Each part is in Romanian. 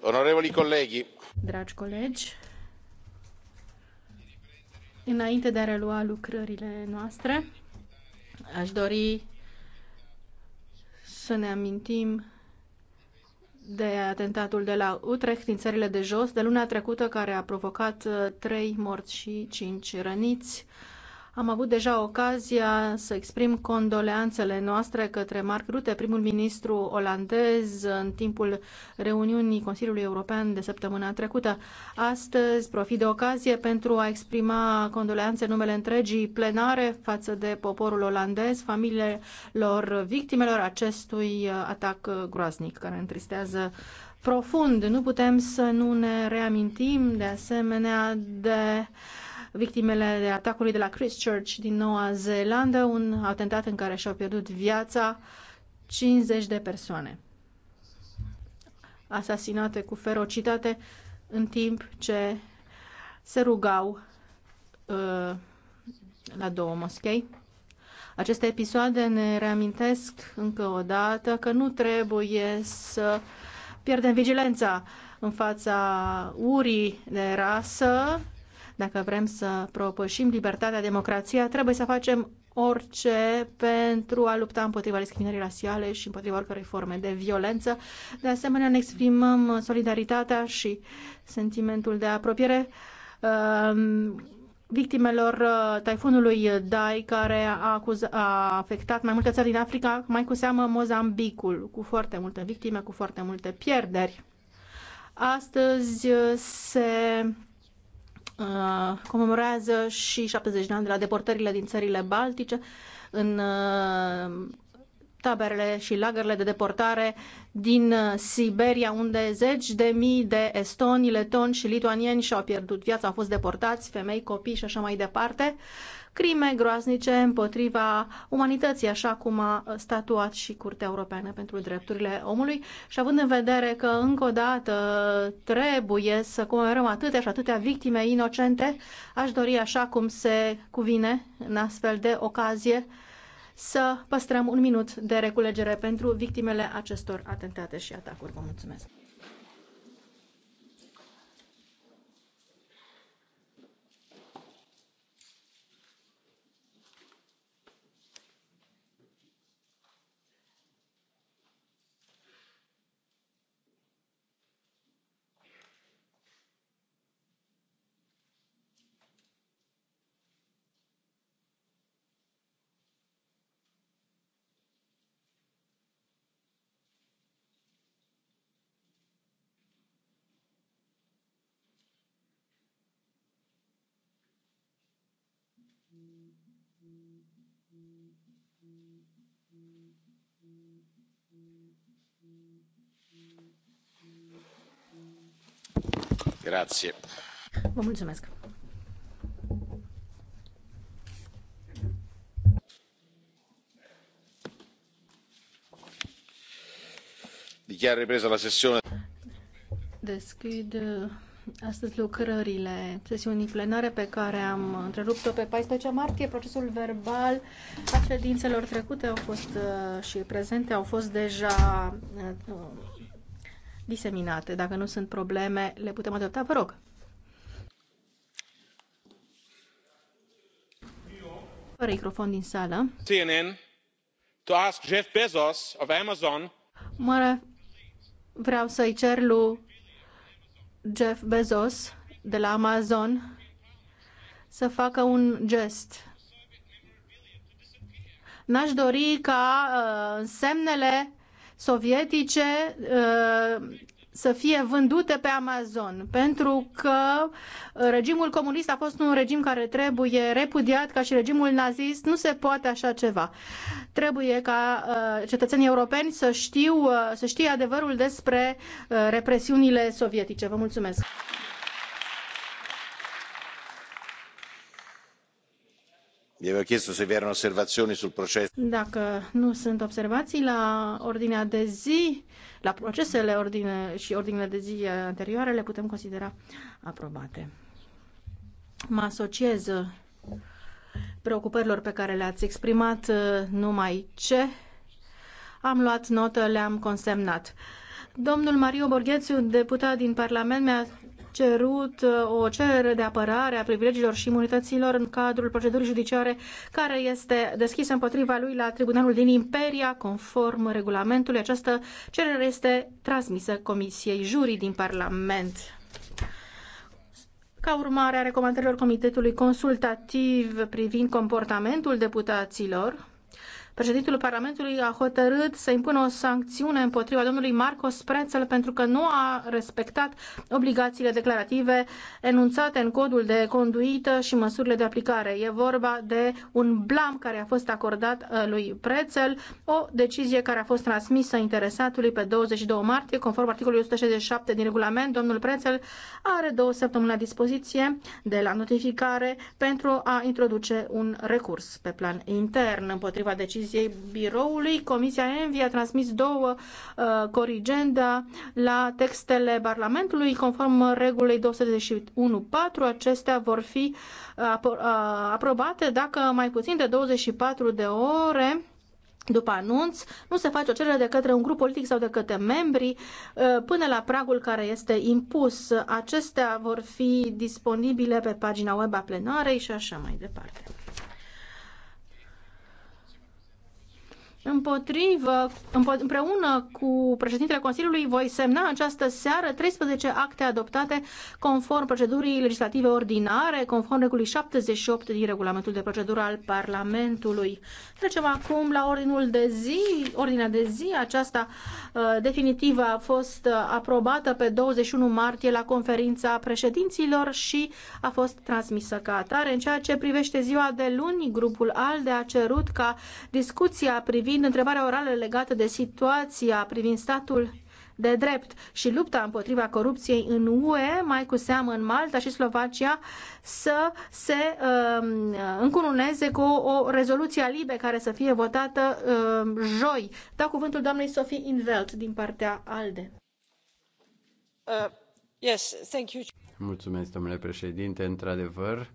onorevoli colleghi dragi colegi înainte de a relua lucrările noastre aș dori să ne amintim de atentatul de la Utrecht din țările de jos de luna trecută care a provocat uh, trei morți și cinci răniți. Am avut deja ocazia să exprim condoleanțele noastre către Mark Rutte, primul ministru olandez, în timpul reuniunii Consiliului European de săptămâna trecută. Astăzi profit de ocazie pentru a exprima condoleanțe în numele întregii plenare față de poporul olandez, familiilor victimelor acestui atac groaznic care întristează profund. Nu putem să nu ne reamintim de asemenea de victimele de atacului de la Christchurch din Noua Zeelandă, un atentat în care și-au pierdut viața 50 de persoane asasinate cu ferocitate în timp ce se rugau uh, la două moschei. Aceste episoade ne reamintesc încă o dată că nu trebuie să pierdem vigilența în fața urii de rasă dacă vrem să propășim libertatea, democrația, trebuie să facem orice pentru a lupta împotriva discriminării rasiale și împotriva oricărei forme de violență. De asemenea, ne exprimăm solidaritatea și sentimentul de apropiere um, victimelor uh, taifunului Dai, care a, acuz- a afectat mai multe țări din Africa, mai cu seamă Mozambicul, cu foarte multe victime, cu foarte multe pierderi. Astăzi se Uh, comemorează și 70 de ani de la deportările din țările Baltice în uh, taberele și lagările de deportare din uh, Siberia, unde zeci de mii de estoni, letoni și lituanieni și-au pierdut viața, au fost deportați, femei, copii și așa mai departe crime groaznice împotriva umanității, așa cum a statuat și Curtea Europeană pentru Drepturile Omului. Și având în vedere că încă o dată trebuie să comemorăm atâtea și atâtea victime inocente, aș dori, așa cum se cuvine în astfel de ocazie, să păstrăm un minut de reculegere pentru victimele acestor atentate și atacuri. Vă mulțumesc! Grazie. Vă mulțumesc. dichiaro ripresa la sessione. deschid uh, astăzi lucrările sesiunii plenare pe care am întrerupt-o pe 14 martie. Procesul verbal a ședințelor trecute au fost uh, și prezente au fost deja uh, diseminate. Dacă nu sunt probleme, le putem adopta. Vă rog. Fără microfon din sală. CNN to ask Jeff Bezos of Amazon Mă vreau să-i cer lui Jeff Bezos de la Amazon să facă un gest. N-aș dori ca uh, semnele sovietice uh, să fie vândute pe Amazon, pentru că uh, regimul comunist a fost un regim care trebuie repudiat ca și regimul nazist. Nu se poate așa ceva. Trebuie ca uh, cetățenii europeni să, știu, uh, să știe adevărul despre represiunile sovietice. Vă mulțumesc! Dacă nu sunt observații la ordinea de zi, la procesele ordine și ordinele de zi anterioare, le putem considera aprobate. Mă asociez preocupărilor pe care le-ați exprimat uh, numai ce am luat notă, le-am consemnat. Domnul Mario Borghețiu, deputat din Parlament, mi-a cerut uh, o cerere de apărare a privilegiilor și imunităților în cadrul procedurii judiciare care este deschisă împotriva lui la Tribunalul din Imperia, conform regulamentului. Această cerere este transmisă Comisiei Jurii din Parlament. Ca urmare a recomandărilor Comitetului Consultativ privind comportamentul deputaților, Președintele Parlamentului a hotărât să impună o sancțiune împotriva domnului Marcos Prețel pentru că nu a respectat obligațiile declarative enunțate în codul de conduită și măsurile de aplicare. E vorba de un blam care a fost acordat uh, lui Prețel, o decizie care a fost transmisă interesatului pe 22 martie, conform articolului 167 din regulament. Domnul Prețel are două săptămâni la dispoziție de la notificare pentru a introduce un recurs pe plan intern împotriva deciziei deciziei biroului. Comisia Envi a transmis două uh, corigenda la textele Parlamentului. Conform regulii 21.4 acestea vor fi uh, apro- uh, aprobate dacă mai puțin de 24 de ore după anunț, nu se face o cerere de către un grup politic sau de către membri uh, până la pragul care este impus. Acestea vor fi disponibile pe pagina web a plenarei și așa mai departe. Împotrivă, împreună cu președintele Consiliului, voi semna această seară 13 acte adoptate conform procedurii legislative ordinare, conform regulii 78 din regulamentul de procedură al Parlamentului. Trecem acum la ordinul de zi. Ordinea de zi aceasta uh, definitivă a fost uh, aprobată pe 21 martie la conferința președinților și a fost transmisă ca atare. În ceea ce privește ziua de luni, grupul ALDE a cerut ca discuția privind întrebarea orală legată de situația privind statul de drept și lupta împotriva corupției în UE, mai cu seamă în Malta și Slovacia, să se uh, încununeze cu o rezoluție a libe care să fie votată uh, joi. Dau cuvântul doamnei Sophie Invelt din partea ALDE. Uh, yes, thank you. Mulțumesc, domnule președinte. Într-adevăr,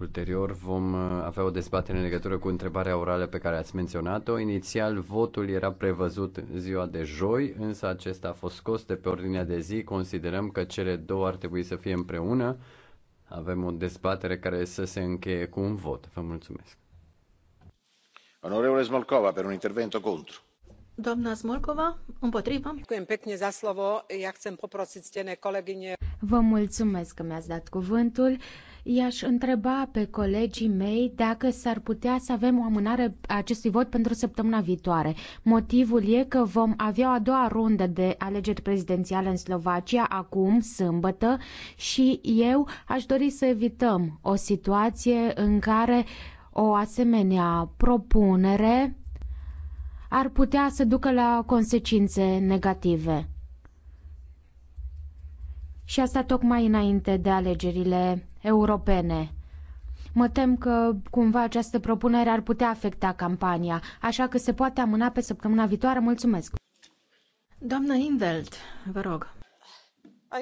Ulterior vom uh, avea o dezbatere în legătură cu întrebarea orală pe care ați menționat-o. Inițial, votul era prevăzut ziua de joi, însă acesta a fost scos de pe ordinea de zi. Considerăm că cele două ar trebui să fie împreună. Avem o dezbatere care să se încheie cu un vot. Vă mulțumesc. Onorevole Smolcova, pentru un intervento contro. Doamna Smolcova, împotriva. Vă mulțumesc că mi-ați dat cuvântul. I-aș întreba pe colegii mei dacă s-ar putea să avem o amânare a acestui vot pentru săptămâna viitoare. Motivul e că vom avea a doua rundă de alegeri prezidențiale în Slovacia acum, sâmbătă, și eu aș dori să evităm o situație în care o asemenea propunere ar putea să ducă la consecințe negative. Și asta tocmai înainte de alegerile europene. Mă tem că cumva această propunere ar putea afecta campania, așa că se poate amâna pe săptămâna viitoare. Mulțumesc! Doamna Indelt, vă rog. Uh,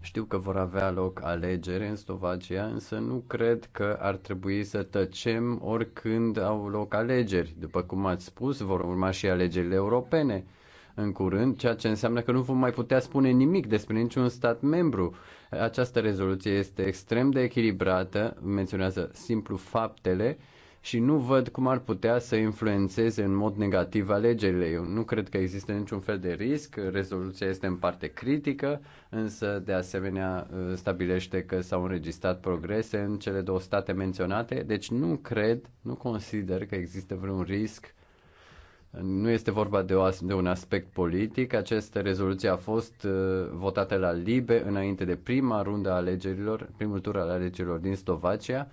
Știu că vor avea loc alegeri în Slovacia, însă nu cred că ar trebui să tăcem oricând au loc alegeri. După cum ați spus, vor urma și alegerile europene în curând, ceea ce înseamnă că nu vom mai putea spune nimic despre niciun stat membru. Această rezoluție este extrem de echilibrată, menționează simplu faptele și nu văd cum ar putea să influențeze în mod negativ alegerile. Eu nu cred că există niciun fel de risc, rezoluția este în parte critică, însă de asemenea stabilește că s-au înregistrat progrese în cele două state menționate, deci nu cred, nu consider că există vreun risc nu este vorba de, o, de un aspect politic. Această rezoluție a fost uh, votată la Libe înainte de prima rundă a alegerilor, primul tur al alegerilor din Slovacia.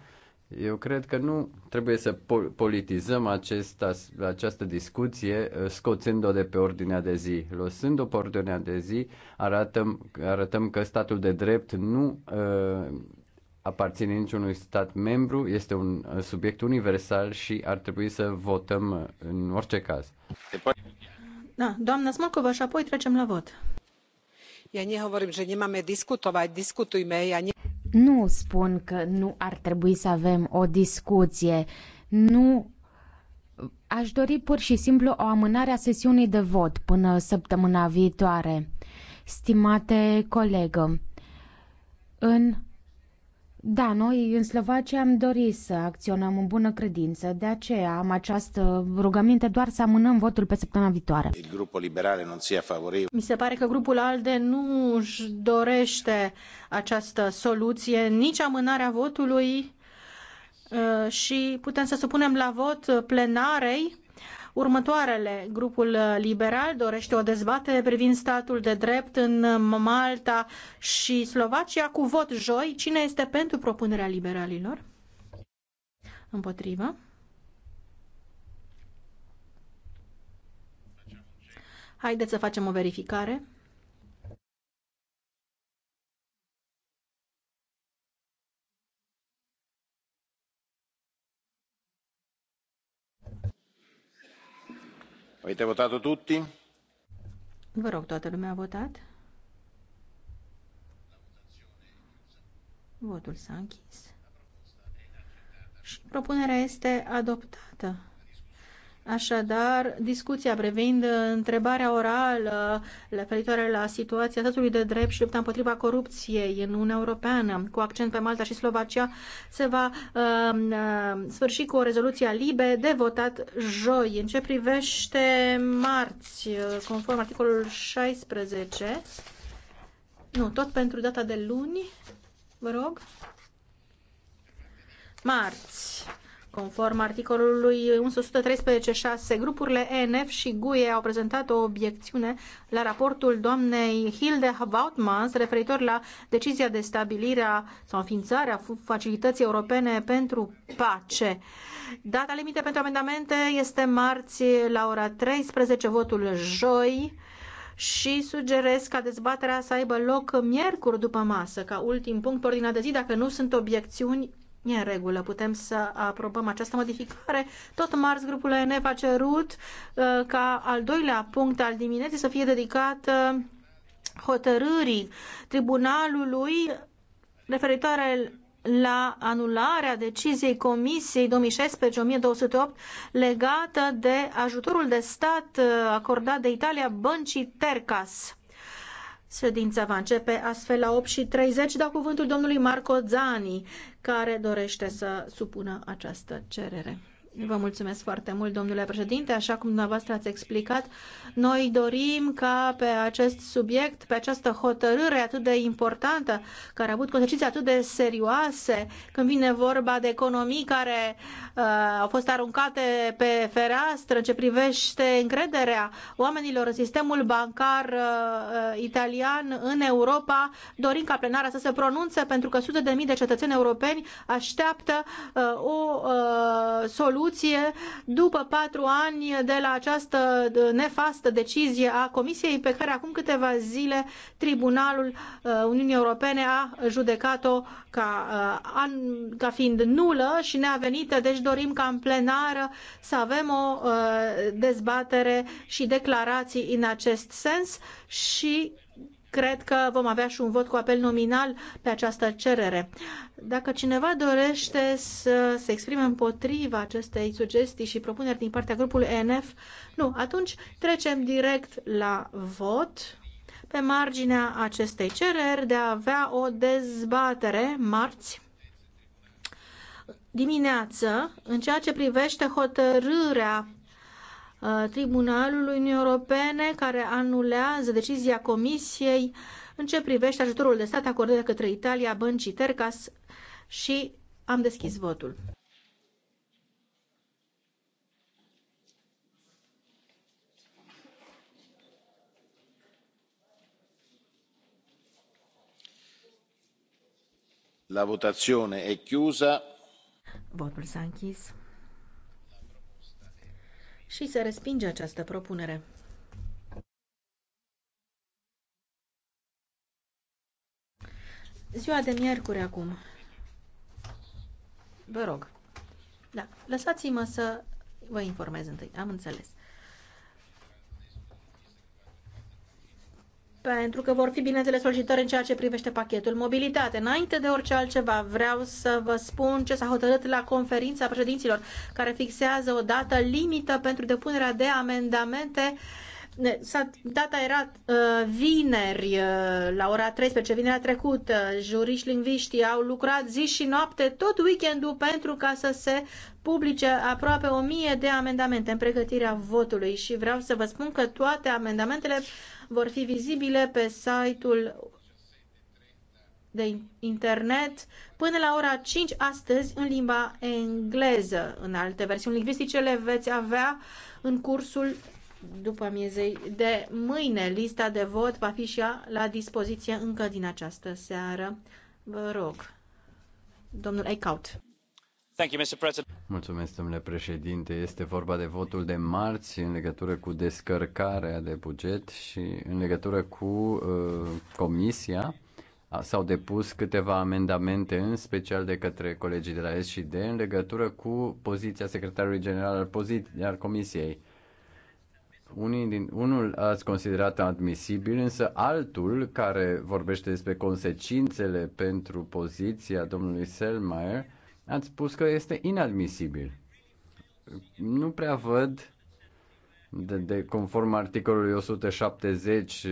Eu cred că nu trebuie să politizăm acesta, această discuție uh, scoțând-o de pe ordinea de zi. Lăsând-o pe ordinea de zi, arătăm, arătăm că statul de drept nu uh, aparține niciunui stat membru, este un uh, subiect universal și ar trebui să votăm uh, în orice caz. Da, doamna Smolcova, și apoi trecem la vot. Nu spun că nu ar trebui să avem o discuție. Nu aș dori pur și simplu o amânare a sesiunii de vot până săptămâna viitoare. Stimate colegă, în da, noi în Slovacia am dorit să acționăm în bună credință, de aceea am această rugăminte doar să amânăm votul pe săptămâna viitoare. Grupul liberal nu ție favoril. Mi se pare că grupul ALDE nu își dorește această soluție, nici amânarea votului uh, și putem să supunem la vot plenarei următoarele. Grupul uh, liberal dorește o dezbatere privind statul de drept în uh, Malta și Slovacia cu vot joi. Cine este pentru propunerea liberalilor? Împotrivă. Haideți să facem o verificare. Avete votato tutti? Vă rog, toată lumea a votat? Votul s-a închis. Și propunerea este adoptată. Așadar, discuția privind întrebarea orală referitoare la situația statului de drept și lupta împotriva corupției în Uniunea Europeană, cu accent pe Malta și Slovacia, se va uh, sfârși cu o rezoluție libe de votat joi. În ce privește marți, conform articolul 16, nu, tot pentru data de luni, vă rog, marți. Conform articolului 113.6, grupurile ENF și GUE au prezentat o obiecțiune la raportul doamnei Hilde Wautmans referitor la decizia de stabilire sau a Facilității Europene pentru Pace. Data limită pentru amendamente este marți la ora 13, votul joi și sugerez ca dezbaterea să aibă loc miercuri după masă, ca ultim punct pe ordinea de zi, dacă nu sunt obiecțiuni E în regulă, putem să aprobăm această modificare. Tot marți, grupul ENF a cerut uh, ca al doilea punct al dimineții să fie dedicat uh, hotărârii tribunalului referitoare la anularea deciziei Comisiei 2016-1208 legată de ajutorul de stat uh, acordat de Italia băncii Tercas. Sedința va începe astfel la 8 și 30, dau cuvântul domnului Marco Zani care dorește să supună această cerere. Vă mulțumesc foarte mult, domnule președinte. Așa cum dumneavoastră ați explicat, noi dorim ca pe acest subiect, pe această hotărâre atât de importantă, care a avut consecințe atât de serioase, când vine vorba de economii care uh, au fost aruncate pe fereastră în ce privește încrederea oamenilor în sistemul bancar uh, uh italian în Europa, dorim ca plenara să se pronunțe pentru că sute de mii de cetățeni europeni așteaptă uh, o uh, soluție soluție după patru ani de la această nefastă decizie a Comisiei pe care acum câteva zile Tribunalul uh, Uniunii Europene a judecat-o ca, uh, ca fiind nulă și neavenită, deci dorim ca în plenară să avem o uh, dezbatere și declarații în acest sens și cred că vom avea și un vot cu apel nominal pe această cerere. Dacă cineva dorește să se exprime împotriva acestei sugestii și propuneri din partea grupului ENF, nu, atunci trecem direct la vot pe marginea acestei cereri de a avea o dezbatere marți dimineață în ceea ce privește hotărârea Uh, Tribunalului Uniunii Europene care anulează decizia Comisiei în ce privește ajutorul de stat acordat de către Italia băncii Tercas și am deschis votul. La votazione è chiusa. Votul s-a închis și se respinge această propunere. Ziua de miercuri acum. Vă rog. Da, lăsați-mă să vă informez întâi. Am înțeles. pentru că vor fi, bineînțeles, solicitări în ceea ce privește pachetul mobilitate. Înainte de orice altceva, vreau să vă spun ce s-a hotărât la conferința președinților, care fixează o dată limită pentru depunerea de amendamente uh, Data era uh, vineri, uh, la ora 13, vinerea trecută. Juriști lingviștii au lucrat zi și noapte, tot weekendul, pentru ca să se publice aproape o mie de amendamente în pregătirea votului și vreau să vă spun că toate amendamentele vor fi vizibile pe site-ul de internet până la ora 5 astăzi în limba engleză. În alte versiuni lingvistice le veți avea în cursul după miezei de mâine. Lista de vot va fi și ea la dispoziție încă din această seară. Vă rog, domnul Eichhout. Mulțumesc, domnule președinte. Este vorba de votul de marți în legătură cu descărcarea de buget și în legătură cu uh, comisia. S-au depus câteva amendamente, în special de către colegii de la S în legătură cu poziția secretarului general al, al comisiei unii din, unul ați considerat admisibil, însă altul care vorbește despre consecințele pentru poziția domnului Selmayr, ați spus că este inadmisibil. Nu prea văd de, de conform articolului 170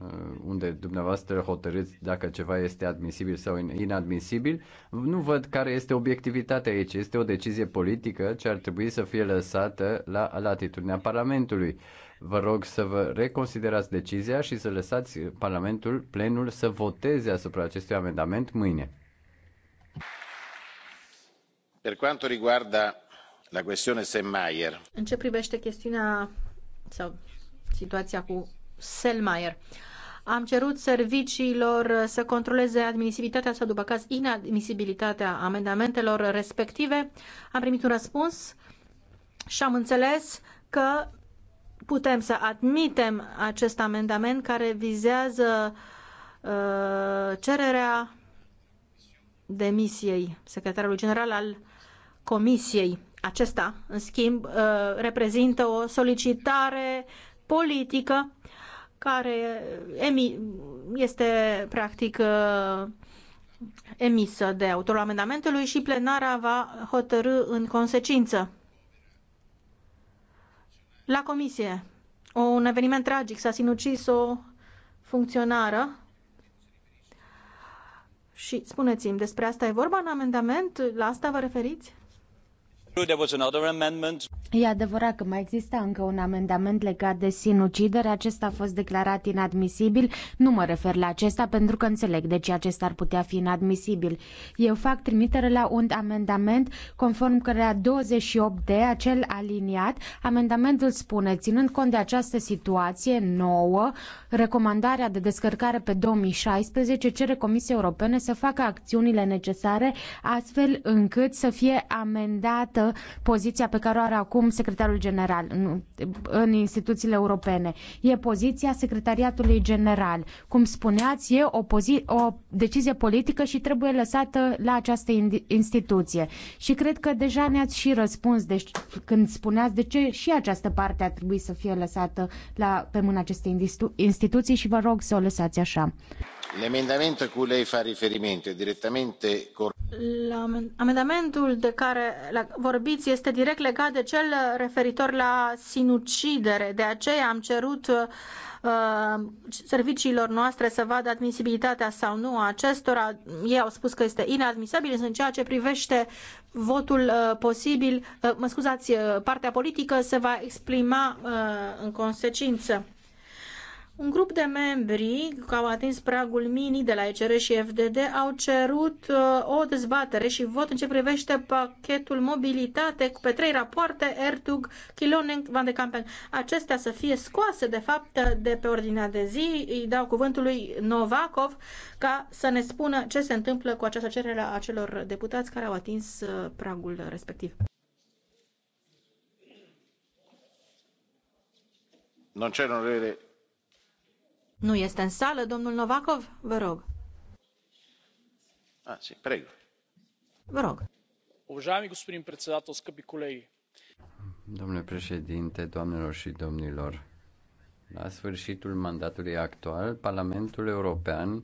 Uh, unde dumneavoastră hotărâți dacă ceva este admisibil sau inadmisibil. Nu văd care este obiectivitatea aici. Este o decizie politică ce ar trebui să fie lăsată la latitudinea Parlamentului. Vă rog să vă reconsiderați decizia și să lăsați Parlamentul, plenul, să voteze asupra acestui amendament mâine. Per quanto riguarda la questione Selmayr. În ce privește chestiunea sau situația cu Selmayr. Am cerut serviciilor să controleze admisibilitatea sau, după caz, inadmisibilitatea amendamentelor respective. Am primit un răspuns și am înțeles că putem să admitem acest amendament care vizează uh, cererea demisiei secretarului general al Comisiei. Acesta, în schimb, uh, reprezintă o solicitare politică uh, care este practic uh, emisă de autorul amendamentului și plenara va hotărâ în consecință. La comisie, un eveniment tragic, s-a sinucis o funcționară și spuneți-mi, despre asta e vorba în amendament? La asta vă referiți? E adevărat că mai exista încă un amendament legat de sinucidere. Acesta a fost declarat inadmisibil. Nu mă refer la acesta pentru că înțeleg de ce acesta ar putea fi inadmisibil. Eu fac trimitere la un amendament conform cărea 28D, acel aliniat, amendamentul spune, ținând cont de această situație nouă, recomandarea de descărcare pe 2016 cere Comisiei Europene să facă acțiunile necesare astfel încât să fie amendată arată poziția pe care o are acum secretarul general în, în instituțiile europene. E poziția secretariatului general. Cum spuneați, e o, pozi- o decizie politică și trebuie lăsată la această instituție. Și cred că deja ne-ați și răspuns deci, când spuneați de ce și această parte a trebuit să fie lăsată la, pe mâna acestei institu instituții și vă rog să o lăsați așa l'emendamento cui lei fa riferimento direttamente amendamentul de care vorbiți este direct legat de cel referitor la sinucidere de aceea am cerut uh, serviciilor noastre să vadă admisibilitatea sau nu a acestora. Ei au spus că este inadmisibil în ceea ce privește votul uh, posibil, uh, mă scuzați, uh, partea politică se va exprima uh, în consecință. Un grup de membri care au atins pragul mini de la ECR și FDD au cerut uh, o dezbatere și vot în ce privește pachetul mobilitate pe trei rapoarte, Ertug, Kilonen, Van de Campen. Acestea să fie scoase, de fapt, de pe ordinea de zi. Îi dau cuvântul lui Novakov ca să ne spună ce se întâmplă cu această cerere a celor deputați care au atins uh, pragul respectiv. Non c'è onorevole nu este în sală, domnul Novakov? Vă rog. A, ah, si, preg. Vă rog. Уважаеми господин председател, скъпи колеги. Domnule președinte, doamnelor și domnilor, la sfârșitul mandatului actual, Parlamentul European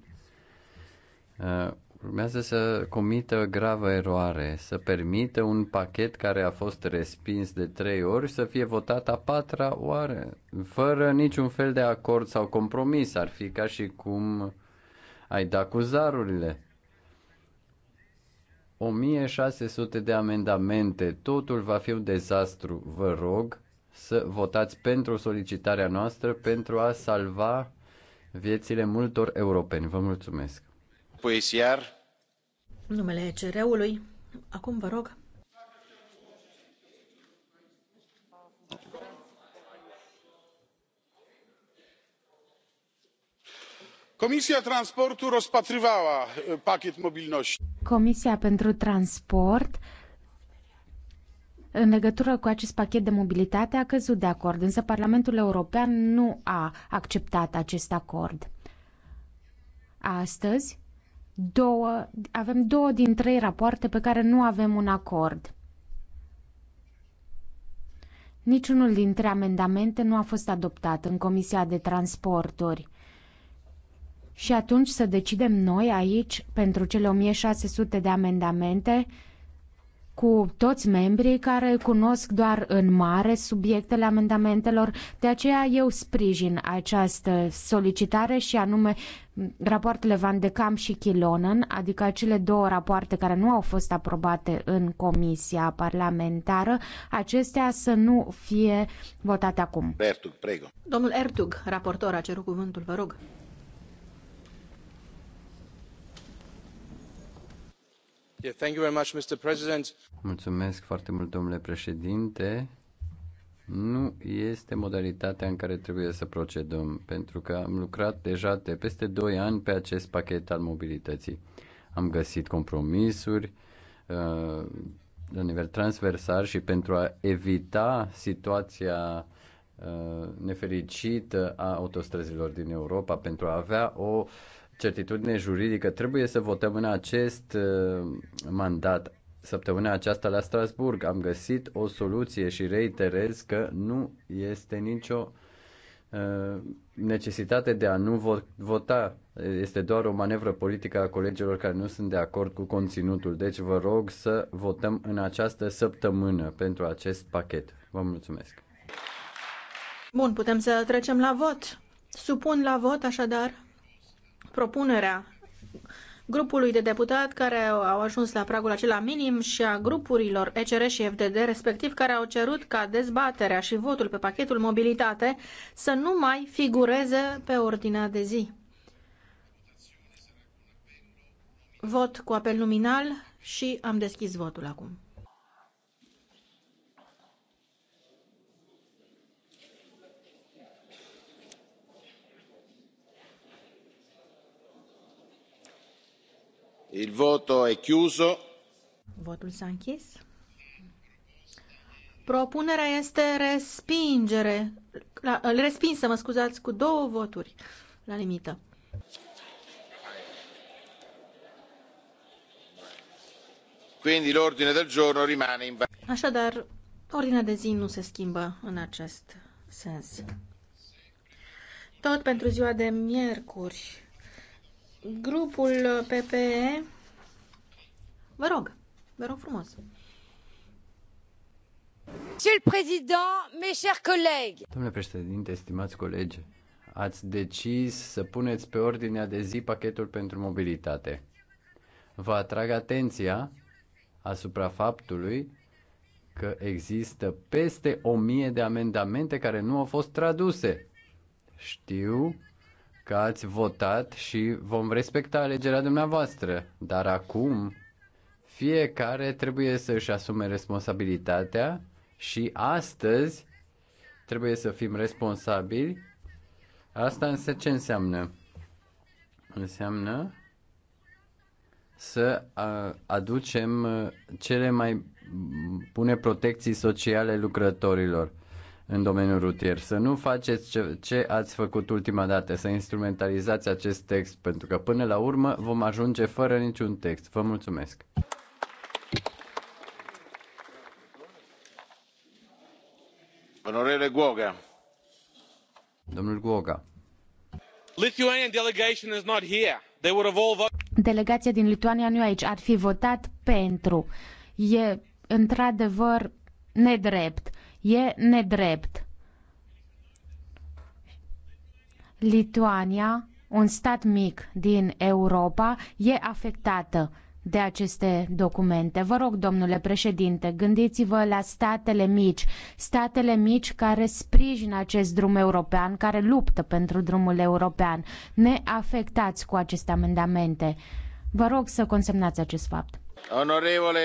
uh, urmează să comită gravă eroare, să permită un pachet care a fost respins de trei ori să fie votat a patra oară, fără niciun fel de acord sau compromis. Ar fi ca și cum ai da cu zarurile. 1600 de amendamente, totul va fi un dezastru. Vă rog să votați pentru solicitarea noastră pentru a salva viețile multor europeni. Vă mulțumesc. Poesiar numele ECR-ului. Acum vă rog. Comisia Transportu rozpatrywała pakiet mobilności. Comisia pentru Transport în legătură cu acest pachet de mobilitate a căzut de acord, însă Parlamentul European nu a acceptat acest acord. Astăzi, două, avem două din trei rapoarte pe care nu avem un acord. Niciunul dintre amendamente nu a fost adoptat în Comisia de Transporturi. Și atunci să decidem noi aici, pentru cele 1600 de amendamente, cu toți membrii care cunosc doar în mare subiectele amendamentelor, de aceea eu sprijin această solicitare și anume rapoartele Van de Camp și Chilonen, adică acele două rapoarte care nu au fost aprobate în comisia parlamentară, acestea să nu fie votate acum. Ertug, prego. Domnul Ertug, raportor, a cerut cuvântul, vă rog. Mulțumesc foarte mult, domnule președinte. Nu este modalitatea în care trebuie să procedăm, pentru că am lucrat deja de peste 2 ani pe acest pachet al mobilității. Am găsit compromisuri uh, la nivel transversal și pentru a evita situația uh, nefericită a autostrăzilor din Europa, pentru a avea o uh, certitudine juridică, trebuie să votăm în acest uh, mandat. Săptămâna aceasta la Strasburg am găsit o soluție și reiterez că nu este nicio uh, necesitate de a nu vota. Este doar o manevră politică a colegilor care nu sunt de acord cu conținutul. Deci vă rog să votăm în această săptămână pentru acest pachet. Vă mulțumesc. Bun, putem să trecem la vot. Supun la vot, așadar, propunerea grupului de deputat care au ajuns la pragul acela minim și a grupurilor ECR și FDD, respectiv care au cerut ca dezbaterea și votul pe pachetul mobilitate să nu mai figureze pe ordinea de zi. Vot cu apel nominal și am deschis votul acum. Il voto è chiuso. Votul s-a închis. Propunerea este respingere, la, respinsă, mă scuzați, cu două voturi la limită. Quindi l'ordine del giorno rimane in Așadar, ordinea de zi nu se schimbă în acest sens. Tot pentru ziua de miercuri, Grupul PPE. Vă rog, vă rog frumos. Monsieur le Président, mes chers collègues. Domnule președinte, stimați colegi, ați decis să puneți pe ordinea de zi pachetul pentru mobilitate. Vă atrag atenția asupra faptului că există peste o mie de amendamente care nu au fost traduse. Știu că ați votat și vom respecta alegerea dumneavoastră. Dar acum fiecare trebuie să își asume responsabilitatea și astăzi trebuie să fim responsabili. Asta însă ce înseamnă? Înseamnă să aducem uh, cele mai bune protecții sociale lucrătorilor în domeniul rutier. Să nu faceți ce, ce ați făcut ultima dată, să instrumentalizați acest text, pentru că până la urmă vom ajunge fără niciun text. Vă mulțumesc! Onorele Guoga. Domnul Guoga. Lithuanian delegation is not here. They would have all voted. Delegația din Lituania nu e aici. Ar fi votat pentru. E într-adevăr nedrept E nedrept. Lituania, un stat mic din Europa, e afectată de aceste documente. Vă rog, domnule președinte, gândiți-vă la statele mici, statele mici care sprijină acest drum european, care luptă pentru drumul european. Ne afectați cu aceste amendamente. Vă rog să consemnați acest fapt. Onorevole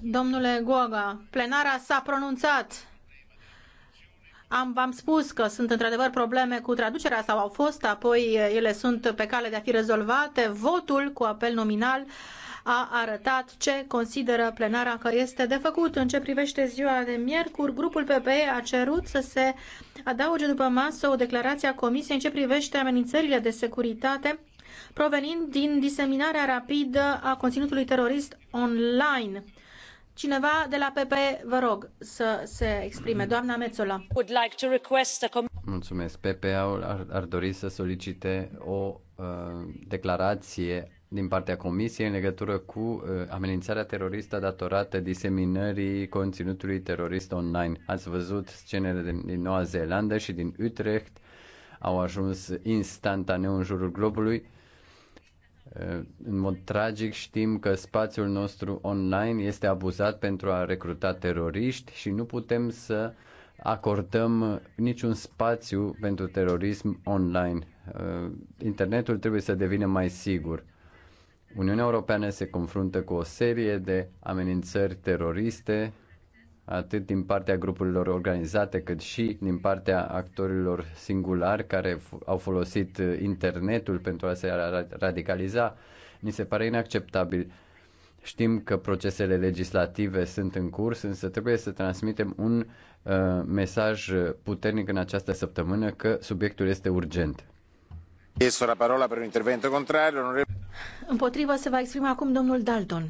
Domnule Goga, plenara s-a pronunțat. Am, v-am spus că sunt într-adevăr probleme cu traducerea sau au fost, apoi ele sunt pe cale de a fi rezolvate. Votul cu apel nominal a arătat ce consideră plenara că este de făcut. În ce privește ziua de miercuri, grupul PPE a cerut să se adauge după masă o declarație a Comisiei în ce privește amenințările de securitate provenind din diseminarea rapidă a conținutului terorist online. Cineva de la PP, vă rog să se exprime. Doamna Mețola. Mulțumesc. PP ar, ar dori să solicite o uh, declarație din partea Comisiei în legătură cu uh, amenințarea teroristă datorată diseminării conținutului terorist online. Ați văzut scenele din, din Noua Zeelandă și din Utrecht au ajuns instantaneu în jurul globului în mod tragic știm că spațiul nostru online este abuzat pentru a recruta teroriști și nu putem să acordăm niciun spațiu pentru terorism online. Uh, internetul trebuie să devină mai sigur. Uniunea Europeană se confruntă cu o serie de amenințări teroriste atât din partea grupurilor organizate, cât și din partea actorilor singulari care au folosit uh, internetul pentru a se radicaliza, ni se pare inacceptabil. Știm că procesele legislative sunt în curs, însă trebuie să transmitem un uh, mesaj puternic în această săptămână că subiectul este urgent. Chiesto la parola per un intervento contrario. Împotrivă se va exprima acum domnul Dalton.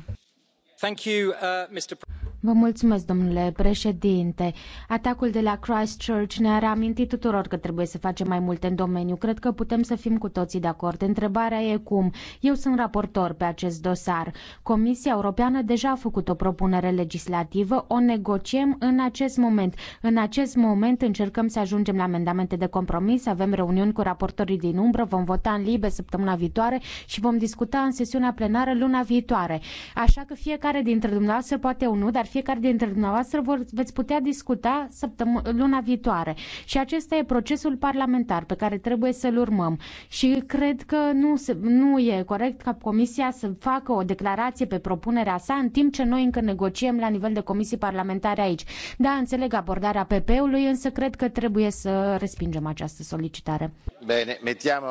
Thank you, uh, Mr. Vă mulțumesc, domnule președinte. Atacul de la Christchurch ne-a reamintit tuturor că trebuie să facem mai multe în domeniu. Cred că putem să fim cu toții de acord. Întrebarea e cum. Eu sunt raportor pe acest dosar. Comisia Europeană deja a făcut o propunere legislativă, o negociem în acest moment. În acest moment încercăm să ajungem la amendamente de compromis, avem reuniuni cu raportorii din umbră, vom vota în libe săptămâna viitoare și vom discuta în sesiunea plenară luna viitoare. Așa că fiecare dintre dumneavoastră poate unul, dar fiecare dintre dumneavoastră vor, veți putea discuta săptăm- luna viitoare. Și acesta e procesul parlamentar pe care trebuie să-l urmăm. Și cred că nu, se, nu e corect ca Comisia să facă o declarație pe propunerea sa în timp ce noi încă negociem la nivel de comisii parlamentare aici. Da, înțeleg abordarea PP-ului, însă cred că trebuie să respingem această solicitare. Bine, mettiamo...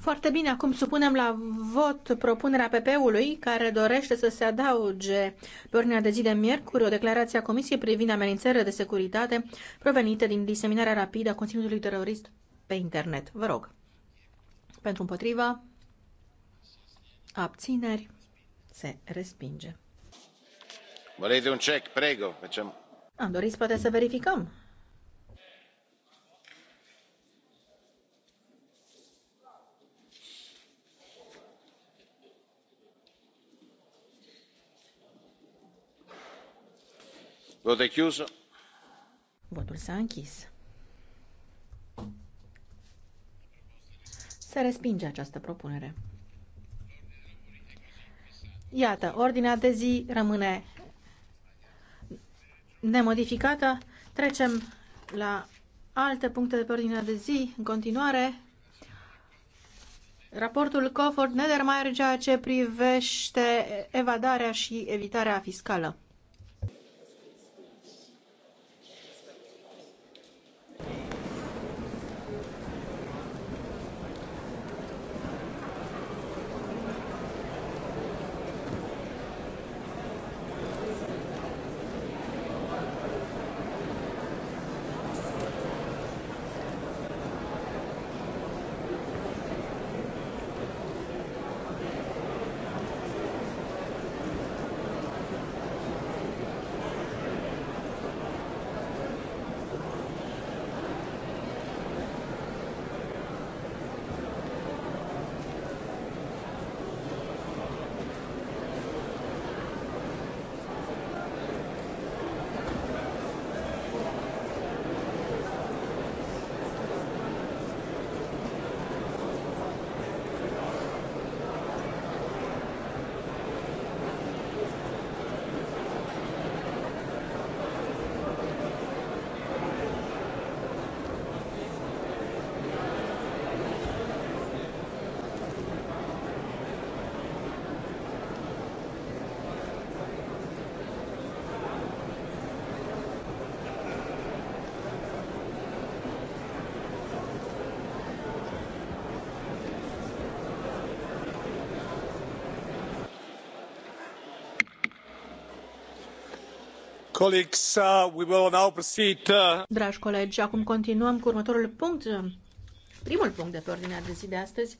Foarte bine, acum supunem la vot propunerea PP-ului care dorește să se adauge pe ordinea de zi de miercuri o declarație a Comisiei privind amenințările de securitate provenite din diseminarea rapidă a conținutului terorist pe internet. Vă rog. Pentru împotriva, abțineri, se respinge. Volete un check? Prego, facem. Am dorit poate să verificăm. Votul chiuso. Votul s-a închis. Se respinge această propunere. Iată, ordinea de zi rămâne nemodificată. Trecem la alte puncte de pe ordinea de zi. În continuare, raportul Coford Nedermayer ceea ce privește evadarea și evitarea fiscală. Uh, uh, Dragi colegi, acum continuăm cu următorul punct, primul punct de pe ordinea de zi de astăzi,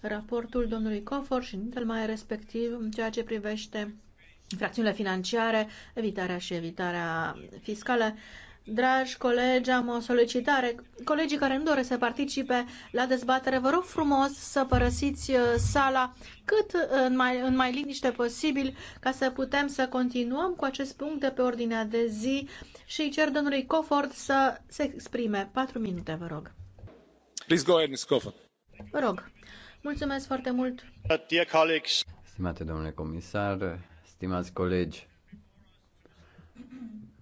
raportul domnului Cofor și mai respectiv în ceea ce privește infracțiunile financiare, evitarea și evitarea fiscală. Dragi colegi, am o solicitare. Colegii care nu doresc să participe la dezbatere, vă rog frumos să părăsiți uh, sala cât uh, în mai, în mai liniște posibil ca să putem să continuăm cu acest punct de pe ordinea de zi și cer domnului Cofort să se exprime. Patru minute, vă rog. Please go ahead, Ms. Cofort. Vă rog. Mulțumesc foarte mult. Dear colleagues. Stimate domnule comisar, stimați colegi,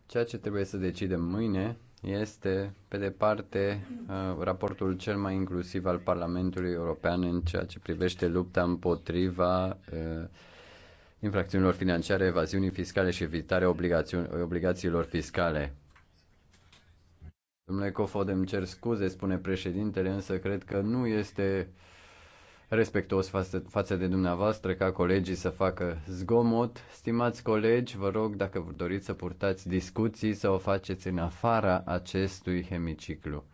Ceea ce trebuie să decidem mâine este, pe departe, uh, raportul cel mai inclusiv al Parlamentului European în ceea ce privește lupta împotriva uh, infracțiunilor financiare, evaziunii fiscale și evitarea obligațiilor fiscale. Domnule Cofod, îmi cer scuze, spune președintele, însă cred că nu este uh, respectuos față, față de dumneavoastră ca colegii să facă zgomot. Stimați colegi, vă rog dacă doriți să purtați discuții să o faceți în afara acestui hemiciclu.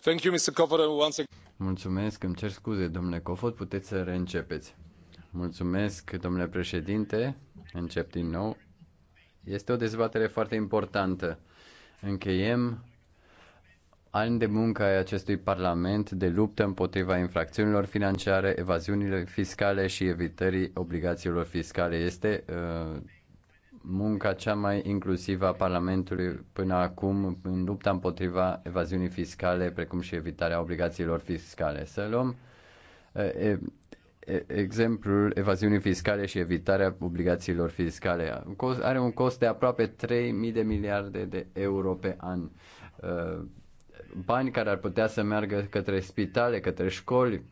Thank you, Mr. Kofod, once again. Mulțumesc, îmi cer scuze, domnule Cofot, puteți să reîncepeți. Mulțumesc, domnule președinte, încep din nou. Este o dezbatere foarte importantă. Încheiem ani de muncă ai acestui Parlament de luptă împotriva infracțiunilor financiare, evaziunilor fiscale și evitării obligațiilor fiscale. Este uh, munca cea mai inclusivă a Parlamentului până acum în lupta împotriva evaziunii fiscale, precum și evitarea obligațiilor fiscale. Să luăm uh, exemplul evaziunii fiscale și evitarea obligațiilor fiscale. Are un cost de aproape 3.000 de miliarde de euro pe an. Bani care ar putea să meargă către spitale, către școli,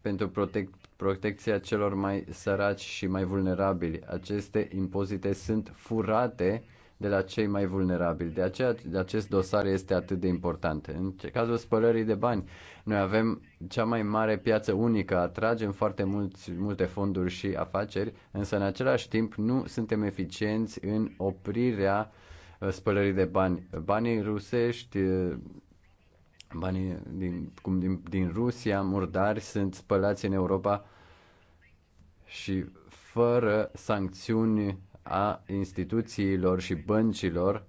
pentru protec- protecția celor mai săraci și mai vulnerabili. Aceste impozite sunt furate de la cei mai vulnerabili. De aceea acest dosar este atât de important. În cazul spălării de bani, noi avem cea mai mare piață unică, atragem foarte mulți, multe fonduri și afaceri, însă în același timp nu suntem eficienți în oprirea uh, spălării de bani. Banii rusești, uh, banii din, cum din, din Rusia, murdari, sunt spălați în Europa și fără sancțiuni uh, a instituțiilor și băncilor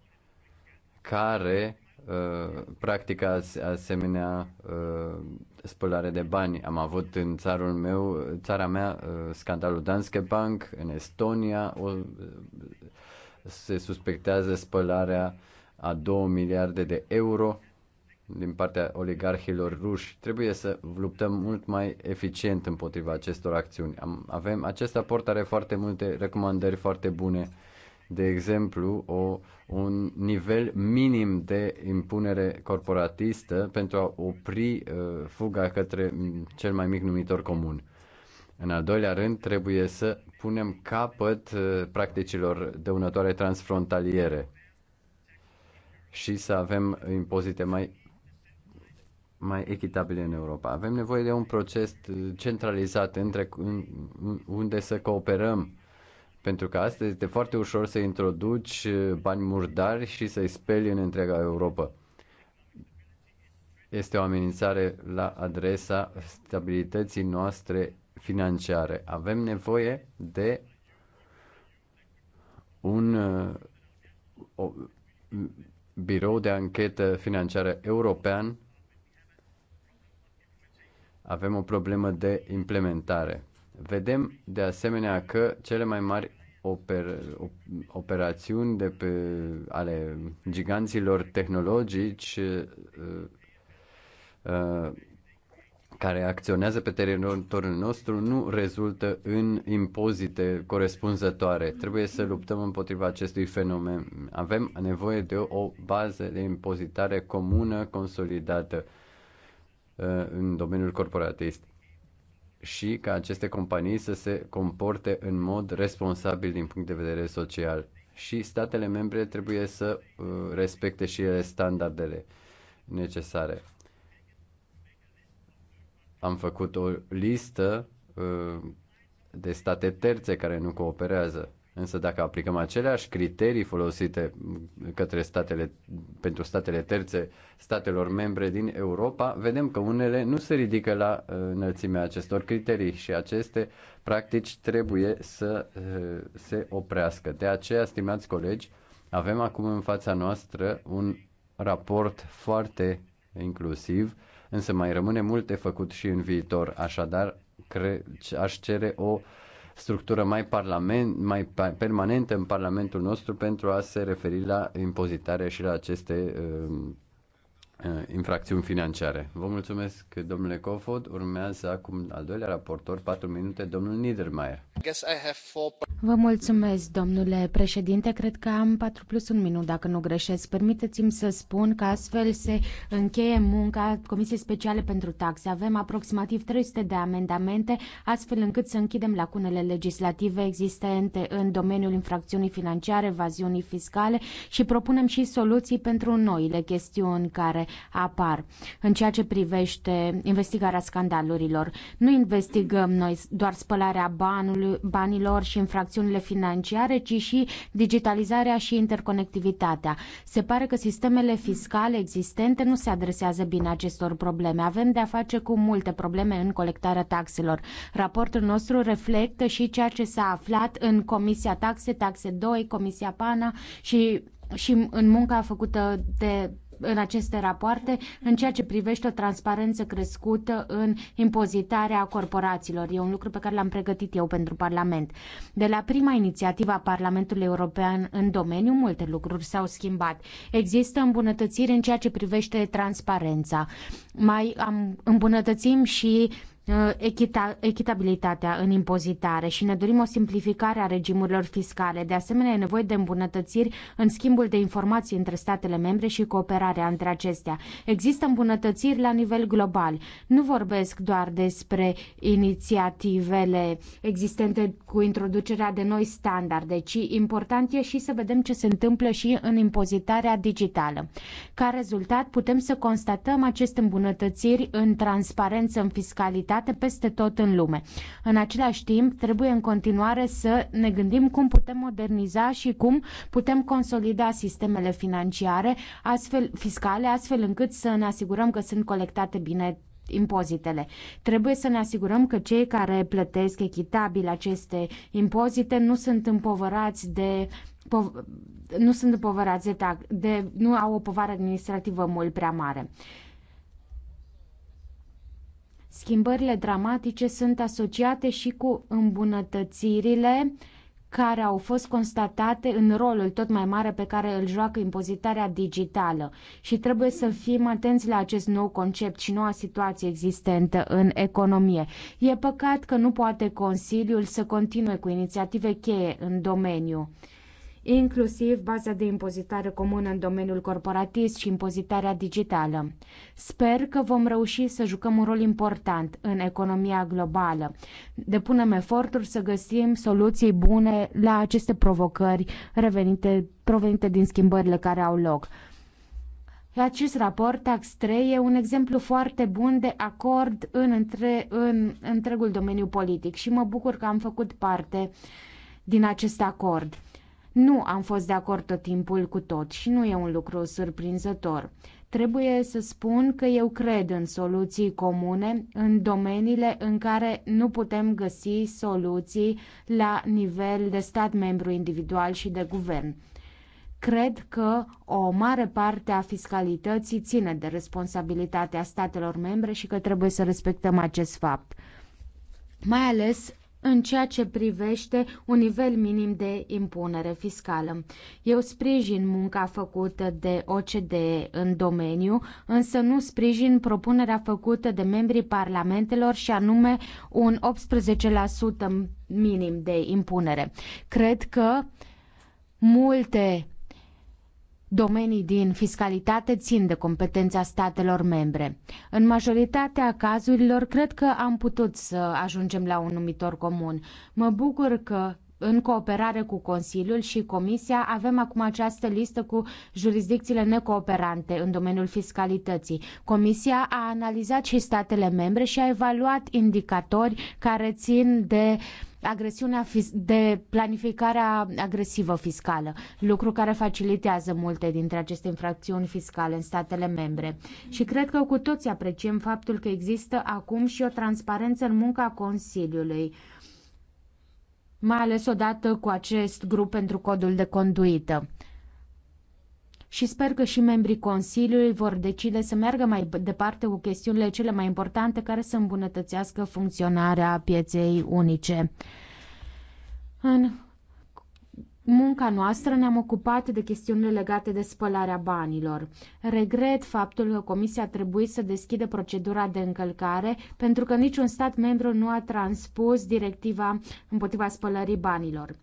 care uh, practică asemenea uh, spălare de bani. Am avut în țarul meu, țara mea, uh, scandalul Danske Bank, în Estonia o, uh, se suspectează spălarea a 2 miliarde de euro din partea oligarhilor ruși. Trebuie să luptăm mult mai eficient împotriva acestor acțiuni. Am, avem, acest raport are foarte multe recomandări foarte bune. De exemplu, o, un nivel minim de impunere corporatistă pentru a opri uh, fuga către mm, cel mai mic numitor comun. În al doilea rând, trebuie să punem capăt uh, practicilor dăunătoare transfrontaliere și să avem impozite mai mai echitabile în Europa. Avem nevoie de un proces uh, centralizat între, unde să cooperăm pentru că astăzi este foarte ușor să introduci uh, bani murdari și să-i speli în întreaga Europa. Este o amenințare la adresa stabilității noastre financiare. Avem nevoie de un uh, o, birou de anchetă financiară european avem o problemă de implementare. Vedem de asemenea că cele mai mari oper, operațiuni de pe, ale giganților tehnologici uh, uh, care acționează pe teritoriul nostru nu rezultă în impozite corespunzătoare. Trebuie să luptăm împotriva acestui fenomen. Avem nevoie de o bază de impozitare comună, consolidată. Uh, în domeniul corporatist și ca aceste companii să se comporte în mod responsabil din punct de vedere social. Și statele membre trebuie să uh, respecte și ele standardele necesare. Am făcut o listă uh, de state terțe care nu cooperează Însă dacă aplicăm aceleași criterii folosite către statele, pentru statele terțe statelor membre din Europa, vedem că unele nu se ridică la uh, înălțimea acestor criterii și aceste practici trebuie să uh, se oprească. De aceea, stimați colegi, avem acum în fața noastră un raport foarte inclusiv, însă mai rămâne multe făcut și în viitor. Așadar, aș cere o uh, structură mai, parlament, mai permanentă în Parlamentul nostru pentru a se referi la impozitarea și la aceste uh, Uh, infracțiuni financiare. Vă mulțumesc, domnule Cofod. Urmează acum al doilea raportor, 4 minute, domnul Niedermayer. Vă mulțumesc, domnule președinte. Cred că am 4 plus 1 minut, dacă nu greșesc. Permiteți-mi să spun că astfel se încheie munca Comisiei Speciale pentru Taxe. Avem aproximativ 300 de amendamente, astfel încât să închidem lacunele legislative existente în domeniul infracțiunii financiare, evaziunii fiscale și propunem și soluții pentru noile chestiuni care apar. În ceea ce privește investigarea scandalurilor, nu investigăm noi doar spălarea banului, banilor și infracțiunile financiare, ci și digitalizarea și interconectivitatea. Se pare că sistemele fiscale existente nu se adresează bine acestor probleme. Avem de a face cu multe probleme în colectarea taxelor. Raportul nostru reflectă și ceea ce s-a aflat în Comisia Taxe, Taxe 2, Comisia PANA și și în munca făcută de în aceste rapoarte în ceea ce privește o transparență crescută în impozitarea corporațiilor. E un lucru pe care l-am pregătit eu pentru Parlament. De la prima inițiativă a Parlamentului European în domeniu, multe lucruri s-au schimbat. Există îmbunătățiri în ceea ce privește transparența. Mai am, îmbunătățim și Uh, echita, echitabilitatea în impozitare și ne dorim o simplificare a regimurilor fiscale. De asemenea, e nevoie de îmbunătățiri în schimbul de informații între statele membre și cooperarea între acestea. Există îmbunătățiri la nivel global. Nu vorbesc doar despre inițiativele existente cu introducerea de noi standarde, ci important e și să vedem ce se întâmplă și în impozitarea digitală. Ca rezultat, putem să constatăm aceste îmbunătățiri în transparență, în fiscalitate, utilizate peste tot în lume. În același timp, trebuie în continuare să ne gândim cum putem moderniza și cum putem consolida sistemele financiare, astfel fiscale, astfel încât să ne asigurăm că sunt colectate bine impozitele. Trebuie să ne asigurăm că cei care plătesc echitabil aceste impozite nu sunt împovărați de nu sunt împovărați de, de nu au o povară administrativă mult prea mare. Schimbările dramatice sunt asociate și cu îmbunătățirile care au fost constatate în rolul tot mai mare pe care îl joacă impozitarea digitală și trebuie să fim atenți la acest nou concept și noua situație existentă în economie. E păcat că nu poate Consiliul să continue cu inițiative cheie în domeniu inclusiv baza de impozitare comună în domeniul corporatist și impozitarea digitală. Sper că vom reuși să jucăm un rol important în economia globală. Depunem eforturi să găsim soluții bune la aceste provocări revenite, provenite din schimbările care au loc. Acest raport, Tax 3, e un exemplu foarte bun de acord în, între, în întregul domeniu politic și mă bucur că am făcut parte din acest acord. Nu am fost de acord tot timpul cu tot și nu e un lucru surprinzător. Trebuie să spun că eu cred în soluții comune în domeniile în care nu putem găsi soluții la nivel de stat membru individual și de guvern. Cred că o mare parte a fiscalității ține de responsabilitatea statelor membre și că trebuie să respectăm acest fapt. Mai ales în ceea ce privește un nivel minim de impunere fiscală. Eu sprijin munca făcută de OCDE în domeniu, însă nu sprijin propunerea făcută de membrii parlamentelor și anume un 18% minim de impunere. Cred că multe domenii din fiscalitate țin de competența statelor membre. În majoritatea cazurilor, cred că am putut să ajungem la un numitor comun. Mă bucur că în cooperare cu Consiliul și Comisia, avem acum această listă cu jurisdicțiile necooperante în domeniul fiscalității. Comisia a analizat și statele membre și a evaluat indicatori care țin de uh, agresiunea de planificarea agresivă fiscală, lucru care facilitează multe dintre aceste infracțiuni fiscale în statele membre. Și cred că cu toți apreciem faptul că există acum și o transparență în munca Consiliului, mai ales odată cu acest grup pentru codul de conduită și sper că și membrii Consiliului vor decide să meargă mai departe cu chestiunile cele mai importante care să îmbunătățească funcționarea pieței unice. În munca noastră ne-am ocupat de chestiunile legate de spălarea banilor. Regret faptul că Comisia a trebuit să deschidă procedura de încălcare pentru că niciun stat membru nu a transpus directiva împotriva spălării banilor.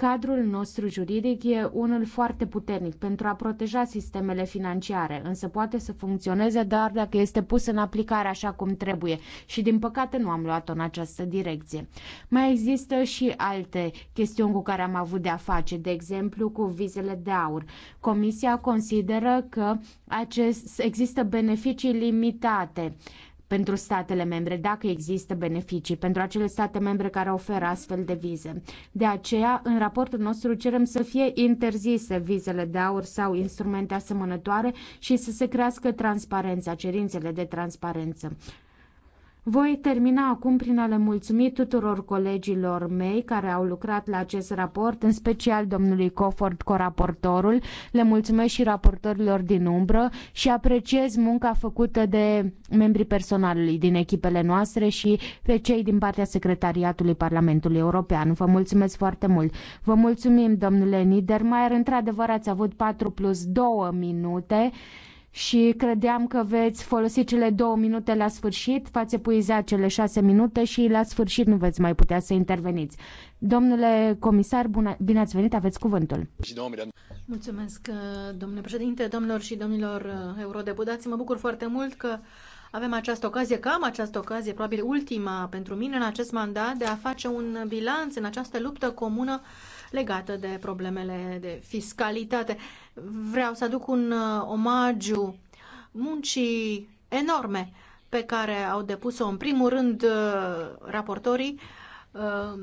Cadrul nostru juridic e unul foarte puternic pentru a proteja sistemele financiare, însă poate să funcționeze doar dacă este pus în aplicare așa cum trebuie și din păcate nu am luat-o în această direcție. Mai există și alte chestiuni cu care am avut de-a face, de exemplu cu vizele de aur. Comisia consideră că acest, există beneficii limitate pentru statele membre, dacă există beneficii pentru acele state membre care oferă astfel de vize. De aceea, în raportul nostru cerem să fie interzise vizele de aur sau instrumente asemănătoare și să se crească transparența, cerințele de transparență. Voi termina acum prin a le mulțumi tuturor colegilor mei care au lucrat la acest raport, în special domnului Cofort, coraportorul. Le mulțumesc și raportorilor din umbră și apreciez munca făcută de membrii personalului din echipele noastre și pe cei din partea Secretariatului Parlamentului European. Vă mulțumesc foarte mult. Vă mulțumim, domnule Niedermayer. Într-adevăr, ați avut 4 plus 2 minute și credeam că veți folosi cele două minute la sfârșit, v-ați epuizat cele șase minute și la sfârșit nu veți mai putea să interveniți. Domnule comisar, bună, bine ați venit, aveți cuvântul. Mulțumesc, uh, domnule președinte, domnilor și domnilor uh, eurodeputați. Mă bucur foarte mult că avem această ocazie, cam această ocazie, probabil ultima pentru mine în acest mandat, de a face un bilanț în această luptă comună legată de problemele de fiscalitate. Vreau să aduc un uh, omagiu muncii enorme pe care au depus-o în primul rând uh, raportorii uh,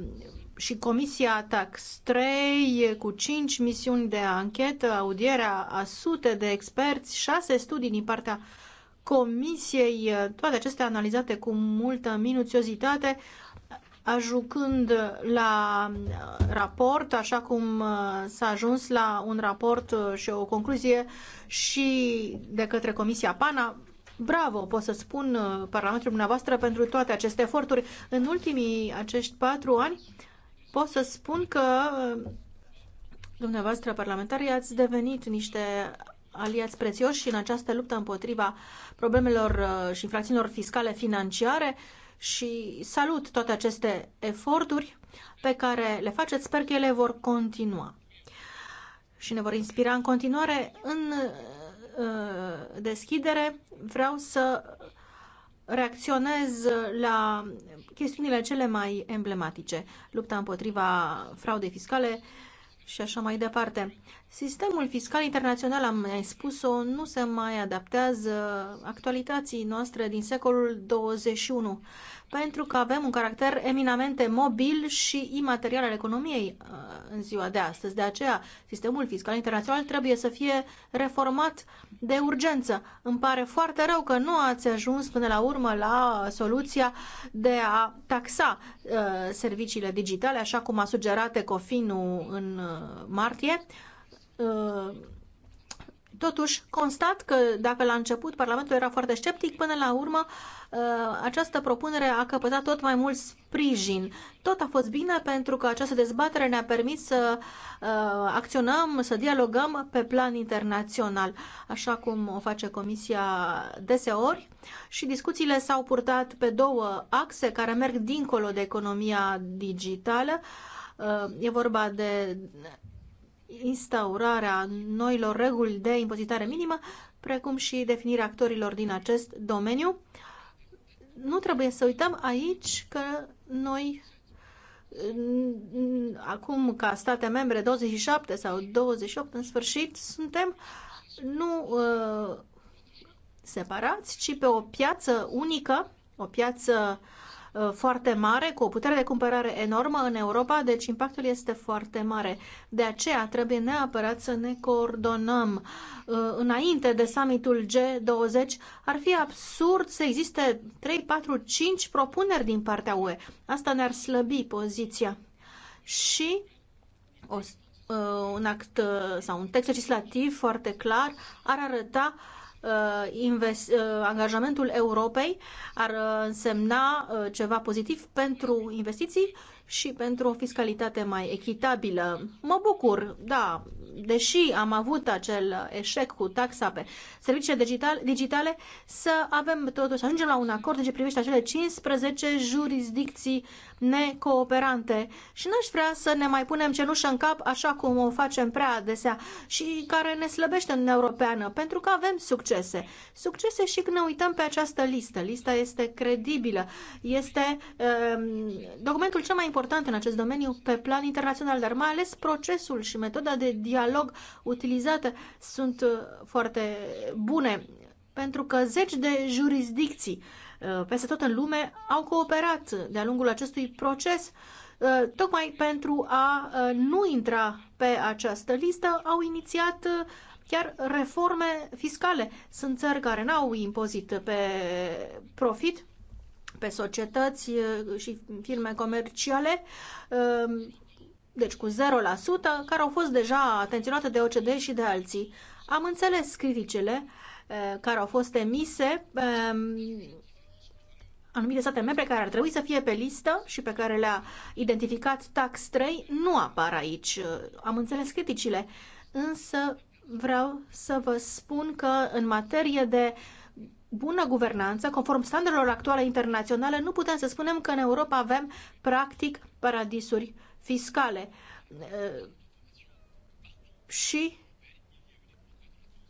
și Comisia Tax 3 cu 5 misiuni de anchetă, audierea a sute de experți, 6 studii din partea Comisiei, toate acestea analizate cu multă minuțiozitate, ajucând la uh, raport, așa cum uh, s-a ajuns la un raport uh, și o concluzie și de către Comisia PANA. Bravo, pot să spun Parlamentul dumneavoastră pentru toate aceste eforturi. În ultimii acești patru ani pot să spun că dumneavoastră parlamentarii ați devenit niște aliați prețioși în această luptă împotriva problemelor și infracțiunilor fiscale financiare. Uh, și salut toate aceste eforturi pe care le faceți. Sper că ele vor continua și ne vor inspira în continuare. În uh, deschidere vreau să reacționez la chestiunile cele mai emblematice. Lupta împotriva fraudei fiscale, și așa mai departe. Sistemul fiscal internațional, am mai spus-o, nu se mai adaptează actualității noastre din secolul 21 pentru că avem un caracter eminamente mobil și imaterial al economiei uh, în ziua de astăzi. De aceea, sistemul fiscal internațional trebuie să fie reformat de urgență. Îmi pare foarte rău că nu ați ajuns până la urmă la soluția de a taxa uh, serviciile digitale, așa cum a sugerat Ecofinul în uh, martie Totuși, constat că dacă la început Parlamentul era foarte sceptic, până la urmă uh, această propunere a căpătat tot mai mult sprijin. Tot a fost bine pentru că această dezbatere ne-a permis să uh, acționăm, să dialogăm pe plan internațional, așa cum o face Comisia deseori și discuțiile s-au purtat pe două axe care merg dincolo de economia digitală. Uh, e vorba de instaurarea noilor reguli de impozitare minimă, precum și definirea actorilor din acest domeniu. Nu trebuie să uităm aici că noi acum ca state membre 27 sau 28 în sfârșit suntem nu uh, separați, ci pe o piață unică, o piață uh, Uh, foarte mare, cu o putere de cumpărare enormă în Europa, deci impactul este foarte mare. De aceea trebuie neapărat să ne coordonăm uh, înainte de summitul G20. Ar fi absurd să existe 3, 4, 5 propuneri din partea UE. Asta ne-ar slăbi poziția. Și o, uh, un act sau un text legislativ foarte clar ar arăta uh, Uh, uh, angajamentul Europei ar uh, însemna ceva pozitiv pentru investiții și pentru o fiscalitate mai echitabilă. Mă bucur, da, deși am avut acel eșec cu taxa pe servicii digital, digitale, să avem totuși, să ajungem la un acord în ce privește acele 15 jurisdicții necooperante și n-aș vrea să ne mai punem cenușă în cap așa cum o facem prea adesea și care ne slăbește în Europeană, pentru că avem succese. Succese și când ne uităm pe această listă. Lista este credibilă, este um, documentul cel mai important în acest domeniu pe plan internațional, dar mai ales procesul și metoda de dialog utilizată sunt uh, foarte bune, pentru că zeci de jurisdicții uh, Uh, peste tot în lume au cooperat de-a lungul acestui proces uh, tocmai pentru a uh, nu intra pe această listă, au inițiat chiar reforme fiscale. Sunt țări care n-au impozit pe profit, pe societăți și firme comerciale, deci cu 0%, care au fost deja atenționate de OCD și de alții. Am înțeles criticele care au fost emise um, anumite state membre care ar trebui să fie pe listă și pe care le-a identificat Tax 3 nu apar aici. Am înțeles criticile, însă vreau să vă spun că în materie de bună guvernanță, conform standardelor actuale internaționale, nu putem să spunem că în Europa avem practic paradisuri fiscale. Și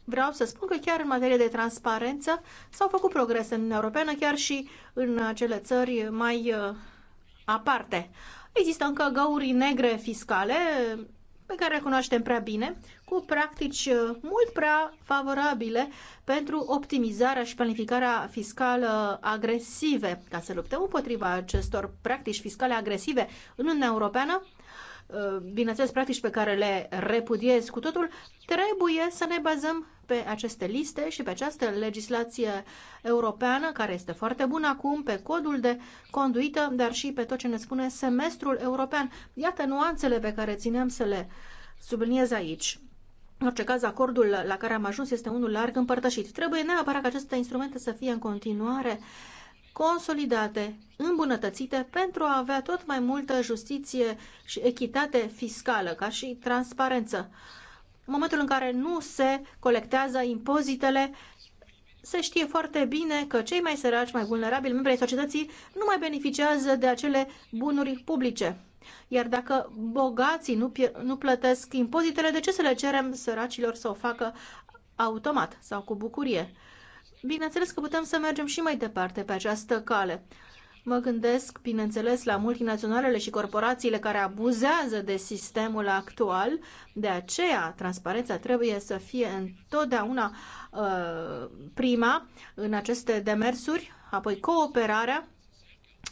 vreau să spun că chiar în materie de transparență s-au făcut progrese în Uniunea Europeană, chiar și în acele țări mai uh, aparte. Există încă găuri negre fiscale pe care le cunoaștem prea bine, cu practici uh, mult prea favorabile pentru optimizarea și planificarea fiscală agresive. Ca să luptăm împotriva acestor practici fiscale agresive în Uniunea Europeană, Uh, bineînțeles, practici pe care le repudiez cu totul, trebuie să ne bazăm pe aceste liste și pe această legislație europeană, care este foarte bună acum, pe codul de conduită, dar și pe tot ce ne spune semestrul european. Iată nuanțele pe care ținem să le subliniez aici. În orice caz, acordul la care am ajuns este unul larg împărtășit. Trebuie neapărat ca aceste instrumente să fie în continuare uh, consolidate, îmbunătățite pentru a avea tot mai multă justiție și echitate fiscală, ca și transparență. În momentul în care nu se colectează impozitele, se știe foarte bine că cei mai săraci, mai vulnerabili membri ai societății nu mai beneficiază de acele bunuri publice. Iar dacă bogații nu, nu plătesc impozitele, de ce să le cerem săracilor să o facă automat sau cu bucurie? bineînțeles că putem să mergem și mai departe pe această cale. Mă gândesc, bineînțeles, la multinaționalele și corporațiile care abuzează de sistemul actual. De aceea, transparența trebuie să fie întotdeauna uh, prima în aceste demersuri, apoi cooperarea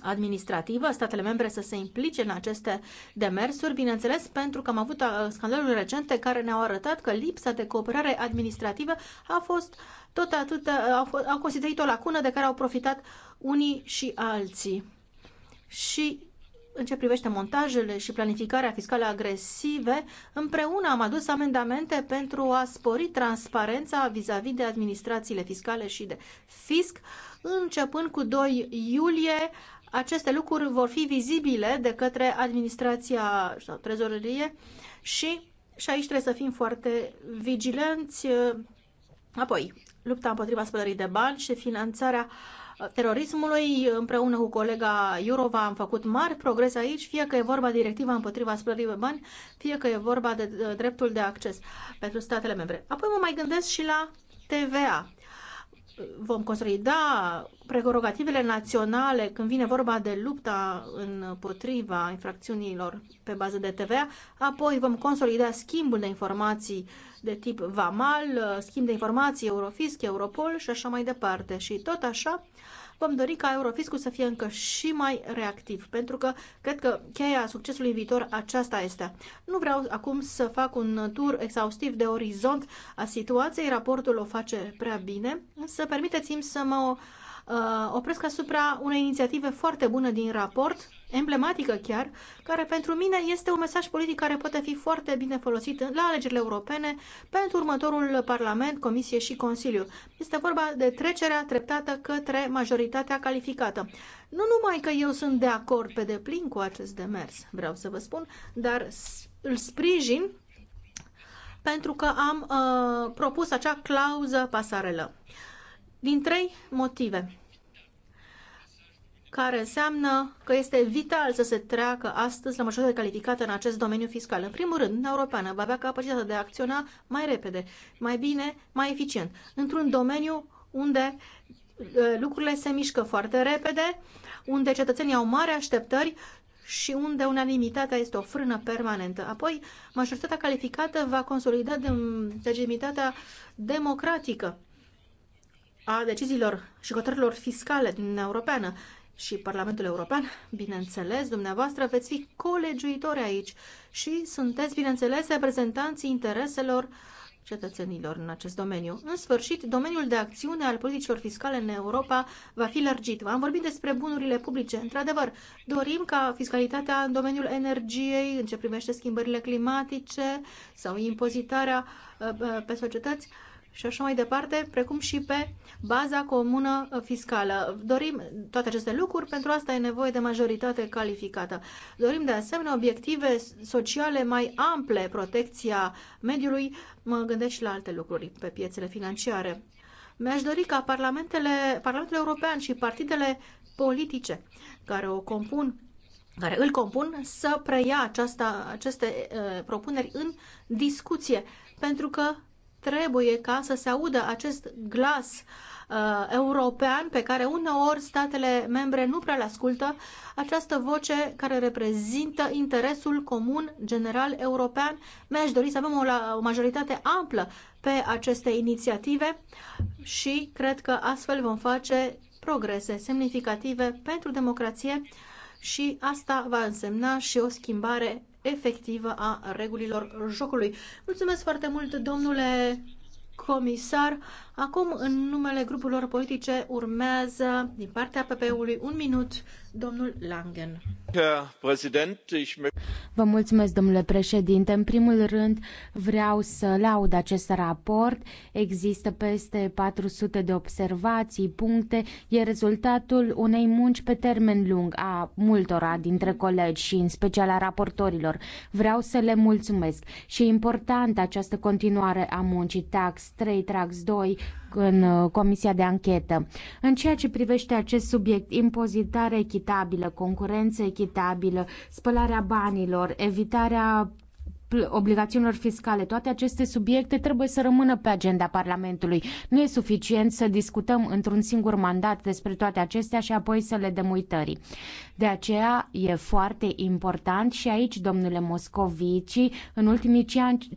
administrativă, statele membre să se implice în aceste demersuri, bineînțeles, pentru că am avut uh, scandaluri recente care ne-au arătat că lipsa de cooperare administrativă a fost uh, tot atât uh, au, au considerat o lacună de care au profitat unii și alții. Și în ce privește montajele și planificarea fiscală agresive, împreună am adus amendamente pentru a spori transparența vis-a-vis -vis de administrațiile fiscale și de fisc. Începând cu 2 iulie, aceste lucruri vor fi vizibile de către administrația sau trezorerie și, și aici trebuie să fim foarte vigilenți. Apoi, lupta împotriva spălării de bani și finanțarea uh, terorismului. Împreună cu colega Iurova am făcut mari progres aici, fie că e vorba de directiva împotriva spălării de bani, fie că e vorba de dreptul de acces pentru statele membre. Apoi mă mai gândesc și la TVA vom consolida prerogativele naționale când vine vorba de lupta împotriva infracțiunilor pe bază de TVA, apoi vom consolida schimbul de informații de tip VAMAL, schimb de informații Eurofisc, Europol și așa mai departe. Și tot așa, vom dori ca Eurofiscul să fie încă și mai reactiv, pentru că cred că cheia succesului viitor aceasta este. Nu vreau acum să fac un tur exhaustiv de orizont a situației, raportul o face prea bine, însă permiteți-mi să mă Uh, opresc asupra unei inițiative foarte bună din raport, emblematică chiar, care pentru mine este un mesaj politic care poate fi foarte bine folosit la alegerile europene pentru următorul Parlament, Comisie și Consiliu. Este vorba de trecerea treptată către majoritatea calificată. Nu numai că eu sunt de acord pe deplin cu acest demers, vreau să vă spun, dar îl sprijin pentru că am uh, propus acea clauză pasarelă. Uh, din trei motive care înseamnă că este vital să se treacă astăzi la majoritate calificată în acest domeniu fiscal. În primul rând, Uniunea Europeană va avea capacitatea de a acționa mai repede, mai bine, mai eficient, într-un domeniu unde uh, lucrurile se mișcă foarte repede, unde cetățenii au mari așteptări și unde unanimitatea este o frână permanentă. Apoi, majoritatea calificată va consolida legitimitatea democratică a deciziilor și hotărârilor fiscale din Uniunea Europeană și Parlamentul European, bineînțeles, dumneavoastră veți fi colegiuitori aici și sunteți, bineînțeles, reprezentanții intereselor cetățenilor în acest domeniu. În sfârșit, domeniul de acțiune al politicilor fiscale în Europa va fi lărgit. Am vorbit despre bunurile publice. Într-adevăr, dorim ca fiscalitatea în domeniul energiei, în ce primește schimbările climatice sau impozitarea uh, uh, pe societăți, și așa mai departe, precum și pe baza comună fiscală. Dorim toate aceste lucruri, pentru asta e nevoie de majoritate calificată. Dorim de asemenea obiective sociale mai ample, protecția mediului, mă gândesc și la alte lucruri pe piețele financiare. Mi-aș dori ca parlamentele, Parlamentul European și partidele politice care o compun care îl compun să preia aceasta, aceste uh, propuneri în discuție, pentru că trebuie ca să se audă acest glas uh, european pe care uneori statele membre nu prea ascultă, această voce care reprezintă interesul comun general european. Mi-aș dori să avem o, o majoritate amplă pe aceste inițiative și cred că astfel vom face progrese semnificative pentru democrație și asta va însemna și o schimbare efectivă a regulilor jocului. Mulțumesc foarte mult, domnule comisar. Acum, în numele grupurilor politice, urmează, din partea PP-ului, un minut, domnul Langen. Vă mulțumesc, domnule președinte. În primul rând, vreau să laud acest raport. Există peste 400 de observații, puncte. E rezultatul unei munci pe termen lung a multora dintre colegi și în special a raportorilor. Vreau să le mulțumesc. Și e importantă această continuare a muncii TAX 3, TAX 2, în uh, Comisia de Anchetă. În ceea ce privește acest subiect, impozitare echitabilă, concurență echitabilă, spălarea banilor, evitarea obligațiunilor fiscale. Toate aceste subiecte trebuie să rămână pe agenda Parlamentului. Nu e suficient să discutăm într-un singur mandat despre toate acestea și apoi să le dăm uitării. De aceea e foarte important și aici, domnule Moscovici, în ultimii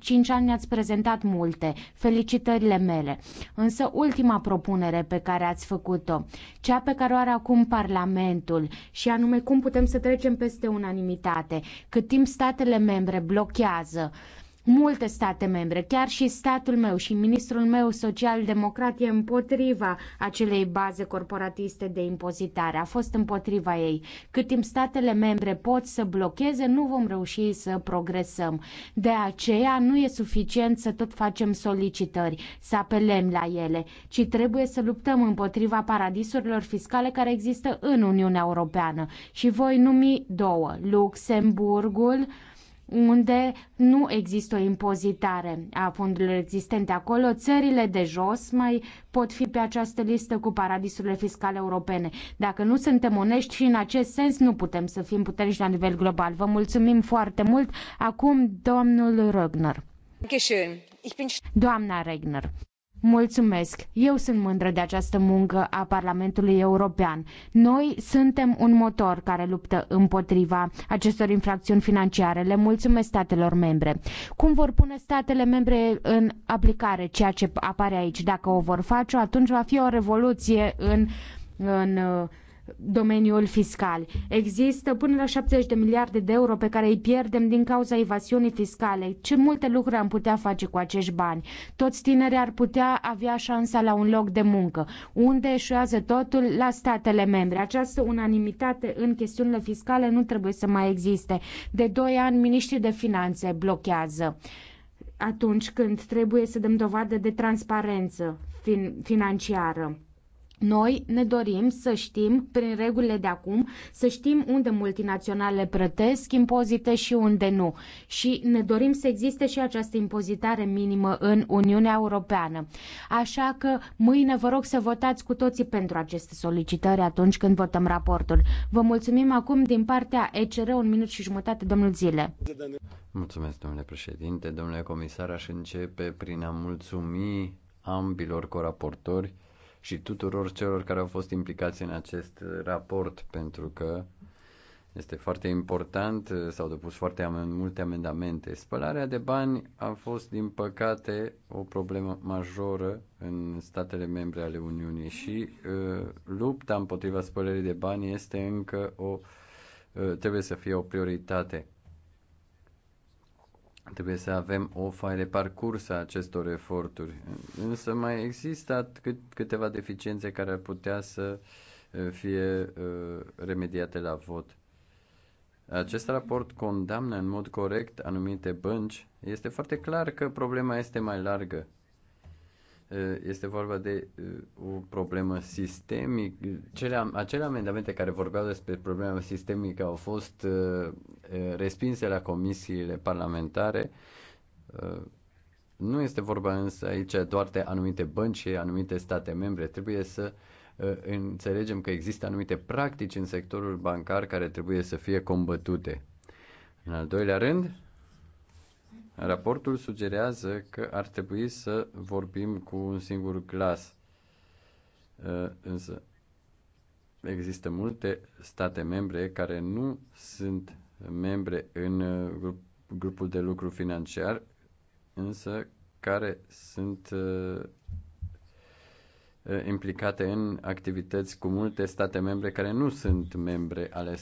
cinci ani ne-ați prezentat multe. Felicitările mele. Însă ultima propunere pe care ați făcut-o, cea pe care o are acum Parlamentul și anume cum putem să trecem peste unanimitate, cât timp statele membre blochează bazează. Multe state membre, chiar și statul meu și ministrul meu social-democrat e împotriva acelei baze corporatiste de impozitare, a fost împotriva ei. Cât timp statele membre pot să blocheze, nu vom reuși să progresăm. De aceea nu e suficient să tot facem solicitări, să apelem la ele, ci trebuie să luptăm împotriva paradisurilor fiscale care există în Uniunea Europeană. Și voi numi două, Luxemburgul, unde nu există o impozitare a fondurilor existente acolo. Țările de jos mai pot fi pe această listă cu paradisurile fiscale europene. Dacă nu suntem onești și în acest sens, nu putem să fim puternici la nivel global. Vă mulțumim foarte mult. Acum, domnul Rögner. Doamna Regner. Mulțumesc! Eu sunt mândră de această muncă a Parlamentului European. Noi suntem un motor care luptă împotriva acestor infracțiuni financiare. Le mulțumesc statelor membre. Cum vor pune statele membre în aplicare ceea ce apare aici? Dacă o vor face, atunci va fi o revoluție în, în domeniul fiscal. Există până la 70 de miliarde de euro pe care îi pierdem din cauza evasiunii fiscale. Ce multe lucruri am putea face cu acești bani? Toți tinerii ar putea avea șansa la un loc de muncă. Unde eșuează totul? La statele membre. Această unanimitate în chestiunile fiscale nu trebuie să mai existe. De doi ani, miniștrii de finanțe blochează atunci când trebuie să dăm dovadă de transparență fin- financiară noi ne dorim să știm, prin regulile de acum, să știm unde multinaționale plătesc impozite și unde nu. Și ne dorim să existe și această impozitare minimă în Uniunea Europeană. Așa că mâine vă rog să votați cu toții pentru aceste solicitări atunci când votăm raportul. Vă mulțumim acum din partea ECR un minut și jumătate, domnul Zile. Mulțumesc, domnule președinte. Domnule comisar, aș începe prin a mulțumi ambilor coraportori și tuturor celor care au fost implicați în acest raport, pentru că este foarte important, s-au depus foarte multe amendamente. Spălarea de bani a fost, din păcate, o problemă majoră în statele membre ale Uniunii și uh, lupta împotriva spălării de bani este încă o, uh, trebuie să fie o prioritate. Trebuie să avem o foaie parcurs a acestor eforturi. Însă mai există cât, câteva deficiențe care ar putea să uh, fie uh, remediate la vot. Acest raport condamnă în mod corect anumite bănci. Este foarte clar că problema este mai largă. Eh, este vorba de eh, o problemă sistemică. Cele, acele amendamente care vorbeau despre problema sistemică au fost eh, respinse la comisiile parlamentare. Nu este vorba însă aici doar de anumite bănci și anumite state membre. Trebuie să înțelegem că există anumite practici în sectorul bancar care trebuie să fie combătute. În al doilea rând, Raportul sugerează că ar trebui să vorbim cu un singur glas. Uh, însă există multe state membre care nu sunt membre în uh, grup, grupul de lucru financiar, însă care sunt uh, implicate în activități cu multe state membre care nu sunt membre ale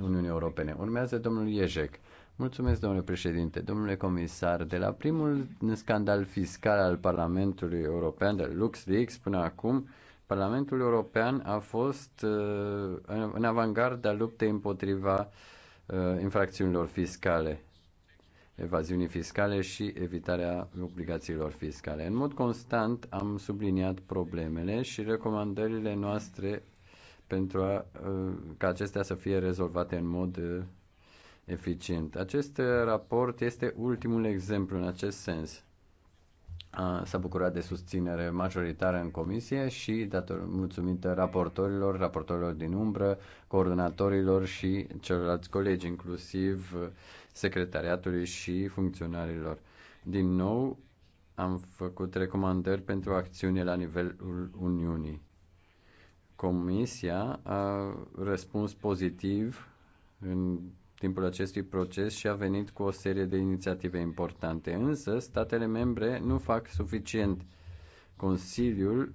Uniunii Europene. Urmează domnul Iejec. Mulțumesc, domnule președinte. Domnule comisar, de la primul scandal fiscal al Parlamentului European, de LuxLeaks, până acum, Parlamentul European a fost uh, în avangarda luptei împotriva uh, infracțiunilor fiscale, evaziunii fiscale și evitarea obligațiilor fiscale. În mod constant am subliniat problemele și recomandările noastre pentru a, uh, ca acestea să fie rezolvate în mod uh, eficient. Acest raport este ultimul exemplu în acest sens. S-a bucurat de susținere majoritară în comisie și dator, mulțumită raportorilor, raportorilor din umbră, coordonatorilor și celorlalți colegi, inclusiv secretariatului și funcționarilor. Din nou, am făcut recomandări pentru acțiune la nivelul Uniunii. Comisia a răspuns pozitiv în timpul acestui proces și a venit cu o serie de inițiative importante, însă statele membre nu fac suficient. Consiliul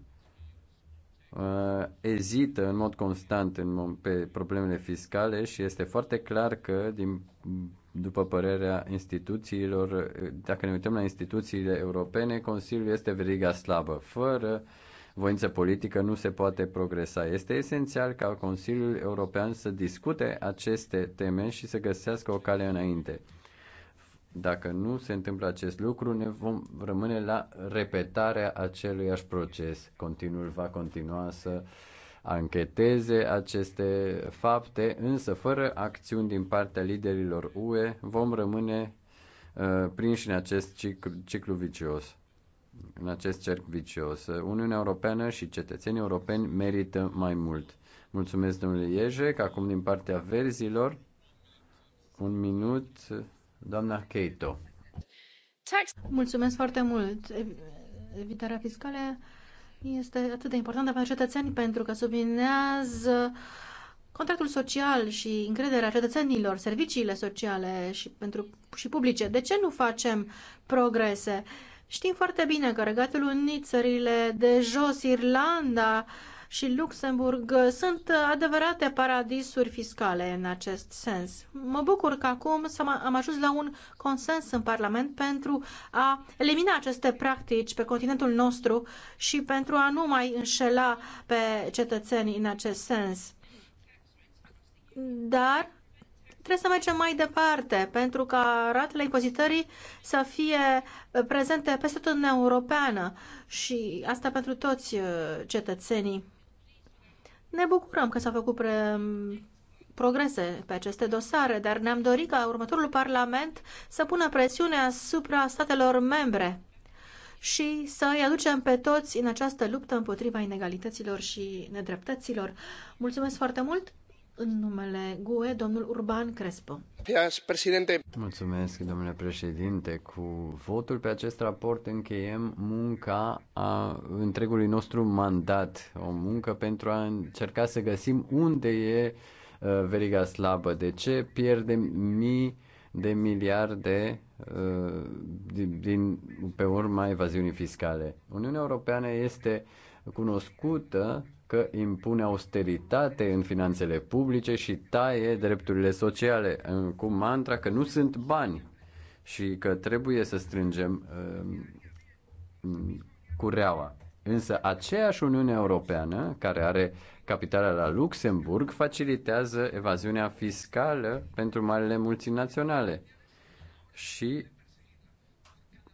uh, ezită în mod constant în, pe problemele fiscale și este foarte clar că, din, după părerea instituțiilor, uh, dacă ne uităm la instituțiile europene, Consiliul este veriga slabă, fără uh, voință politică nu se poate progresa. Este esențial ca Consiliul European să discute aceste teme și să găsească o cale înainte. Dacă nu se întâmplă acest lucru, ne vom rămâne la repetarea aceluiași proces. Continuul va continua să ancheteze aceste fapte, însă fără acțiuni din partea liderilor UE vom rămâne uh, prinși în acest ciclu, ciclu vicios în acest cerc vicios. Uniunea Europeană și cetățenii europeni merită mai mult. Mulțumesc, domnule Iejec. Acum, din partea verzilor, un minut, doamna Keito. Mulțumesc foarte mult. Evitarea fiscală este atât de importantă pentru cetățeni pentru că subminează contractul social și încrederea cetățenilor, serviciile sociale și, pentru, și publice. De ce nu facem progrese? Uh, Știm foarte bine că Regatul Unit, țările de jos, Irlanda și Luxemburg uh, sunt adevărate paradisuri fiscale în acest sens. Mă bucur că acum am ajuns la un consens în Parlament pentru a elimina aceste practici pe continentul nostru și pentru a nu mai înșela pe cetățenii în acest sens. Dar Trebuie să mergem mai departe pentru ca ratele impozitării să fie uh, prezente peste tot în Europeană și asta pentru toți uh, cetățenii. Ne bucurăm că s-au făcut pre um, progrese pe aceste dosare, dar ne-am dorit ca următorul Parlament să pună presiune asupra statelor membre și să îi aducem pe toți în această luptă împotriva inegalităților și nedreptăților. Mulțumesc foarte mult! În numele GUE, domnul Urban Crespo. Președinte. Mulțumesc, domnule președinte. Cu votul pe acest raport încheiem munca a întregului nostru mandat. O muncă pentru a încerca să găsim unde e uh, veriga slabă. De ce pierdem mii de miliarde uh, din, din, pe urma evaziunii fiscale. Uniunea Europeană este cunoscută că impune austeritate în finanțele publice și taie drepturile sociale, cu mantra că nu sunt bani și că trebuie să strângem um, cureaua. Însă aceeași Uniune Europeană, care are capitala la Luxemburg, facilitează evaziunea fiscală pentru marile multinaționale și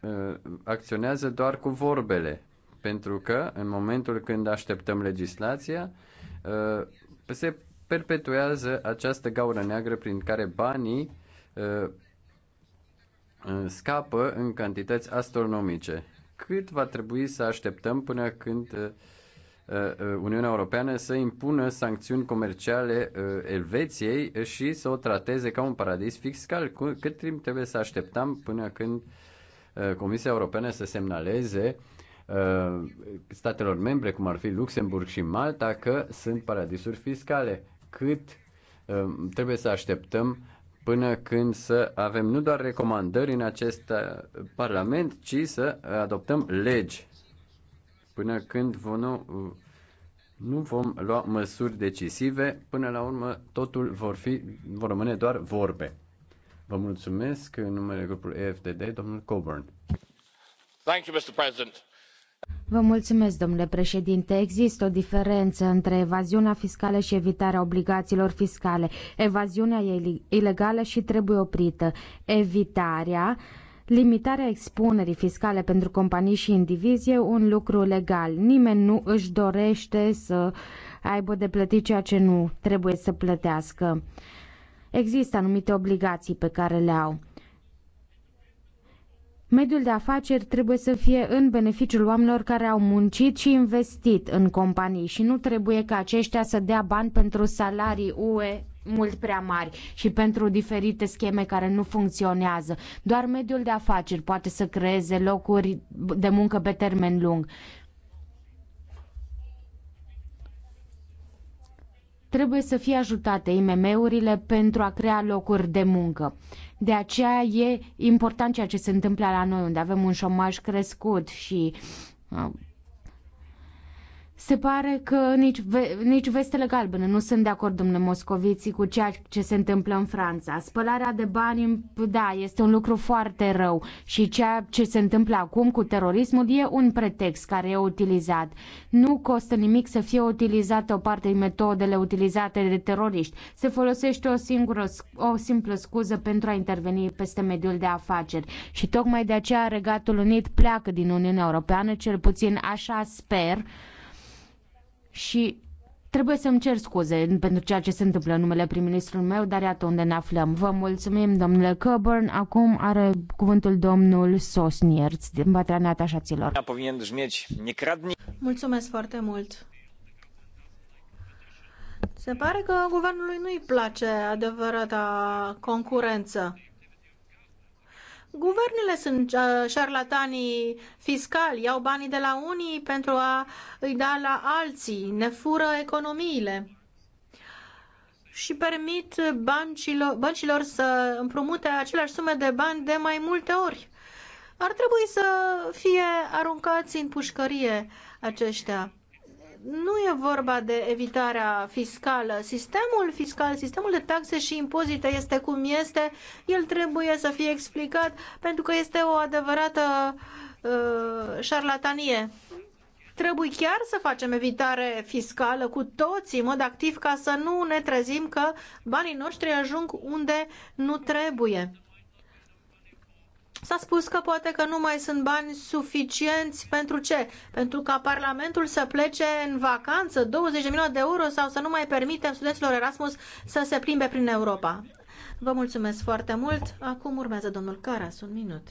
uh, acționează doar cu vorbele. Pentru că în momentul când așteptăm legislația, uh, se perpetuează această gaură neagră prin care banii uh, uh, scapă în cantități astronomice. Cât va trebui să așteptăm până când Uniunea Europeană să impună sancțiuni comerciale Elveției și să o trateze ca un paradis fiscal? Cât timp trebuie să așteptăm până când Comisia Europeană să semnaleze Uh, statelor membre, cum ar fi Luxemburg și Malta, că sunt paradisuri fiscale. Cât um, trebuie să așteptăm până când să avem nu doar recomandări în acest uh, Parlament, ci să adoptăm legi. Până când nu, uh, nu vom lua măsuri decisive, până la urmă totul vor, fi, vor rămâne doar vorbe. Vă mulțumesc în numele grupului EFDD, domnul Coburn. Thank you, Mr. President Vă mulțumesc, domnule președinte. Există o diferență între evaziunea fiscală și evitarea obligațiilor fiscale. Evaziunea e ilegală și trebuie oprită. Evitarea Limitarea expunerii fiscale pentru companii și indivizi un lucru legal. Nimeni nu își dorește să aibă de plătit ceea ce nu trebuie să plătească. Există anumite obligații pe care le au. Mediul de afaceri trebuie să fie în beneficiul oamenilor care au muncit și investit în companii și nu trebuie ca aceștia să dea bani pentru salarii UE mult prea mari și pentru diferite scheme care nu funcționează. Doar mediul de afaceri poate să creeze locuri de muncă pe termen lung. Trebuie să fie ajutate IMM-urile pentru a crea locuri de muncă. De aceea e important ceea ce se întâmplă la noi, unde avem un șomaj crescut și uh, se pare că nici, ve- nici vestele galbene nu sunt de acord, domnule Moscoviții, cu ceea ce se întâmplă în Franța. Spălarea de bani, da, este un lucru foarte rău și ceea ce se întâmplă acum cu terorismul e un pretext care e utilizat. Nu costă nimic să fie utilizată o parte din metodele utilizate de teroriști. Se folosește o singură, o simplă scuză pentru a interveni peste mediul de afaceri. Și tocmai de aceea Regatul Unit pleacă din Uniunea Europeană, cel puțin așa sper, și trebuie să-mi cer scuze pentru ceea ce se întâmplă în numele prim-ministrul meu, dar iată unde ne aflăm. Vă mulțumim, domnule Coburn. Acum are cuvântul domnul Sosnierț din Batrania Atașaților. Mulțumesc foarte mult. Se pare că guvernului nu-i place adevărata concurență. Guvernele sunt uh, șarlatanii fiscali, iau banii de la unii pentru a îi da la alții, ne fură economiile și permit băncilor, băncilor să împrumute aceleași sume de bani de mai multe ori. Ar trebui să fie aruncați în pușcărie aceștia nu e vorba de evitarea fiscală. Sistemul fiscal, sistemul de taxe și impozite este cum este, el trebuie să fie explicat pentru că este o adevărată uh, șarlatanie. Trebuie chiar să facem evitare fiscală cu toții, în mod activ, ca să nu ne trezim că banii noștri ajung unde nu trebuie. S-a spus că poate că nu mai sunt bani suficienți pentru ce? Pentru ca Parlamentul să plece în vacanță 20 de milioane de euro sau să nu mai permitem studenților Erasmus să se plimbe prin Europa. Vă mulțumesc foarte mult. Acum urmează domnul Caras, un minut.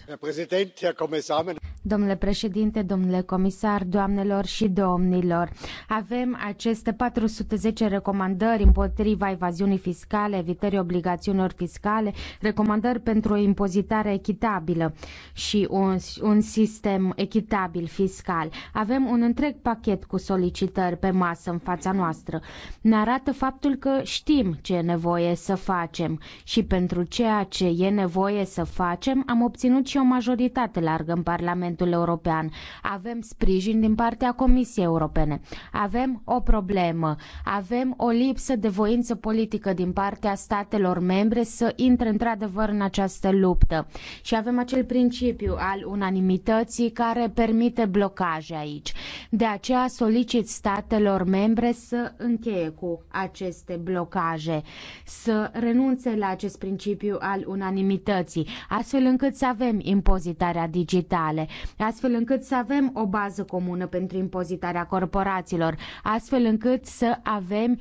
Domnule președinte, domnule comisar, doamnelor și domnilor, avem aceste 410 recomandări împotriva evaziunii fiscale, evitării obligațiunilor fiscale, recomandări pentru o impozitare echitabilă și un, un sistem echitabil fiscal. Avem un întreg pachet cu solicitări pe masă în fața noastră. Ne arată faptul că știm ce e nevoie să facem și pentru ceea ce e nevoie să facem am obținut și o majoritate largă în Parlament Parlamentul European. Avem sprijin din partea Comisiei Europene. Avem o problemă. Avem o lipsă de voință politică din partea statelor membre să intre într-adevăr în această luptă. Și avem acel principiu al unanimității care permite blocaje aici. De aceea solicit statelor membre să încheie cu aceste blocaje, să renunțe la acest principiu al unanimității, astfel încât să avem impozitarea digitale, astfel încât să avem o bază comună pentru impozitarea corporațiilor, astfel încât să avem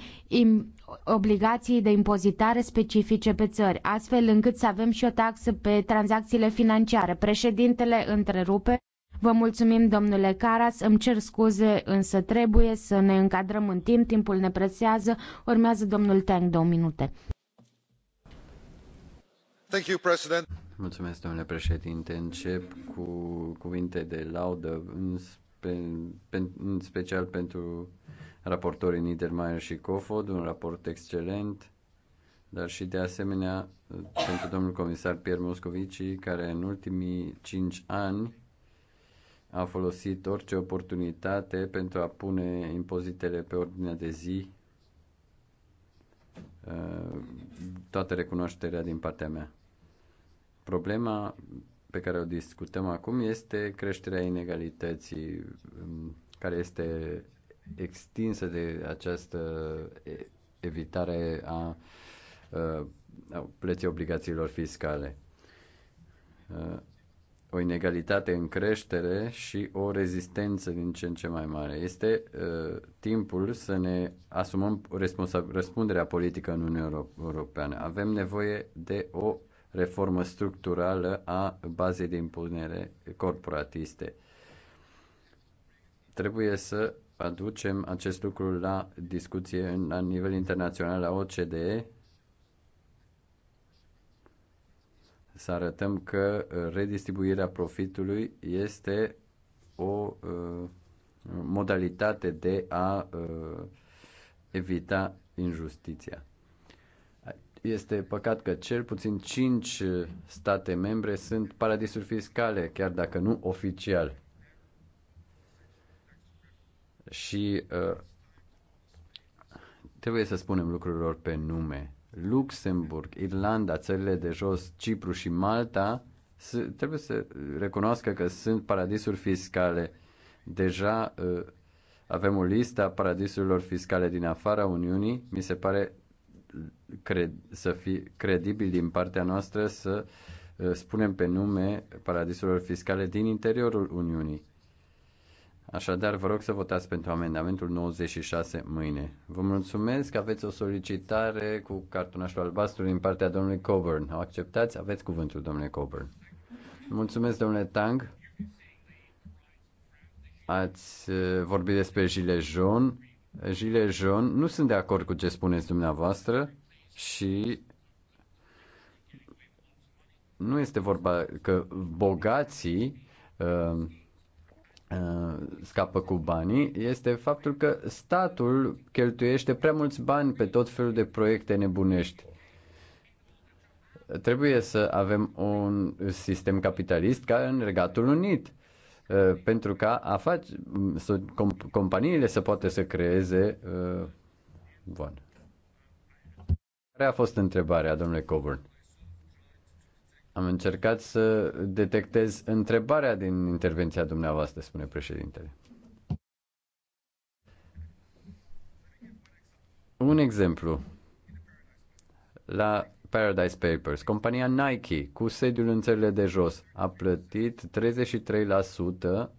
obligații de impozitare specifice pe țări, astfel încât să avem și o taxă pe tranzacțiile financiare. Președintele întrerupe. Vă mulțumim, domnule Caras, îmi cer scuze, însă trebuie să ne încadrăm în timp, timpul ne presează. Urmează domnul Tang, două minute. Thank you, President. Mulțumesc, domnule președinte. Încep cu cuvinte de laudă, în, spe, pe, în special pentru raportorii Niedermayer și Cofod, un raport excelent, dar și de asemenea uh, pentru domnul comisar Pierre Moscovici, care în ultimii cinci ani a folosit orice oportunitate pentru a pune impozitele pe ordinea de zi. Uh, toată recunoașterea din partea mea. Problema pe care o discutăm acum este creșterea inegalității, um, care este extinsă de această evitare a, uh, a plății obligațiilor fiscale. Uh, o inegalitate în creștere și o rezistență din ce în ce mai mare. Este uh, timpul să ne asumăm răspunderea politică în Uniunea Europeană. Avem nevoie de o reformă structurală a bazei de impunere corporatiste. Trebuie să aducem acest lucru la discuție la nivel internațional, la OCDE, să arătăm că uh, redistribuirea profitului este o uh, modalitate de a uh, evita injustiția. Este păcat că cel puțin 5 state membre sunt paradisuri fiscale, chiar dacă nu oficial. Și uh, trebuie să spunem lucrurilor pe nume. Luxemburg, Irlanda, țările de jos, Cipru și Malta trebuie să recunoască că sunt paradisuri fiscale. Deja uh, avem o listă a paradisurilor fiscale din afara Uniunii. Mi se pare cred, să fi credibil din partea noastră să uh, spunem pe nume paradisurilor fiscale din interiorul Uniunii. Așadar, vă rog să votați pentru amendamentul 96 mâine. Vă mulțumesc că aveți o solicitare cu cartonașul albastru din partea domnului Coburn. O acceptați? Aveți cuvântul, domnule Coburn. Mulțumesc, domnule Tang. Ați uh, vorbit despre gilet jaune Gilles Jean, nu sunt de acord cu ce spuneți dumneavoastră și nu este vorba că bogații uh, uh, scapă cu banii, este faptul că statul cheltuiește prea mulți bani pe tot felul de proiecte nebunești. Trebuie să avem un sistem capitalist ca în Regatul Unit Uh, pentru ca afaceri, să, com, companiile să poată să creeze. Uh, Bun. Care a fost întrebarea, domnule Coburn? Am încercat să detectez întrebarea din intervenția dumneavoastră, spune președintele. Un exemplu. La Paradise Papers, compania Nike, cu sediul în țările de jos, a plătit 33%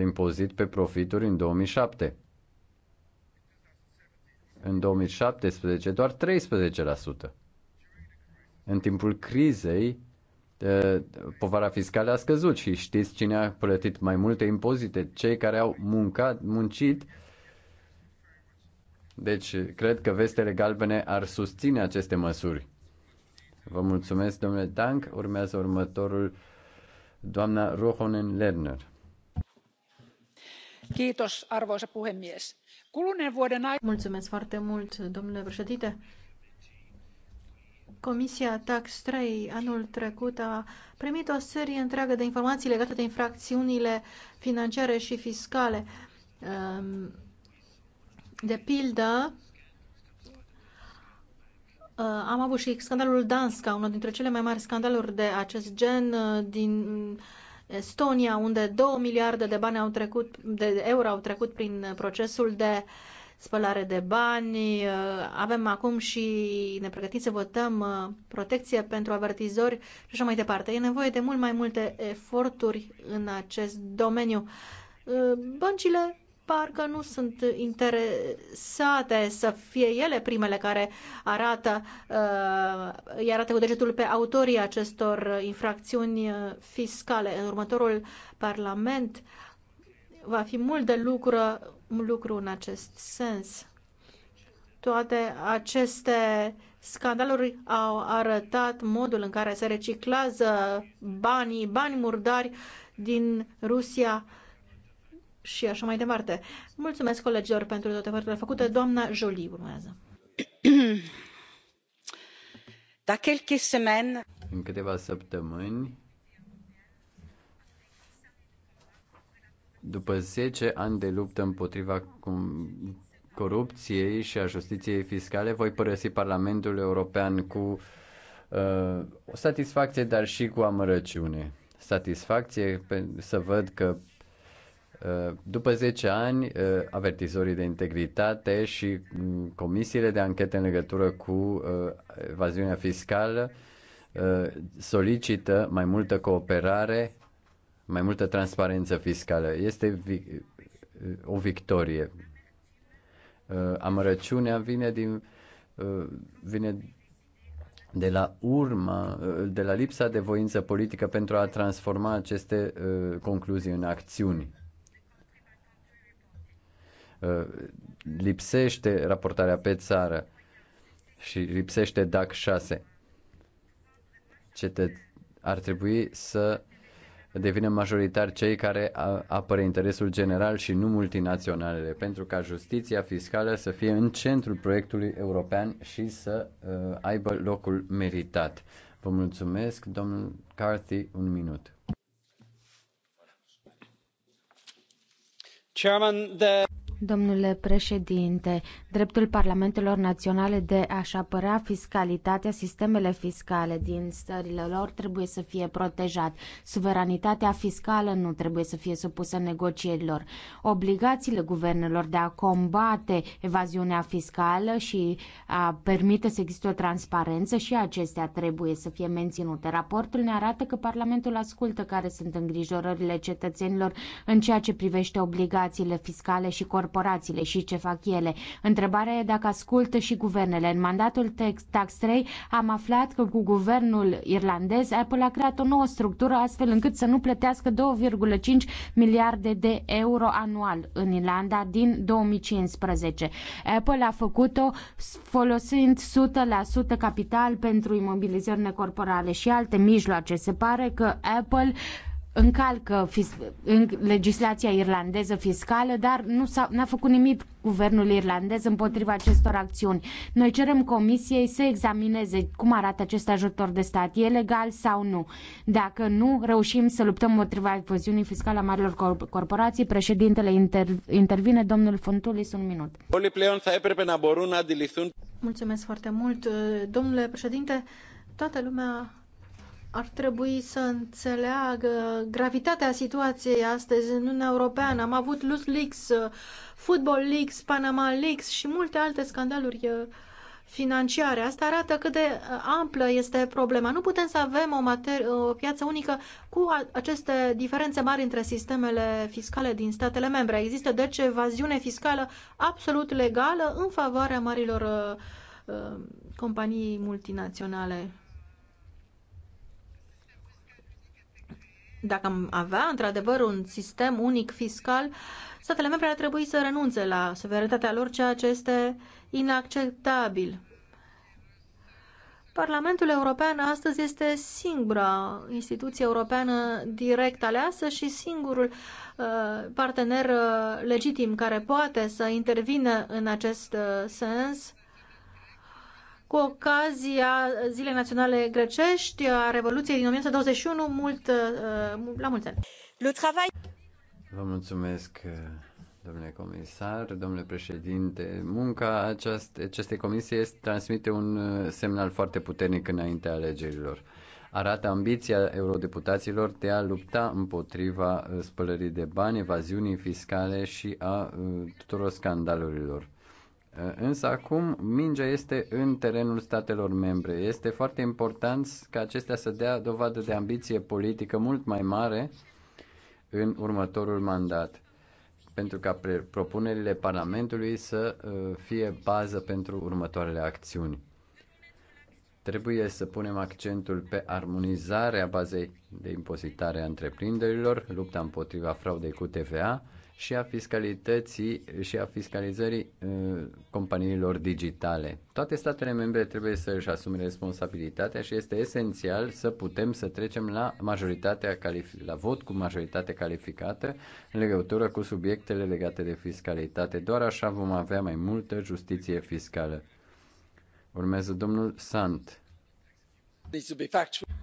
impozit pe profituri în 2007. În 2017 doar 13%. În timpul crizei, ă, povara fiscală a scăzut și știți cine a plătit mai multe impozite? Cei care au muncat, muncit deci, cred că vestele galbene ar susține aceste măsuri. Vă mulțumesc, domnule Dank. Urmează următorul, doamna Rohonen Lerner. Kiitos, arvoisa puhemies. Kuluneen vuoden aikana... Mulțumesc foarte mult, domnule președinte. Comisia Tax 3 anul trecut a primit o serie întreagă de informații legate de infracțiunile financiare și fiscale. Um, de pildă, uh, am avut și scandalul Danska, unul dintre cele mai mari scandaluri de acest gen uh, din Estonia, unde 2 miliarde de bani au trecut, de euro au trecut prin procesul de spălare de bani. Uh, avem acum și ne pregătim să votăm protecție pentru avertizori și așa mai departe. E nevoie de mult mai multe eforturi în acest domeniu. Băncile parcă nu sunt interesate să fie ele primele care arată, uh, îi arată cu degetul pe autorii acestor infracțiuni fiscale. În următorul Parlament va fi mult de lucru, lucru în acest sens. Toate aceste scandaluri au arătat modul în care se reciclează banii, bani murdari din Rusia și așa mai departe. Mulțumesc colegilor pentru toate eforturile făcute. Doamna Jolie urmează. Da quelques semaines. În câteva săptămâni, după 10 ani de luptă împotriva corupției și a justiției fiscale, voi părăsi Parlamentul European cu uh, o satisfacție, dar și cu amărăciune. Satisfacție pe, să văd că Uh, după 10 ani, uh, avertizorii de integritate și mm, comisiile de anchete în legătură cu uh, evaziunea fiscală solicită mai multă cooperare, mai multă transparență fiscală. Este o victorie. Amărăciunea vine din vine de la urma, de la lipsa de voință politică pentru a transforma aceste concluzii în acțiuni Uh, lipsește raportarea pe țară și lipsește DAC 6. Cetet- ar trebui să devină majoritar cei care apără interesul general și nu multinaționalele, pentru ca justiția fiscală să fie în centrul proiectului european și să uh, aibă locul meritat. Vă mulțumesc, domnul Carthy, un minut. Chairman, the... Domnule președinte, dreptul parlamentelor naționale de a-și apăra fiscalitatea, sistemele fiscale din stările lor trebuie să fie protejat. Suveranitatea fiscală nu trebuie să fie supusă negocierilor. Obligațiile guvernelor de a combate evaziunea fiscală și a permite să existe o transparență și acestea trebuie să fie menținute. Raportul ne arată că Parlamentul ascultă care sunt îngrijorările cetățenilor în ceea ce privește obligațiile fiscale și corporatele corporațiile și ce fac ele. Întrebarea e dacă ascultă și guvernele. În mandatul Tax 3 am aflat că cu guvernul irlandez Apple a creat o nouă structură astfel încât să nu plătească 2,5 miliarde de euro anual în Irlanda din 2015. Apple a făcut-o folosind 100% capital pentru imobilizări necorporale și alte mijloace. Se pare că Apple uh, încalcă în legislația irlandeză fiscală, dar nu s-a, n-a făcut nimic guvernul irlandez împotriva acestor acțiuni. Noi cerem comisiei să examineze cum arată acest ajutor de stat, e legal sau nu. Dacă nu reușim să luptăm împotriva evaziunii fiscale a marilor corporații, președintele inter- intervine, domnul Fontulis, un minut. Mulțumesc foarte mult, domnule președinte. Toată lumea ar trebui să înțeleagă gravitatea situației astăzi în Uniunea Europeană. Am avut LuxLeaks, uh, Football Leaks, Panama Leaks și multe alte scandaluri uh, financiare. Asta arată cât de uh, amplă este problema. Nu putem să avem o, mater- o piață unică cu aceste diferențe mari între sistemele fiscale din statele membre. Există deci evaziune fiscală absolut legală în favoarea marilor uh, companii multinaționale. dacă am avea într-adevăr un sistem unic fiscal, statele membre ar trebui să renunțe la suveranitatea lor, ceea ce este inacceptabil. Parlamentul European astăzi este singura instituție europeană direct aleasă și singurul uh, partener uh, legitim care poate să intervină în acest uh, sens cu ocazia Zilei Naționale Grecești, a Revoluției din 1921, mult, uh, uh, la mulți ani. Le travail... Vă mulțumesc, uh, domnule comisar, domnule președinte. Munca aceast, acestei comisii este, transmite un semnal foarte puternic înaintea alegerilor. Arată ambiția eurodeputaților de a lupta împotriva spălării de bani, evaziunii fiscale și a tuturor scandalurilor Însă acum mingea este în terenul statelor membre. Este foarte important ca acestea să dea dovadă de ambiție politică mult mai mare în următorul mandat, pentru ca propunerile Parlamentului să uh, fie bază pentru următoarele acțiuni. Trebuie să punem accentul pe armonizarea bazei de impozitare a întreprinderilor, lupta împotriva fraudei cu TVA, și a fiscalității și a fiscalizării uh, companiilor digitale. Toate statele membre trebuie să își asume responsabilitatea și este esențial să putem să trecem la majoritatea la vot cu majoritate calificată în legătură cu subiectele legate de fiscalitate. Doar așa vom avea mai multă justiție fiscală. Urmează domnul Sant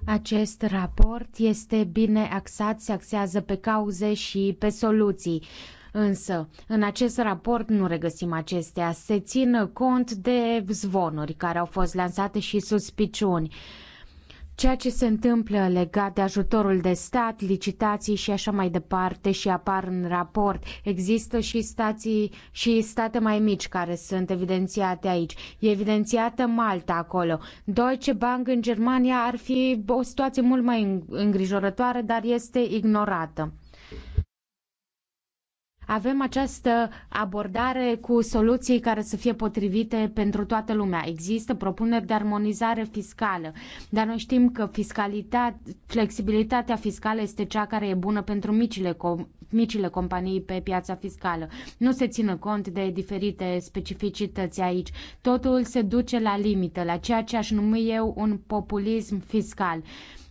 acest raport este bine axat, se axează pe cauze și pe soluții. Însă, în acest raport nu regăsim acestea. Se țină cont de zvonuri care au fost lansate și suspiciuni ceea ce se întâmplă legat de ajutorul de stat, licitații și așa mai departe și apar în raport. Există și, stații, și state mai mici care sunt evidențiate aici. E evidențiată Malta acolo. Deutsche Bank în Germania ar fi o situație mult mai îngrijorătoare, dar este ignorată avem această abordare cu soluții care să fie potrivite pentru toată lumea. Există propuneri de armonizare fiscală, dar noi știm că flexibilitatea fiscală este cea care e bună pentru micile, com- micile companii pe piața fiscală. Nu se țină cont de diferite specificități aici. Totul se duce la limită, la ceea ce aș numi eu un populism fiscal.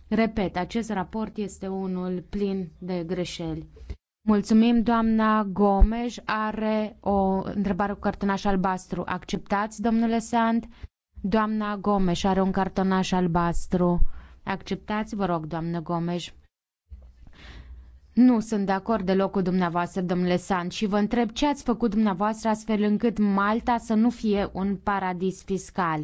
Repet, acest raport este unul plin de greșeli. Mulțumim, doamna Gomes. Are o întrebare cu cartonaș albastru. Acceptați, domnule Sand? Doamna Gomes are un cartonaș albastru. Acceptați, vă rog, doamnă Gomes. Nu sunt de acord deloc cu dumneavoastră, domnule Sand, și vă întreb ce ați făcut dumneavoastră astfel încât Malta să nu fie un paradis fiscal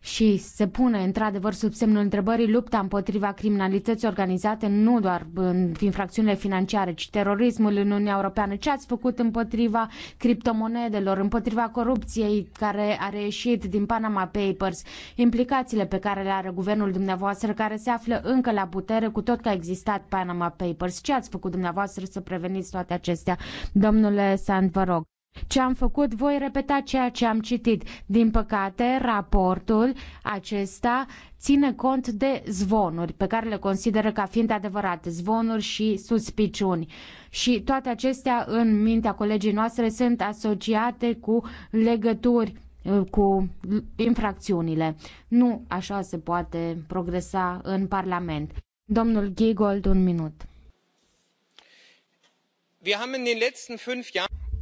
și se pune într-adevăr sub semnul întrebării lupta împotriva criminalității organizate, nu doar în infracțiunile financiare, ci terorismul în Uniunea Europeană. Ce ați făcut împotriva criptomonedelor, împotriva corupției care a reieșit din Panama Papers, implicațiile pe care le are guvernul dumneavoastră care se află încă la putere cu tot că a existat Panama Papers. Ce ați făcut dumneavoastră să preveniți toate acestea? Domnule Sand, vă rog ce am făcut, voi repeta ceea ce am citit. Din păcate, raportul acesta ține cont de zvonuri pe care le consideră ca fiind adevărate, zvonuri și suspiciuni. Și toate acestea, în mintea colegii noastre, sunt asociate cu legături cu infracțiunile. Nu așa se poate progresa în Parlament. Domnul Giegold, un minut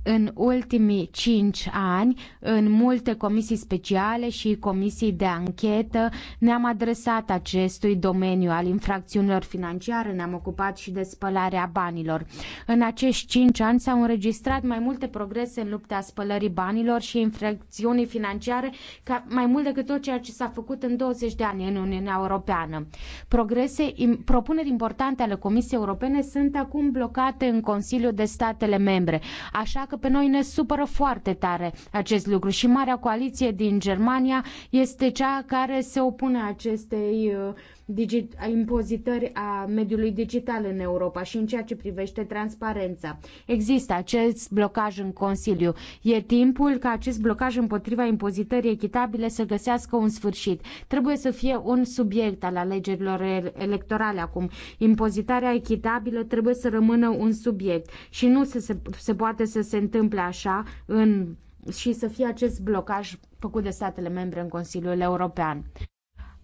în ultimii cinci ani, în multe comisii speciale și comisii de anchetă, ne-am adresat acestui domeniu al infracțiunilor financiare, ne-am ocupat și de spălarea banilor. În acești cinci ani s-au înregistrat mai multe progrese în lupta spălării banilor și infracțiunii financiare, ca mai mult decât tot ceea ce s-a făcut în 20 de ani în Uniunea Europeană. Progrese, propuneri importante ale Comisiei Europene sunt acum blocate în Consiliul de Statele Membre, așa că că pe noi ne supără foarte tare acest lucru și Marea Coaliție din Germania este cea care se opune acestei uh, digit, impozitări a mediului digital în Europa și în ceea ce privește transparența. Există acest blocaj în Consiliu. E timpul ca acest blocaj împotriva impozitării echitabile să găsească un sfârșit. Trebuie să fie un subiect al alegerilor electorale acum. Impozitarea echitabilă trebuie să rămână un subiect și nu se, se, se poate să se întâmple așa în și să fie acest blocaj făcut de statele membre în Consiliul European.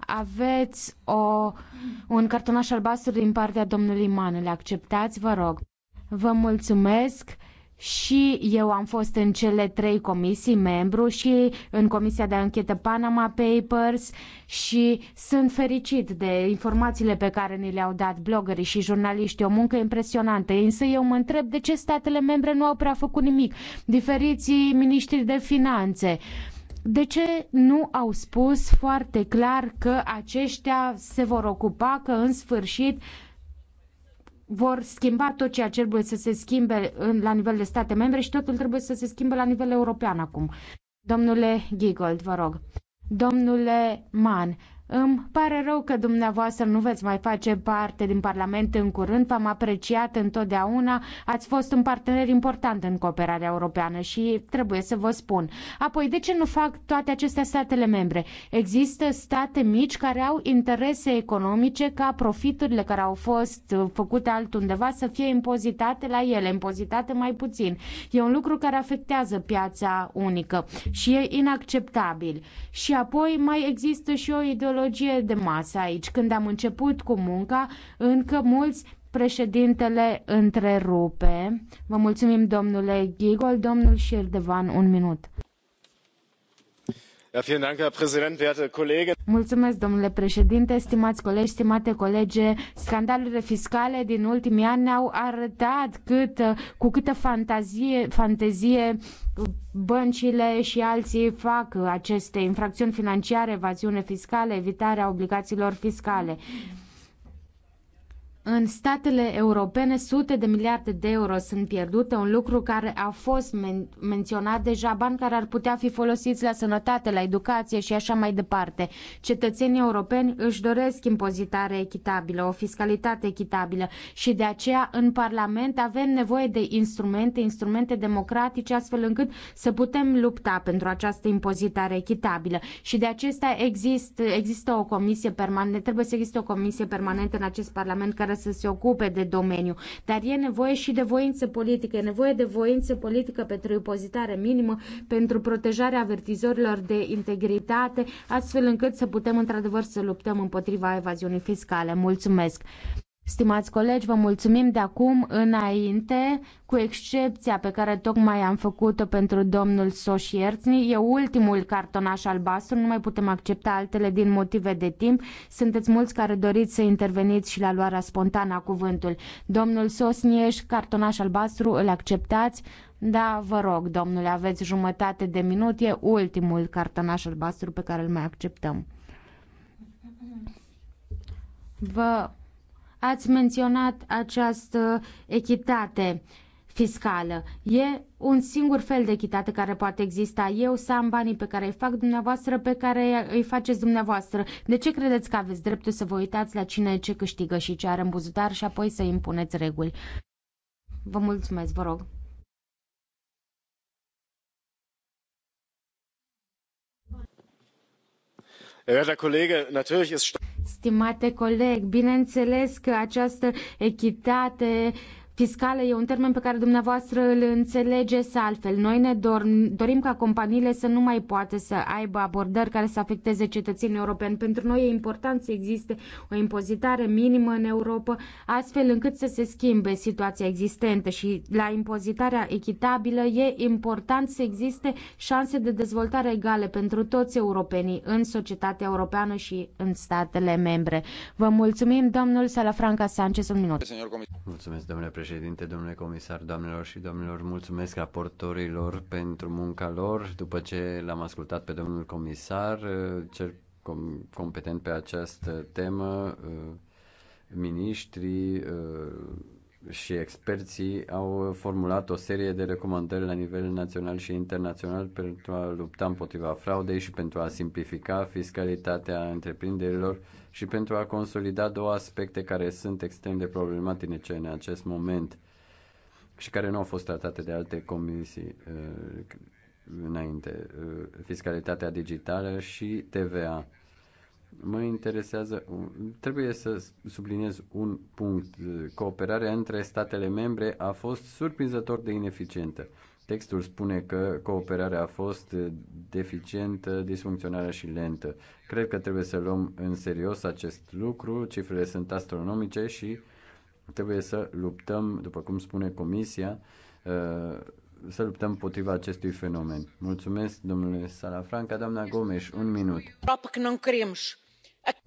Aveți o, un cartonaș albastru din partea domnului Manu. Le acceptați, vă rog. Vă mulțumesc și eu am fost în cele trei comisii membru și în comisia de anchetă Panama Papers și sunt fericit de informațiile pe care ni le-au dat bloggerii și jurnaliștii, o muncă impresionantă. Însă eu mă întreb de ce statele membre nu au prea făcut nimic, diferiții miniștri de finanțe. Uh, de ce nu au spus foarte clar că aceștia se vor ocupa, că în sfârșit vor schimba tot ceea ce trebuie să se schimbe la nivel de state membre și totul trebuie să se schimbe la nivel european acum? Domnule Giegold, vă rog. Domnule Mann, îmi pare rău că dumneavoastră nu veți mai face parte din Parlament în curând. V-am apreciat întotdeauna. Ați fost un partener important în cooperarea europeană și trebuie să vă spun. Apoi, de ce nu fac toate acestea statele membre? Există state mici care au interese economice ca profiturile care au fost uh, făcute altundeva să fie impozitate la ele, impozitate mai puțin. E un lucru care afectează piața unică și e inacceptabil. Și apoi mai există și o ideologie psihologie de masă aici. Când am început cu munca, încă mulți președintele întrerupe. Vă mulțumim, domnule Ghigol, domnul Șerdevan, un minut. Mulțumesc, domnule președinte, stimați colegi, stimate colege. Scandalurile fiscale din ultimii ani ne-au arătat cât, cu câtă fantazie, fantezie băncile și alții fac aceste infracțiuni financiare, evaziune fiscală, evitarea obligațiilor fiscale. Mm în statele europene, sute de miliarde de euro sunt pierdute, un lucru care a fost men- menționat deja, bani care ar putea fi folosiți la sănătate, la educație și așa mai departe. Cetățenii europeni își doresc impozitare echitabilă, o fiscalitate echitabilă și de aceea în Parlament avem nevoie de instrumente, instrumente democratice, astfel încât să putem lupta pentru această impozitare echitabilă. Și de acesta există, există o comisie permanentă, trebuie să existe o comisie permanentă în acest Parlament care care să se ocupe de domeniu, dar e nevoie și de voință politică, e nevoie de voință politică pentru impozitare minimă, pentru protejarea avertizorilor de integritate, astfel încât să putem într-adevăr să luptăm împotriva evaziunii fiscale. Mulțumesc! Stimați colegi, vă mulțumim de acum înainte, cu excepția pe care tocmai am făcut-o pentru domnul Soșierțni. E ultimul cartonaș albastru, nu mai putem accepta altele din motive de timp. Sunteți mulți care doriți să interveniți și la luarea spontană a cuvântul. Domnul Sosnieș, cartonaș albastru, îl acceptați? Da, vă rog, domnule, aveți jumătate de minut. E ultimul cartonaș albastru pe care îl mai acceptăm. Vă Ați menționat această echitate fiscală. E un singur fel de echitate care poate exista. Eu să am banii pe care îi fac dumneavoastră, pe care îi faceți dumneavoastră. De ce credeți că aveți dreptul să vă uitați la cine ce câștigă și ce are în buzutar și apoi să impuneți reguli? Vă mulțumesc, vă rog. Herr Kollege, natürlich ist stimate coleg, bineînțeles că această echitate fiscală e un termen pe care dumneavoastră îl înțelegeți altfel. Noi ne dorim, dorim ca companiile să nu mai poată să aibă abordări care să afecteze cetățenii europeni. Pentru noi e important să existe o impozitare minimă în Europa, astfel încât să se schimbe situația existentă și la impozitarea echitabilă e important să existe șanse de dezvoltare egale pentru toți europenii în societatea europeană și în statele membre. Vă mulțumim, domnul Salafranca Sanchez, un minut. Mulțumesc, domnule președinte președinte, domnule comisar, doamnelor și domnilor, mulțumesc raportorilor pentru munca lor. După ce l-am ascultat pe domnul comisar, cel competent pe această temă, uh, miniștrii, uh, și experții au formulat o serie de recomandări la nivel național și internațional pentru a lupta împotriva fraudei și pentru a simplifica fiscalitatea întreprinderilor și pentru a consolida două aspecte care sunt extrem de problematice în acest moment și care nu au fost tratate de alte comisii uh, înainte, uh, fiscalitatea digitală și TVA. Mă interesează, trebuie să subliniez un punct. Cooperarea între statele membre a fost surprinzător de ineficientă. Textul spune că cooperarea a fost deficientă, disfuncțională și lentă. Cred că trebuie să luăm în serios acest lucru, cifrele sunt astronomice și trebuie să luptăm, după cum spune Comisia, uh, să luptăm potriva acestui fenomen. Mulțumesc, domnule Salafranca. Doamna Gomes, un minut. că nu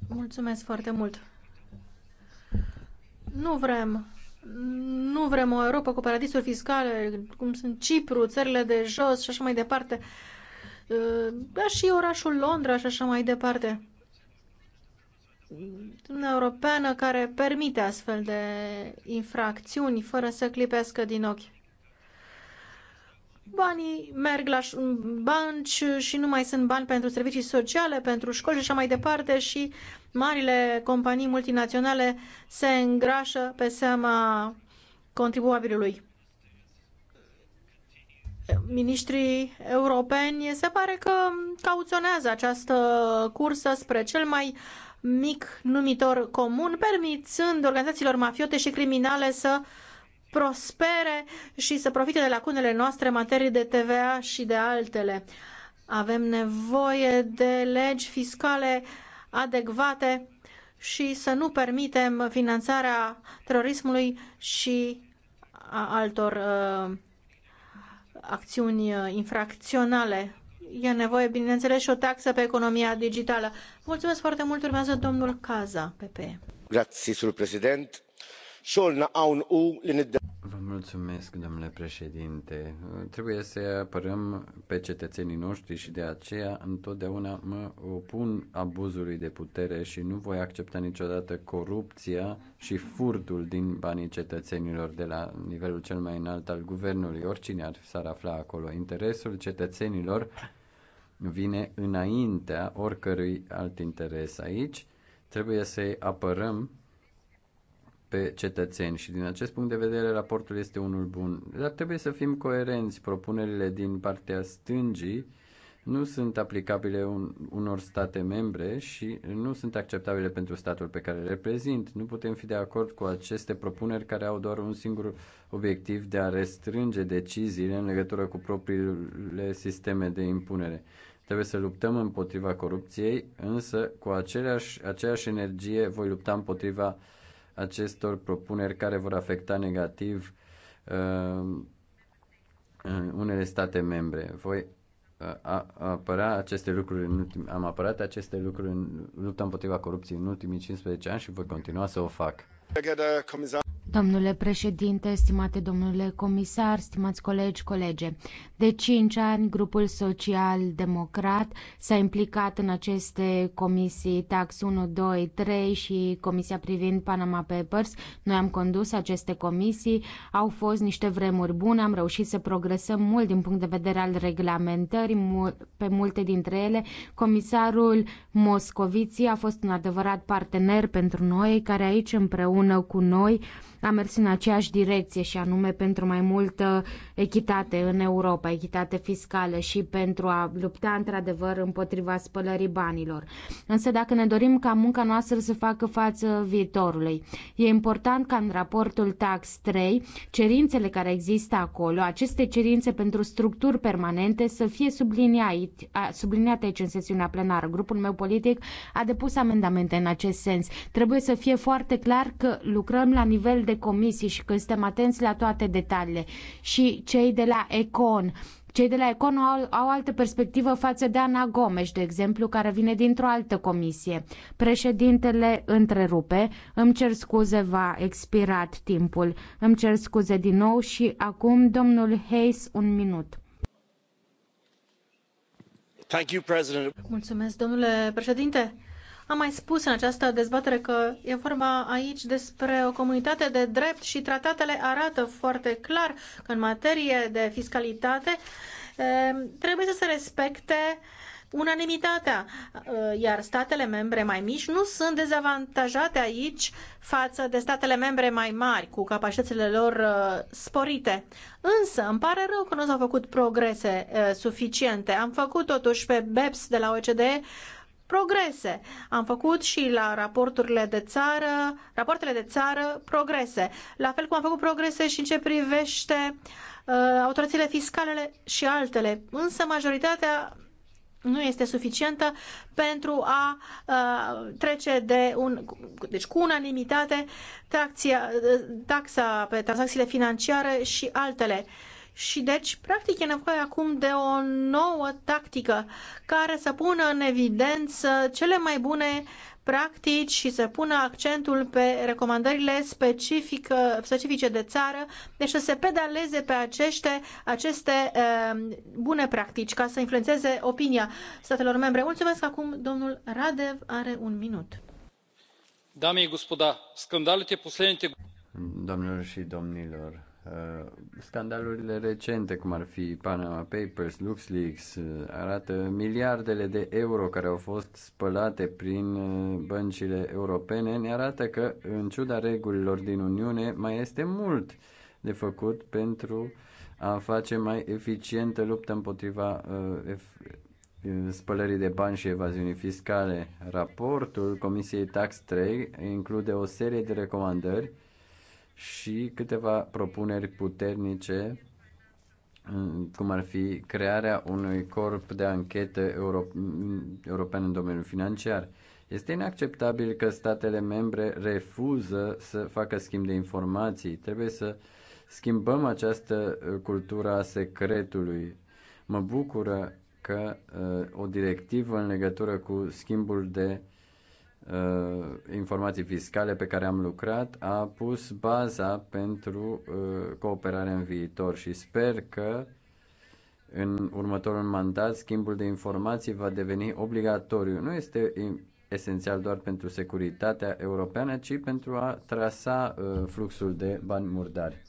Mulțumesc foarte mult. Nu vrem nu vrem o Europa cu paradisuri fiscale, cum sunt Cipru, țările de jos și așa mai departe, dar ă, și orașul Londra și așa mai departe. Uniunea Europeană care permite astfel de infracțiuni fără să clipească din ochi banii merg la bănci și nu mai sunt bani pentru servicii sociale, pentru școli și așa mai departe și marile companii multinaționale se îngrașă pe seama contribuabilului. Ministrii europeni se pare că cauționează această cursă spre cel mai mic numitor comun, permițând organizațiilor mafiote și criminale să uh, prospere și să profite de lacunele noastre în materie de TVA și de altele. Avem nevoie de legi fiscale adecvate și să nu permitem finanțarea terorismului și a altor uh, acțiuni uh, infracționale. E nevoie, bineînțeles, și o taxă pe economia digitală. Mulțumesc foarte mult. Urmează domnul Caza, PP. Grazie, sul președinte Vă mulțumesc, domnule președinte. Trebuie să apărăm pe cetățenii noștri și de aceea întotdeauna mă opun abuzului de putere și nu voi accepta niciodată corupția și furtul din banii cetățenilor de la nivelul cel mai înalt al guvernului, oricine ar s-ar afla acolo. Interesul cetățenilor vine înaintea oricărui alt interes aici. Trebuie să-i apărăm pe cetățeni și din acest punct de vedere raportul este unul bun. Dar trebuie să fim coerenți. Propunerile din partea stângii nu sunt aplicabile un, unor state membre și nu sunt acceptabile pentru statul pe care îl reprezint. Nu putem fi de acord cu aceste propuneri care au doar un singur obiectiv de a restrânge deciziile în legătură cu propriile sisteme de impunere. Trebuie să luptăm împotriva corupției, însă cu aceleași, aceeași energie voi lupta împotriva uh, acestor propuneri care vor afecta negativ uh, uh unele state membre. Voi uh, apăra aceste lucruri în ultim, am apărat aceste lucruri în lupta împotriva corupției în ultimii 15 ani și voi continua să o fac. Domnule președinte, stimate domnule comisar, stimați colegi, colege, de cinci ani grupul social-democrat s-a implicat în aceste comisii Tax 1, 2, 3 și Comisia privind Panama Papers. Noi am condus aceste comisii, au fost niște vremuri bune, am reușit să progresăm mult din punct de vedere al reglementării pe multe dintre ele. Comisarul Moscovici a fost un adevărat partener pentru noi, care aici împreună cu noi a mers în aceeași direcție și anume pentru mai multă echitate în Europa, echitate fiscală și pentru a lupta într-adevăr împotriva spălării banilor. Însă dacă ne dorim ca munca noastră să facă față viitorului, e important ca în raportul Tax 3 cerințele care există acolo, aceste cerințe pentru structuri permanente să fie subliniate aici în sesiunea plenară. Grupul meu politic a depus amendamente în acest sens. Trebuie să fie foarte clar că lucrăm la nivel de comisii și că suntem atenți la toate detaliile. Și cei de la Econ, cei de la Econ au, au altă perspectivă față de Ana Gomes, de exemplu, care vine dintr-o altă comisie. Președintele întrerupe, îmi cer scuze, va expirat timpul, îmi cer scuze din nou și acum domnul Hayes, un minut. Mulțumesc, domnule președinte am mai spus în această dezbatere că e vorba aici despre o comunitate de drept și tratatele arată foarte clar că în materie de fiscalitate trebuie să se respecte unanimitatea, iar statele membre mai mici nu sunt dezavantajate aici față de statele membre mai mari, cu capacitățile lor sporite. Însă, îmi pare rău că nu s-au făcut progrese suficiente. Am făcut totuși pe BEPS de la OECD progrese. Am făcut și la raporturile de țară, rapoartele de țară progrese. La fel cum am făcut progrese și în ce privește uh, autoritățile fiscale și altele. Însă majoritatea nu este suficientă pentru a uh, trece de un, deci cu unanimitate taxia, uh, taxa pe tranzacțiile financiare și altele. Uh, și deci, practic, e nevoie acum de o nouă tactică care să pună în evidență cele mai bune practici și să pună accentul pe recomandările specifică, specifice de țară, deci să se pedaleze pe aceste, aceste ehm, uh, bune practici ca să influențeze opinia statelor membre. Mulțumesc acum, domnul Radev are un minut. Dame i gospoda, scandalele последните... Domnilor și domnilor, Uh, scandalurile recente, cum ar fi Panama Papers, LuxLeaks, uh, arată miliardele de euro care au fost spălate prin uh, băncile europene, ne arată că, în ciuda regulilor din Uniune, mai este mult de făcut pentru a face mai eficientă lupta împotriva spălării de bani și evaziunii fiscale. Raportul Comisiei Tax 3 include o serie de recomandări și câteva propuneri puternice, cum ar fi crearea unui corp de anchetă euro- european în domeniul financiar. Este inacceptabil că statele membre refuză să facă schimb de informații. Trebuie să schimbăm această uh, cultură a secretului. Mă bucură că uh, o directivă în legătură cu schimbul de uh, Uh, informații fiscale pe care am lucrat a pus baza pentru uh, cooperare în viitor și sper că în următorul mandat schimbul de informații va deveni obligatoriu. Nu este esențial doar pentru securitatea europeană, ci pentru a trasa uh, fluxul de bani murdari.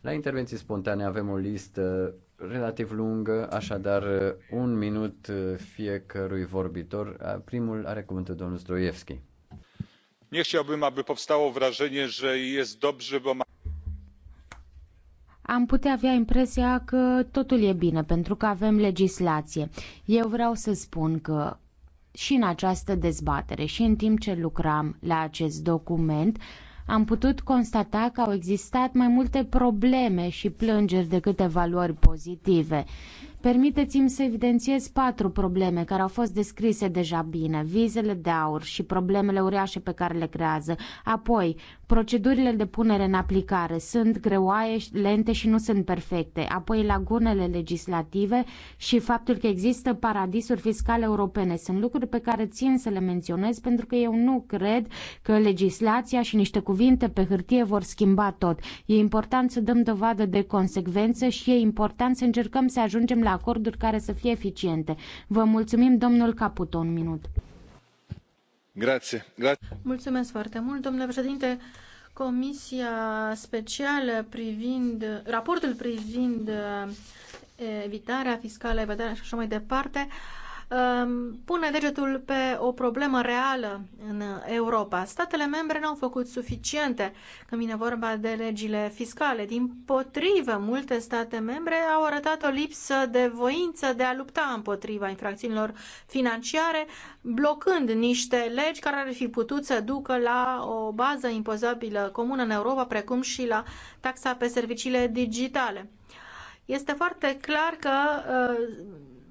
La intervenții spontane avem o listă relativ lungă, așadar un minut uh, fiecărui vorbitor. Primul are cuvântul domnul Zdroievski. Nie chciałbym, aby powstało wrażenie, że jest dobrze, bo ma... Am putea avea impresia că totul e bine pentru că avem legislație. Eu vreau să spun că și în această dezbatere și în timp ce lucram la acest document, uh, am putut constata că au existat mai multe probleme și plângeri decât evaluări pozitive. Permiteți-mi să evidențiez patru probleme care au fost descrise deja bine, vizele de aur și problemele uriașe pe care le creează. Apoi, procedurile de punere în aplicare sunt greoaie, lente și nu sunt perfecte. Apoi, lagunele legislative și faptul că există paradisuri fiscale europene sunt lucruri pe care țin să le menționez pentru că eu nu cred că legislația și niște cuvinte pe hârtie vor schimba tot. E important să dăm dovadă de consecvență și e important să încercăm să ajungem la acorduri care să fie eficiente. Vă mulțumim, domnul Caputo, un minut. Grazie. Grazie. Mulțumesc foarte mult, domnule președinte. Comisia specială privind raportul privind eh, evitarea fiscală, evadarea și așa mai departe, uh, Um, pune degetul pe o problemă reală în Europa. Statele membre n-au făcut suficiente când vine vorba de legile fiscale. Din potrivă, multe state membre au arătat o lipsă de voință de a lupta împotriva infracțiunilor financiare, blocând niște legi care ar fi putut să ducă la o bază impozabilă comună în Europa, precum și la taxa pe serviciile digitale. Este foarte clar că uh,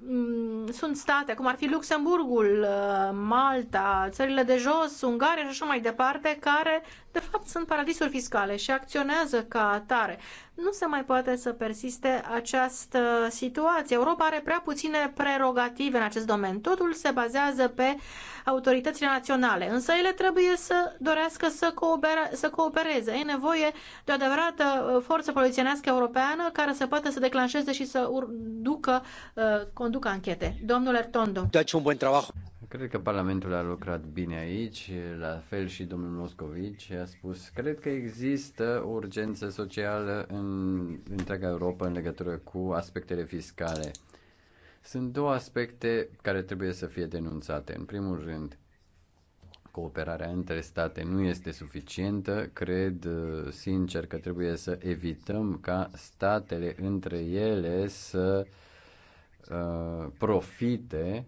Mm, sunt state, cum ar fi Luxemburgul, uh, Malta, țările de jos, Ungaria și așa mai departe, care de fapt sunt paradisuri fiscale și acționează ca atare. Nu se mai poate să persiste această situație. Europa are prea puține prerogative în acest domeniu. Totul se bazează pe autoritățile naționale, însă ele trebuie să dorească să, coopera, să coopereze. E nevoie de o adevărată uh, forță polițienească europeană care să poată să declanșeze și să ducă, uh, conducă anchete. Domnule Ertondo. Dați un bun trabajo. Cred că Parlamentul a lucrat bine aici, la fel și domnul Moscovici a spus, cred că există urgență socială în întreaga Europa în legătură cu aspectele fiscale. Sunt două aspecte care trebuie să fie denunțate. În primul rând, cooperarea între state nu este suficientă. Cred uh, sincer că trebuie să evităm ca statele între ele să uh, profite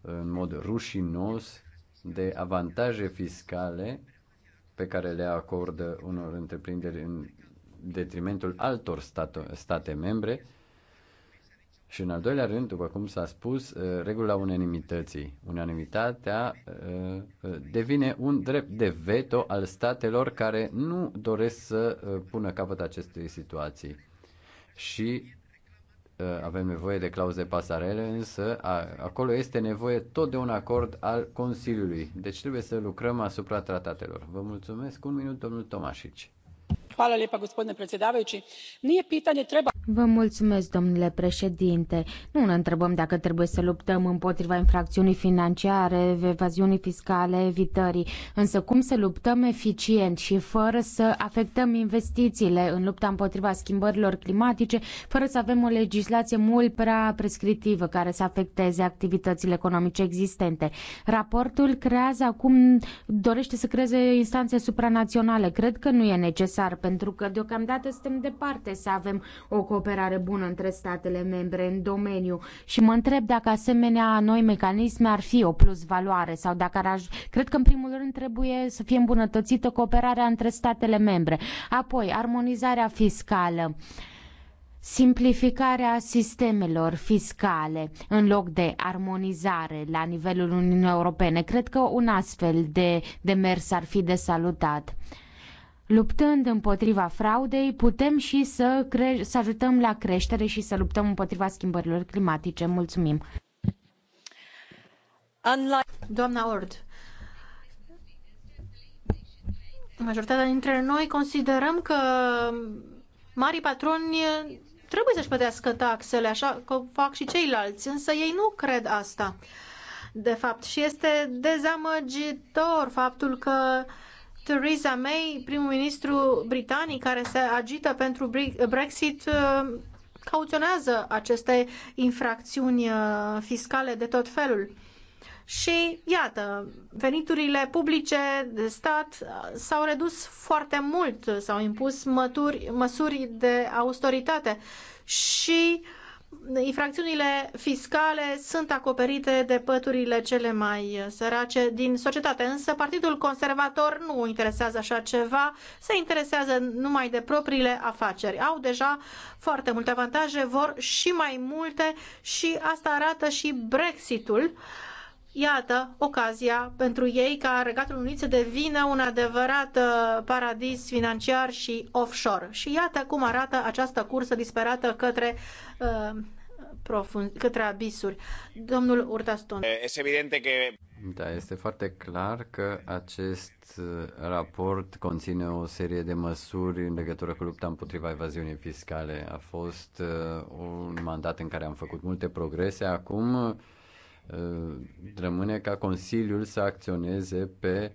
în mod rușinos de avantaje fiscale pe care le acordă unor întreprinderi în detrimentul altor state membre și în al doilea rând, după cum s-a spus, uh, regula unanimității. Unanimitatea uh, uh, devine un drept de veto al statelor care nu doresc să pună capăt acestei situații. Și avem nevoie de clauze pasarele, însă acolo este nevoie tot de un acord al Consiliului. Deci trebuie să lucrăm asupra tratatelor. Vă mulțumesc. Un minut, domnul Tomașici gospodine vă mulțumesc domnule președinte nu ne întrebăm dacă trebuie să luptăm împotriva infracțiunii financiare evaziunii fiscale evitării însă cum să luptăm eficient și fără să afectăm investițiile în lupta împotriva schimbărilor climatice fără să avem o legislație mult prea prescriptivă care să afecteze activitățile economice existente. Raportul creează acum dorește să creeze instanțe supranaționale. Cred că nu e necesar pentru că deocamdată suntem departe să avem o cooperare bună între statele membre în domeniu și mă întreb dacă asemenea noi mecanisme ar fi o plus valoare sau dacă ar aj- Cred că în primul rând trebuie să fie îmbunătățită cooperarea între statele membre, apoi armonizarea fiscală simplificarea sistemelor fiscale în loc de armonizare la nivelul Uniunii Europene. Cred că un astfel de demers ar fi de salutat. Luptând împotriva fraudei, putem și să, cre- să ajutăm la creștere și să luptăm împotriva schimbărilor climatice. Mulțumim! Doamna Ord, majoritatea dintre noi considerăm că marii patroni trebuie să-și plătească taxele, așa că fac și ceilalți, însă ei nu cred asta. De fapt, și este dezamăgitor faptul că uh, Theresa May, primul ministru britanic care se agită pentru Brexit, uh, cauționează aceste infracțiuni uh, fiscale de tot felul. Și iată, veniturile publice de stat uh, s-au redus foarte mult, s-au impus mături, măsuri de austeritate și uh, infracțiunile fiscale sunt acoperite de păturile cele mai sărace din societate, însă Partidul Conservator nu interesează așa ceva, se interesează numai de propriile afaceri. Au deja foarte multe avantaje, vor și mai multe și asta arată și Brexitul iată ocazia pentru ei ca Regatul Unit să devină un adevărat uh, paradis financiar și offshore. Și iată cum arată această cursă disperată către uh, profund, către abisuri. Domnul Urtaston. Eh, este evident că da, este foarte clar că acest uh, raport conține o serie de măsuri în legătură cu lupta împotriva evaziunii fiscale. A fost uh, un mandat în care am făcut multe progrese. Acum Uh, rămâne ca Consiliul să acționeze pe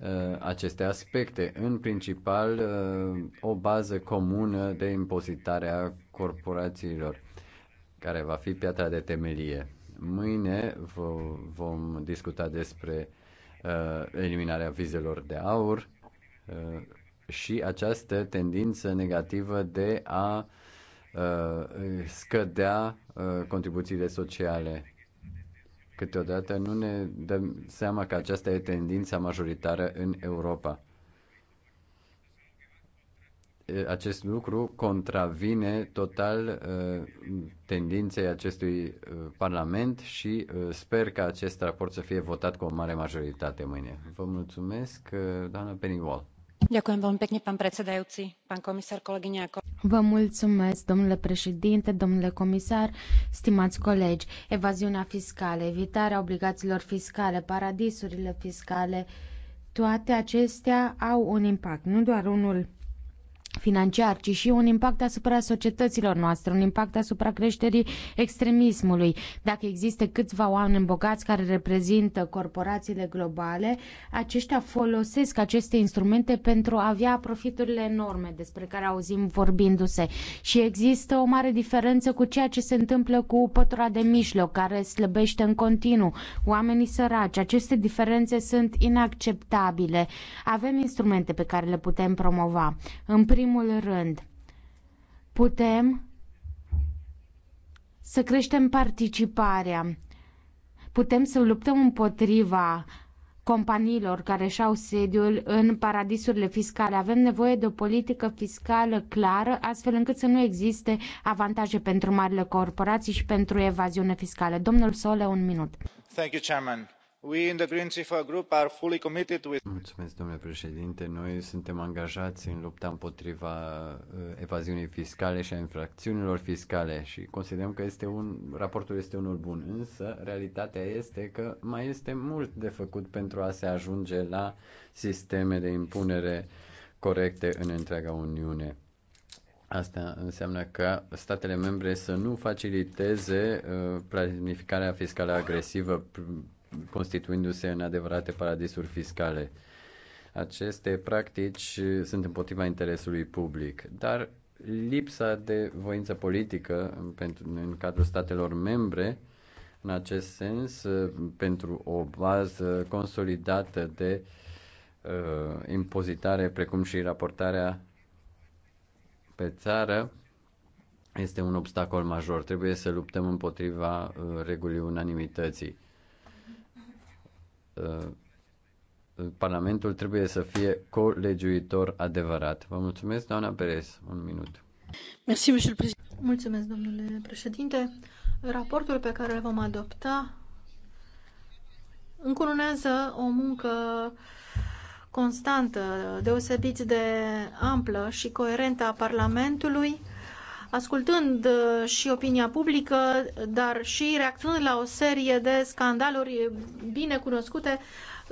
uh, aceste aspecte, în principal uh, o bază comună de impozitare a corporațiilor, care va fi piatra de temelie. Mâine vom discuta despre eliminarea vizelor de aur și această tendință negativă de a scădea contribuțiile sociale Câteodată nu ne dăm seama că aceasta e tendința majoritară în Europa. Acest lucru contravine total tendinței acestui Parlament și sper că acest raport să fie votat cu o mare majoritate mâine. Vă mulțumesc, doamna Pennywall. Vă mulțumesc, domnule președinte, domnule comisar, stimați colegi. Evaziunea fiscală, evitarea obligațiilor fiscale, paradisurile fiscale, toate acestea au un impact, nu doar unul financiar, ci și un impact asupra societăților noastre, un impact asupra creșterii extremismului. Dacă există câțiva oameni bogați care reprezintă corporațiile globale, aceștia folosesc aceste instrumente pentru a avea profiturile enorme despre care auzim vorbindu-se. Și există o mare diferență cu ceea ce se întâmplă cu pătura de mijloc, care slăbește în continuu oamenii săraci. Aceste diferențe sunt inacceptabile. Avem instrumente pe care le putem promova. În primul primul rând, putem să creștem participarea, putem să luptăm împotriva companiilor care și-au sediul în paradisurile fiscale. Avem nevoie de o politică fiscală clară, astfel încât să nu existe avantaje pentru marile corporații și pentru evaziune fiscală. Domnul Sole, un minut. Thank you, Chairman domnule președinte. Noi suntem angajați în lupta împotriva uh, evaziunii fiscale și a infracțiunilor fiscale și considerăm că este un, raportul este unul bun, însă realitatea este că mai este mult de făcut pentru a se ajunge la sisteme de impunere corecte în întreaga Uniune. Asta înseamnă că statele membre să nu faciliteze uh, planificarea fiscală agresivă constituindu-se în adevărate paradisuri fiscale. Aceste practici sunt împotriva interesului public, dar lipsa de voință politică pentru, în cadrul statelor membre în acest sens pentru o bază consolidată de uh, impozitare precum și raportarea pe țară este un obstacol major. Trebuie să luptăm împotriva uh, regulii unanimității. Uh, Parlamentul trebuie să fie colegiuitor adevărat. Vă mulțumesc, doamna Perez. Un minut. Mulțumesc, domnule președinte. Raportul pe care îl vom adopta încurunează o muncă constantă, deosebit de amplă și coerentă a Parlamentului ascultând uh, și opinia publică, dar și reacționând la o serie de scandaluri bine cunoscute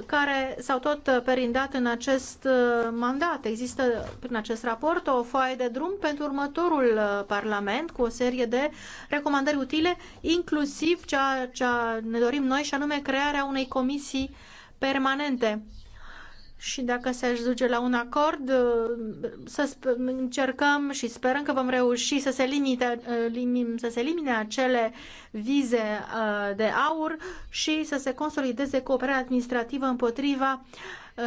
care s-au tot uh, perindat în acest uh, mandat. Există prin acest raport o foaie de drum pentru următorul Parlament cu o serie de recomandări utile, inclusiv ceea ce ne dorim noi și anume crearea unei comisii permanente și dacă se ajunge la un acord, uh, să încercăm și sperăm că vom reuși să se, limite, uh, să se elimine acele vize uh, de aur și să se consolideze cooperarea administrativă împotriva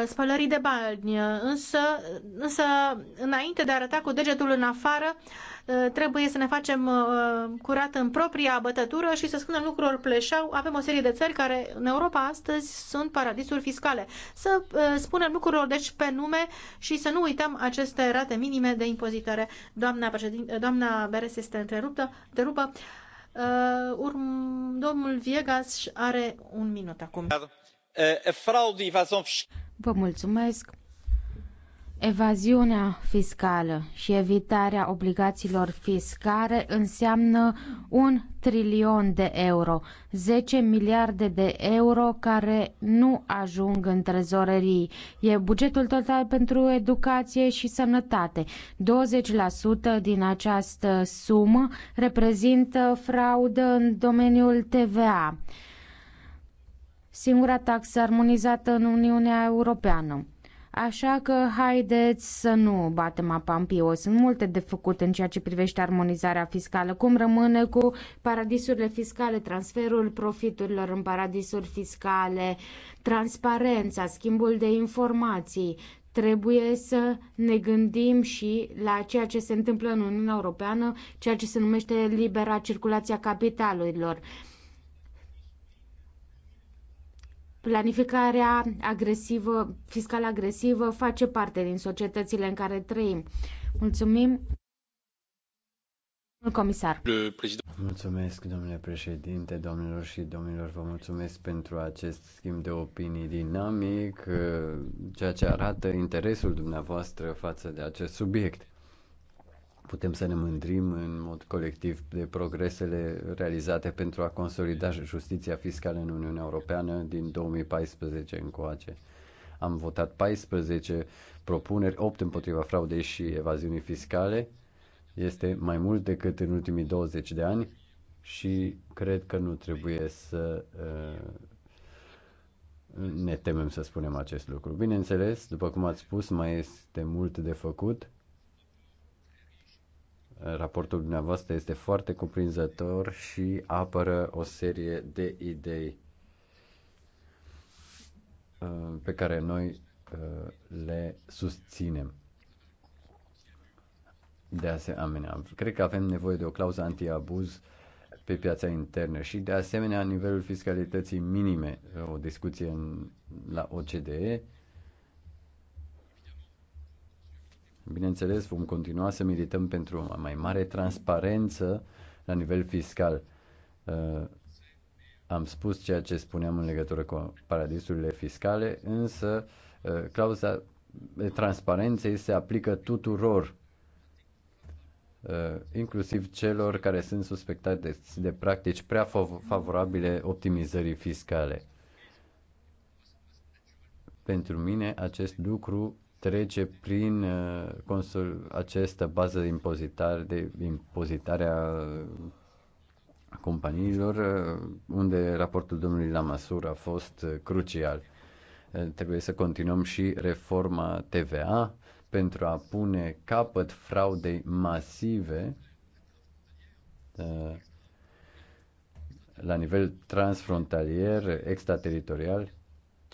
spălării de bani. Însă, însă înainte de a arăta cu degetul în afară, Eh, trebuie să ne facem eh, curat în propria bătătură și să spunem lucrurilor pleșau. Avem o serie de țări care în Europa astăzi sunt paradisuri fiscale. Să eh, spunem lucrurilor deci pe nume și să nu uităm aceste rate minime de impozitare. Doamna, președin, doamna Beres este întreruptă, întrerupă. Urm, domnul Viegas are un minut acum. Vă mulțumesc. Evaziunea fiscală și evitarea obligațiilor fiscale înseamnă un trilion de euro, 10 miliarde de euro care nu ajung în trezorerii. E bugetul total pentru educație și sănătate. 20% din această sumă reprezintă fraudă în domeniul TVA. Singura taxă armonizată în Uniunea Europeană. Așa că haideți să nu batem apa în pio. Sunt multe de făcut în ceea ce privește armonizarea fiscală. Cum rămâne cu paradisurile fiscale, transferul profiturilor în paradisuri fiscale, transparența, schimbul de informații, trebuie să ne gândim și la ceea ce se întâmplă în Uniunea Europeană, ceea ce se numește libera circulația capitalurilor. Planificarea agresivă, fiscală agresivă face parte din societățile în care trăim. Mulțumim. Comisar. Mulțumesc, domnule președinte, domnilor și domnilor, vă mulțumesc pentru acest schimb de opinii dinamic, ceea ce arată interesul dumneavoastră față de acest subiect putem să ne mândrim în mod colectiv de progresele realizate pentru a consolida justiția fiscală în Uniunea Europeană din 2014 încoace. Am votat 14 propuneri, 8 împotriva fraudei și evaziunii fiscale. Este mai mult decât în ultimii 20 de ani și cred că nu trebuie să uh, ne temem să spunem acest lucru. Bineînțeles, după cum ați spus, mai este mult de făcut Raportul dumneavoastră este foarte cuprinzător și apără o serie de idei uh, pe care noi uh, le susținem. De asemenea, cred că avem nevoie de o clauză antiabuz pe piața internă și, de asemenea, nivelul fiscalității minime, uh, o discuție în, la OCDE Bineînțeles, vom continua să milităm pentru o mai mare transparență la nivel fiscal. Uh, am spus ceea ce spuneam în legătură cu paradisurile fiscale, însă uh, clauza de transparență se aplică tuturor, uh, inclusiv celor care sunt suspectate de practici prea favorabile optimizării fiscale. Pentru mine acest lucru trece prin uh, consul, această bază de impozitare, de impozitare a companiilor, uh, unde raportul domnului Lamasur a fost uh, crucial. Trebuie să continuăm și reforma TVA pentru a pune capăt fraudei masive la nivel transfrontalier, extrateritorial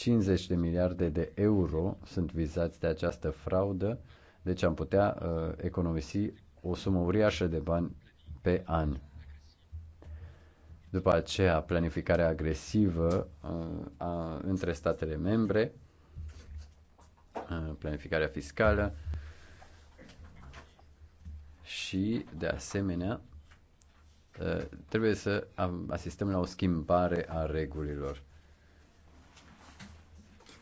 50 de miliarde de euro sunt vizați de această fraudă, deci am putea uh, economisi o sumă uriașă de bani pe an. După aceea, planificarea agresivă uh, a, între statele membre, uh, planificarea fiscală și, de asemenea, uh, trebuie să asistăm la o schimbare a regulilor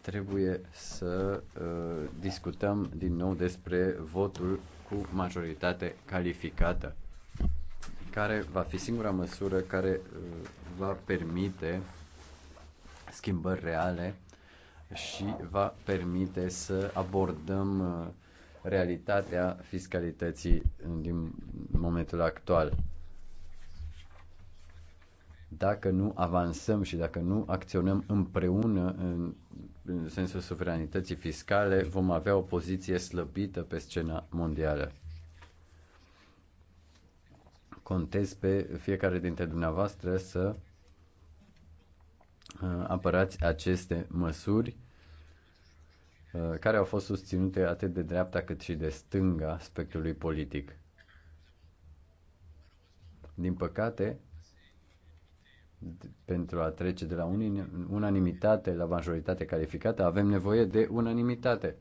trebuie să uh, discutăm din nou despre votul cu majoritate calificată, care va fi singura măsură care uh, va permite schimbări reale și va permite să abordăm uh, realitatea fiscalității din momentul actual. Dacă nu avansăm și dacă nu acționăm împreună în în sensul suveranității fiscale, vom avea o poziție slăbită pe scena mondială. Contez pe fiecare dintre dumneavoastră să uh, apărați aceste măsuri uh, care au fost susținute atât de dreapta cât și de stânga spectrului politic. Din păcate, pentru a trece de la unanimitate la majoritate calificată, avem nevoie de unanimitate.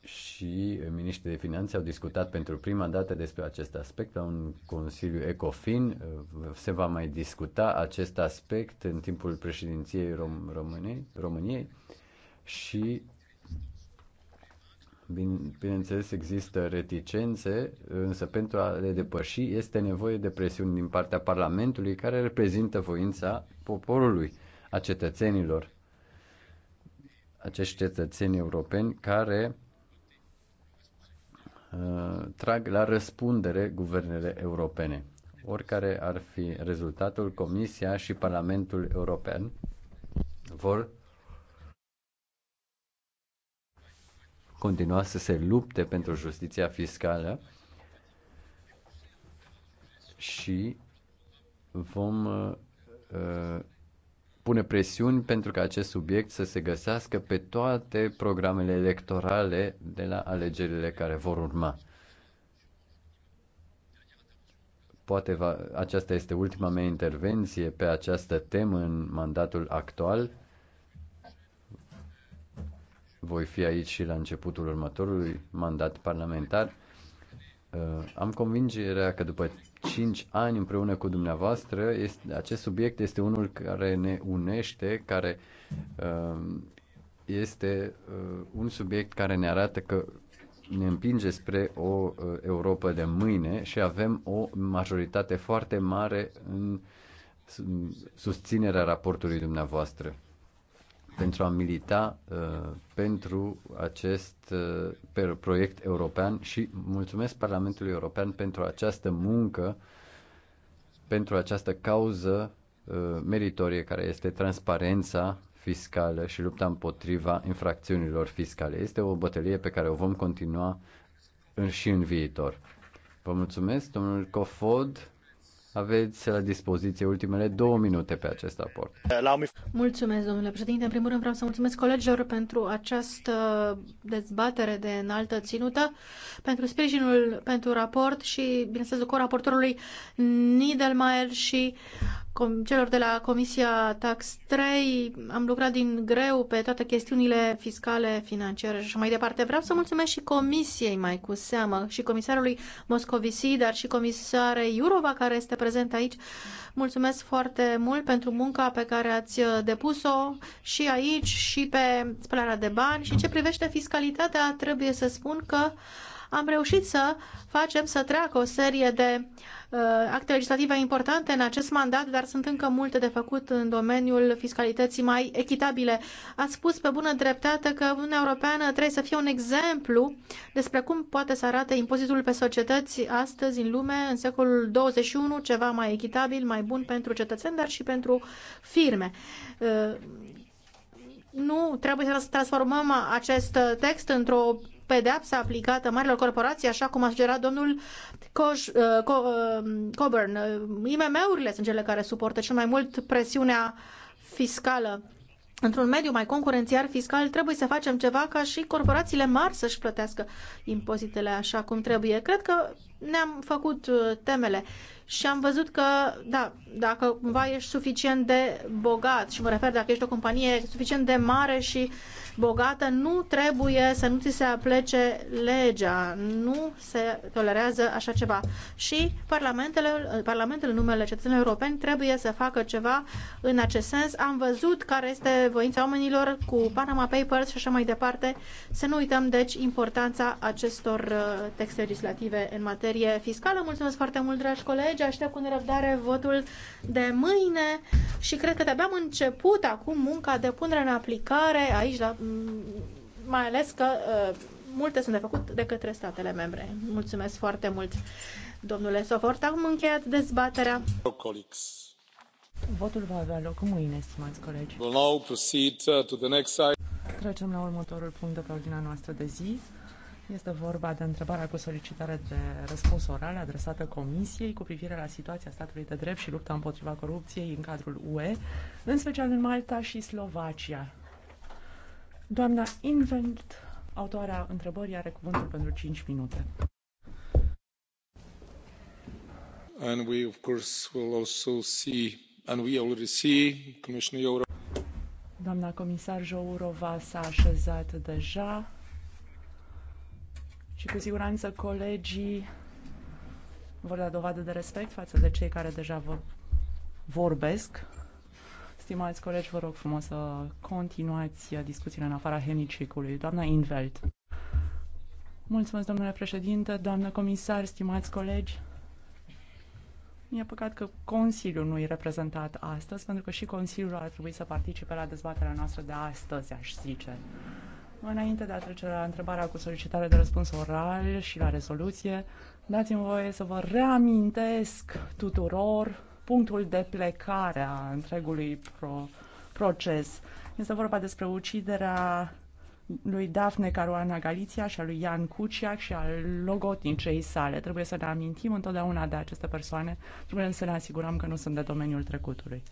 Și miniștrii de finanțe au discutat pentru prima dată despre acest aspect la un Consiliu ECOFIN. Se va mai discuta acest aspect în timpul președinției rom- României, României și Bine, bineînțeles, există reticențe, însă pentru a le depăși este nevoie de presiuni din partea Parlamentului, care reprezintă voința poporului, a cetățenilor, acești cetățeni europeni care uh, trag la răspundere guvernele europene. Oricare ar fi rezultatul, Comisia și Parlamentul European vor continua să se lupte pentru justiția fiscală și vom uh, pune presiuni pentru ca acest subiect să se găsească pe toate programele electorale de la alegerile care vor urma. Poate va, aceasta este ultima mea intervenție pe această temă în mandatul actual voi fi aici și la începutul următorului mandat parlamentar. Uh, am convingerea că după 5 ani împreună cu dumneavoastră, este, acest subiect este unul care ne unește, care uh, este uh, un subiect care ne arată că ne împinge spre o Europa de mâine și avem o majoritate foarte mare în susținerea raportului dumneavoastră pentru a milita uh, pentru acest uh, proiect european și mulțumesc Parlamentului European pentru această muncă, pentru această cauză uh, meritorie care este transparența fiscală și lupta împotriva infracțiunilor fiscale. Este o bătălie pe care o vom continua în și în viitor. Vă mulțumesc, domnul Cofod aveți la dispoziție ultimele două minute pe acest raport. Mulțumesc, domnule președinte. În primul rând vreau să mulțumesc colegilor pentru această dezbatere de înaltă ținută, pentru sprijinul pentru raport și, bineînțeles, cu raportorului Niedermayer și celor de la Comisia Tax 3. Am lucrat din greu pe toate chestiunile fiscale, financiare și așa mai departe. Vreau să mulțumesc și Comisiei mai cu seamă și comisarului Moscovici, dar și Comisare Iurova care este prezent aici. Mulțumesc foarte mult pentru munca pe care ați uh, depus-o și aici și pe spălarea de bani și ce privește fiscalitatea, trebuie să spun că uh, am reușit să facem să treacă o serie de uh, acte legislative importante în acest mandat, dar sunt încă multe de făcut în domeniul fiscalității mai echitabile. Ați spus pe bună dreptate că Uniunea Europeană trebuie să fie un exemplu despre cum poate să arate impozitul pe societăți astăzi în lume, în secolul 21, ceva mai echitabil, mai bun pentru cetățeni, dar și pentru firme. Uh, nu trebuie să transformăm acest text într-o pedeapsa aplicată marilor corporații, așa cum a sugerat domnul Coș, uh, Co, uh, Coburn. IMM-urile sunt cele care suportă cel mai mult presiunea fiscală. Într-un mediu mai concurențiar fiscal trebuie să facem ceva ca și corporațiile mari să-și plătească impozitele așa cum trebuie. Cred că ne-am făcut uh, temele și am văzut că, da, dacă cumva ești suficient de bogat și mă refer dacă ești o companie suficient de mare și uh, bogată nu trebuie să nu ți se aplece legea, nu se tolerează așa ceva. Și parlamentele, parlamentele numele cetățenilor europeni trebuie să facă ceva în acest sens. Am văzut care este voința oamenilor cu Panama Papers și așa mai departe. Să nu uităm, deci, importanța acestor uh, texte legislative în materie fiscală. Mulțumesc foarte mult, dragi colegi. Aștept cu nerăbdare votul de mâine și cred că de-abia am început acum munca de punere în aplicare aici la mai ales că uh, multe sunt de făcut de către statele membre. Mulțumesc foarte mult, domnule Sofort. Am încheiat dezbaterea. Votul va avea loc mâine, stimați colegi. We'll now proceed uh, to the next side. Trecem la următorul punct de pe ordinea noastră de zi. Este vorba de întrebarea cu solicitare de răspuns oral adresată Comisiei cu privire la situația statului de drept și lupta împotriva corupției în cadrul UE, în special în Malta și Slovacia. Doamna Invent, autoarea întrebării, are cuvântul pentru 5 minute. And we of course will also see and we already see Commissioner Jourov. Doamna comisar Jourova s-a așezat deja și cu siguranță colegii vor da dovadă de respect față de cei care deja vor, vorbesc. Stimați colegi, vă rog frumos să continuați discuțiile în afara hemicicului. Doamna Invelt. Mulțumesc, domnule președinte, doamnă comisar, stimați colegi. mi E păcat că Consiliul nu e reprezentat astăzi, pentru că și Consiliul ar trebui să participe la dezbaterea noastră de astăzi, aș zice. Înainte de a trece la întrebarea cu solicitare de răspuns oral și la rezoluție, dați-mi voie să vă reamintesc tuturor punctul de plecare a întregului pro- proces. Este vorba despre uciderea lui Dafne Caruana Galiția și a lui Ian Cuciac și a logotnicei sale. Trebuie să ne amintim întotdeauna de aceste persoane, trebuie să ne asigurăm că nu sunt de domeniul trecutului.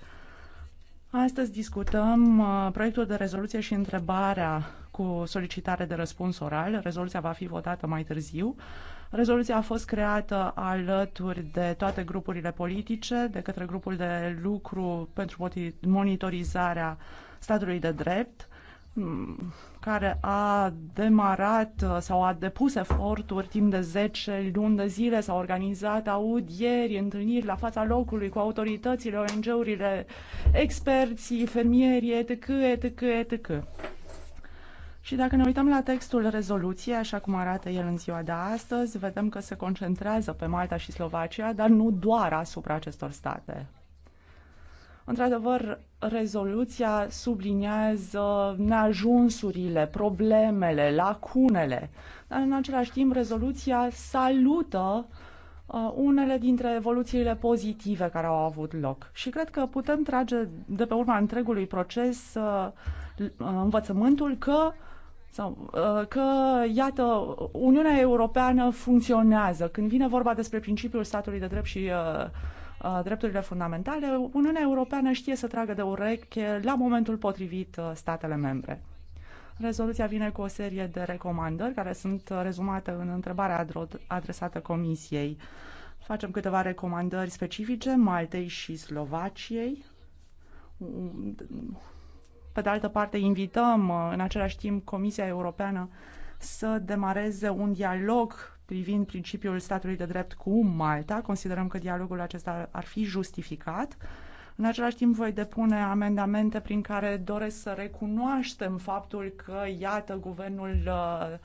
Astăzi discutăm uh, proiectul de rezoluție și întrebarea cu solicitare de răspuns oral. Rezoluția va fi votată mai târziu. Uh, Rezoluția a fost creată alături de toate grupurile politice, de către grupul de lucru pentru monitorizarea statului de drept, mm, care a demarat uh, sau a depus eforturi timp de 10 luni de zile, s-au organizat audieri, întâlniri la fața locului cu autoritățile, ONG-urile, experții, fermierii, etc., etc., etc. Și dacă ne uităm la textul rezoluției, așa cum arată el în ziua de astăzi, vedem că se concentrează pe Malta și Slovacia, dar nu doar asupra acestor state. Într-adevăr, rezoluția subliniază neajunsurile, problemele, lacunele, dar în același timp rezoluția salută uh, unele dintre evoluțiile pozitive care au avut loc. Și cred că putem trage de pe urma întregului proces uh, uh, învățământul că sau uh, că, iată, Uniunea Europeană funcționează. Când vine vorba despre principiul statului de drept și uh, uh drepturile fundamentale, Uniunea Europeană știe să tragă de ureche la momentul potrivit uh, statele membre. Rezoluția vine cu o serie de recomandări care sunt rezumate în întrebarea adresată Comisiei. Facem câteva recomandări specifice Maltei și Slovaciei pe de altă parte, invităm uh, în același timp Comisia Europeană să demareze un dialog privind principiul statului de drept cu Malta. Considerăm că dialogul acesta ar fi justificat. În același timp voi depune amendamente prin care doresc să recunoaștem faptul că, iată, guvernul uh,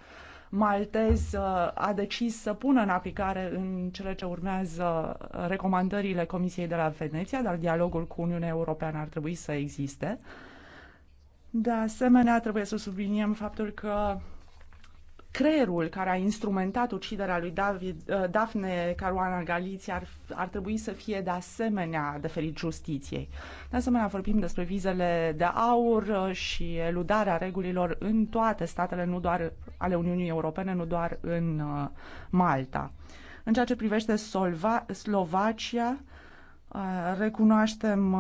maltez uh, a decis să pună în aplicare în cele ce urmează recomandările Comisiei de la Veneția, dar dialogul cu Uniunea Europeană ar trebui să existe. De asemenea, trebuie să subliniem faptul că creierul care a instrumentat uciderea lui David, uh, Daphne Caruana Galiție ar, ar trebui să fie de asemenea deferit justiției. De asemenea, vorbim despre vizele de aur uh, și eludarea regulilor în toate statele, nu doar ale Uniunii Europene, nu doar în uh, Malta. În ceea ce privește Solva, Slovacia, recunoaștem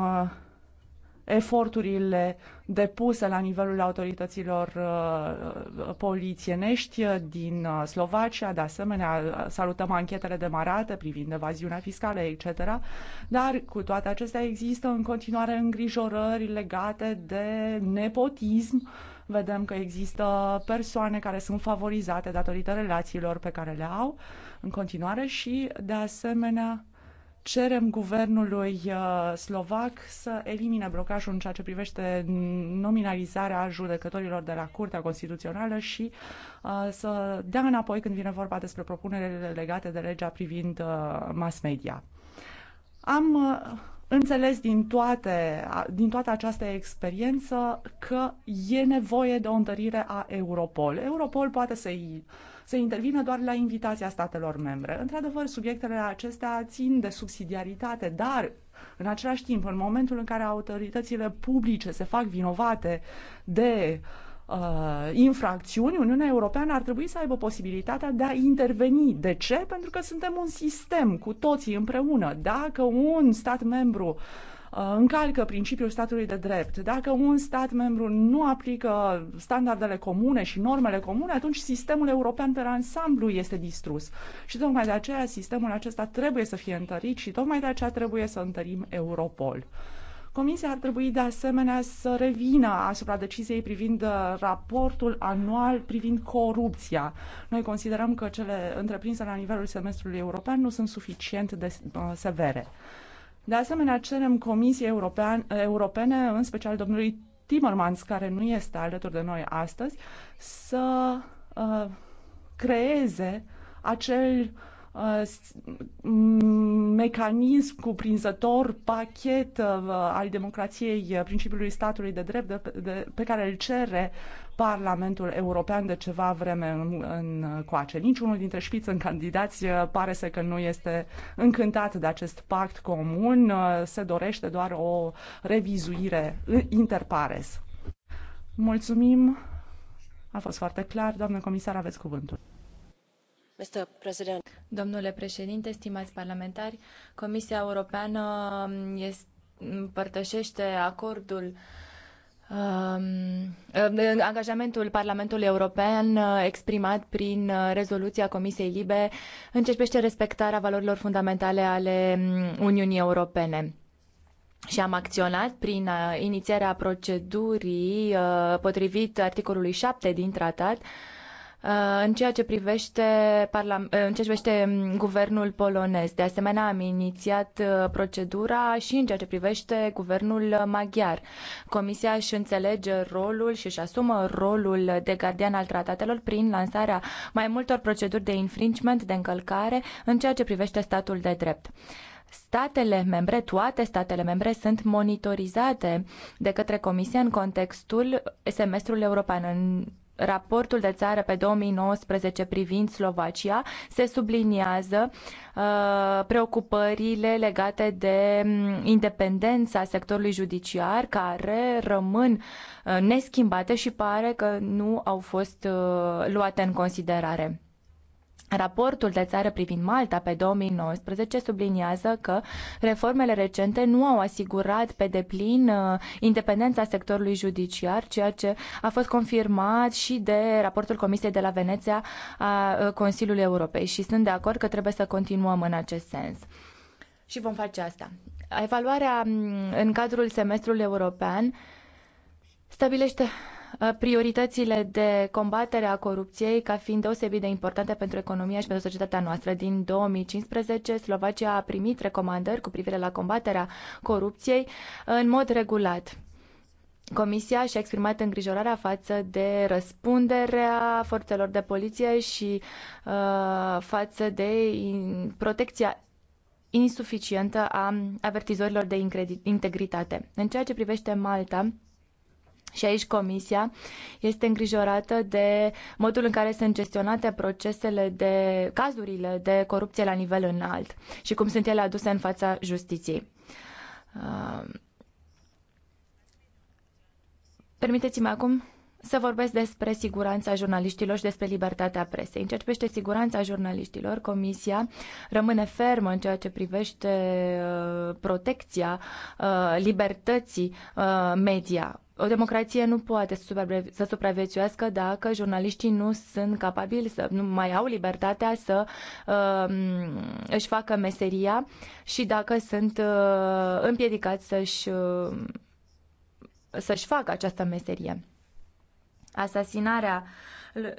eforturile depuse la nivelul autorităților uh, uh, polițienești uh, din Slovacia. De asemenea, salutăm anchetele demarate privind evaziunea fiscală, etc. Dar cu toate acestea există în continuare îngrijorări legate de nepotism. Vedem că există persoane care sunt favorizate datorită relațiilor pe care le au în continuare și, de asemenea, cerem guvernului uh, slovac să elimine blocajul în ceea ce privește nominalizarea judecătorilor de la Curtea Constituțională și uh, să dea înapoi când vine vorba despre propunerile legate de legea privind uh, mass media. Am înțeles din, toate, din toată această experiență că e nevoie de o întărire a Europol. Europol poate să-i uh, să intervină doar la invitația statelor membre. Într-adevăr, subiectele acestea țin de subsidiaritate, dar în același timp, în momentul în care autoritățile publice se fac vinovate de uh, infracțiuni, Uniunea Europeană ar trebui să aibă posibilitatea de a interveni. De ce? Pentru că suntem un sistem cu toții împreună. Dacă un stat membru uh, Uh, încalcă principiul statului de drept. Dacă un stat membru nu aplică standardele comune și normele comune, atunci sistemul european pe ansamblu este distrus. Și tocmai de aceea sistemul acesta trebuie să fie întărit și tocmai de aceea trebuie să întărim Europol. Comisia ar trebui de asemenea să revină asupra deciziei privind uh, raportul anual privind corupția. Noi considerăm că cele întreprinse la nivelul semestrului european nu sunt suficient de uh, severe. De asemenea, cerem Comisiei Europene, în special domnului Timmermans, care nu este alături de noi astăzi, să uh, creeze acel uh, mecanism cuprinzător, pachet uh, al democrației, uh, principiului statului de drept de, de, pe care îl cere Parlamentul European de ceva vreme în, în coace. Niciunul dintre în candidați uh, pare să că nu este încântat de acest pact comun, uh, se dorește doar o revizuire interpares. Mulțumim, a fost foarte clar. Doamnă comisar, aveți cuvântul. Domnule președinte, stimați parlamentari, Comisia Europeană um, este, împărtășește acordul uh, Um, um, angajamentul Parlamentului European uh, exprimat prin uh, rezoluția Comisiei Libe începește respectarea valorilor fundamentale ale um, Uniunii Europene. Și am acționat prin uh, inițierea procedurii potrivit articolului 7 din tratat Uh, în ceea ce privește, uh, în ceea ce privește um, guvernul polonez. De asemenea, am inițiat uh, procedura și în ceea ce privește guvernul maghiar. Comisia își înțelege rolul și își asumă rolul de gardian al tratatelor prin lansarea mai multor proceduri de infringement, de încălcare, în ceea ce privește statul de drept statele membre, toate statele membre sunt monitorizate de către Comisie în contextul semestrului european. În raportul de țară pe 2019 privind Slovacia se subliniază uh, preocupările legate de mm, independența sectorului judiciar care rămân uh, neschimbate și pare că nu au fost uh, luate în considerare. Raportul de țară privind Malta pe 2019 subliniază că reformele recente nu au asigurat pe deplin uh, independența sectorului judiciar, ceea ce a fost confirmat și de raportul Comisiei de la Veneția a uh, Consiliului Europei și sunt de acord că trebuie să continuăm în acest sens. Și vom face asta. Evaluarea mm, în cadrul semestrului european stabilește Uh, prioritățile de combatere a corupției ca fiind deosebit de importante pentru economia și pentru societatea noastră. Din 2015, Slovacia a primit recomandări cu privire la combaterea corupției în mod regulat. Comisia și-a exprimat îngrijorarea față de răspunderea forțelor de poliție și uh, față de in, protecția insuficientă a avertizorilor de integritate. În ceea ce privește Malta, și aici Comisia este îngrijorată de modul în care sunt gestionate procesele de cazurile de corupție la nivel înalt și cum sunt ele aduse în fața justiției. Uh, permiteți-mi acum să vorbesc despre siguranța jurnaliștilor și despre libertatea presei. În ceea ce privește siguranța jurnaliștilor, Comisia rămâne fermă în ceea ce privește uh, protecția uh, libertății uh, media. O democrație nu poate să supraviețuiască dacă jurnaliștii nu sunt capabili să nu mai au libertatea să uh, își facă meseria și dacă sunt uh, împiedicați să-și, uh, să-și facă această meserie. Asasinarea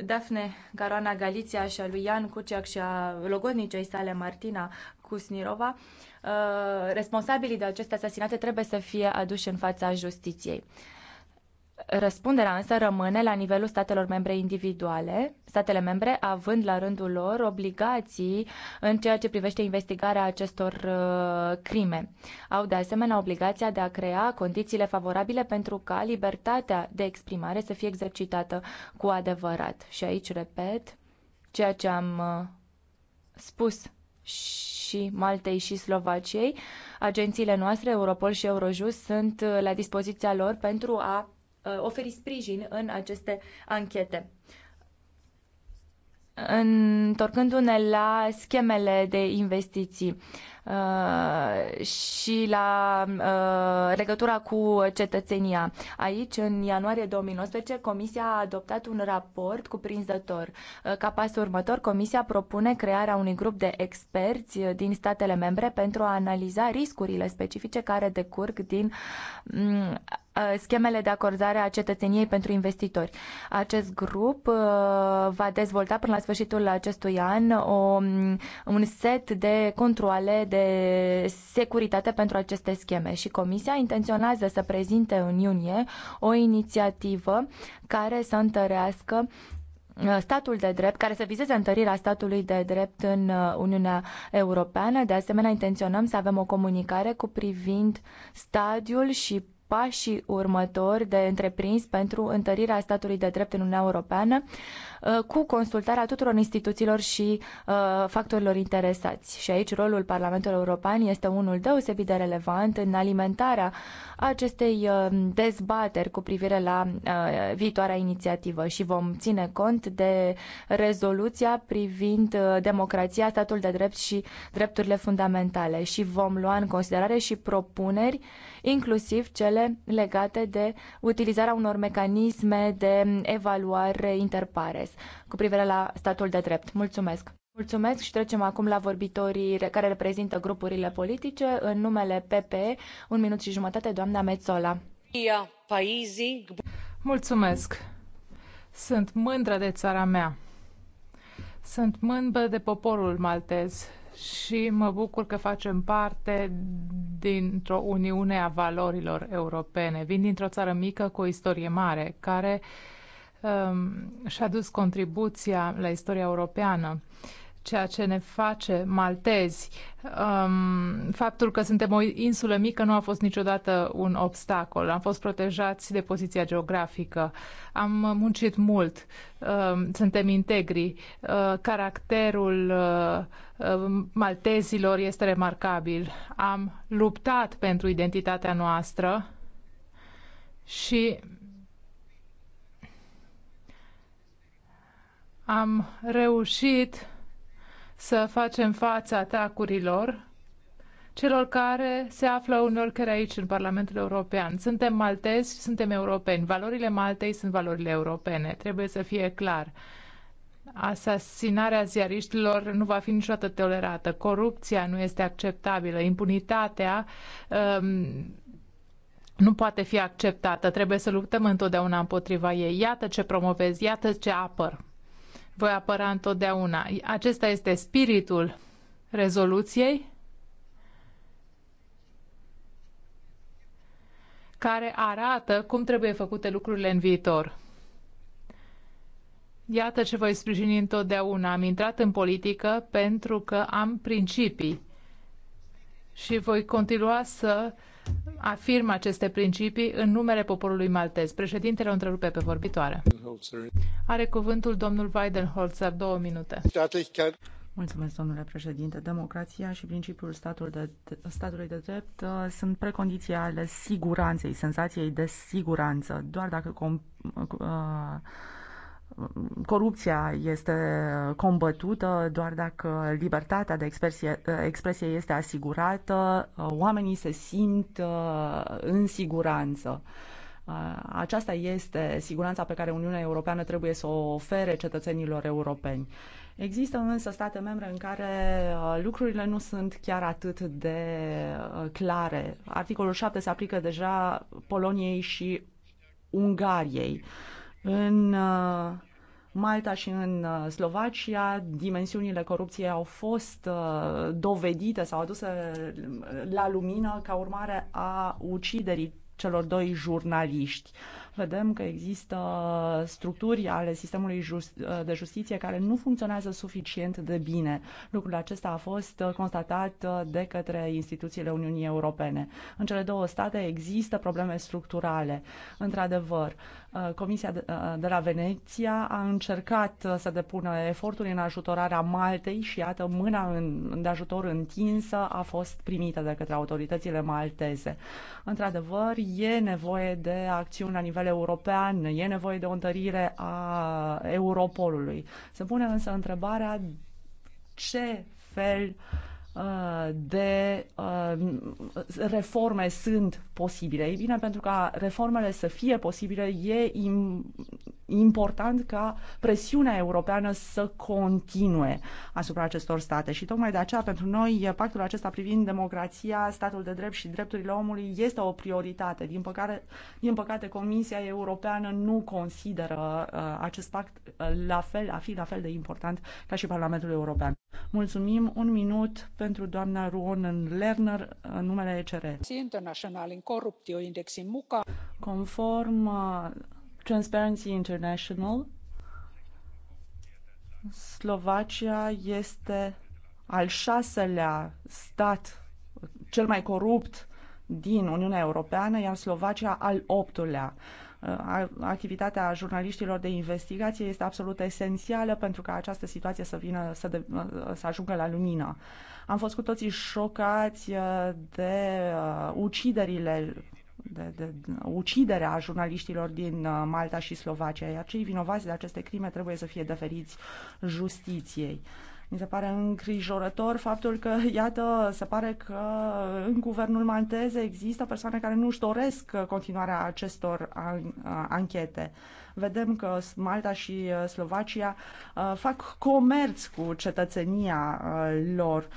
Dafne Caruana Galiția și a lui Ian Cuciac și a logodnicei sale Martina Cusnirova, uh, responsabilii de aceste asasinate trebuie să fie aduși în fața justiției. Răspunderea însă rămâne la nivelul statelor membre individuale, statele membre având la rândul lor obligații în ceea ce privește investigarea acestor uh, crime. Au de asemenea obligația de a crea condițiile favorabile pentru ca libertatea de exprimare să fie exercitată cu adevărat. Și aici repet ceea ce am uh, spus și Maltei și Slovaciei. Agențiile noastre, Europol și Eurojust, sunt uh, la dispoziția lor pentru a Uh, oferi sprijin în aceste anchete. Întorcându-ne la schemele de investiții uh, și la uh, legătura cu cetățenia. Aici, în ianuarie 2019, Comisia a adoptat un raport cuprinzător. Ca pas următor, Comisia propune crearea unui grup de experți din statele membre pentru a analiza riscurile specifice care decurg din mm, Uh, schemele de acordare a cetățeniei pentru investitori. Acest grup uh, va dezvolta până la sfârșitul acestui an o, um, un set de controle de securitate pentru aceste scheme și Comisia intenționează să prezinte în iunie o inițiativă care să întărească uh, statul de drept, care să vizeze întărirea statului de drept în Uniunea Europeană. De asemenea, intenționăm să avem o comunicare cu privind stadiul și pașii următori de întreprins pentru întărirea statului de drept în Uniunea Europeană uh, cu consultarea tuturor instituțiilor și uh, factorilor interesați. Și aici rolul Parlamentului European este unul deosebit de relevant în alimentarea acestei uh, dezbateri cu privire la viitoarea inițiativă și vom ține cont de rezoluția privind democrația, statul de drept și drepturile fundamentale și vom lua în considerare și propuneri inclusiv cele legate de utilizarea unor mecanisme de evaluare interpares cu privire la statul de drept. Mulțumesc! Mulțumesc și trecem acum la vorbitorii care reprezintă grupurile politice. În numele PPE, un minut și jumătate, doamna Mețola. Mulțumesc! Sunt mândră de țara mea. Sunt mândră de poporul maltez și mă bucur că facem parte dintr-o uniune a valorilor europene. Vin dintr-o țară mică cu o istorie mare, care um, și-a dus contribuția la istoria europeană. Uh, ceea ce ne face maltezi. Um, faptul că suntem o insulă mică nu a fost niciodată un obstacol. Am fost protejați de poziția geografică. Am muncit mult. Um, suntem integri. Uh, caracterul uh, um, maltezilor este remarcabil. Am luptat pentru identitatea noastră și am reușit să facem față atacurilor celor care se află unor care aici în Parlamentul European. Suntem maltezi, suntem europeni. Valorile Maltei sunt valorile europene. Trebuie să fie clar. Asasinarea ziariștilor nu va fi niciodată tolerată. Corupția nu este acceptabilă. Impunitatea um, nu poate fi acceptată. Trebuie să luptăm întotdeauna împotriva ei. Iată ce promovez, iată ce apăr voi apăra întotdeauna. Acesta este spiritul rezoluției care arată cum trebuie făcute lucrurile în viitor. Iată ce voi sprijini întotdeauna. Am intrat în politică pentru că am principii și voi continua să afirm aceste principii în numele poporului maltez. Președintele o întrerupe pe vorbitoare. Are cuvântul domnul Weidenholzer, două minute. Mulțumesc, domnule președinte. Democrația și principiul statul de, statului de drept uh, sunt precondiții ale siguranței, senzației de siguranță. Doar dacă uh, corupția este combătută doar dacă libertatea de expresie, expresie este asigurată, oamenii se simt uh, în siguranță. Uh, aceasta este siguranța pe care Uniunea Europeană trebuie să o ofere cetățenilor europeni. Există însă state membre în care uh, lucrurile nu sunt chiar atât de clare. Articolul 7 se aplică deja Poloniei și Ungariei. Uh, în uh, Malta și în uh, Slovacia, dimensiunile corupției au fost uh, dovedite sau aduse la lumină ca urmare a uciderii celor doi jurnaliști. Vedem că există structuri ale sistemului de justiție care nu funcționează suficient de bine. Lucrul acesta a fost constatat de către instituțiile Uniunii Europene. În cele două state există probleme structurale. Într-adevăr, Uh, Comisia uh, de la Veneția a încercat uh, să depună eforturi în ajutorarea Maltei și iată mâna în, de ajutor întinsă a fost primită de către autoritățile malteze. Într-adevăr, e nevoie de acțiuni la nivel european, e nevoie de o întărire a Europolului. Se pune însă întrebarea ce fel uh, Uh, de uh, reforme sunt posibile. Ei bine, pentru ca reformele să fie posibile, e important ca presiunea europeană să continue asupra acestor state. Și tocmai de aceea, pentru noi, pactul acesta privind democrația, statul de drept și drepturile omului este o prioritate. Din păcate, din păcate Comisia Europeană nu consideră uh, acest pact la fel, a fi la fel de important ca și Parlamentul European. Mulțumim. Un minut pe pentru doamna Ruonen Lerner în numele ECR. Conform uh, Transparency International, Slovacia este al șaselea stat cel mai corupt din Uniunea Europeană, iar Slovacia al optulea. Uh, activitatea jurnaliștilor de investigație este absolut esențială pentru ca această situație să vină să, de, să ajungă la lumină. Am fost cu toții șocați uh, de uh, uciderile de, de, de uciderea a jurnaliștilor din uh, Malta și Slovacia, iar cei vinovați de aceste crime trebuie să fie deferiți justiției. Mi se pare îngrijorător faptul că, iată, se pare că în guvernul maltez există persoane care nu își doresc continuarea acestor an anchete. Vedem că Malta și Slovacia fac comerț cu cetățenia lor.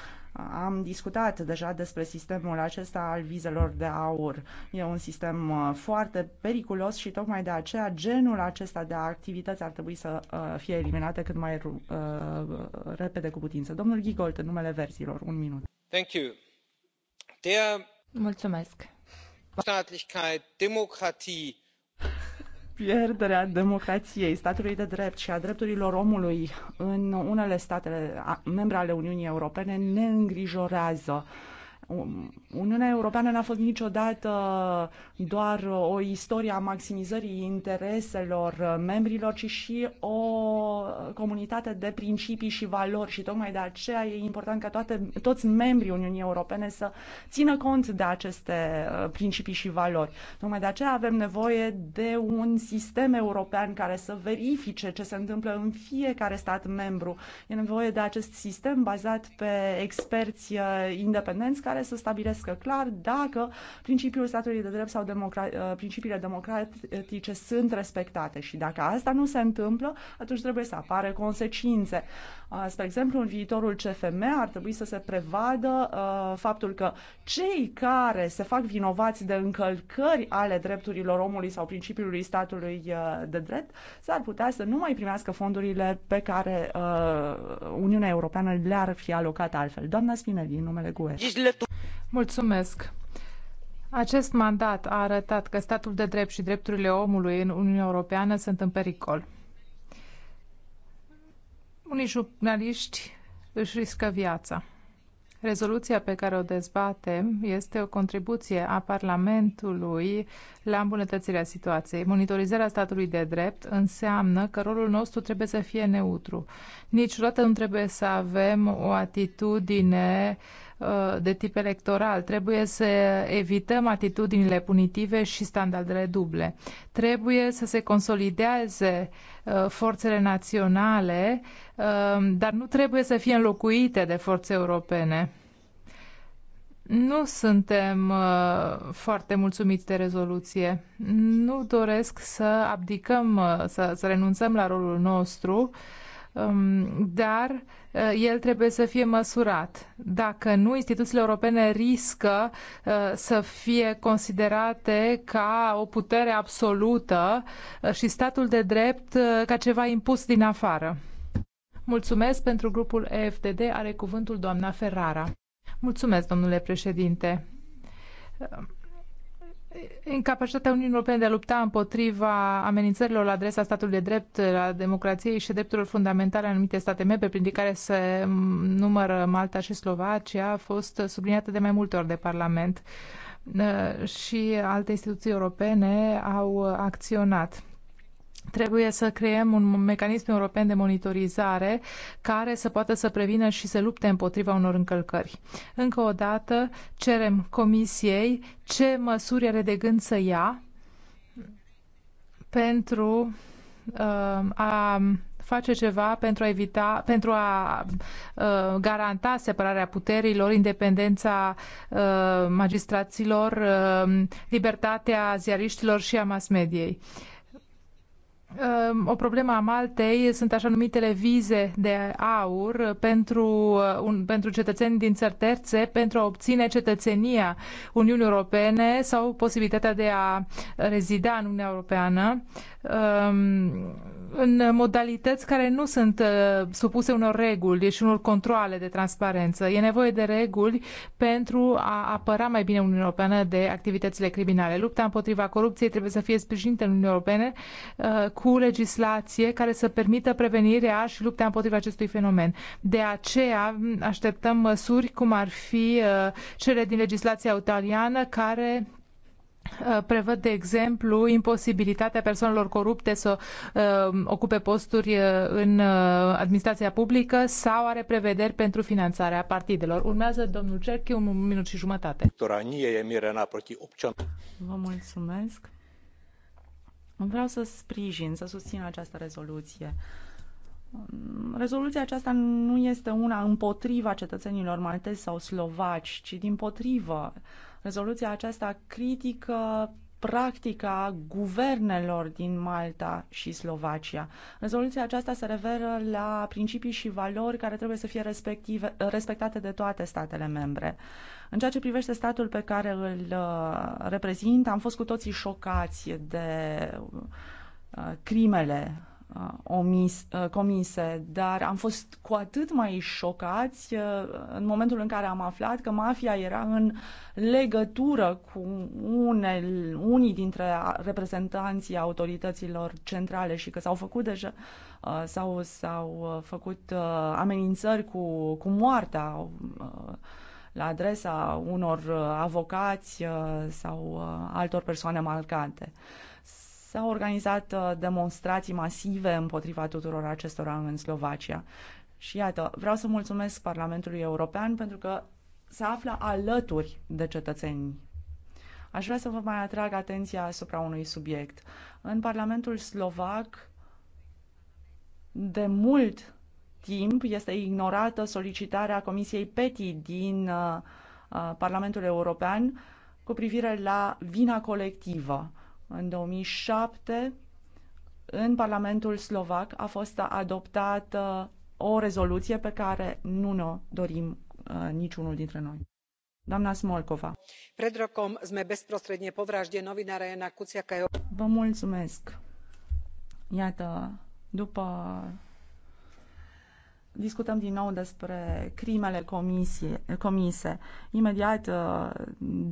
Am discutat deja despre sistemul acesta al vizelor de aur. E un sistem uh, foarte periculos și tocmai de aceea genul acesta de activități ar trebui să uh, fie eliminate cât mai uh, repede cu putință. Domnul Gigolt, în numele verzilor, un minut. Thank you. Mulțumesc. Staatlichkeit, Demokratie, pierderea democrației, statului de drept și a drepturilor omului în unele state membre ale Uniunii Europene ne îngrijorează. Uniunea Europeană n-a fost niciodată doar o istorie a maximizării intereselor membrilor, ci și o comunitate de principii și valori și tocmai de aceea e important ca toate, toți membrii Uniunii Europene să țină cont de aceste uh, principii și valori. Tocmai de aceea avem nevoie de un sistem european care să verifice ce se întâmplă în fiecare stat membru. E nevoie de acest sistem bazat pe experți uh, independenți care care să stabilească clar dacă principiul statului de drept sau democra- uh, principiile democratice sunt respectate și dacă asta nu se întâmplă, atunci trebuie să apară consecințe. Uh, spre exemplu, în viitorul CFM ar trebui să se prevadă uh, faptul că cei care se fac vinovați de încălcări ale drepturilor omului sau principiului statului uh, de drept s-ar putea să nu mai primească fondurile pe care uh, Uniunea Europeană le-ar fi alocat altfel. Doamna Spinelli, numele GUE. Mulțumesc. Acest mandat a arătat că statul de drept și drepturile omului în Uniunea Europeană sunt în pericol. Unii jurnaliști își riscă viața. Rezoluția pe care o dezbatem este o contribuție a Parlamentului la îmbunătățirea situației. Monitorizarea statului de drept înseamnă că rolul nostru trebuie să fie neutru. Niciodată nu trebuie să avem o atitudine uh, Uh, de tip electoral. Trebuie să evităm atitudinile punitive și standardele duble. Trebuie să se consolideze uh, forțele naționale, uh, dar nu trebuie să fie înlocuite de forțe europene. Nu suntem foarte mulțumiți de rezoluție. Nu doresc să abdicăm, să, să renunțăm la rolul nostru uh, Um, dar uh, el trebuie să fie măsurat. Dacă nu, instituțiile europene riscă uh, să fie considerate ca o putere absolută uh, și statul de drept ca ceva impus din afară. Mulțumesc pentru grupul EFTD. Are cuvântul doamna Ferrara. Mulțumesc, domnule președinte incapacitatea Uniunii Europene de a lupta împotriva amenințărilor la adresa statului de drept, la democrației și drepturilor fundamentale anumite state membre, prin care se numără Malta și Slovacia, a fost subliniată de mai multe ori de Parlament uh, și alte instituții europene au acționat. Trebuie să creăm un mecanism european de monitorizare care să poată să prevină și să lupte împotriva unor încălcări. Încă o dată cerem Comisiei ce măsuri are de gând să ia pentru uh, a face ceva pentru a evita, pentru a uh, garanta separarea puterilor, independența uh, magistraților, uh, libertatea ziariștilor și a mass mediei. Uh, Ehm, o problemă a Maltei sunt așa numitele vize de aur pentru, uh, un, pentru cetățeni din țări terțe pentru a obține cetățenia Uniunii Europene sau posibilitatea de a rezida în Uniunea Europeană Um, în modalități care nu sunt uh, supuse unor reguli și unor controle de transparență. E nevoie de reguli pentru a apăra mai bine Uniunea Europeană de activitățile criminale. Lupta împotriva corupției trebuie să fie sprijinită în Uniunea Europeană uh, cu legislație care să permită prevenirea și lupta împotriva acestui fenomen. De aceea așteptăm măsuri cum ar fi uh, cele din legislația italiană care Uh, prevăd, de exemplu, imposibilitatea persoanelor corupte să uh, ocupe posturi uh, în uh, administrația publică sau are prevederi pentru finanțarea partidelor. Urmează domnul Cerchi, un minut și jumătate. Vă mulțumesc. Vreau să sprijin, să susțin această rezoluție. Rezoluția aceasta nu este una împotriva cetățenilor maltezi sau slovaci, ci din potrivă. Uh, Rezoluția aceasta critică practica guvernelor din Malta și Slovacia. Rezoluția aceasta se referă la principii și valori care trebuie să fie respectate de toate statele membre. În ceea ce privește statul pe care îl uh, reprezint, am fost cu toții șocați de uh, crimele Uh, omis, uh, comise, dar am fost cu atât mai șocați uh, în momentul în care am aflat că mafia era în legătură cu une, unii dintre reprezentanții autorităților centrale și că s-au făcut deja sau s-au făcut amenințări cu, cu moartea la adresa unor avocați sau altor persoane marcante. S-au organizat uh, demonstrații masive împotriva tuturor acestora în Slovacia. Și iată, vreau să mulțumesc Parlamentului European pentru că se află alături de cetățenii. Aș vrea să vă mai atrag atenția asupra unui subiect. În Parlamentul Slovac, de mult timp, este ignorată solicitarea Comisiei PETI din uh, uh Parlamentul European cu privire la vina colectivă. Uh, în 2007, în Parlamentul Slovac a fost adoptată o rezoluție pe care nu ne-o dorim uh, niciunul dintre noi. Doamna Smolkova. Pred rokom sme bezprostredne po vražde novinára Jana Kuciaka. Vă mulțumesc. Iată, după discutăm din nou despre crimele comisie, comise. Imediat uh,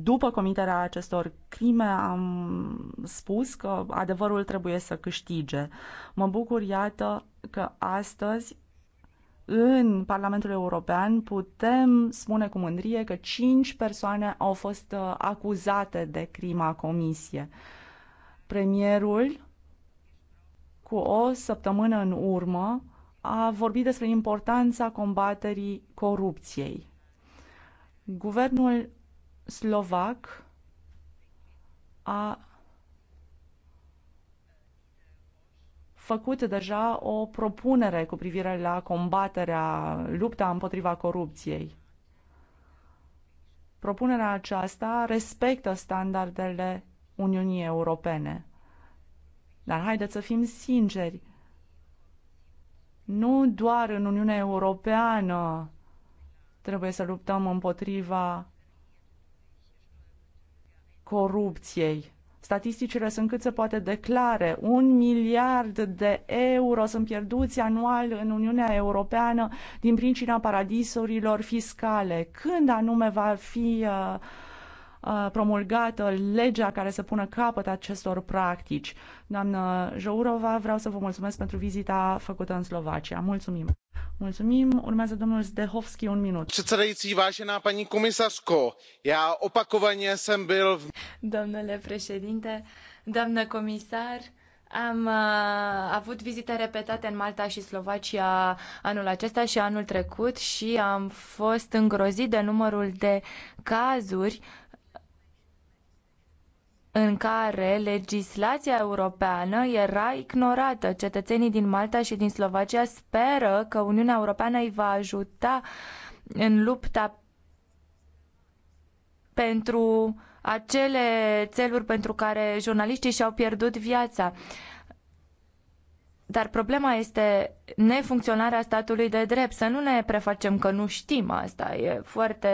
după comiterea acestor crime am spus că adevărul trebuie să câștige. Mă bucur, iată, că astăzi în Parlamentul European putem spune cu mândrie că cinci persoane au fost uh, acuzate de crima comisie. Premierul, cu o săptămână în urmă, a vorbit despre importanța combaterii corupției. Guvernul slovac a făcut deja o propunere cu privire la combaterea, lupta împotriva corupției. Propunerea aceasta respectă standardele Uniunii Europene. Dar haideți să fim sinceri, nu doar în Uniunea Europeană trebuie să luptăm împotriva corupției. Statisticile sunt cât se poate declare. Un miliard de euro sunt pierduți anual în Uniunea Europeană din pricina paradisurilor fiscale. Când anume va fi uh, Uh, promulgată legea care să pună capăt acestor practici. Doamnă Jourova, vreau să vă mulțumesc pentru vizita făcută în Slovacia. Mulțumim! Mulțumim. Urmează domnul Zdehovski, un minut. Předsedající, vážená paní komisařko, já opakovaně jsem byl... Domnule președinte, doamnă comisar, am uh, avut vizite repetate în Malta și Slovacia anul acesta și anul trecut și am fost îngrozit de numărul de cazuri uh, în care legislația europeană era ignorată. Cetățenii din Malta și din Slovacia speră că Uniunea Europeană îi va ajuta în lupta pentru acele țeluri pentru care jurnaliștii și-au pierdut viața. Dar problema este nefuncționarea statului de drept. Să nu ne prefacem că nu știm asta. E foarte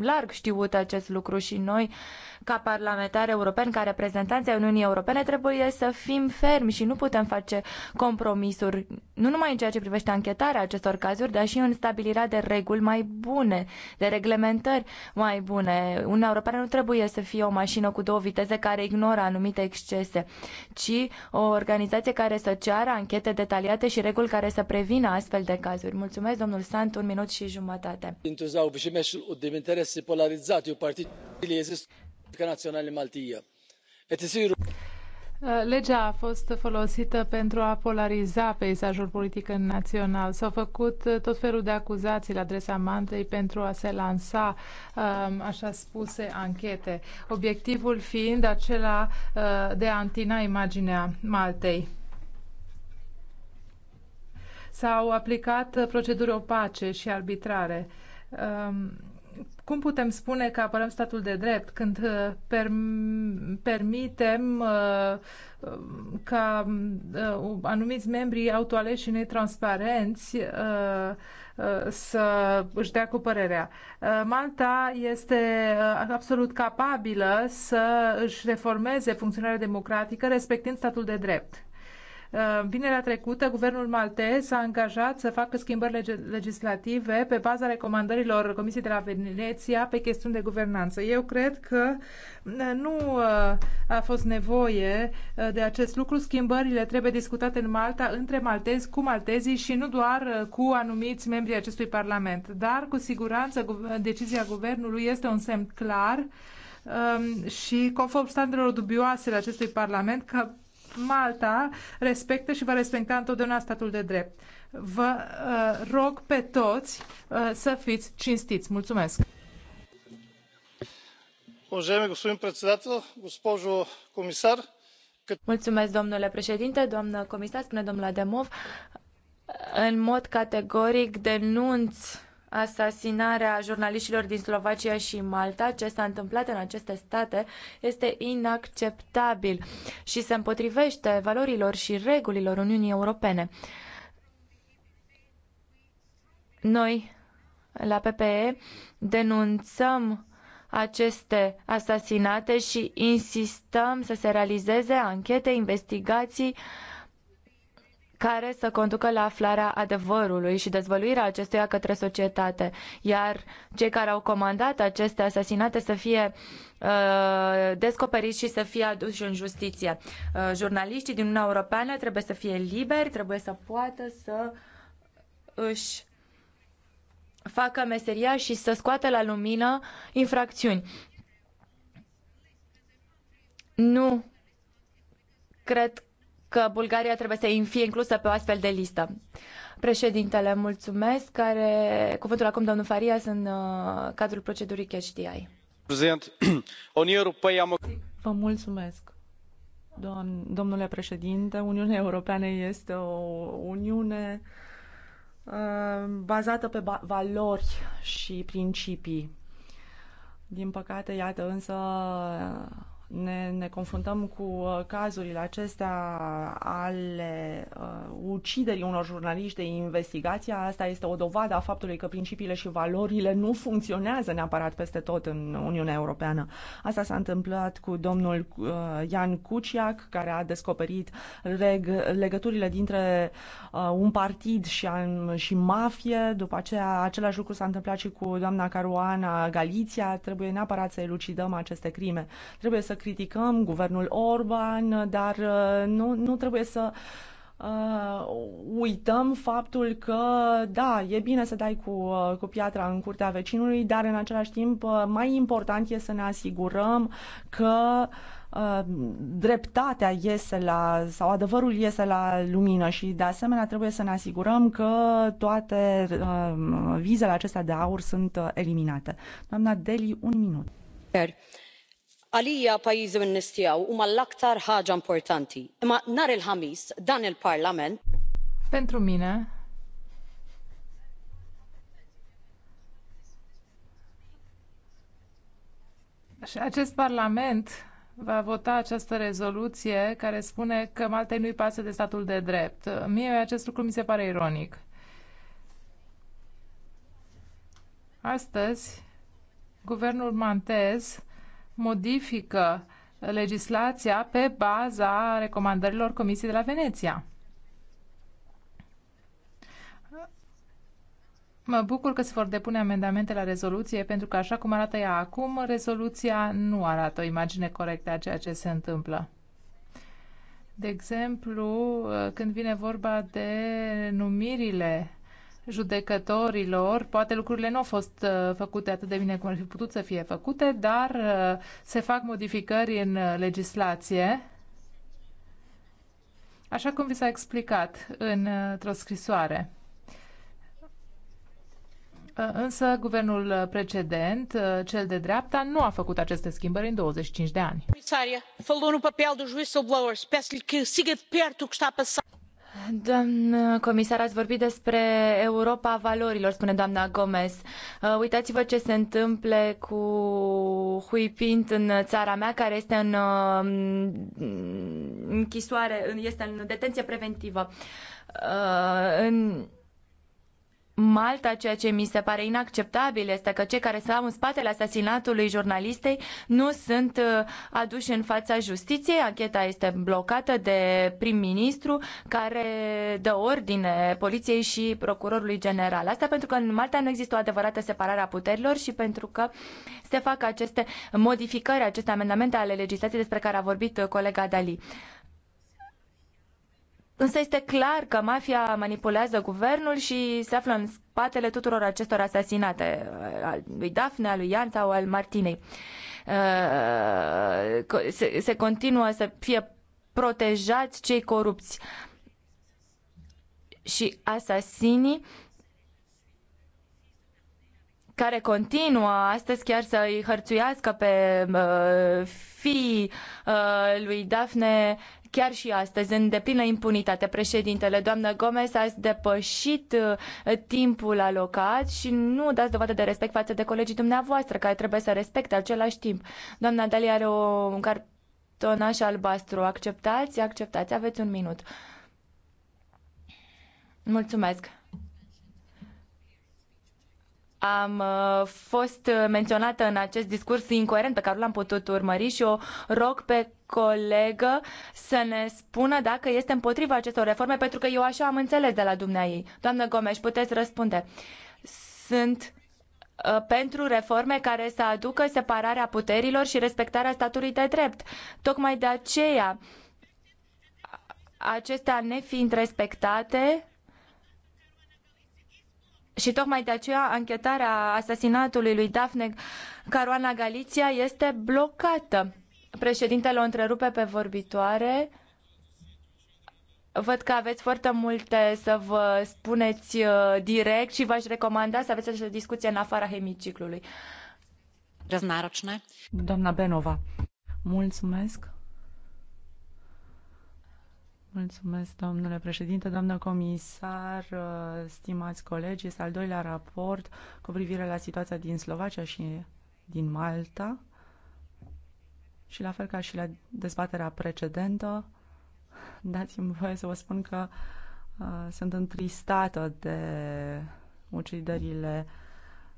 larg știut acest lucru și noi uh, ca parlamentari europeni, ca reprezentanți ai Uniunii Europene, trebuie să fim fermi și nu putem face compromisuri, nu numai în ceea ce privește anchetarea acestor cazuri, dar și în stabilirea de reguli mai bune, de reglementări mai bune. Uniunea Europeană nu trebuie să fie o mașină cu două viteze care ignoră anumite excese, ci o organizație care să ceară anchete detaliate și reguli care să prevină astfel de cazuri. Mulțumesc, domnul Sant, un minut și jumătate. Uh, legea a fost folosită pentru a polariza peisajul politic național. S-au făcut uh, tot felul de acuzații la adresa Mantei pentru a se lansa um, așa spuse anchete, obiectivul fiind acela uh, de a întina imaginea Maltei. S-au aplicat proceduri opace și arbitrare. Um, cum putem spune că apărăm statul de drept când uh, per, permitem uh, um, ca uh, anumiți membri autoaleși și netransparenți uh, uh să își dea cu părerea. Uh, Malta este absolut capabilă să își reformeze funcționarea democratică respectând statul de drept. Uh, vinerea trecută, guvernul maltez s-a angajat să facă schimbări legislative pe baza recomandărilor Comisiei de la Veneția pe chestiuni de guvernanță. Eu cred că uh, nu uh, a fost nevoie de acest lucru. Schimbările trebuie discutate în Malta între maltezi cu maltezii și nu doar cu anumiți membrii acestui Parlament. Dar, cu siguranță, decizia guvernului este un semn clar um, și conform standardelor dubioase la acestui Parlament că Malta respectă și va respecta întotdeauna statul de drept. Vă uh, rog pe toți uh, să fiți cinstiți. Mulțumesc! Mulțumesc, domnule președinte, doamnă comisar, spune domnul Ademov. În mod categoric denunț asasinarea jurnaliștilor din Slovacia și Malta. Ce s-a întâmplat în aceste state este inacceptabil și se împotrivește valorilor și regulilor Uniunii Europene. Noi, la PPE, denunțăm aceste asasinate și insistăm să se realizeze anchete, investigații uh, care să conducă la aflarea adevărului și dezvăluirea acestuia către societate, iar cei care au comandat aceste asasinate să fie uh, descoperiți și să fie aduși în justiție. Uh, jurnaliștii din Uniunea Europeană trebuie să fie liberi, trebuie să poată să își facă meseria și să scoată la lumină infracțiuni. Nu cred că Bulgaria trebuie să fie inclusă pe o astfel de listă. Președintele, mulțumesc. Care, cuvântul acum domnul Farias în uh, cadrul procedurii CHDI. Vă mulțumesc. domnule președinte, Uniunea Europeană este o uniune uh, bazată pe ba- valori și principii. Din păcate, iată, însă ne, ne confruntăm cu uh, cazurile acestea ale uh, uciderii unor jurnaliști de investigație, asta este o dovadă a faptului că principiile și valorile nu funcționează neapărat peste tot în Uniunea Europeană. Asta s-a întâmplat cu domnul uh, Ian Cuciac, care a descoperit reg- legăturile dintre uh, un partid și, an, și mafie. După aceea, același lucru s-a întâmplat și cu doamna Caruana Galiția. Trebuie neapărat să elucidăm aceste crime. Trebuie să criticăm guvernul Orban, dar uh, nu, nu trebuie să uh, uităm faptul că, da, e bine să dai cu, uh, cu piatra în curtea vecinului, dar în același timp uh, mai important e să ne asigurăm că dreptatea iese la, sau adevărul iese la lumină și de asemenea trebuie să ne asigurăm că toate uh, vizele acestea de aur sunt eliminate. Doamna Deli, un minut. Iar għalija pajjiżi minn nies tiegħu huma l-aktar ħaġa importanti imma nhar il-ħamis dan il-parlament. pentru mine acest parlament va vota această rezoluție care spune că Maltei nu-i pasă de statul de drept. Mie acest lucru mi se pare ironic. Astăzi, guvernul maltez modifică legislația pe baza recomandărilor Comisiei de la Veneția. Mă bucur că se vor depune amendamente la rezoluție, pentru că așa cum arată ea acum, rezoluția nu arată o imagine corectă a ceea ce se întâmplă. De exemplu, când vine vorba de numirile judecătorilor, poate lucrurile nu au fost uh, făcute atât de bine cum ar fi putut să fie făcute, dar uh, se fac modificări în uh, legislație. Așa cum vi s-a explicat într-o scrisoare. Însă guvernul precedent, cel de dreapta, nu a făcut aceste schimbări în 25 de ani. Doamnă comisar, ați vorbit despre Europa valorilor, spune doamna Gomez. Uh, uitați-vă ce se întâmplă cu Huipint în țara mea, care este în um, închisoare, este în detenție preventivă. Uh, în Malta, ceea ce mi se pare inacceptabil este că cei care stau în spatele asasinatului jurnalistei nu sunt uh, aduși în fața justiției. Ancheta este blocată de prim-ministru care dă ordine poliției și procurorului general. Asta pentru că în Malta nu există o adevărată separare a puterilor și pentru că se fac aceste modificări, aceste amendamente ale legislației despre care a vorbit uh, colega Dali. Însă este clar că mafia manipulează guvernul și se află în spatele tuturor acestor asasinate, uh, al lui Dafne, al lui Ian sau al Martinei. Uh, se, se continuă să fie protejați cei corupți și asasinii care continuă astăzi chiar să îi hărțuiască pe uh, fiii uh, lui Dafne chiar și astăzi, în deplină impunitate. Președintele, doamnă Gomez, ați depășit uh, timpul alocat și nu dați dovadă de respect față de colegii dumneavoastră, care trebuie să respecte același timp. Doamna Dali are o, un cartonaș albastru. Acceptați? Acceptați. Aveți un minut. Mulțumesc. Am uh, fost menționată în acest discurs incoerent pe care l-am putut urmări și o rog pe colegă să ne spună dacă este împotriva acestor reforme, pentru că eu așa am înțeles de la dumnea ei. Doamnă Gomes, puteți răspunde. Sunt uh, pentru reforme care să aducă separarea puterilor și respectarea statului de drept. Tocmai de aceea, acestea nefiind respectate, și tocmai de aceea anchetarea asasinatului lui Daphne Caruana Galizia este blocată. Președintele o întrerupe pe vorbitoare. Văd că aveți foarte multe să vă spuneți uh, direct și v-aș recomanda să aveți această discuție în afara hemiciclului. Doamna Benova, mulțumesc. Mulțumesc, domnule președinte, doamnă comisar, uh, stimați colegi. Este al doilea raport cu privire la situația din Slovacia și din Malta. Și la fel ca și la dezbaterea precedentă, dați-mi voie să vă spun că uh, sunt întristată de uciderile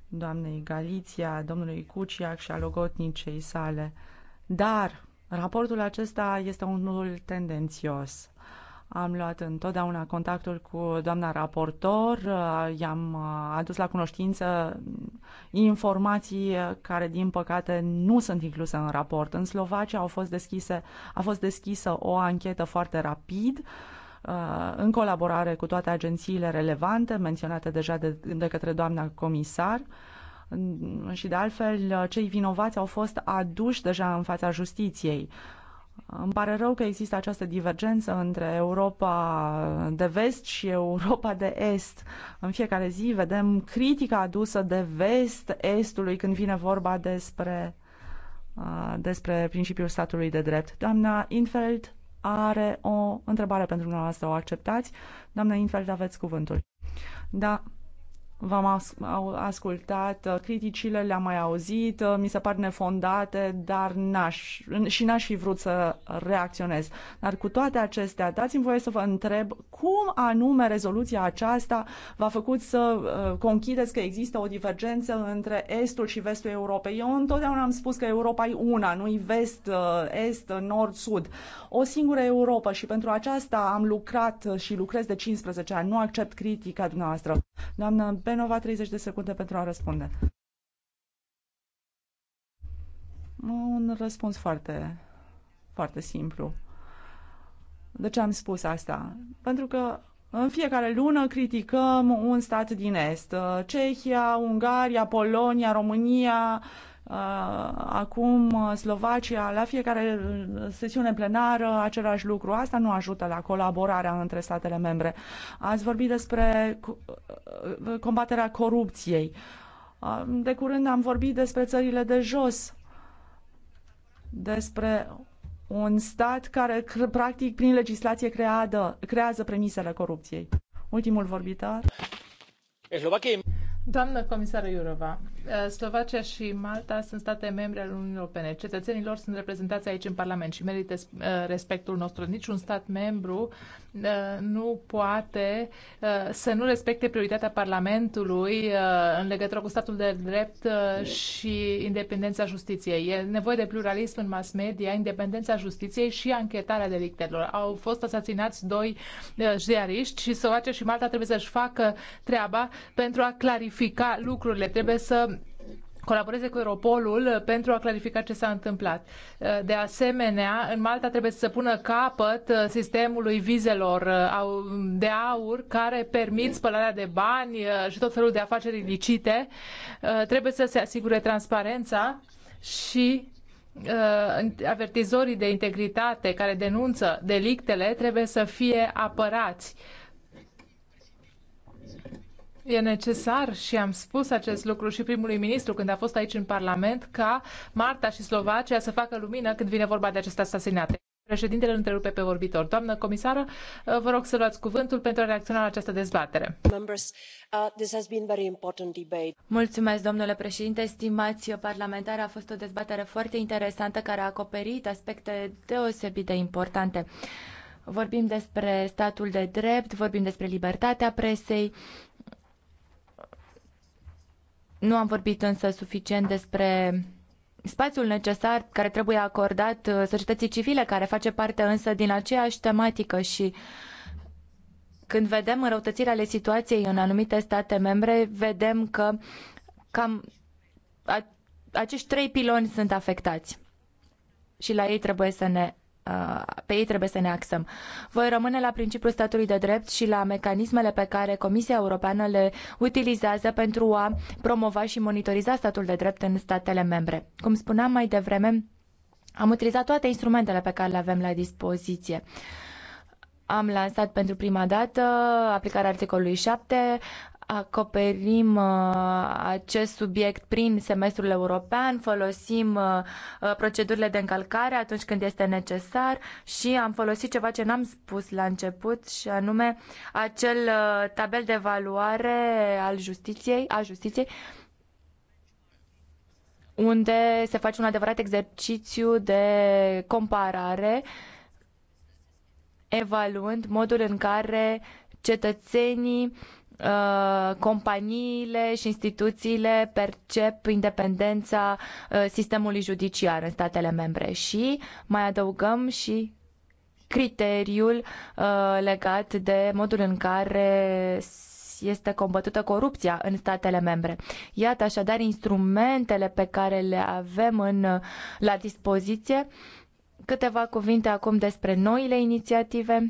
doamnei Galiția, domnului Cuciac și a logotnicei sale. Dar raportul acesta este unul tendențios. Am luat întotdeauna contactul cu doamna raportor, uh, i-am uh, adus la cunoștință informații care, din păcate, nu sunt incluse în raport. În Slovacia au fost deschise, a fost deschisă o anchetă foarte rapid, uh, în colaborare cu toate agențiile relevante, menționate deja de, de către doamna comisar, mm, și de altfel cei vinovați au fost aduși deja în fața justiției. Îmi pare rău că există această divergență între Europa de vest și Europa de est. În fiecare zi vedem critica adusă de vest estului când vine vorba despre, uh, despre principiul statului de drept. Doamna Infeld are o întrebare pentru dumneavoastră, o acceptați? Doamna Infeld, aveți cuvântul. Da, V-am ascultat, uh, criticile le-am mai auzit, uh, mi se par nefondate, dar n-aș, și n-aș fi vrut să reacționez. Dar cu toate acestea, dați-mi voie să vă întreb cum anume rezoluția aceasta v-a făcut să uh, conchideți că există o divergență între estul și vestul Europei. Eu întotdeauna am spus că Europa e una, nu e vest, est, nord, sud. O singură Europa și pentru aceasta am lucrat și lucrez de 15 ani. Nu accept critica dumneavoastră. Doamna Benova, 30 de secunde pentru a răspunde. Un răspuns foarte, foarte simplu. De ce am spus asta? Pentru că în fiecare lună criticăm un stat din Est. Cehia, Ungaria, Polonia, România, Uh, acum uh, Slovacia, la fiecare uh, sesiune plenară, același lucru. Asta nu ajută la colaborarea între statele membre. Ați vorbit despre combaterea corupției. De curând am vorbit despre țările de jos, despre un stat care, practic, prin legislație creadă, creează premisele corupției. Ultimul vorbitor. Doamnă comisară Iurova, Eh, Slovacia și Malta sunt state membre ale Uniunii Europene. Cetățenii lor sunt reprezentați aici în Parlament și merită eh, respectul nostru. Niciun stat membru eh, nu poate să nu respecte prioritatea Parlamentului în legătură cu statul de drept și independența justiției. E nevoie de pluralism în mass media, independența justiției și anchetarea delictelor. Au fost asasinați doi ziariști și Slovacia și Malta trebuie să-și facă treaba pentru a clarifica lucrurile. Trebuie să colaboreze cu Europolul pentru a clarifica ce s-a întâmplat. De asemenea, în Malta trebuie să pună capăt uh, sistemului vizelor uh, de aur care permit spălarea de bani uh, și tot felul de afaceri ilicite. Trebuie să se asigure transparența și avertizorii de integritate care denunță delictele trebuie să fie apărați E necesar și am spus acest lucru și primului ministru când a fost aici în Parlament ca Marta și Slovacia să facă lumină când vine vorba de aceste asasinate. Președintele îl întrerupe pe vorbitor. Doamnă comisară, vă rog să luați cuvântul pentru a reacționa la această dezbatere. Uh, Mulțumesc, domnule președinte, stimați parlamentari. A fost o dezbatere foarte interesantă care a acoperit aspecte deosebit de importante. Vorbim despre statul de drept, vorbim despre libertatea presei, nu am vorbit însă suficient despre spațiul necesar care trebuie acordat uh, societății civile, care face parte însă din aceeași tematică și când vedem înrăutățirea ale situației în anumite state membre, vedem că cam acești trei piloni sunt afectați și la ei trebuie să ne pe ei trebuie să ne axăm. Voi rămâne la principiul statului de drept și la mecanismele pe care Comisia Europeană le utilizează pentru a promova și monitoriza statul de drept în statele membre. Cum spuneam mai devreme, am utilizat toate instrumentele pe care le avem la dispoziție. Am lansat pentru prima dată aplicarea articolului 7 acoperim uh, acest subiect prin semestrul european, folosim uh, procedurile de încălcare atunci când este necesar și am folosit ceva ce n-am spus la început și anume acel uh, tabel de evaluare al justiției, a justiției unde se face un adevărat exercițiu de comparare evaluând modul în care cetățenii Uh, companiile și instituțiile percep independența uh, sistemului judiciar în statele membre și mai adăugăm și criteriul uh, legat de modul în care este combătută corupția în statele membre. Iată așadar instrumentele pe care le avem în, la dispoziție. Câteva cuvinte acum despre noile inițiative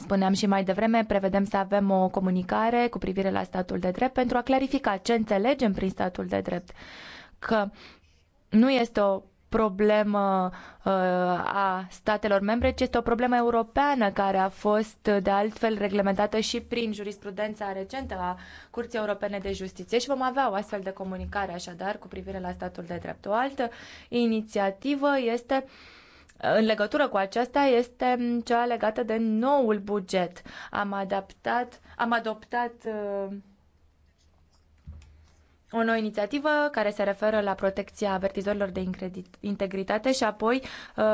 Spuneam și mai devreme, prevedem să avem o comunicare cu privire la statul de drept pentru a clarifica ce înțelegem prin statul de drept. Că nu este o problemă uh, a statelor membre, ci este o problemă europeană care a fost de altfel reglementată și prin jurisprudența recentă a Curții Europene de Justiție și vom avea o astfel de comunicare așadar cu privire la statul de drept. O altă inițiativă este uh, în legătură cu aceasta este cea legată de noul buget. Am adaptat, am adoptat uh, o nouă inițiativă care se referă la protecția avertizorilor de integritate și apoi uh,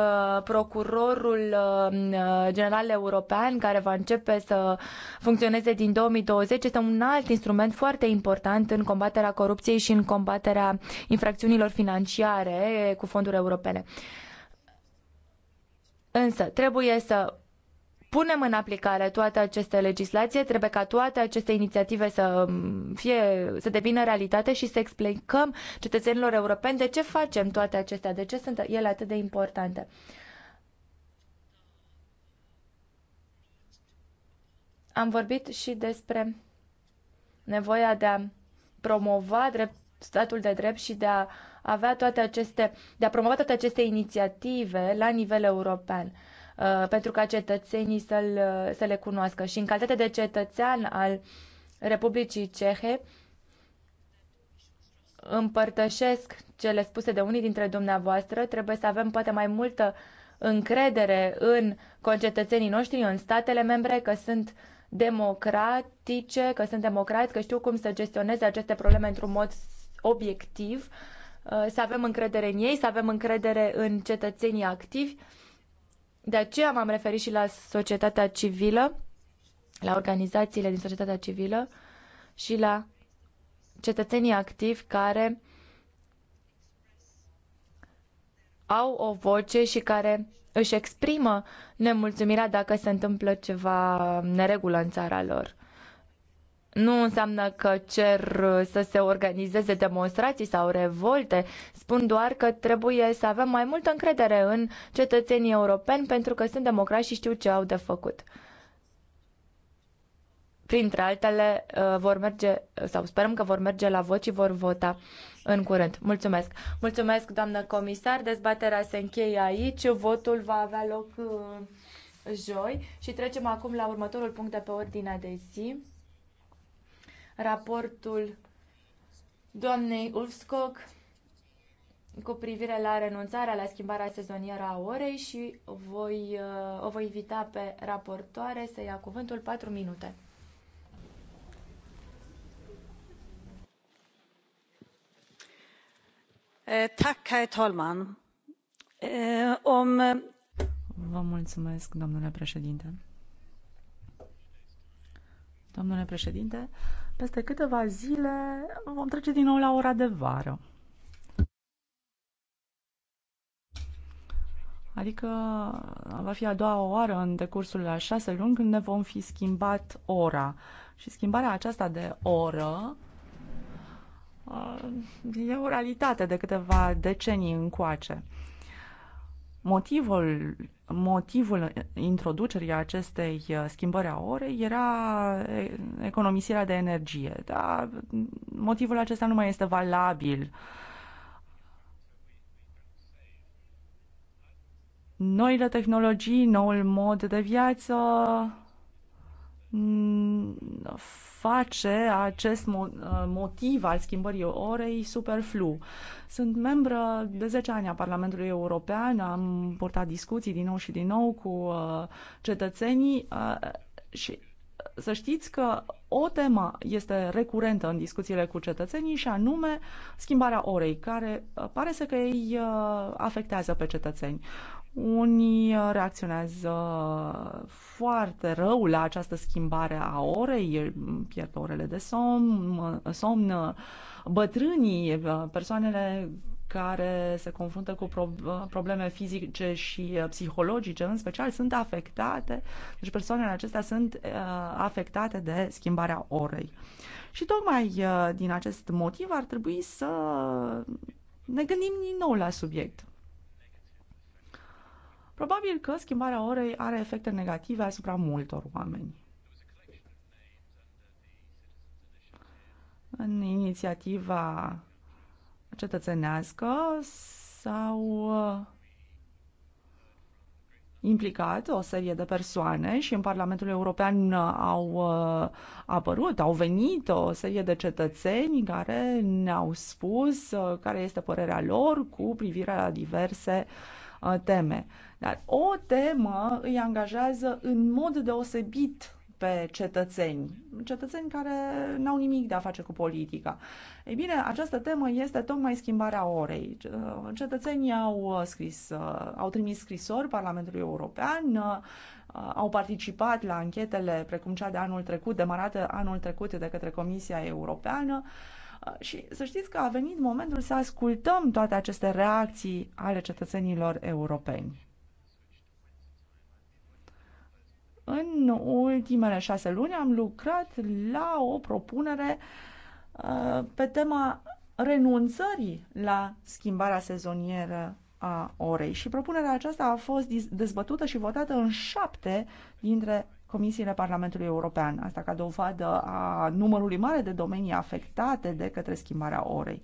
procurorul uh, general european care va începe să funcționeze din 2020 este un alt instrument foarte important în combaterea corupției și în combaterea infracțiunilor financiare cu fonduri europene. Însă trebuie să punem în aplicare toate aceste legislații, trebuie ca toate aceste inițiative să, mm, fie, să devină realitate și să explicăm cetățenilor europeni de ce facem toate acestea, de ce sunt ele atât de importante. Am vorbit și despre nevoia de a promova drept, statul de drept și de a avea toate aceste, de a promova toate aceste inițiative la nivel european uh, pentru ca cetățenii să uh, să le cunoască. Și în calitate de cetățean al Republicii Cehe, împărtășesc cele spuse de unii dintre dumneavoastră, trebuie să avem poate mai multă încredere în concetățenii noștri, în statele membre, că sunt democratice, că sunt democrați, că știu cum să gestioneze aceste probleme într-un mod obiectiv Uh, să avem încredere în ei, să avem încredere în cetățenii activi. De aceea m-am referit și la societatea civilă, la organizațiile din societatea civilă și la cetățenii activi care au o voce și care își exprimă nemulțumirea dacă se întâmplă ceva neregulă în țara lor. Nu înseamnă că cer să se organizeze demonstrații sau revolte. Spun doar că trebuie să avem mai multă încredere în cetățenii europeni pentru că sunt democrați și știu ce au de făcut. Printre altele, uh, vor merge, sau sperăm că vor merge la vot și vor vota în curând. Mulțumesc! Mulțumesc, doamnă comisar! Dezbaterea se încheie aici. Votul va avea loc uh, joi și trecem acum la următorul punct de pe ordinea de zi raportul doamnei Ulfskog cu privire la renunțarea la schimbarea sezonieră a orei și voi, uh, o voi invita pe raportoare să ia cuvântul 4 minute. Eh, tak, herr eh, mulțumesc, domnule președinte domnule președinte peste câteva zile vom trece din nou la ora de vară. Adică va fi a doua oară în decursul a șase luni când ne vom fi schimbat ora. Și schimbarea aceasta de oră uh, e o realitate de câteva decenii încoace. Motivul, motivul introducerii acestei uh, schimbări a orei era economisirea de energie, dar motivul acesta nu mai este valabil. Noile tehnologii, noul mod de viață face acest uh, motiv al schimbării orei superflu. Sunt membră de 10 ani a Parlamentului European, am purtat discuții din nou și din nou cu uh, cetățenii uh, și să știți că o temă este recurentă în discuțiile cu cetățenii și anume schimbarea orei, care pare să că îi afectează pe cetățeni. Unii uh, reacționează foarte rău la această schimbare a orei, pierd orele de somn, somn uh, bătrânii, uh, persoanele care se confruntă cu probleme fizice și psihologice, în special, sunt afectate, deci persoanele acestea sunt afectate de schimbarea orei. Și tocmai din acest motiv ar trebui să ne gândim din nou la subiect. Probabil că schimbarea orei are efecte negative asupra multor oameni. În inițiativa cetățenească s-au uh, implicat o serie de persoane și în Parlamentul European uh, au uh, apărut, au venit o serie de cetățeni care ne-au spus care este părerea lor cu privire la diverse teme. Dar o temă îi angajează în mod deosebit pe cetățeni, cetățeni care n-au nimic de a face cu politica. Ei bine, această temă este tocmai schimbarea orei. Cetățenii au uh, scris, uh, au trimis scrisori Parlamentului European, uh, au participat la anchetele precum cea de anul trecut, demarată anul trecut de către Comisia Europeană. Și să știți că a venit momentul să ascultăm toate aceste reacții ale cetățenilor europeni. În ultimele șase luni am lucrat la o propunere uh, pe tema renunțării la schimbarea sezonieră a orei și propunerea aceasta a fost dezbătută și votată în șapte dintre comisiile Parlamentului European, asta ca dovadă a numărului mare de domenii afectate de către schimbarea orei.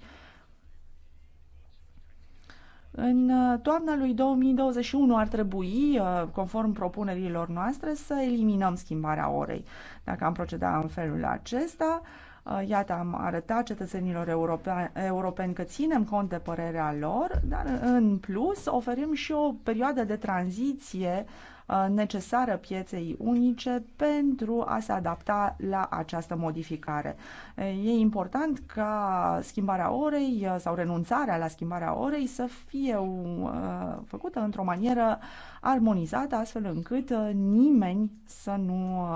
În uh, toamna lui 2021 ar trebui, uh, conform propunerilor noastre, să eliminăm schimbarea orei. Dacă am proceda în felul acesta, uh, iată, am arătat cetățenilor europeni, europeni că ținem cont de părerea lor, dar în plus oferim și o perioadă de tranziție Uh, necesară pieței unice pentru a se adapta la această modificare. E important ca schimbarea orei uh, sau renunțarea la schimbarea orei să fie uh, făcută într-o manieră armonizată, astfel încât nimeni să nu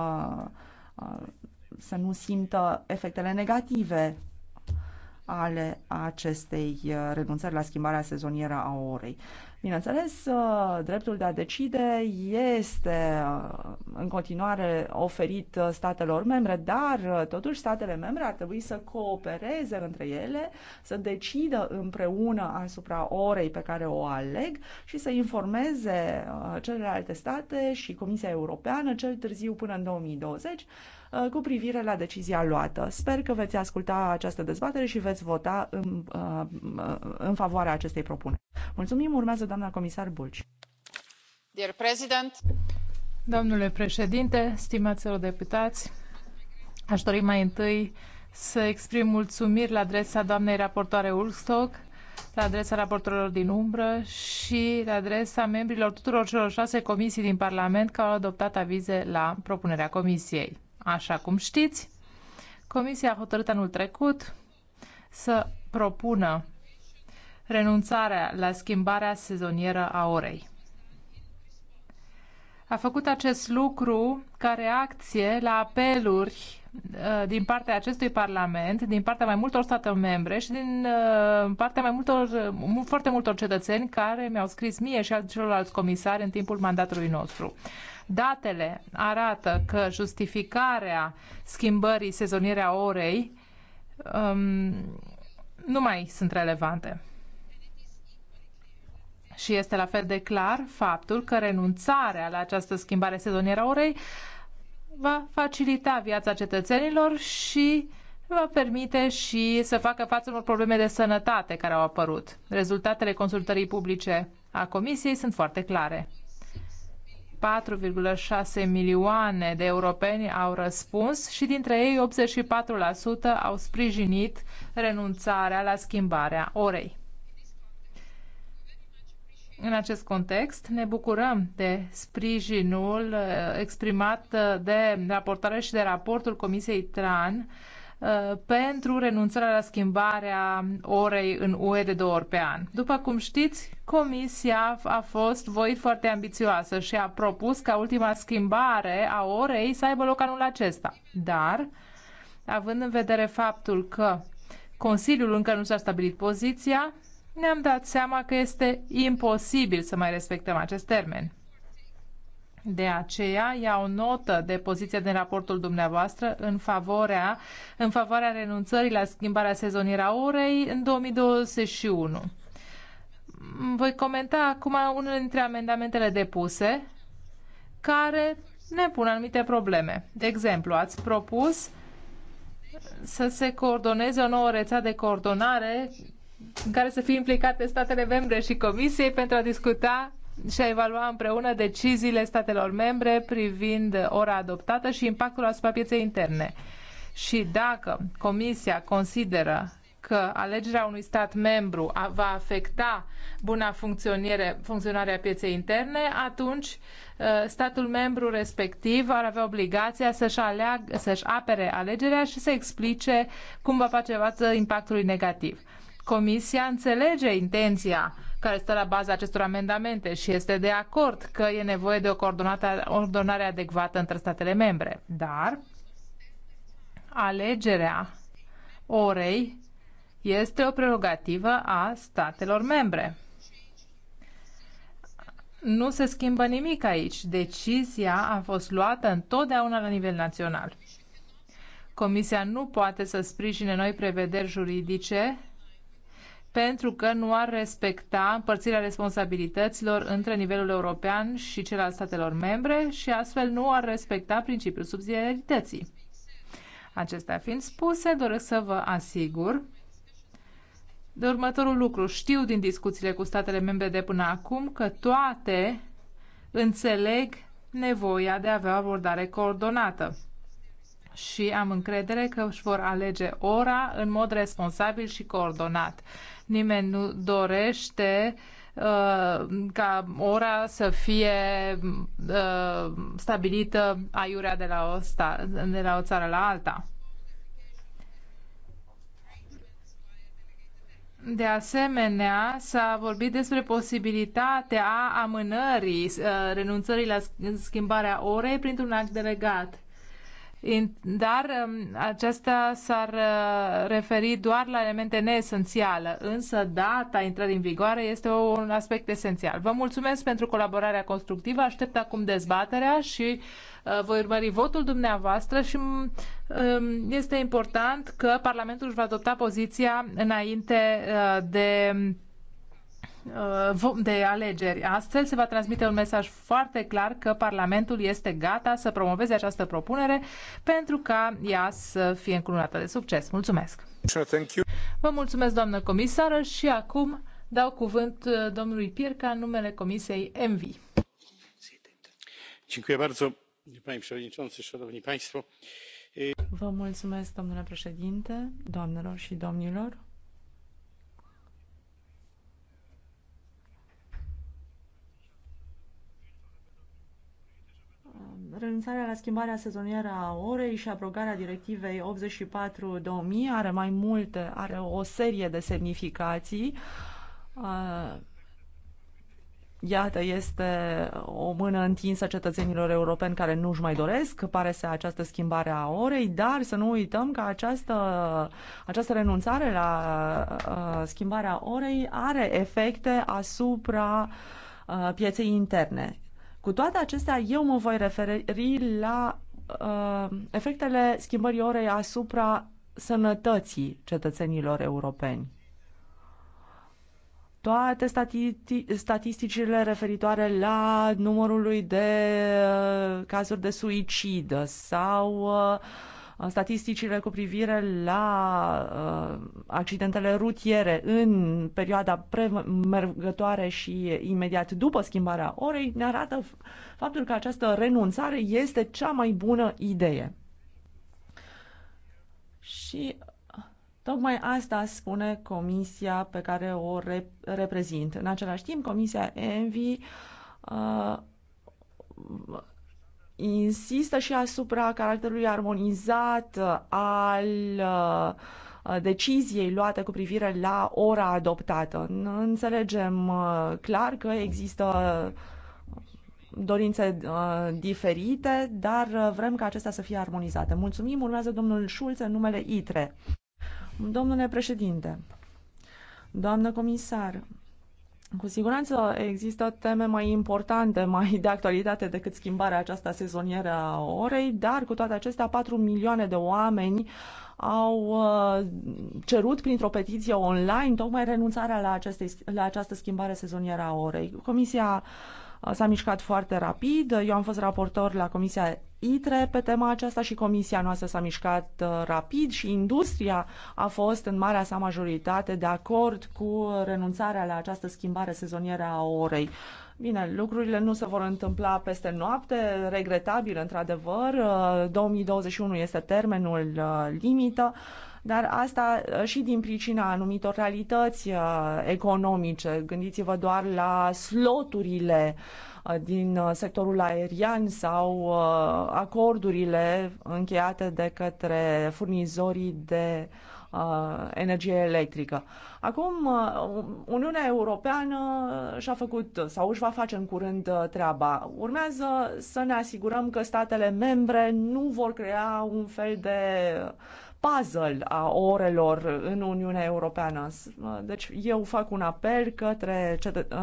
să nu simtă efectele negative ale acestei renunțări la schimbarea sezonieră a orei. Bineînțeles, uh, dreptul de a decide este uh, în continuare oferit uh, statelor membre, dar totuși statele membre ar trebui să coopereze între ele, să decidă împreună asupra orei pe care o aleg și să informeze celelalte state și Comisia Europeană cel târziu până în 2020 Uh, cu privire la decizia luată. Sper că veți asculta această dezbatere și veți vota în, uh, uh, în favoarea acestei propuneri. Mulțumim, urmează doamna comisar Bulci. Dear President. Domnule președinte, stimați eurodeputați, aș dori mai întâi să exprim mulțumiri la adresa doamnei raportoare Ulstock, la adresa raportorilor din umbră și la adresa membrilor tuturor celor șase comisii din Parlament care au adoptat avize la propunerea comisiei. Așa cum știți, Comisia a hotărât anul trecut să propună renunțarea la schimbarea sezonieră a orei. A făcut acest lucru ca reacție la apeluri uh, din partea acestui Parlament, din partea mai multor state membre și din uh, partea mai multor, uh, foarte multor cetățeni care mi-au scris mie și celorlalți comisari în timpul mandatului nostru. Datele arată că justificarea schimbării sezonierea orei um, nu mai sunt relevante. Și este la fel de clar faptul că renunțarea la această schimbare sezonieră a orei va facilita viața cetățenilor și va permite și să facă față unor probleme de sănătate care au apărut. Rezultatele consultării publice a Comisiei sunt foarte clare. 4,6 milioane de europeni au răspuns și dintre ei 84% au sprijinit renunțarea la schimbarea orei. În acest context, ne bucurăm de sprijinul eh, exprimat eh, de raportare și de raportul Comisiei TRAN Uh, pentru renunțarea la schimbarea orei în UE de două ori pe an. După cum știți, Comisia a fost voit foarte ambițioasă și a propus ca ultima schimbare a orei să aibă loc anul acesta. Dar, având în vedere faptul că Consiliul încă nu s a stabilit poziția, ne-am dat seama că este imposibil să mai respectăm acest termen. De aceea iau notă de poziția din raportul dumneavoastră în favoarea, în favoarea renunțării la schimbarea sezoniera orei în 2021. Voi comenta acum unul dintre amendamentele depuse care ne pun anumite probleme. De exemplu, ați propus să se coordoneze o nouă rețea de coordonare în care să fie implicate statele membre și Comisiei pentru a discuta și a evalua împreună deciziile statelor membre privind ora adoptată și impactul asupra pieței interne. Și dacă Comisia consideră că alegerea unui stat membru va afecta buna funcționare, funcționarea pieței interne, atunci uh, statul membru respectiv ar avea obligația să-și, aleag, să-și apere alegerea și să explice cum va face față impactului negativ. Comisia înțelege intenția care stă la baza acestor amendamente și este de acord că e nevoie de o coordonare adecvată între statele membre. Dar alegerea orei este o prerogativă a statelor membre. Nu se schimbă nimic aici. Decizia a fost luată întotdeauna la nivel național. Comisia nu poate să sprijine noi prevederi juridice pentru că nu ar respecta împărțirea responsabilităților între nivelul european și cel al statelor membre și astfel nu ar respecta principiul subsidiarității. Acestea fiind spuse, doresc să vă asigur de următorul lucru. Știu din discuțiile cu statele membre de până acum că toate înțeleg nevoia de a avea o abordare coordonată și am încredere că își vor alege ora în mod responsabil și coordonat. Nimeni nu dorește uh, ca ora să fie uh, stabilită aiurea de la, o sta, de la o țară la alta. De asemenea, s-a vorbit despre posibilitatea amânării, uh, renunțării la schimbarea orei printr-un act delegat dar um, aceasta s-ar uh, referi doar la elemente neesențiale, însă data intrării în vigoare este un aspect esențial. Vă mulțumesc pentru colaborarea constructivă, aștept acum dezbaterea și uh, voi urmări votul dumneavoastră și mm, um, este important că Parlamentul își va adopta poziția înainte uh, de Uh, de alegeri. Astfel se va transmite un mesaj foarte clar că Parlamentul este gata să promoveze această propunere pentru ca ea să fie încununată de succes. Mulțumesc! Vă mulțumesc, doamnă comisară, și acum dau cuvânt uh, domnului Pierca în numele Comisiei MV. Vă mulțumesc, domnule președinte, doamnelor și domnilor. Um, renunțarea la schimbarea sezonieră a orei și abrogarea directivei 84-2000 are mai multe, are o serie de semnificații. Uh, iată, este o mână întinsă cetățenilor europeni care nu și mai doresc, pare să această schimbare a orei, dar să nu uităm că această, această renunțare la uh, schimbarea orei are efecte asupra uh, pieței interne cu toate acestea, eu mă voi referi la uh, efectele schimbării orei asupra sănătății cetățenilor europeni. Toate stati- statisticile referitoare la numărul de uh, cazuri de suicid sau uh, statisticile cu privire la uh, accidentele rutiere în perioada premergătoare și imediat după schimbarea orei ne arată faptul că această renunțare este cea mai bună idee. Și Tocmai asta spune comisia pe care o rep- reprezint. În același timp, comisia ENVI uh, insistă și asupra caracterului armonizat uh, al uh, uh, deciziei luate cu privire la ora adoptată. Înțelegem clar că există dorințe diferite, dar vrem ca acestea să fie armonizate. Mulțumim, urmează domnul Schulz în numele ITRE. Domnule președinte, doamnă comisar, cu siguranță există teme mai importante, mai de actualitate decât schimbarea aceasta sezonieră a orei, dar cu toate acestea 4 milioane de oameni au uh, cerut printr-o petiție online tocmai renunțarea la, aceste, la această schimbare sezonieră a orei. Comisia Uh, s-a mișcat foarte rapid. Eu am fost raportor la Comisia ITRE pe tema aceasta și comisia noastră s-a mișcat uh, rapid și industria a fost în marea sa majoritate de acord cu renunțarea la această schimbare sezonieră a orei. Bine, lucrurile nu se vor întâmpla peste noapte, regretabil într-adevăr. 2021 uh, este termenul limită dar asta uh, și din pricina anumitor realități uh, economice. Gândiți-vă doar la sloturile uh, din sectorul aerian sau acordurile încheiate de către furnizorii de energie electrică. Acum, Uniunea Europeană și-a făcut sau își va face în curând treaba. Urmează să ne asigurăm că statele membre nu vor crea un fel de uh, puzzle a orelor în Uniunea Europeană. Deci eu fac un apel către,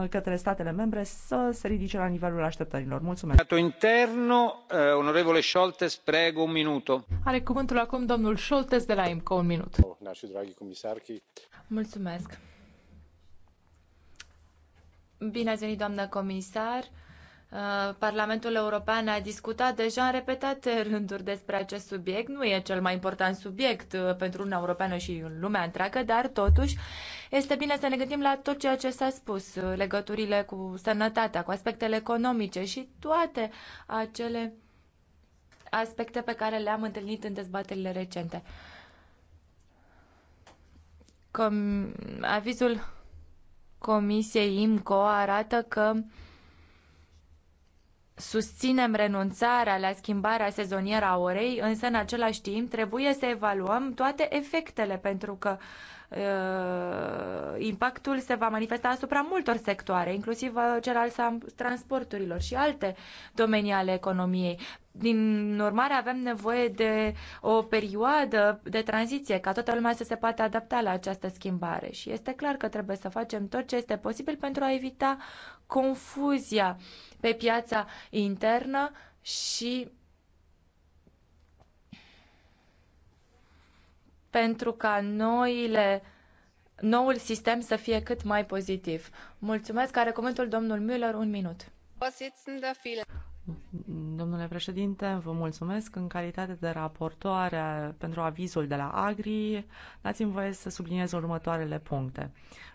către statele membre să se ridice la nivelul așteptărilor. Mulțumesc. Interno, eh, onorevole Scholtes, preg un minut. Are cuvântul acum domnul Scholtes de la IMCO, un minut. Mulțumesc. Bine ați venit, doamnă comisar. Uh, Parlamentul European a discutat deja în repetate rânduri despre acest subiect. Nu e cel mai important subiect uh, pentru Uniunea Europeană și lumea întreagă, dar totuși este bine să ne gândim la tot ceea ce s-a spus, uh, legăturile cu sănătatea, cu aspectele economice și toate acele aspecte pe care le-am întâlnit în dezbaterile recente. Com- avizul Comisiei IMCO arată că Susținem renunțarea la schimbarea sezonieră a orei, însă în același timp trebuie să evaluăm toate efectele pentru că uh, impactul se va manifesta asupra multor sectoare, inclusiv uh, cel al transporturilor și alte domenii ale economiei. Din urmare, avem nevoie de o perioadă de tranziție ca toată lumea să se poată adapta la această schimbare și este clar că trebuie să facem tot ce este posibil pentru a evita confuzia pe piața internă și pentru ca noile, noul sistem să fie cât mai pozitiv. Mulțumesc. Are cuvântul domnul Müller, un minut. Domnule președinte, vă mulțumesc. În calitate de raportoare pentru avizul de la Agri, dați-mi voie să subliniez următoarele puncte.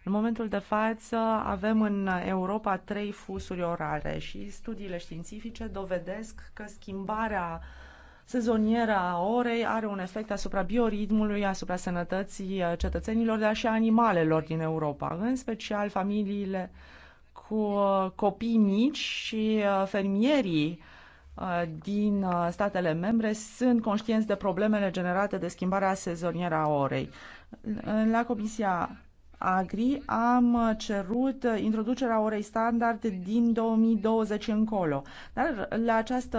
În momentul de față avem în Europa trei fusuri orare și studiile științifice dovedesc că schimbarea sezonieră a orei are un efect asupra bioritmului, asupra sănătății cetățenilor, dar și a animalelor din Europa, în special familiile cu uh, copii mici și uh, fermierii uh, din statele membre sunt conștienți de problemele generate de schimbarea sezonieră a orei. La Comisia Agri am cerut introducerea orei standard din 2020 încolo, dar la această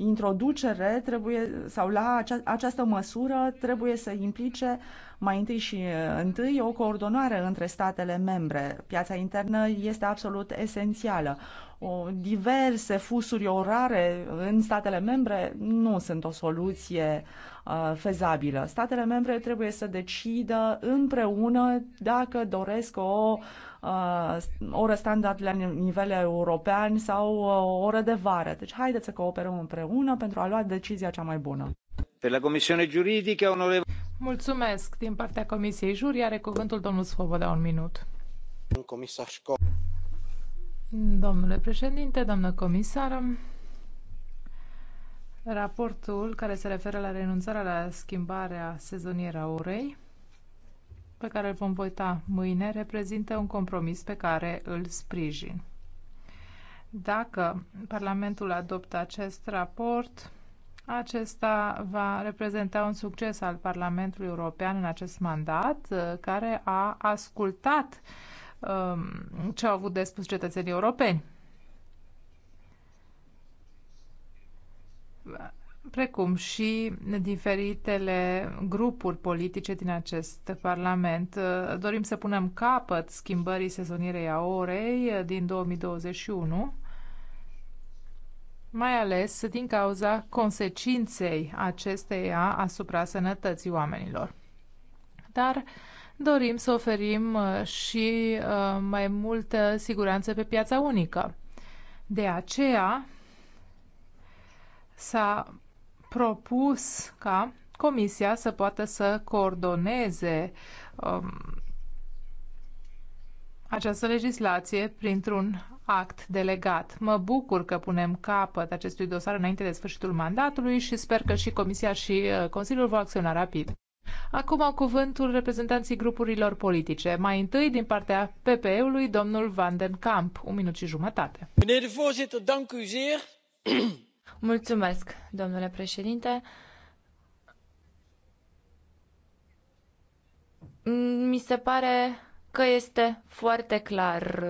introducere trebuie, sau la acea, această măsură trebuie să implice mai întâi și întâi o coordonare între statele membre. Piața internă este absolut esențială. O, diverse fusuri orare în statele membre nu sunt o soluție uh, fezabilă. Statele membre trebuie să decidă împreună dacă doresc o uh, Uh, ore standard la nivel european sau uh, ore de vară. Deci haideți să cooperăm împreună pentru a lua decizia cea mai bună. Pe la Comisiune Juridică, onorevole... Mulțumesc. Din partea Comisiei Juri are cuvântul domnul Svoboda, un minut. Comisar Domnule președinte, doamnă comisară, raportul care se referă la renunțarea la schimbarea sezonieră a orei pe care îl vom vota mâine reprezintă un compromis pe care îl sprijin. Dacă Parlamentul adoptă acest raport, acesta va reprezenta un succes al Parlamentului European în acest mandat, uh, care a ascultat um, ce au avut de spus cetățenii europeni precum și diferitele grupuri politice din acest Parlament. Dorim să punem capăt schimbării sezonirei a orei din 2021, mai ales din cauza consecinței acesteia asupra sănătății oamenilor. Dar dorim să oferim uh, și uh, mai multă siguranță pe piața unică. De aceea, s-a propus ca Comisia să poată să coordoneze um, această legislație printr-un act delegat. Mă bucur că punem capăt acestui dosar înainte de sfârșitul mandatului și sper că și Comisia și uh, Consiliul vor acționa rapid. Acum au cuvântul reprezentanții grupurilor politice. Mai întâi, din partea PPE-ului, domnul Van den Kamp. Un minut și jumătate. Meneer de voorzitter, dank u zeer. Mulțumesc, domnule președinte. Mi se pare că este foarte clar.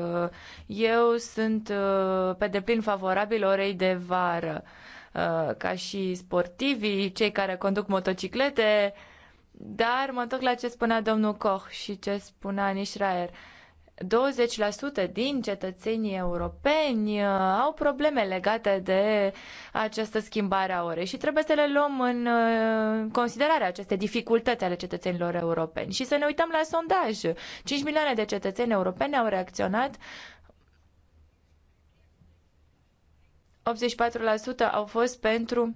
Eu sunt uh, pe deplin favorabil orei de vară. Uh, ca și sportivii, cei care conduc motociclete, dar mă întorc la ce spunea domnul Koch și ce spunea Nishraer. Uh, 20% din cetățenii europeni uh, au probleme legate de această schimbare a orei și trebuie să le luăm în uh, considerare aceste dificultăți ale cetățenilor europeni. Și să ne uităm la sondaj. 5 milioane de cetățeni europeni au reacționat 84% au fost pentru uh,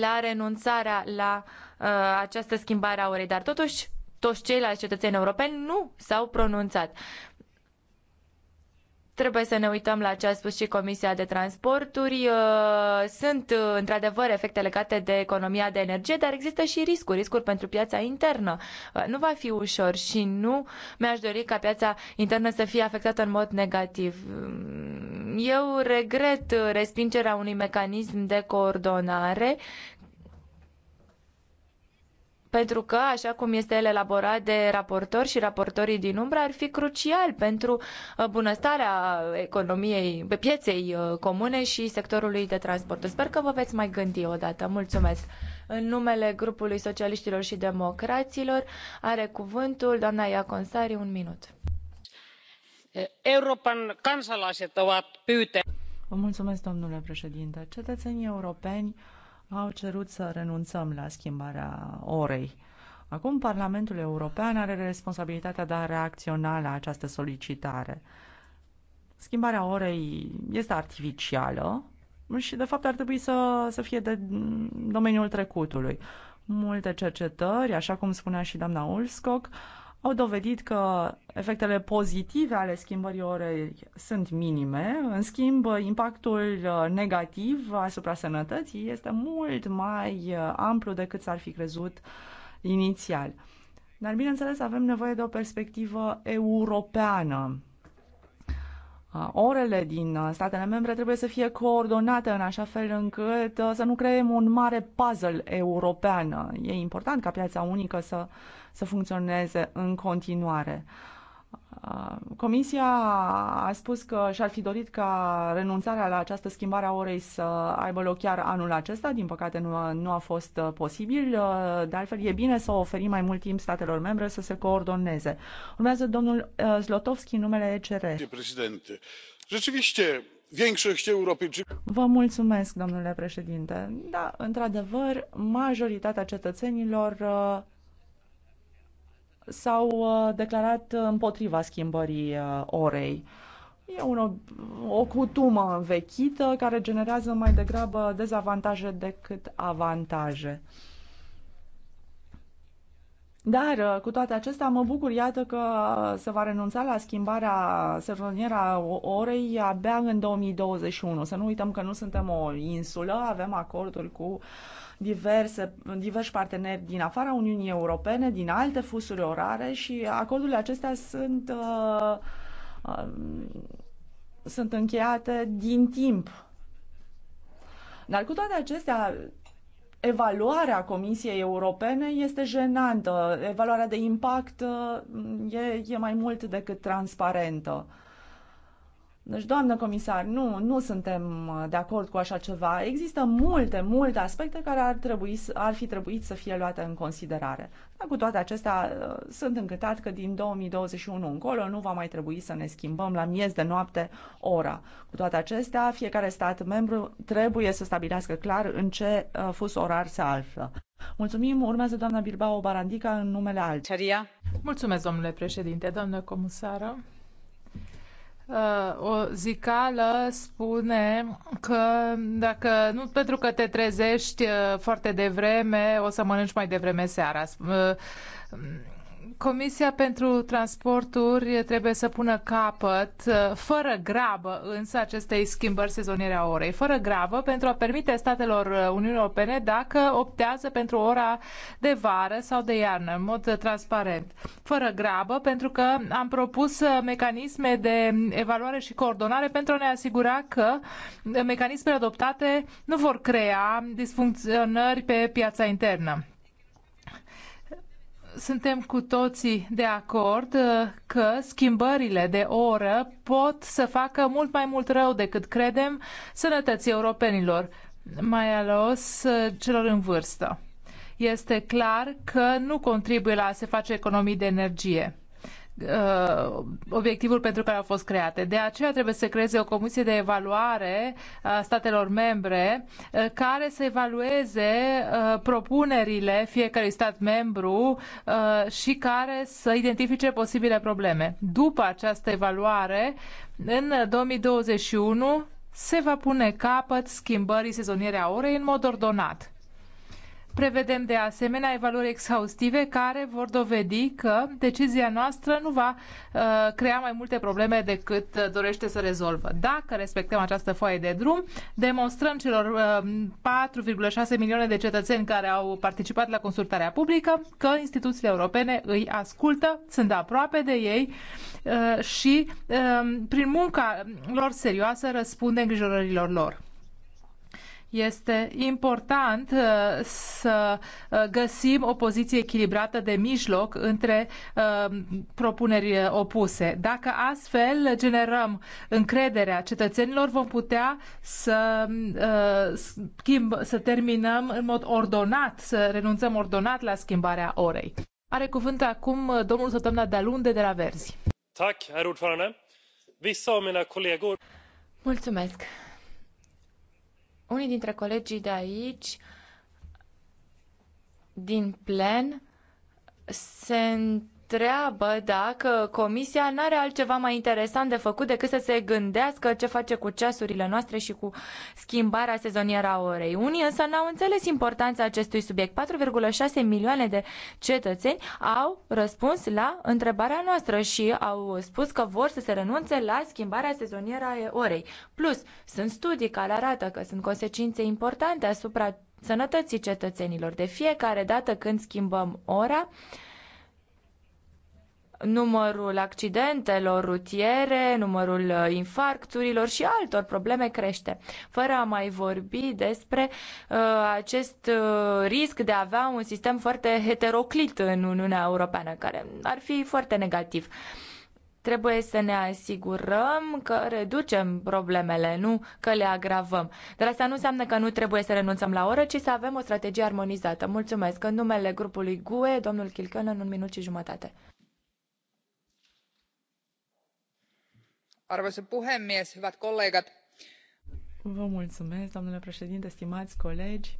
la renunțarea la această schimbare a orei, dar totuși toți ceilalți cetățeni europeni nu s-au pronunțat. Trebuie să ne uităm la ce a spus și Comisia de Transporturi. Uh, sunt, uh, într-adevăr, efecte legate de economia de energie, dar există și riscuri, riscuri pentru piața internă. Uh, nu va fi ușor și nu mi-aș dori ca piața internă să fie afectată în mod negativ. Mm, eu regret respingerea unui mecanism de coordonare pentru că, așa cum este el elaborat de raportori și raportorii din umbră, ar fi crucial pentru uh, bunăstarea economiei, pieței uh, comune și sectorului de transport. Sper că vă veți mai gândi odată. Mulțumesc! În numele grupului socialiștilor și democraților are cuvântul doamna Iaconsari, un minut. Euroopan kansalaiset ovat pyyte. Vă mulțumesc, domnule președinte. Cetățenii europeni au cerut să renunțăm la schimbarea orei. Acum Parlamentul European are responsabilitatea de a reacționa la această solicitare. Schimbarea orei este artificială și, de fapt, ar trebui să, să fie de domeniul trecutului. Multe cercetări, așa cum spunea și doamna Ulscoc, uh, au dovedit că efectele pozitive ale schimbării orei sunt minime, în schimb impactul uh, negativ asupra sănătății este mult mai uh, amplu decât s-ar fi crezut inițial. Dar bineînțeles avem nevoie de o perspectivă europeană orele din statele membre trebuie să fie coordonate în așa fel încât să nu creăm un mare puzzle european. E important ca piața unică să, să funcționeze în continuare. Uh, comisia a spus că și-ar fi dorit ca renunțarea la această schimbare a orei să aibă loc chiar anul acesta. Din păcate nu a, nu a fost uh, posibil. Uh, de altfel, e bine să oferim mai mult timp statelor membre să se coordoneze. Urmează domnul Zlotowski în numele ECR. Președinte, rzeczywiście Vă mulțumesc, domnule președinte. Da, într-adevăr, majoritatea cetățenilor s-au uh, declarat împotriva schimbării uh, orei. E un, o cutumă învechită care generează mai degrabă dezavantaje decât avantaje. Dar, uh, cu toate acestea, mă bucur, iată, că se va renunța la schimbarea seroniera orei abia în 2021. Să nu uităm că nu suntem o insulă, avem acordul cu uh, diverse, diversi parteneri din afara Uniunii Europene, din alte fusuri orare și acordurile acestea sunt, uh, uh, sunt încheiate din timp. Dar cu toate acestea, evaluarea Comisiei Europene este jenantă. Evaluarea de impact uh, e, e mai mult decât transparentă. Deci, doamnă comisar, nu, nu suntem uh, de acord cu așa ceva. Există multe, multe aspecte care ar, trebui, ar fi trebuit să fie luate în considerare. Dar cu toate acestea, uh, sunt încântat că din 2021 încolo nu va mai trebui să ne schimbăm la miez de noapte ora. Cu toate acestea, fiecare stat membru trebuie să stabilească clar în ce uh, fus orar se află. Mulțumim, urmează doamna Bilbao Barandica în numele altceria. Mulțumesc, domnule președinte, doamnă comisară. Uh, o zicală spune că dacă nu pentru că te trezești uh, foarte devreme, o să mănânci mai devreme seara. Uh, Comisia pentru Transporturi trebuie să pună capăt, uh, fără grabă însă, acestei schimbări sezoniere a orei. Fără grabă pentru a permite statelor uh, Uniunii Europene dacă optează pentru ora de vară sau de iarnă, în mod uh, transparent. Fără grabă pentru că am propus mecanisme de evaluare și coordonare pentru a ne asigura că mecanismele adoptate nu vor crea disfuncționări pe piața internă suntem cu toții de acord uh, că schimbările de oră pot să facă mult mai mult rău decât credem sănătății europenilor, mai ales uh, celor în vârstă. Este clar că nu contribuie la a se face economii de energie uh, obiectivul pentru care au fost create. De aceea trebuie să creeze o comisie de evaluare a statelor membre uh, care să evalueze uh, propunerile fiecărui stat membru uh, și care să identifice posibile probleme. După această evaluare, în 2021 se va pune capăt schimbării sezoniere a orei în mod ordonat Prevedem de asemenea evaluări exhaustive care vor dovedi că decizia noastră nu va uh, crea mai multe probleme decât uh, dorește să rezolvă. Dacă respectăm această foaie de drum, demonstrăm celor uh, 4,6 milioane de cetățeni care au participat la consultarea publică că instituțiile europene îi ascultă, sunt aproape de ei uh, și uh, prin munca lor serioasă răspunde îngrijorărilor lor. Este important uh, să uh, găsim o poziție echilibrată de mijloc între uh, propuneri opuse. Dacă astfel generăm încrederea cetățenilor, vom putea să schimb, să terminăm în mod ordonat, să renunțăm ordonat la schimbarea orei. Are cuvânt acum domnul Săptămâna Dalunde de la Verzi. Mulțumesc. Unii dintre colegii de aici, din plen, se întreabă dacă Comisia n-are altceva mai interesant de făcut decât să se gândească ce face cu ceasurile noastre și cu schimbarea sezonieră a orei. Unii însă n-au înțeles importanța acestui subiect. 4,6 milioane de cetățeni au răspuns la întrebarea noastră și au spus că vor să se renunțe la schimbarea sezonieră a orei. Plus, sunt studii care arată că sunt consecințe importante asupra sănătății cetățenilor. De fiecare dată când schimbăm ora, numărul accidentelor rutiere, numărul uh, infarcturilor și altor probleme crește, fără a mai vorbi despre uh, acest uh, risc de a avea un sistem foarte heteroclit în Uniunea Europeană, care ar fi foarte negativ. Trebuie să ne asigurăm că reducem problemele, nu că le agravăm. Dar asta nu înseamnă că nu trebuie să renunțăm la oră, ci să avem o strategie armonizată. Mulțumesc. În numele grupului GUE, domnul Chilcăl, în un minut și jumătate. arvoisa puhemies hyvät kollegat Vă mulțumesc, domnule președinte, stimați colegi.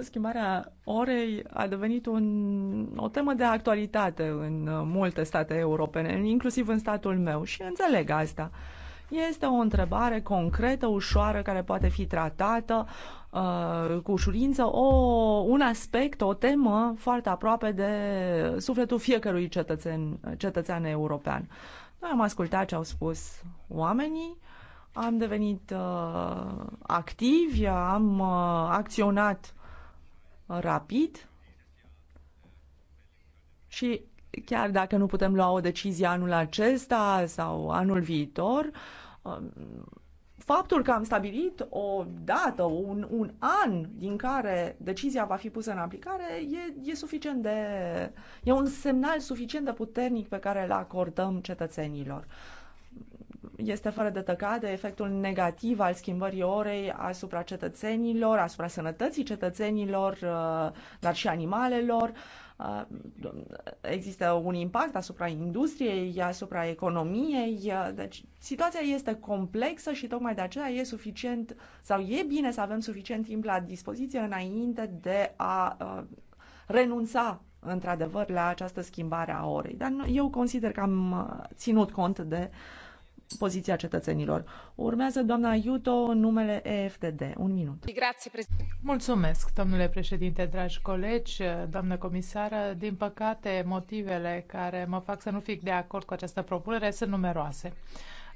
Schimbarea orei a devenit un, o temă de actualitate în multe state europene, inclusiv în statul meu, și înțeleg asta. Este o întrebare concretă, ușoară, care poate fi tratată uh, cu ușurință, o, un aspect, o temă foarte aproape de sufletul fiecărui cetățen, cetățean european. Noi am ascultat ce au spus oamenii, am devenit uh, activi, am uh, acționat rapid și chiar dacă nu putem lua o decizie anul acesta sau anul viitor, um, faptul că am stabilit o dată, un, un an din care decizia va fi pusă în aplicare e, e suficient de. e un semnal suficient de puternic pe care îl acordăm cetățenilor. Este fără de tăcade efectul negativ al schimbării orei asupra cetățenilor, asupra sănătății cetățenilor, uh, dar și animalelor. Uh, există un impact asupra industriei, asupra economiei. Uh, deci situația este complexă și tocmai de aceea e suficient sau e bine să avem suficient timp la dispoziție înainte de a uh, renunța într-adevăr la această schimbare a orei. Dar eu consider că am ținut cont de uh, poziția cetățenilor. Urmează doamna Iuto în numele EFTD. Un minut. Mulțumesc, domnule președinte, dragi colegi, doamnă comisară. Din păcate, motivele care mă fac să nu fiu de acord cu această propunere sunt numeroase.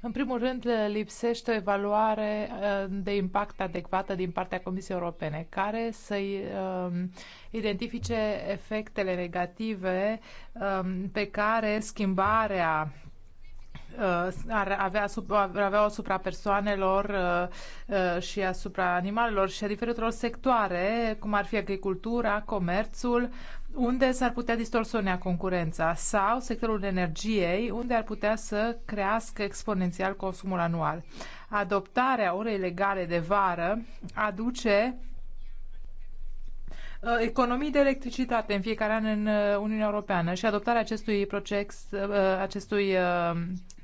În primul rând, lipsește o evaluare uh, de impact adecvată din partea Comisiei Europene, care să um, identifice efectele negative um, pe care schimbarea Uh, ar avea, sub, ar avea asupra persoanelor uh, uh, și asupra animalelor și a diferitelor sectoare, cum ar fi agricultura, comerțul, unde s-ar putea distorsiona concurența sau sectorul energiei, unde ar putea să crească exponențial consumul anual. Adoptarea orei legale de vară aduce economii de electricitate în fiecare an în Uniunea Europeană și adoptarea acestui proces, acestui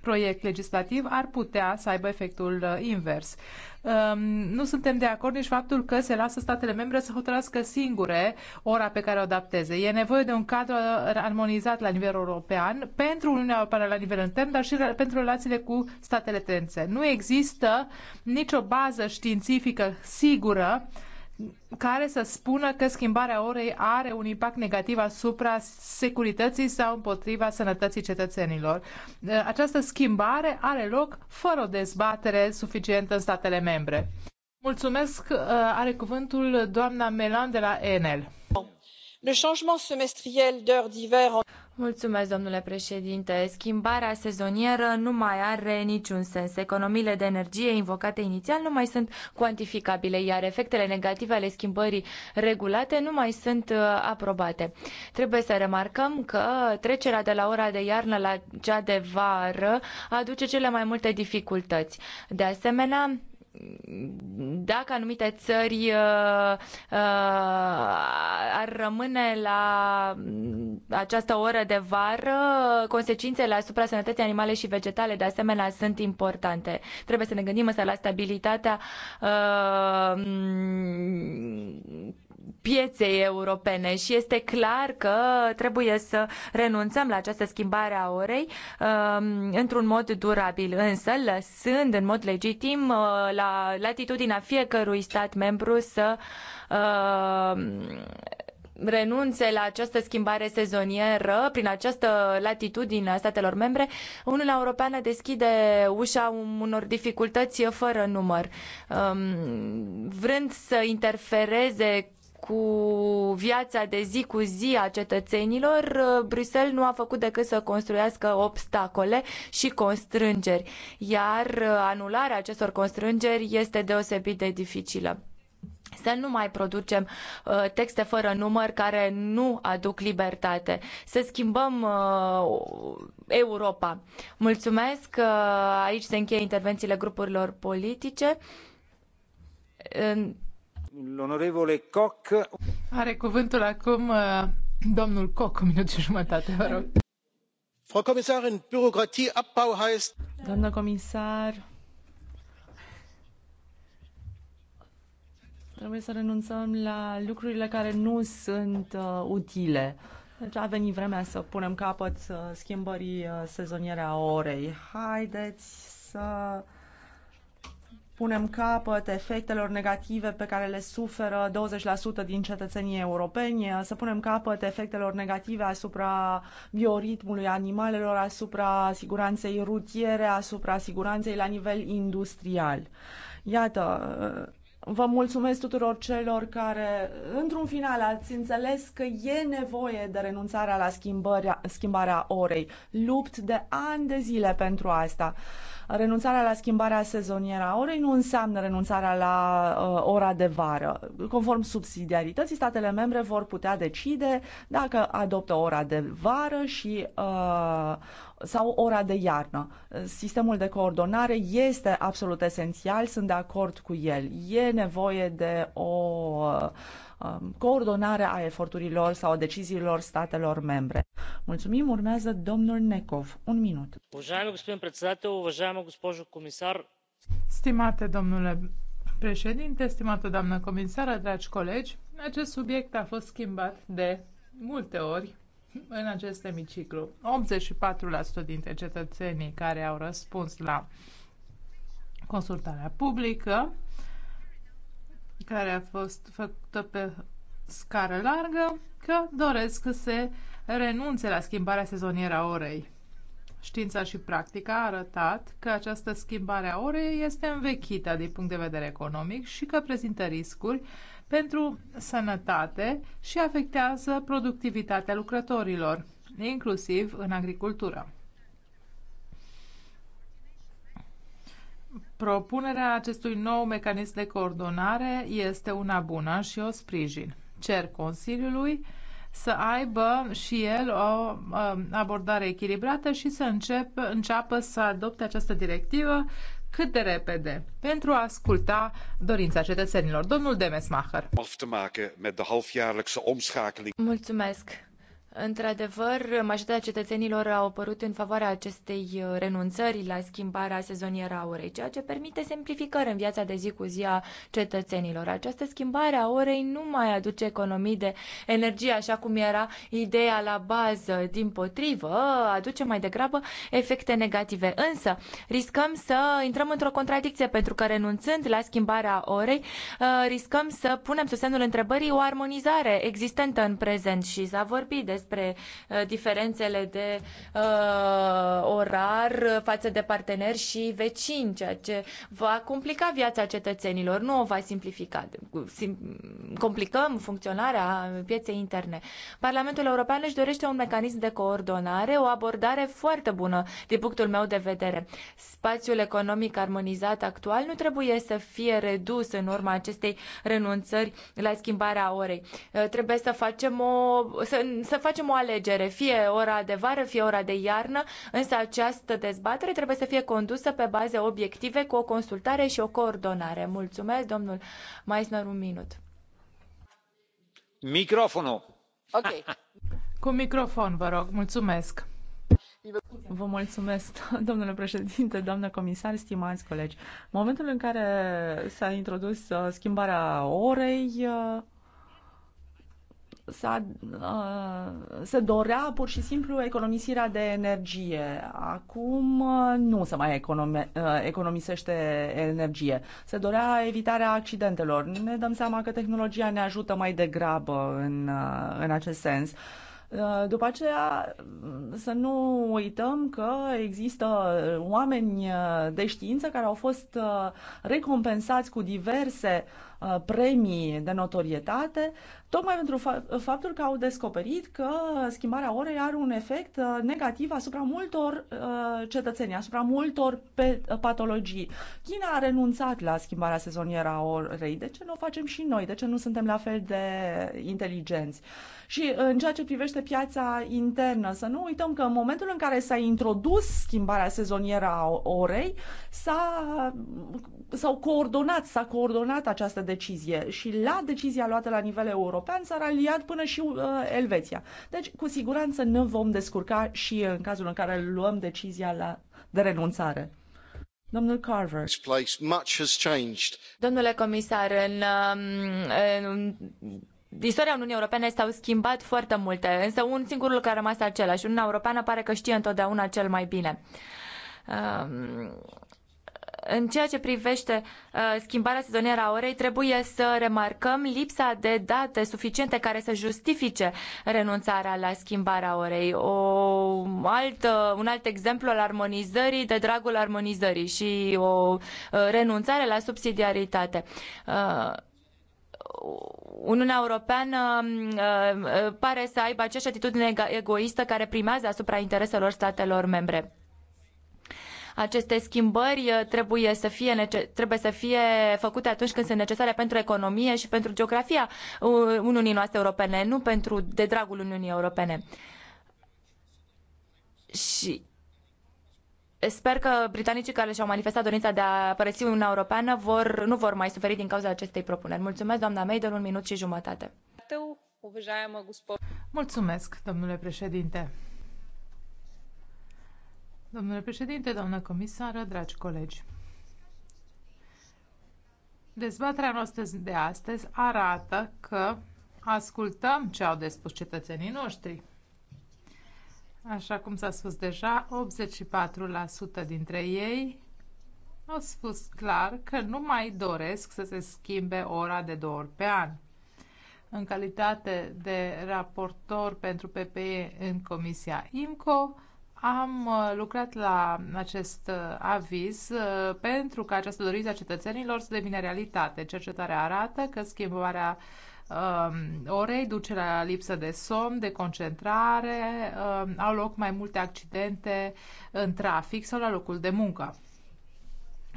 proiect legislativ ar putea să aibă efectul uh, invers. Um, nu suntem de acord nici faptul că se lasă statele membre să hotărască singure ora pe care o adapteze. E nevoie de un cadru armonizat la nivel european pentru Uniunea Europeană la nivel intern, dar și pentru relațiile cu statele terțe. Nu există nicio bază științifică sigură uh, care să spună că schimbarea orei are un impact negativ asupra securității sau împotriva sănătății cetățenilor. Uh, această schimbare are loc fără o dezbatere suficientă în statele membre. Mulțumesc, uh, are cuvântul doamna Melan de la Enel. Le changement semestriel d'hiver Mulțumesc, domnule președinte. Schimbarea sezonieră nu mai are niciun sens. Economiile de energie invocate inițial nu mai sunt cuantificabile, iar efectele negative ale schimbării regulate nu mai sunt uh, aprobate. Trebuie să remarcăm că trecerea de la ora de iarnă la cea de vară aduce cele mai multe dificultăți. De asemenea, dacă anumite țări uh, uh, ar rămâne la această oră de vară, consecințele asupra sănătății animale și vegetale de asemenea sunt importante. Trebuie să ne gândim însă la stabilitatea uh, pieței europene și este clar că trebuie să renunțăm la această schimbare a orei um, într-un mod durabil, însă lăsând în mod legitim uh, la latitudinea fiecărui stat membru să uh, renunțe la această schimbare sezonieră, prin această latitudine a statelor membre, Uniunea Europeană deschide ușa unor dificultăți fără număr. Um, vrând să interfereze cu viața de zi cu zi a cetățenilor, uh, Bruxelles nu a făcut decât să construiască obstacole și constrângeri, iar uh, anularea acestor constrângeri este deosebit de dificilă să nu mai producem uh, texte fără număr care nu aduc libertate, să schimbăm Europa. Mulțumesc că aici se încheie intervențiile grupurilor politice acum uh, domnul Frau Kommissarin, Bürokratieabbau heißt. comisar, trebuie să renunțăm la lucrurile care nu sunt uh, utile. Deci a venit vremea să punem capăt uh, schimbării uh, sezoniere a orei. Haideți să punem capăt efectelor negative pe care le suferă 20% din cetățenii europeni, să punem capăt efectelor negative asupra bioritmului animalelor, asupra siguranței rutiere, asupra siguranței la nivel industrial. Iată, vă mulțumesc tuturor celor care, într-un final, ați înțeles că e nevoie de renunțarea la schimbarea, schimbarea orei. Lupt de ani de zile pentru asta. Renunțarea la schimbarea sezonieră a orei nu înseamnă renunțarea la uh, ora de vară. Conform subsidiarității, statele membre vor putea decide dacă adoptă ora de vară și uh, sau ora de iarnă. Sistemul de coordonare este absolut esențial, sunt de acord cu el. E nevoie de o uh, Um, coordonare a eforturilor sau a deciziilor statelor membre. Mulțumim, urmează domnul Necov. Un minut. Stimate domnule președinte, stimată doamnă comisară, dragi colegi, acest subiect a fost schimbat de multe ori în acest emiciclu. 84% dintre cetățenii care au răspuns la consultarea publică care a fost făcută pe scară largă că doresc să se renunțe la schimbarea sezonieră a orei. Știința și practica a arătat că această schimbare a orei este învechită din punct de vedere economic și că prezintă riscuri pentru sănătate și afectează productivitatea lucrătorilor, inclusiv în agricultură. Propunerea acestui nou mecanism de coordonare este una bună și o sprijin. Cer Consiliului să aibă și el o um, abordare echilibrată și să încep, înceapă să adopte această directivă cât de repede pentru a asculta dorința cetățenilor. Domnul Demesmacher. Mulțumesc. Într-adevăr, majoritatea cetățenilor au apărut în favoarea acestei uh, renunțări la schimbarea sezonieră a orei, ceea ce permite simplificări în viața de zi cu zi a cetățenilor. Această schimbare a orei nu mai aduce economii de energie, așa cum era ideea la bază. Din potrivă, aduce mai degrabă efecte negative. Însă, riscăm să intrăm într-o contradicție, pentru că renunțând la schimbarea orei, uh, riscăm să punem sub semnul întrebării o armonizare existentă în prezent și s-a vorbit de despre uh, diferențele de uh, orar față de parteneri și vecini, ceea ce va complica viața cetățenilor, nu o va simplifica. Sim- complicăm funcționarea pieței interne. Parlamentul European își dorește un mecanism de coordonare, o abordare foarte bună din punctul meu de vedere. Spațiul economic armonizat actual nu trebuie să fie redus în urma acestei renunțări la schimbarea orei. Uh, trebuie să facem o să, să facem facem o alegere, fie ora de vară, fie ora de iarnă, însă această dezbatere trebuie să fie condusă pe baze obiective cu o consultare și o coordonare. Mulțumesc, domnul Meissner, un minut. Microfonul. Ok. Cu microfon, vă rog. Mulțumesc. Vă mulțumesc, domnule președinte, doamnă comisar, stimați colegi. Momentul în care s-a introdus uh, schimbarea orei, uh, s-a, uh, se dorea pur și simplu economisirea de energie. Acum uh, nu se mai econome, uh, economisește energie. Se dorea evitarea accidentelor. Ne dăm seama că tehnologia ne ajută mai degrabă în, în acest sens. După aceea, să nu uităm că există oameni de știință care au fost recompensați cu diverse uh, Uh, premii de notorietate, tocmai pentru fa- faptul că au descoperit că schimbarea orei are un efect uh, negativ asupra multor uh, cetățeni, asupra multor pe- patologii. China a renunțat la schimbarea sezonieră a orei. De ce nu o facem și noi? De ce nu suntem la fel de inteligenți? Și în ceea ce privește piața internă, să nu uităm că în momentul în care s-a introdus schimbarea sezonieră a orei, s-a, s-au coordonat, s-a coordonat această decizie și la decizia luată la nivel european s ar aliat până și uh, Elveția. Deci, cu siguranță ne vom descurca și în cazul în care luăm decizia la, de renunțare. Domnul Carver. Domnule comisar, um, în, în istoria Uniunii Europene s-au schimbat foarte multe, însă un singur lucru a rămas același. Uniunea Europeană pare că știe întotdeauna cel mai bine. Um în ceea ce privește uh, schimbarea sezonieră a orei, trebuie să remarcăm lipsa de date suficiente care să justifice renunțarea la schimbarea orei. O altă, un alt exemplu al armonizării de dragul armonizării și o uh, renunțare la subsidiaritate. Uh, Uniunea Europeană um, pare să aibă aceeași atitudine egoistă care primează asupra intereselor statelor membre. Aceste schimbări uh, trebuie să fie, trebuie să fie făcute atunci când sunt necesare pentru economie și pentru geografia uh, Uniunii noastre europene, nu pentru de dragul Uniunii Europene. Și sper că britanicii care și-au manifestat dorința de a părăsi Uniunea Europeană vor, nu vor mai suferi din cauza acestei propuneri. Mulțumesc, doamna de un minut și jumătate. Mulțumesc, domnule președinte. Domnule președinte, doamnă comisară, dragi colegi, dezbaterea noastră de astăzi arată că ascultăm ce au de spus cetățenii noștri. Așa cum s-a spus deja, 84% dintre ei au spus clar că nu mai doresc să se schimbe ora de două ori pe an. În calitate de raportor pentru PPE în Comisia IMCO, am uh, lucrat la acest uh, aviz uh, pentru ca această dorință a cetățenilor să devină realitate. Cercetarea arată că schimbarea um, orei duce la lipsă de somn, de concentrare, um, au loc mai multe accidente în trafic sau la locul de muncă.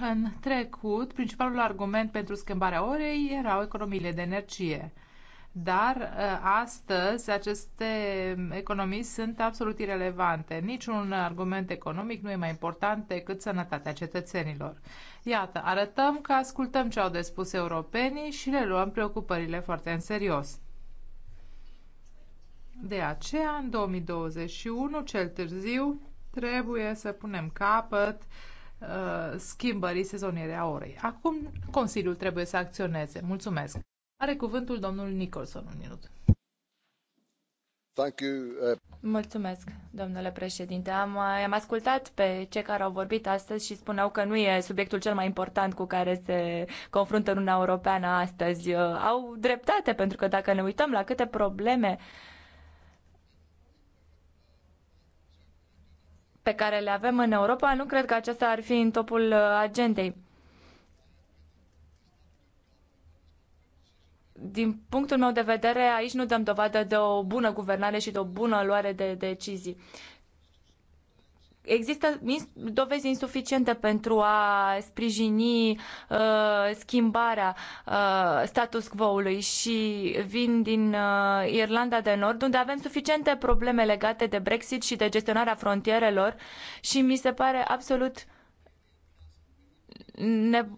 În trecut, principalul argument pentru schimbarea orei erau economiile de energie dar uh, astăzi aceste economii sunt absolut irelevante. Niciun argument economic nu e mai important decât sănătatea cetățenilor. Iată, arătăm că ascultăm ce au de spus europenii și le luăm preocupările foarte în serios. De aceea, în 2021, cel târziu, trebuie să punem capăt uh, schimbării sezoniere a orei. Acum Consiliul trebuie să acționeze. Mulțumesc! Are cuvântul domnul Nicholson, un minut. Uh, Mulțumesc, domnule președinte. Am, uh, am ascultat pe cei care au vorbit astăzi și spuneau că nu e subiectul cel mai important cu care se confruntă Uniunea Europeană astăzi. Uh, au dreptate, pentru că dacă ne uităm la câte probleme pe care le avem în Europa, nu cred că acesta ar fi în topul agendei din punctul meu de vedere, aici nu dăm dovadă de o bună guvernare și de o bună luare de decizii. Există dovezi insuficiente pentru a sprijini uh, schimbarea uh, status quo-ului și vin din uh, Irlanda de Nord, unde avem suficiente probleme legate de Brexit și de gestionarea frontierelor și mi se pare absolut ne-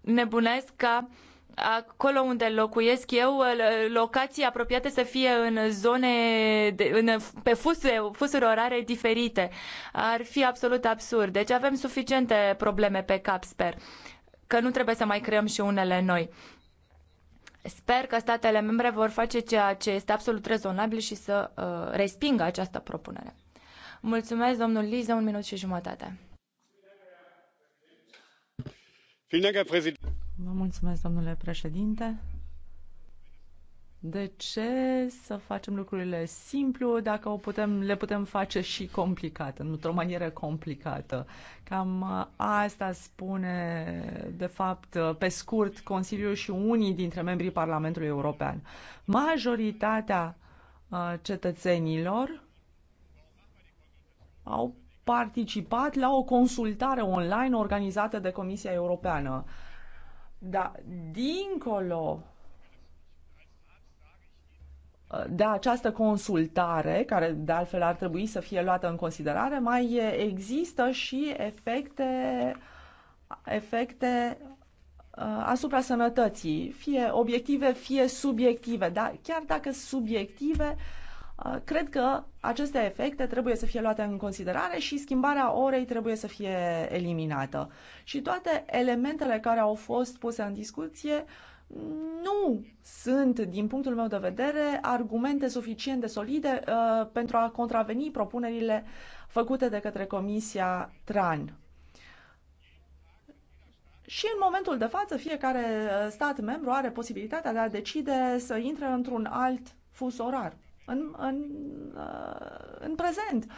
nebunesc ca uh, acolo unde locuiesc eu, locații apropiate să fie în zone, de, în, pe fuse, fusuri orare diferite. Ar fi absolut absurd. Deci avem suficiente probleme pe cap, sper. Că nu trebuie să mai creăm și unele noi. Sper că statele membre vor face ceea ce este absolut rezonabil și să uh, respingă această propunere. Mulțumesc, domnul Liza, un minut și jumătate. Mulțumesc, Vă mulțumesc, domnule președinte. De ce să facem lucrurile simplu dacă o putem, le putem face și complicat, într-o manieră complicată? Cam asta spune, de fapt, pe scurt, Consiliul și unii dintre membrii Parlamentului European. Majoritatea uh, cetățenilor au participat la o consultare online organizată de Comisia Europeană da, dincolo ă, de această consultare, care de altfel ar trebui să fie luată în considerare, mai există și efecte, efecte ă, asupra sănătății, fie obiective, fie subiective, dar chiar dacă subiective, uh, Uh, cred că aceste efecte trebuie să fie luate în considerare și schimbarea orei trebuie să fie eliminată. Și toate elementele care au fost puse în discuție nu sunt, din punctul meu de vedere, argumente suficient de solide uh, pentru a contraveni propunerile făcute de către Comisia TRAN. Și în momentul de față, fiecare uh, stat membru are posibilitatea de a decide să intre într-un alt fus orar în, în, uh, în prezent.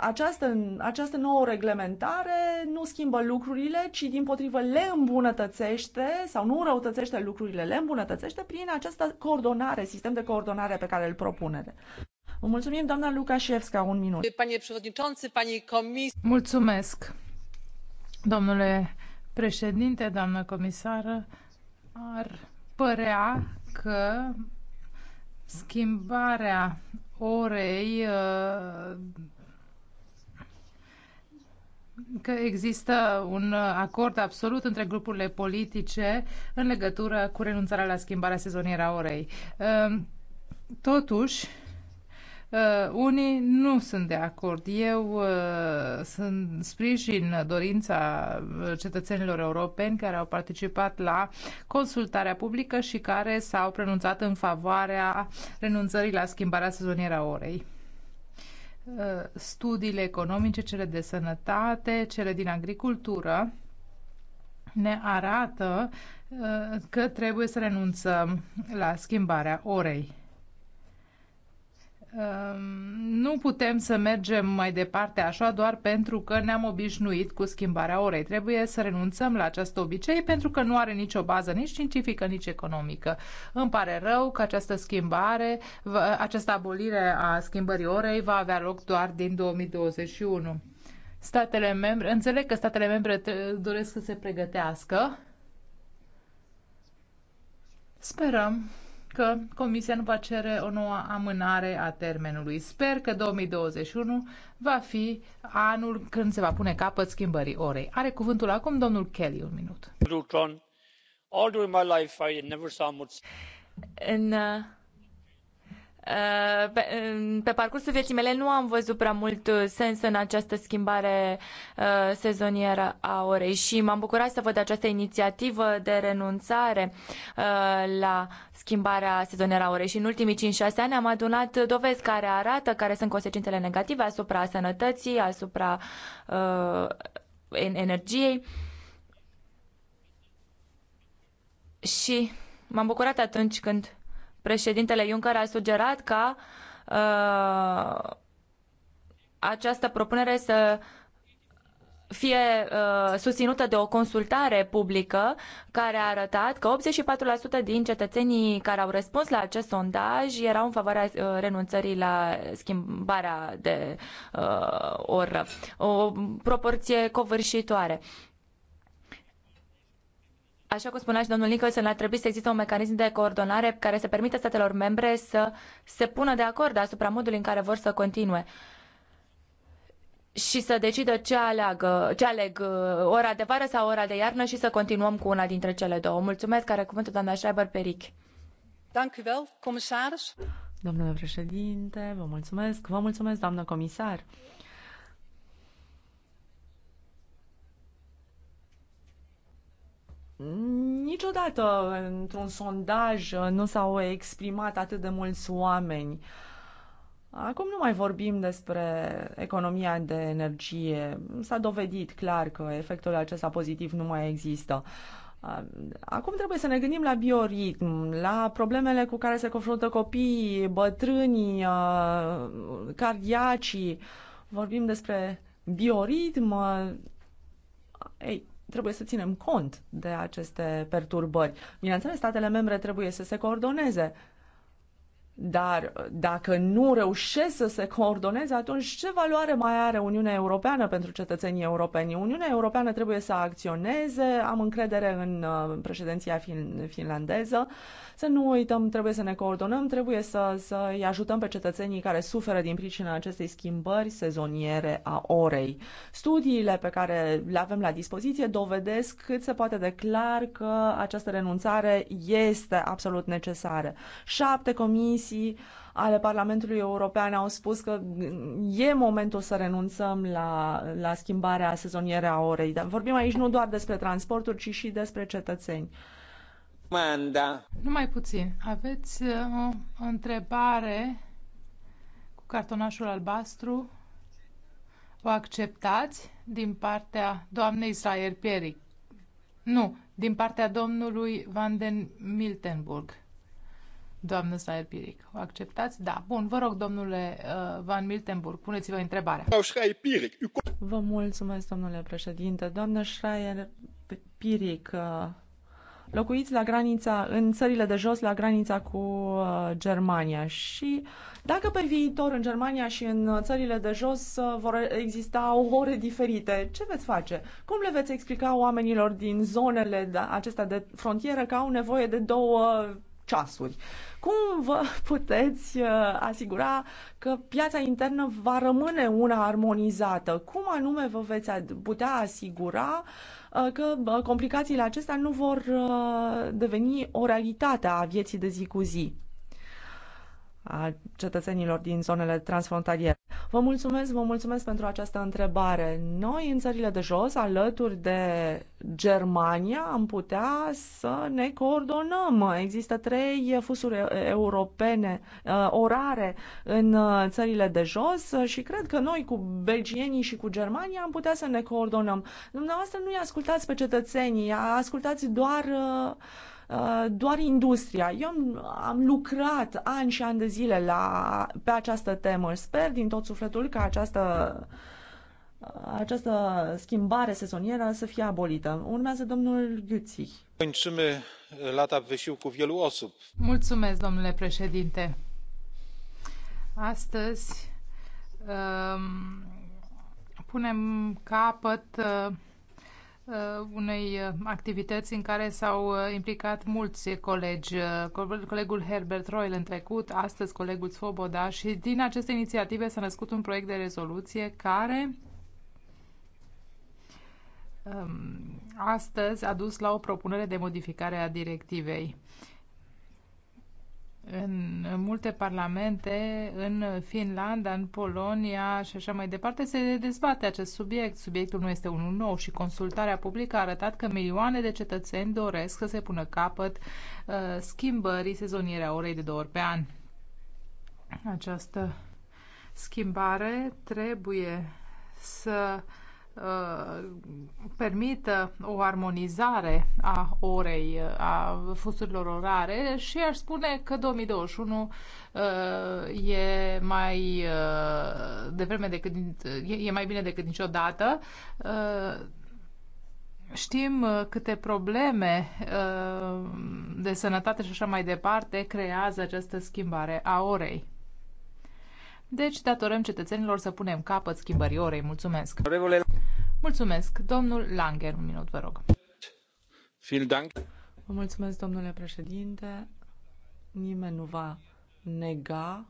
Această, această nouă reglementare nu schimbă lucrurile, ci din potrivă le îmbunătățește sau nu răutățește lucrurile, le îmbunătățește prin această coordonare, sistem de coordonare pe care îl propune. Mulțumim, doamna Lukaszewska, un minut. Mulțumesc, domnule președinte, doamnă comisară. Ar părea că schimbarea orei uh, că există un uh, acord absolut între grupurile politice în legătură cu renunțarea la schimbarea sezonieră a orei. Uh, totuși, Uh, unii nu sunt de acord. Eu uh, sunt sprijin dorința cetățenilor europeni care au participat la consultarea publică și care s-au pronunțat în favoarea renunțării la schimbarea sezonieră a orei uh, studiile economice, cele de sănătate, cele din agricultură, ne arată uh, că trebuie să renunțăm la schimbarea orei. Ehm, nu putem să mergem mai departe așa doar pentru că ne-am obișnuit cu schimbarea orei. Trebuie să renunțăm la acest obicei pentru că nu are nicio bază nici științifică, nici economică. Îmi pare rău că această schimbare, această abolire a schimbării orei va avea loc doar din 2021. Statele membre, înțeleg că statele membre doresc să se pregătească. Sperăm că Comisia nu va cere o nouă amânare a termenului. Sper că 2021 va fi anul când se va pune capăt schimbării orei. Are cuvântul acum domnul Kelly, un minut. All during my life, I never saw much. În uh, Uh, pe, pe parcursul vieții mele nu am văzut prea mult uh, sens în această schimbare uh, sezonieră a orei și m-am bucurat să văd această inițiativă de renunțare la schimbarea sezonieră a orei și în ultimii 5-6 ani am adunat dovezi care arată care sunt consecințele negative asupra sănătății, asupra uh, energiei și m-am bucurat atunci când Președintele Juncker a sugerat ca uh, această propunere să fie uh, susținută de o consultare publică care a arătat că 84% din cetățenii care au răspuns la acest sondaj erau în favoarea uh, renunțării la schimbarea de uh, oră. O proporție covârșitoare. Uh, Așa cum spunea și domnul Nicholson, ar trebui să existe un mecanism de coordonare care să permită statelor membre să se pună de acord asupra modului în care vor să continue și să decidă ce, aleagă, ce aleg, uh, ora de vară sau ora de iarnă și să continuăm cu una dintre cele două. Mulțumesc, care cuvântul doamna Schreiber Peric. Domnule președinte, vă mulțumesc. Vă mulțumesc, doamnă comisar. Niciodată într-un sondaj nu s-au exprimat atât de mulți oameni. Acum nu mai vorbim despre economia de energie. S-a dovedit clar că efectul acesta pozitiv nu mai există. Acum trebuie să ne gândim la bioritm, la problemele cu care se confruntă copiii, bătrânii, uh, cardiacii. Vorbim despre bioritm. Ei, trebuie să ținem cont de aceste perturbări. Bineînțeles, statele membre trebuie să se coordoneze. Dar dacă nu reușesc să se coordoneze, atunci ce valoare mai are Uniunea Europeană pentru cetățenii europeni? Uniunea Europeană trebuie să acționeze, am încredere în uh, președinția fin- finlandeză, să nu uităm, trebuie să ne coordonăm, trebuie să, să îi ajutăm pe cetățenii care suferă din pricina acestei schimbări sezoniere a orei. Studiile pe care le avem la dispoziție dovedesc cât se poate de clar că această renunțare este absolut necesară. Șapte comisii ale Parlamentului European au spus că e momentul să renunțăm la, la schimbarea sezonieră a orei. Dar vorbim aici nu doar despre transporturi, ci și despre cetățeni. Manda. Numai puțin. Aveți uh, o întrebare cu cartonașul albastru? O acceptați din partea doamnei Israel Pieri? Nu, din partea domnului Van den Miltenburg. Doamnă Israel Piric, o acceptați? Da. Bun, vă rog, domnule uh, Van Miltenburg, puneți-vă întrebarea. Vă mulțumesc, domnule președinte. Doamnă Schreier Piric, uh, locuiți la granița, în țările de jos, la granița cu uh, Germania și dacă pe viitor în Germania și în uh, țările de jos uh, vor exista ore diferite, ce veți face? Cum le veți explica oamenilor din zonele acestea de frontieră că au nevoie de două ceasuri? Cum vă puteți asigura că piața internă va rămâne una armonizată? Cum anume vă veți putea asigura uh, Uh, că uh, complicațiile acestea nu vor uh, deveni o realitate a vieții de zi cu zi a cetățenilor din zonele transfrontaliere. Vă mulțumesc, vă mulțumesc pentru această întrebare. Noi, în țările de jos, alături de Germania, am putea să ne coordonăm. Există trei fusuri europene, uh, orare, în uh, țările de jos și cred că noi, cu belgienii și cu Germania, am putea să ne coordonăm. Dumneavoastră nu-i ascultați pe cetățenii, ascultați doar uh, Uh, doar industria. Eu am, am lucrat ani și ani de zile la, pe această temă. Sper din tot sufletul că această, uh, această schimbare sezonieră să fie abolită. Urmează domnul Ghiuții. Uh, Mulțumesc, domnule președinte. Astăzi um, punem capăt uh, Uh, unei uh, activități în care s-au uh, implicat mulți colegi, colegul Herbert Royal în trecut, astăzi colegul Svoboda și din aceste inițiative s-a născut un proiect de rezoluție care um, astăzi a dus la o propunere de modificare a directivei în multe parlamente, în Finlanda, în Polonia și așa mai departe, se dezbate acest subiect. Subiectul nu este unul nou și consultarea publică a arătat că milioane de cetățeni doresc să se pună capăt uh, schimbării sezoniere a orei de două ori pe an. Această schimbare trebuie să uh, Uh, permită o armonizare a orei, a fusurilor orare și aș spune că 2021 uh, e mai uh, devreme decât, e mai bine decât niciodată. Știm câte probleme de sănătate și așa mai departe creează această schimbare a orei. Deci datorăm cetățenilor să punem capăt schimbării orei. Mulțumesc! Mulțumesc! Domnul Langer, un minut, vă rog. Vă mulțumesc, domnule președinte. Nimeni nu va nega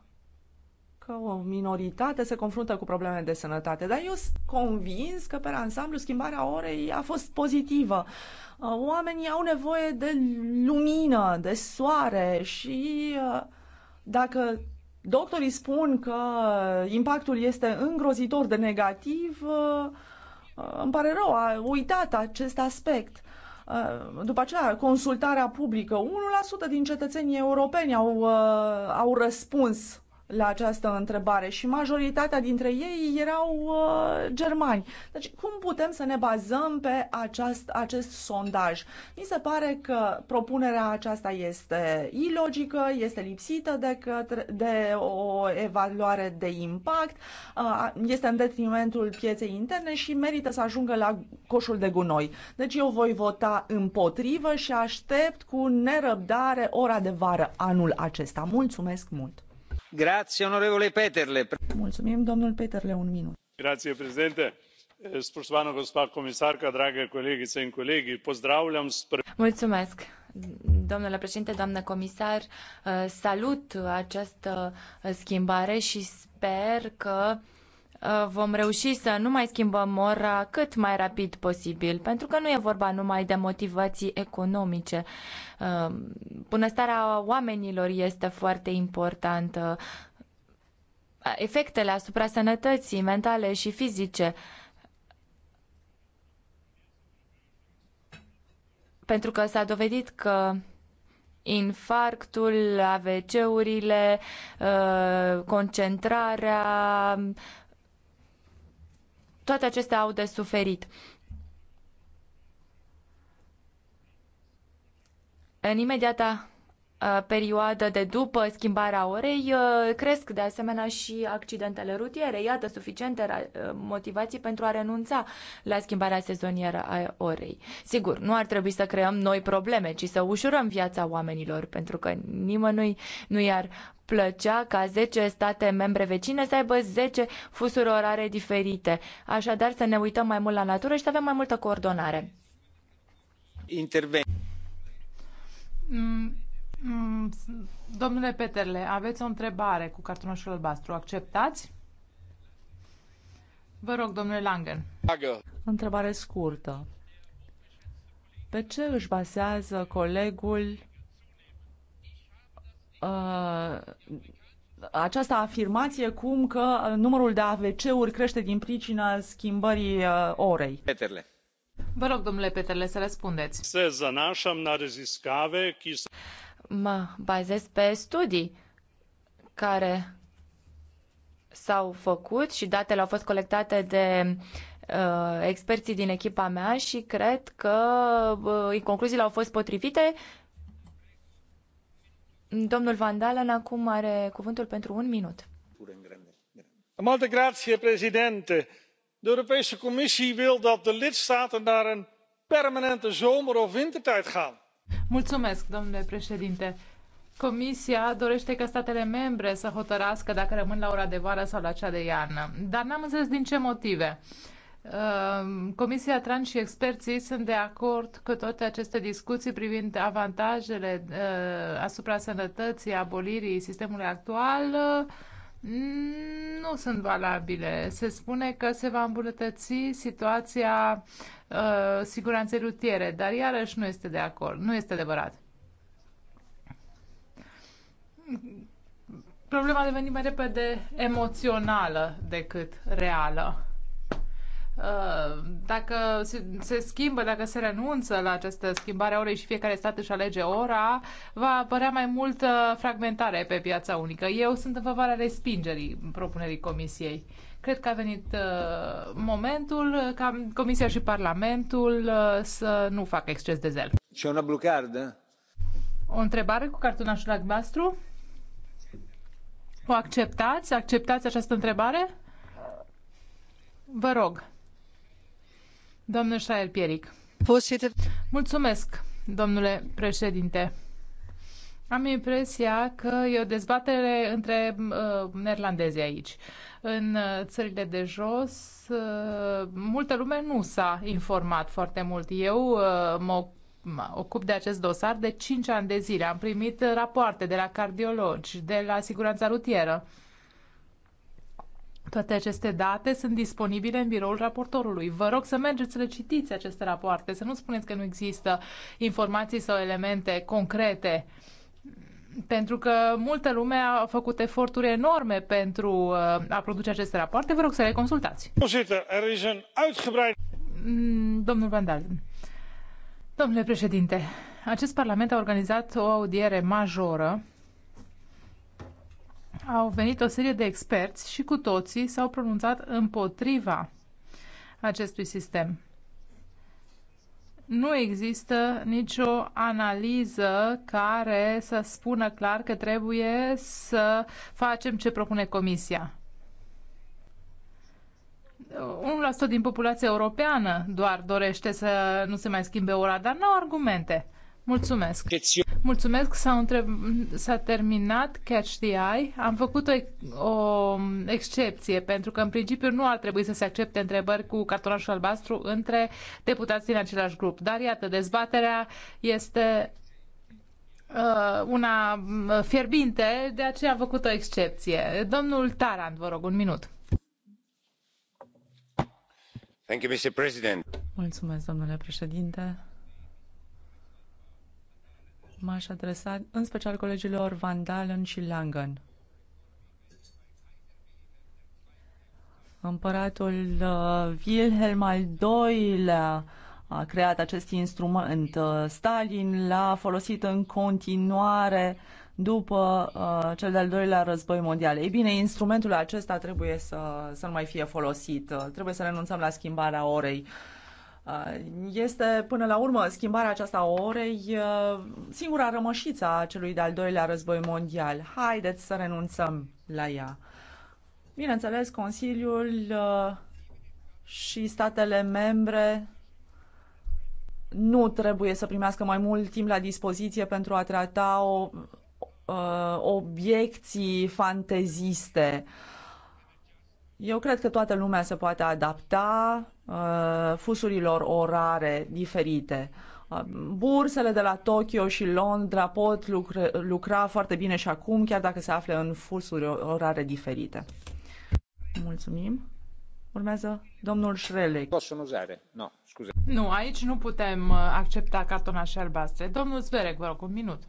că o minoritate se confruntă cu probleme de sănătate, dar eu sunt convins că pe ansamblu schimbarea orei a fost pozitivă. Uh, oamenii au nevoie de lumină, de soare și uh, dacă Doctorii spun că impactul este îngrozitor de negativ. Uh, uh, îmi pare rău, a uitat acest aspect. Uh, după aceea, consultarea publică. 1% din cetățenii europeni au, au răspuns la această întrebare și majoritatea dintre ei erau uh, germani. Deci cum putem să ne bazăm pe aceast, acest sondaj? Mi se pare că propunerea aceasta este ilogică, este lipsită de, către, de o evaluare de impact, uh, este în detrimentul pieței interne și merită să ajungă la coșul de gunoi. Deci eu voi vota împotrivă și aștept cu nerăbdare ora de vară anul acesta. Mulțumesc mult! gospodine predsjedniče spoštovana gospa komisarka drage kolegice in kolegi pozdravljam. domnule președinte doamnă comisar salut această schimbare și sper că Uh, vom reuși să nu mai schimbăm ora cât mai rapid posibil, pentru că nu e vorba numai de motivații economice. Uh, bunăstarea oamenilor este foarte importantă. Efectele asupra sănătății mentale și fizice pentru că s-a dovedit că infarctul, AVC-urile, uh, concentrarea, toate acestea au de suferit. În imediata Uh, perioadă de după schimbarea orei, uh, cresc de asemenea și accidentele rutiere. Iată suficiente uh, motivații pentru a renunța la schimbarea sezonieră a orei. Sigur, nu ar trebui să creăm noi probleme, ci să ușurăm viața oamenilor, pentru că nimănui nu i-ar plăcea ca 10 state membre vecine să aibă 10 fusuri orare diferite. Așadar, să ne uităm mai mult la natură și să avem mai multă coordonare. Interven. Mm, Mm, domnule Peterle, aveți o întrebare cu cartonașul albastru. Acceptați? Vă rog, domnule Langen. Întrebare scurtă. Pe ce își bazează colegul uh, această afirmație cum că numărul de AVC-uri crește din pricina schimbării uh, orei? Peterle. Vă rog, domnule Peterle, să răspundeți. Se zanașam na reziscave mă bazez pe studii care s-au făcut și datele au fost colectate de uh, experții din echipa mea și cred că uh, concluziile au fost potrivite. Domnul Van Dalen acum are cuvântul pentru un minut. Multe grație, președinte. De Europese Comisie wil dat de lidstaten naar een permanente zomer- of wintertijd gaan. Mulțumesc, domnule președinte. Comisia dorește ca statele membre să hotărască dacă rămân la ora de vară sau la cea de iarnă, dar n-am înțeles din ce motive. Uh, Comisia Tran și experții sunt de acord că toate aceste discuții privind avantajele uh, asupra sănătății, abolirii sistemului actual nu sunt valabile. Se spune că se va îmbunătăți situația uh, siguranței rutiere, dar iarăși nu este de acord, nu este adevărat. Problema a devenit mai repede emoțională decât reală. Uh, dacă se schimbă, dacă se renunță la această schimbare a orei și fiecare stat își alege ora, va apărea mai multă fragmentare pe piața unică. Eu sunt în favoarea respingerii propunerii Comisiei. Cred că a venit uh, momentul ca Comisia și Parlamentul uh, să nu facă exces de zel. Și una blucardă. O întrebare cu cartonașul albastru? O acceptați? Acceptați această întrebare? Vă rog. Domnul Șael Pieric. Mulțumesc, domnule președinte. Am impresia că e o dezbatere între uh, neerlandezi aici. În uh, țările de jos, uh, multă lume nu s-a informat foarte mult. Eu uh, mă ocup de acest dosar de 5 ani de zile. Am primit rapoarte de la cardiologi, de la siguranța rutieră. Uh, toate aceste date sunt disponibile în biroul raportorului. Vă rog să mergeți să le citiți aceste rapoarte, să nu spuneți că nu există informații sau elemente concrete. Pentru că multă lume a făcut eforturi enorme pentru uh, a produce aceste rapoarte. Vă rog să le consultați. Er mm, domnul Vandal. Domnule președinte, acest parlament a organizat o audiere majoră au venit o serie de experți și cu toții s-au pronunțat împotriva acestui sistem. Nu există nicio analiză care să spună clar că trebuie să facem ce propune Comisia. 1% din populația europeană doar dorește să nu se mai schimbe ora, dar nu au argumente. Mulțumesc! Mulțumesc, s-a, întreb... terminat Catch the Eye. Am făcut o, o excepție, pentru că în principiu nu ar trebui să se accepte întrebări cu cartonașul albastru între deputații din același grup. Dar iată, dezbaterea este uh, una uh, fierbinte, de aceea am făcut o excepție. Domnul Tarant, vă rog, un minut. Thank you, Mr. President. Mulțumesc, domnule președinte m-aș adresa în special colegilor Van Dalen și Langen. Împăratul uh, Wilhelm al II-lea a creat acest instrument. Uh, Stalin l-a folosit în continuare după uh, cel de-al doilea război mondial. Ei bine, instrumentul acesta trebuie să, să nu mai fie folosit. Uh, trebuie să renunțăm la schimbarea orei uh, Uh, este, până la urmă, schimbarea aceasta a orei uh, singura rămășiță a celui de-al doilea război mondial. Haideți să renunțăm la ea. Bineînțeles, Consiliul uh, și statele membre nu trebuie să primească mai mult timp la dispoziție pentru a trata o, obiecții fanteziste. Eu cred că toată lumea se poate adapta Uh, fusurilor orare diferite. Uh, bursele de la Tokyo și Londra pot lucra, lucra foarte bine și acum, chiar dacă se află în fusuri orare diferite. Mulțumim. Urmează domnul Șrelec. Posso No, scuze. Nu, aici nu putem uh, accepta cartonașe albastre. Domnul Zverec, vă rog, un minut.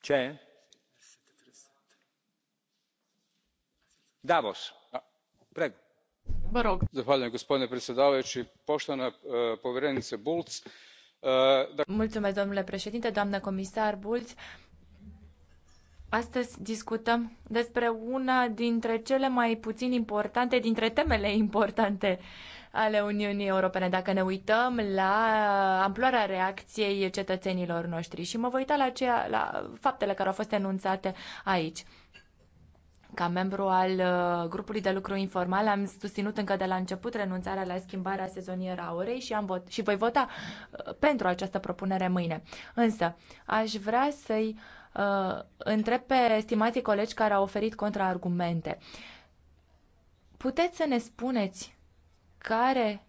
Ce? Davos. Da. Prego domnule președinte da- domnule președinte doamnă comisar bulc astăzi discutăm despre una dintre cele mai puțin importante dintre temele importante ale Uniunii Europene, dacă ne uităm la amploarea reacției cetățenilor noștri și mă voi uita la, la faptele care au fost enunțate aici. Ca membru al uh, grupului de lucru informal am susținut încă de la început renunțarea la schimbarea sezonieră a orei și, am vot- și voi vota uh, pentru această propunere mâine. Însă, aș vrea să-i uh, întreb pe estimații colegi care au oferit contraargumente. Puteți să ne spuneți care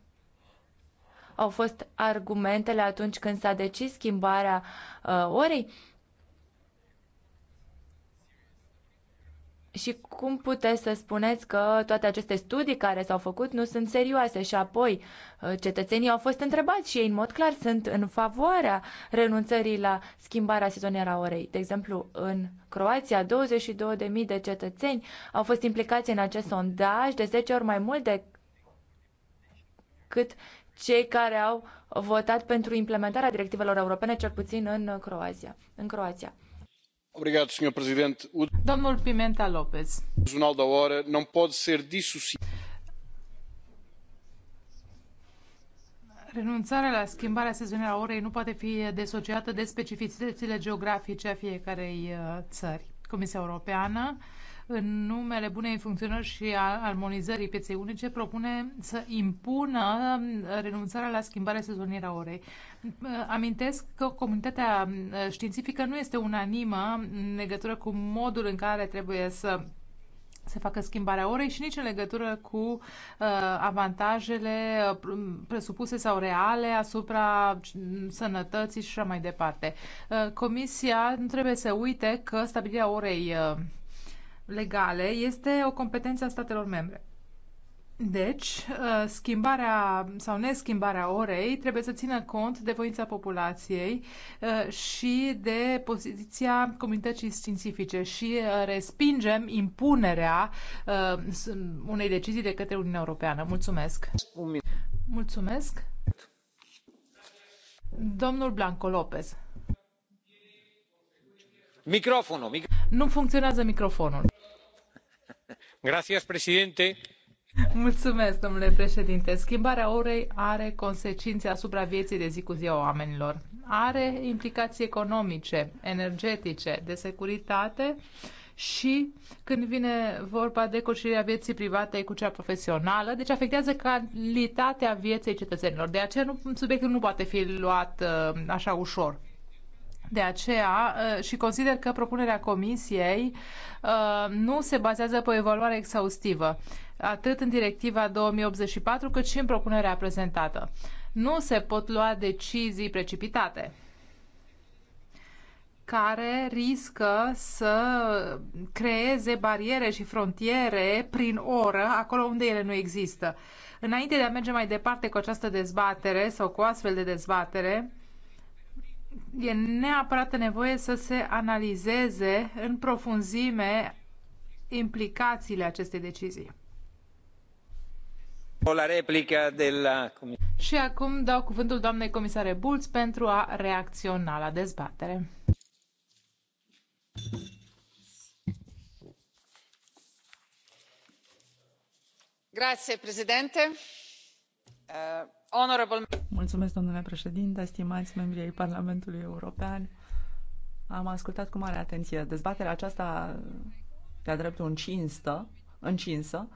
au fost argumentele atunci când s-a decis schimbarea uh, orei? Uh, Și cum puteți să spuneți că toate aceste studii care s-au făcut nu sunt serioase și apoi uh, cetățenii au fost întrebați și ei în mod clar sunt în favoarea renunțării la schimbarea sezonieră orei. De exemplu, în Croația, 22.000 de cetățeni au fost implicați în acest sondaj de 10 ori mai mult decât cei care au votat pentru implementarea directivelor europene, cel puțin în Croația. În Croația pimenta da renunțarea la schimbarea sezonieră a orei nu poate fi disociată de specificitățile geografice ale fiecărei uh, țări. comisia europeană în numele bunei funcționări și a armonizării pieței unice, propune să impună uh, renunțarea la schimbarea sezonierea orei. Uh, amintesc că comunitatea uh, științifică nu este unanimă în legătură cu modul în care trebuie să se facă schimbarea orei și nici în legătură cu uh, avantajele presupuse sau reale asupra mm, sănătății și așa mai departe. Uh, comisia nu trebuie să uite că stabilirea orei uh, legale este o competență a statelor membre. Deci, uh, schimbarea sau neschimbarea orei trebuie să țină cont de voința populației uh, și de poziția comunității științifice și uh, respingem impunerea unei decizii de către Uniunea Europeană. Mulțumesc! Mulțumesc! Domnul Blanco Lopez. Mulțumesc, domnule președinte schimbarea orei are consecințe asupra vieții de zi cu zi a oamenilor are implicații economice energetice de securitate și când vine vorba de concilierea vieții private cu cea profesională, deci afectează calitatea vieții cetățenilor. De aceea nu, subiectul nu poate fi luat uh, așa ușor. De aceea uh, și consider că propunerea Comisiei uh, nu se bazează pe o evaluare exhaustivă, atât în directiva 2084 cât și în propunerea prezentată. Nu se pot lua decizii precipitate care riscă să creeze bariere și frontiere prin oră, acolo unde ele nu există. Înainte de a merge mai departe cu această dezbatere sau cu astfel de dezbatere, e neapărat nevoie să se analizeze în profunzime implicațiile acestei decizii. La replică de la... Și acum dau cuvântul doamnei comisare Bulț pentru a reacționa la dezbatere. Grazie, președinte. Uh... Mulțumesc, domnule președinte, stimați membri ai Parlamentului European. Am ascultat cu mare atenție dezbaterea aceasta de-a dreptul încinstă, încinsă.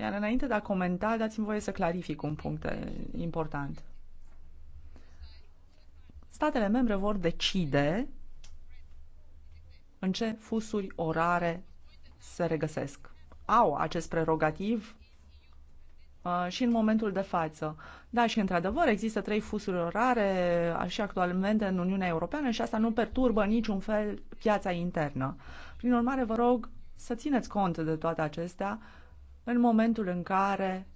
Iar înainte de a comenta, dați-mi voie să clarific un punct important. Statele membre vor decide în ce fusuri orare se regăsesc. Au acest prerogativ Uh, și în momentul de față. Da, și într-adevăr există trei fusuri orare și actualmente în Uniunea Europeană și asta nu perturbă niciun fel piața internă. Prin urmare, vă rog să țineți cont de toate acestea în momentul în care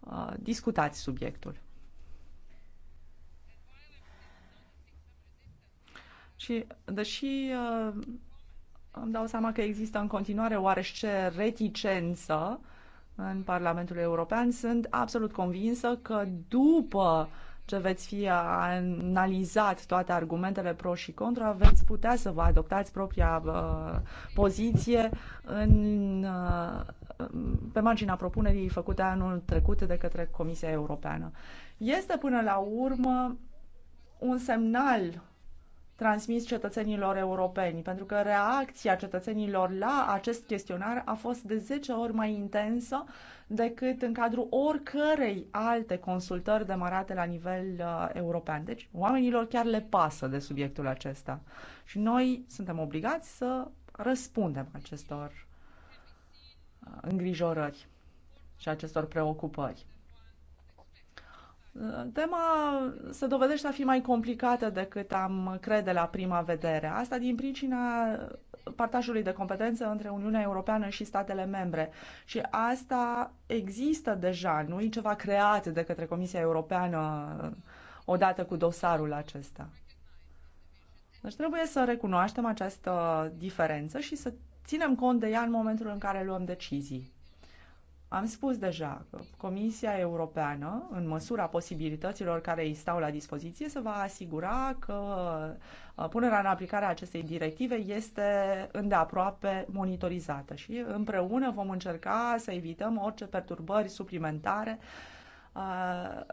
uh, discutați subiectul. Și deși uh, îmi dau seama că există în continuare oarește reticență uh, în Parlamentul European. Sunt absolut convinsă că după ce veți fi analizat toate argumentele pro și contra, veți putea să vă adoptați propria uh, poziție în, uh, pe marginea propunerii făcute anul trecut de către Comisia Europeană. Este până la urmă un semnal transmis cetățenilor europeni, pentru că reacția cetățenilor la acest chestionar a fost de 10 ori mai intensă decât în cadrul oricărei alte consultări demarate la nivel uh, european. Deci oamenilor chiar le pasă de subiectul acesta. Și noi suntem obligați să răspundem acestor uh, îngrijorări și acestor preocupări. Tema se dovedește a fi mai complicată decât am crede la prima vedere. Asta din pricina partajului de competență între Uniunea Europeană și statele membre. Și asta există deja, nu e ceva creat de către Comisia Europeană odată cu dosarul acesta. Deci trebuie să recunoaștem această diferență și să ținem cont de ea în momentul în care luăm decizii. Am spus deja că Comisia Europeană, în măsura posibilităților care îi stau la dispoziție, se va asigura că uh, punerea în aplicare a acestei directive este îndeaproape monitorizată și împreună vom încerca să evităm orice perturbări suplimentare uh,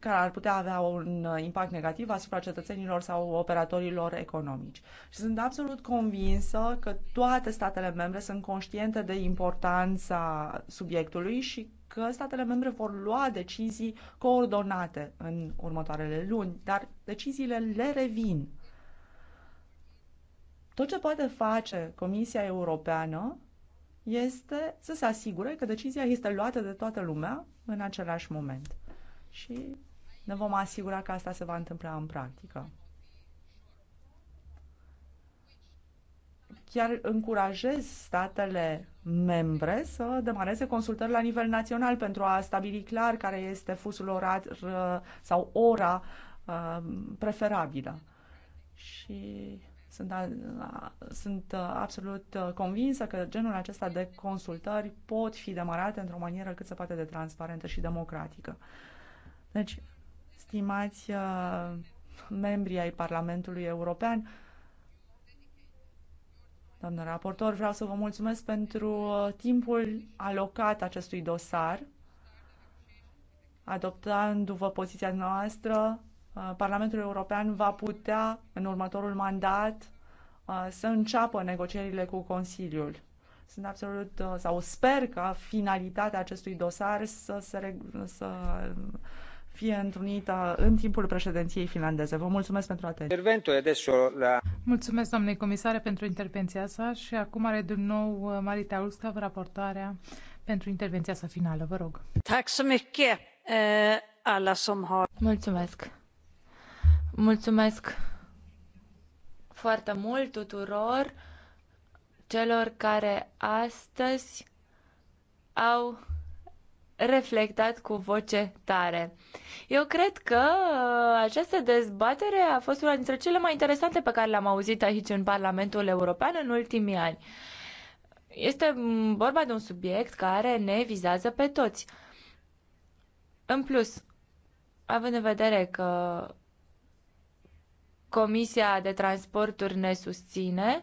care ar putea avea un uh, impact negativ asupra cetățenilor sau operatorilor economici. Și sunt absolut convinsă că toate statele membre sunt conștiente de importanța subiectului și că statele membre vor lua decizii coordonate în următoarele luni, dar deciziile le revin. Tot ce poate face Comisia Europeană este să se asigure că decizia este luată de toată lumea în același moment și ne vom asigura că asta se va întâmpla în practică. Chiar încurajez statele membre să demareze consultări la nivel național pentru a stabili clar care este fusul orar uh, sau ora uh, preferabilă. Și sunt, uh, sunt absolut convinsă că genul acesta de consultări pot fi demarate într-o manieră cât se poate de transparentă și democratică. Deci, stimați uh, membrii ai Parlamentului European, doamnă raportor, vreau să vă mulțumesc pentru uh, timpul alocat acestui dosar. Adoptându-vă poziția noastră, uh, Parlamentul European va putea, în următorul mandat, să înceapă negocierile cu Consiliul. Sunt absolut, sau sper ca finalitatea acestui dosar să se, să fie întrunită în timpul președinției finlandeze. Vă mulțumesc pentru atenție. Mulțumesc, doamne comisare, pentru intervenția sa și acum are din nou uh, Marita Ulstav raportarea pentru intervenția sa finală. Vă rog. Eh, mulțumesc. Mulțumesc foarte mult tuturor celor care astăzi au reflectat cu voce tare. Eu cred că uh, această dezbatere a fost una dintre cele mai interesante pe care le-am auzit aici în Parlamentul European în ultimii ani. Este mm, vorba de un subiect care ne vizează pe toți. În plus, având în vedere că Comisia de Transporturi ne susține, uh,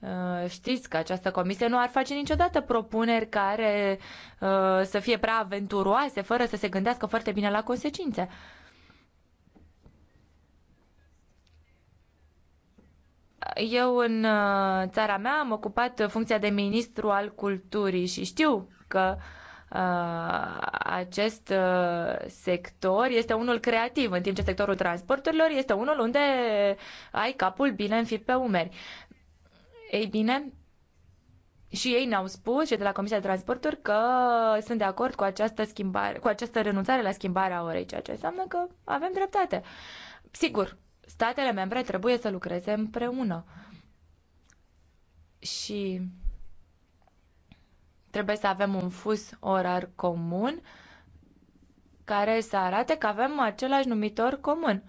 Uh, știți că această comisie nu ar face niciodată propuneri care uh, să fie prea aventuroase, fără să se gândească foarte bine la consecințe. Eu în uh, țara mea am ocupat funcția de ministru al culturii și știu că acest sector este unul creativ, în timp ce sectorul transporturilor este unul unde ai capul bine înfipt pe umeri. Ei bine, și ei ne-au spus, și de la Comisia de Transporturi, că sunt de acord cu această, schimbare, cu această renunțare la schimbarea orei, ceea ce înseamnă că avem dreptate. Sigur, statele membre trebuie să lucreze împreună. Și trebuie să avem un fus orar comun care să arate că avem același numitor comun.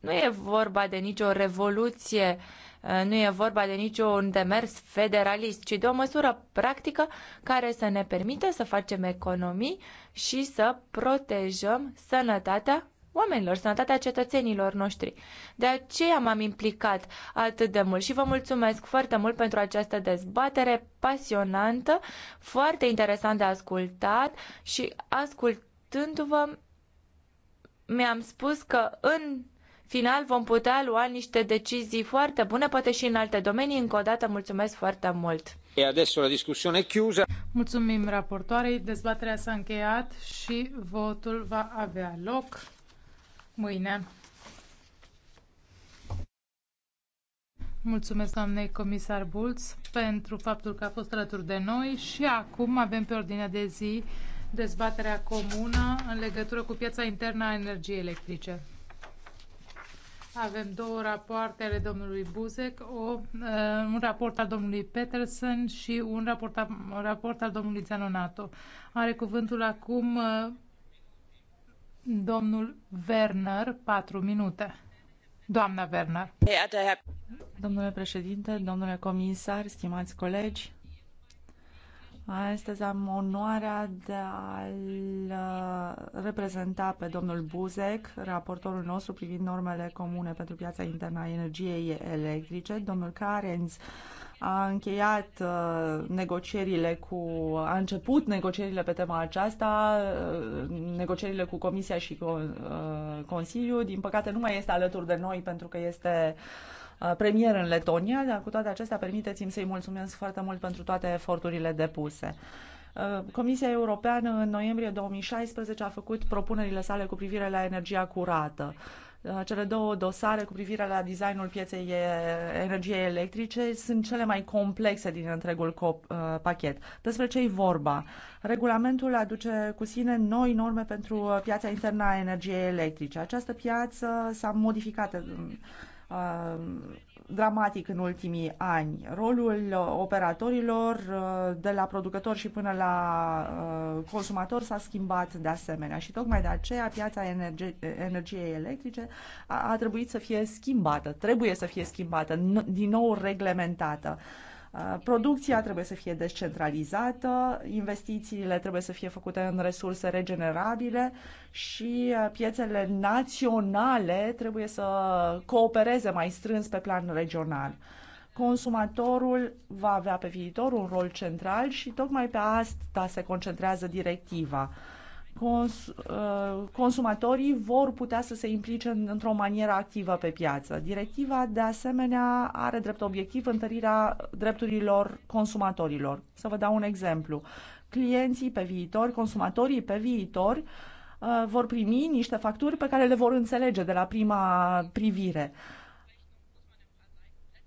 Nu e vorba de nicio revoluție uh, Uh, nu e vorba de niciun demers federalist, ci de o măsură practică care să ne permită să facem economii și să protejăm sănătatea oamenilor, sănătatea cetățenilor noștri. De aceea m-am implicat atât de mult și vă mulțumesc foarte mult pentru această dezbatere pasionantă, foarte interesant de ascultat și ascultându-vă mi-am spus că în final vom putea lua niște decizii foarte bune, poate și în alte domenii. Încă o dată mulțumesc foarte mult. E adesso la discussione chiusa. Mulțumim raportoarei. Dezbaterea s-a încheiat și votul va avea loc mâine. Mulțumesc, doamnei comisar Bulț, pentru faptul că a fost alături de noi și acum avem pe ordinea de zi dezbaterea comună în legătură cu piața internă a energiei electrice. Avem două rapoarte ale domnului Buzek, o, uh, un raport al domnului Peterson și un raport, un raport al domnului Zanonato. Are cuvântul acum uh, domnul Werner, patru minute. Doamna Werner. Domnule președinte, domnule comisar, stimați colegi, Astăzi am onoarea de a-l uh, reprezenta pe domnul Buzek, raportorul nostru privind normele comune pentru piața internă a energiei electrice. Domnul Carenz a încheiat uh, negocierile cu, a început negocierile pe tema aceasta, uh, negocierile cu Comisia și cu Consiliul. Din păcate nu mai este alături de noi pentru că este uh, Uh, premier în Letonia, dar cu toate acestea permiteți-mi să-i mulțumesc foarte mult pentru toate eforturile depuse. Uh, Comisia Europeană în noiembrie 2016 a făcut propunerile sale cu privire la energia curată uh, cele două dosare cu privire la designul pieței energiei electrice sunt cele mai complexe din întregul pachet. Despre ce e vorba? Regulamentul aduce cu sine noi norme pentru piața internă a energiei electrice. Această piață s-a modificat Uh, dramatic în ultimii ani. Rolul uh, operatorilor uh, de la producători și până la consumator s-a schimbat de asemenea și tocmai de aceea piața energie, energiei electrice a, a trebuit să fie schimbată, trebuie să fie schimbată, din nou reglementată. Uh, Uh, producția trebuie să fie descentralizată, investițiile trebuie să fie făcute în resurse regenerabile și uh, piețele naționale trebuie să coopereze mai strâns pe plan regional. Consumatorul va avea pe viitor un rol central și tocmai pe asta se concentrează directiva cons, uh, consumatorii vor putea să se implice într-o manieră activă pe piață. Directiva, de asemenea, are drept obiectiv întărirea drepturilor consumatorilor. Să vă dau un exemplu. Clienții pe viitor, consumatorii pe viitor, uh, vor primi niște facturi pe care le vor înțelege de la prima privire.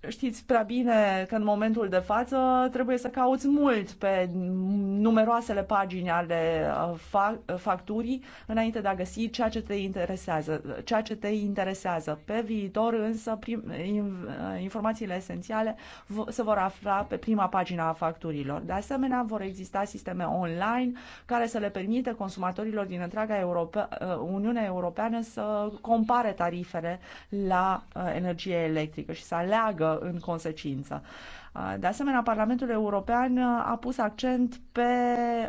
Știți prea bine că în momentul de față trebuie să cauți mult pe numeroasele pagini ale uh, uh, facturii înainte de a găsi ceea ce te interesează. Ceea ce te interesează. Pe viitor însă prim, uh, informațiile esențiale se vor afla pe prima pagina a facturilor. De asemenea, vor exista sisteme online care să le permite consumatorilor din întreaga Europe- Uniune Europeană să compare tarifele la energie electrică și să aleagă în consecință. Uh, de asemenea, Parlamentul European uh, a pus accent pe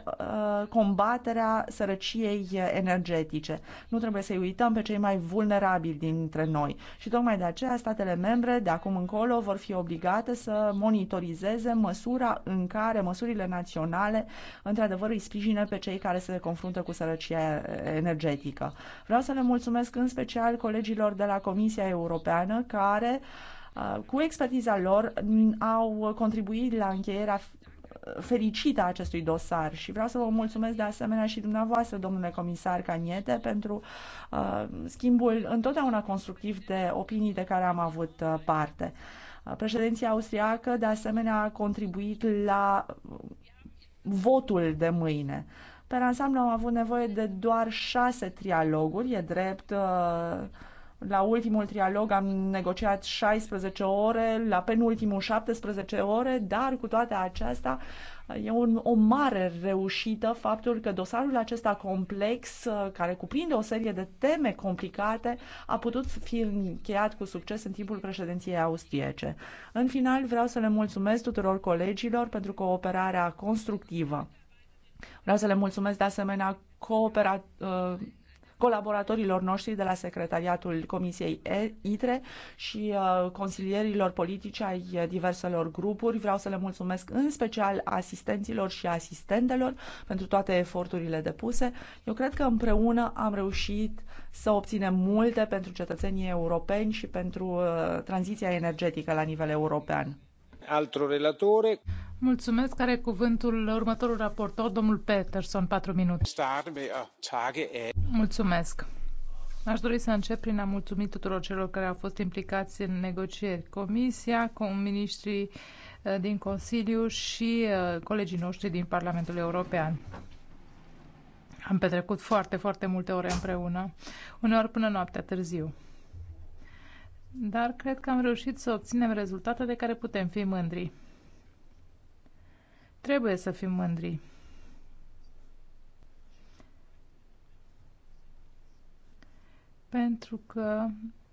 uh, combaterea sărăciei energetice. Nu trebuie să-i uităm pe cei mai vulnerabili dintre noi. Și tocmai de aceea statele membre de acum încolo vor fi obligate să monitorizeze măsura în care măsurile naționale într-adevăr îi sprijină pe cei care se confruntă cu sărăcia energetică. Vreau să le mulțumesc în special colegilor de la Comisia Europeană care uh, Uh, cu expertiza lor mm, au contribuit la încheierea fericită a acestui dosar și vreau să vă mulțumesc de asemenea și dumneavoastră, domnule comisar Caniete, pentru uh, schimbul întotdeauna constructiv de opinii de care am avut uh, parte. președinția austriacă, de asemenea, a contribuit la votul de mâine. Pe ansamblu am avut nevoie de doar șase trialoguri, e drept. Uh, la ultimul trialog am negociat 16 ore, la penultimul 17 ore, dar cu toate acestea e un, o mare reușită faptul că dosarul acesta complex, care cuprinde o serie de teme complicate, a putut fi încheiat cu succes în timpul președinției austriece. În final, vreau să le mulțumesc tuturor colegilor pentru cooperarea constructivă. Vreau să le mulțumesc de asemenea coopera, ă, colaboratorilor noștri de la secretariatul Comisiei ITRE și uh, consilierilor politici ai uh, diverselor grupuri. Vreau să le mulțumesc în special asistenților și asistentelor pentru toate eforturile depuse. Eu cred că împreună am reușit să obținem multe pentru cetățenii europeni și pentru uh, tranziția energetică la nivel european. Altro relatore. Mulțumesc. următorul raportor, domnul Peterson, patru minute. Mulțumesc. Aș dori să încep prin a mulțumi tuturor celor care au fost implicați în negocieri. Comisia, cu ministrii eh, din Consiliu și eh, colegii noștri din Parlamentul European. Am petrecut foarte, foarte multe ore împreună, uneori până noaptea târziu dar cred că am reușit să obținem rezultate de care putem fi mândri. Trebuie să fim mândri. Pentru că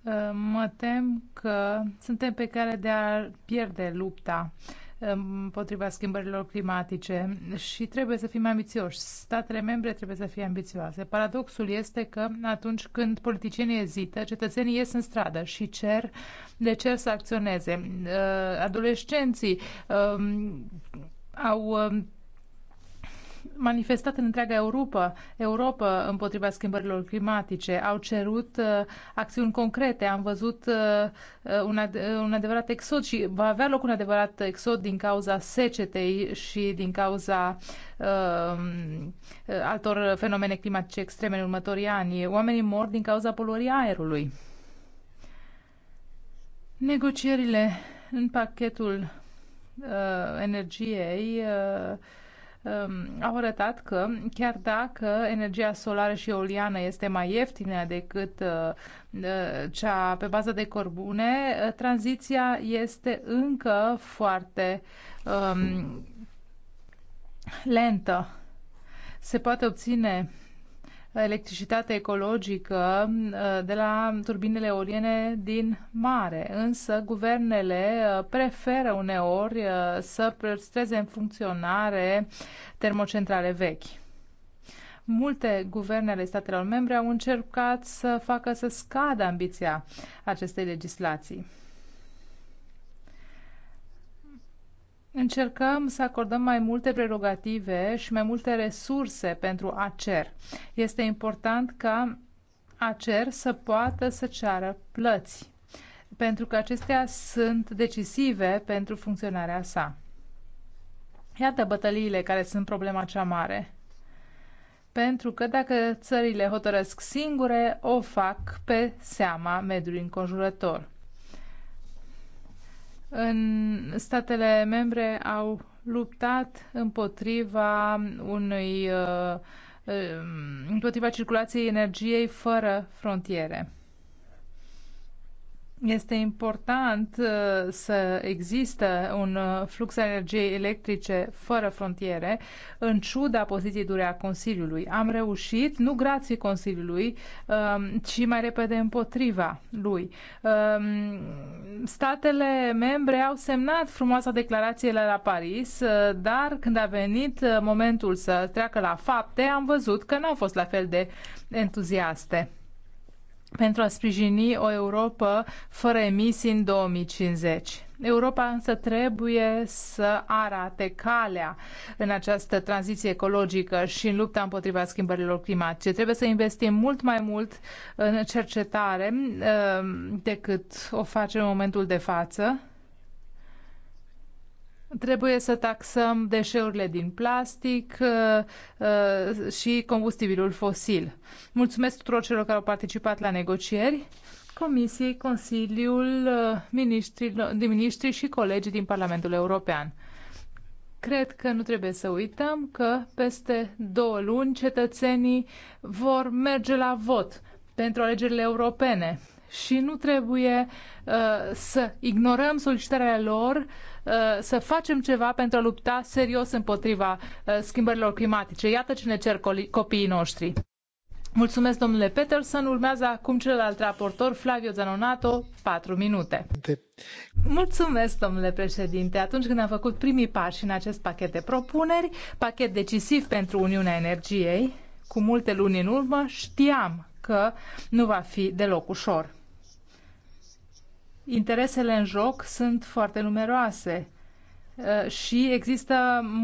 uh, mă tem că suntem pe care de a pierde lupta împotriva schimbărilor climatice și trebuie să fim ambițioși. Statele membre trebuie să fie ambițioase. Paradoxul este că atunci când politicienii ezită, cetățenii ies în stradă și cer, de cer să acționeze. Uh, adolescenții um, au um, manifestat în întreaga Europa, Europa împotriva schimbărilor climatice, au cerut uh, acțiuni concrete, am văzut uh, uh un, ad- uh, un adevărat exod și va avea loc un adevărat exod din cauza secetei și din cauza um, uh, altor fenomene climatice extreme în următorii ani. Oamenii mor din cauza poluării aerului. Negocierile în pachetul uh, energiei uh, Um, au arătat că chiar dacă energia solară și eoliană este mai ieftină decât uh, uh, cea pe bază de corbune, uh, tranziția este încă foarte um, lentă. Se poate obține electricitate ecologică uh, de la turbinele eoliene din mare, însă guvernele uh, preferă uneori uh, să păstreze în funcționare termocentrale vechi. Multe guverne ale statelor membre au încercat să facă să scadă ambiția acestei legislații. încercăm să acordăm mai multe prerogative și mai multe resurse pentru ACER. Este important ca ACER să poată să ceară plăți, pentru că acestea sunt decisive pentru funcționarea sa. Iată bătăliile care sunt problema cea mare. Pentru că dacă țările hotărăsc singure, o fac pe seama mediului înconjurător în statele membre au luptat împotriva unui uh, uh, împotriva circulației energiei fără frontiere. Este important uh, să există un uh, flux de energiei electrice fără frontiere, în ciuda poziției dure a Consiliului. Am reușit, nu grație Consiliului, um, ci mai repede împotriva lui. Um, statele membre au semnat frumoasa declarație la Paris, uh, dar când a venit momentul să treacă la fapte, am văzut că n-au fost la fel de entuziaste pentru a sprijini o Europa fără emisii în 2050. Europa însă trebuie să arate calea în această tranziție ecologică și în lupta împotriva schimbărilor climatice. Trebuie să investim mult mai mult în cercetare eh, decât o facem în momentul de față Trebuie să taxăm deșeurile din plastic uh, uh, și combustibilul fosil. Mulțumesc tuturor celor care au participat la negocieri. Comisiei, Consiliul, uh, ministri și colegii din Parlamentul European. Cred că nu trebuie să uităm că peste două luni cetățenii vor merge la vot pentru alegerile europene și nu trebuie uh, să ignorăm solicitarea lor Uh, să facem ceva pentru a lupta serios împotriva uh, schimbărilor climatice. Iată ce ne cer copiii noștri. Mulțumesc, domnule Peterson. Urmează acum celălalt raportor, Flavio Zanonato, 4 minute. De... Mulțumesc, domnule președinte. Atunci când am făcut primii pași în acest pachet de propuneri, pachet decisiv pentru Uniunea Energiei, cu multe luni în urmă, știam că nu va fi deloc ușor. Interesele în joc sunt foarte numeroase uh, și există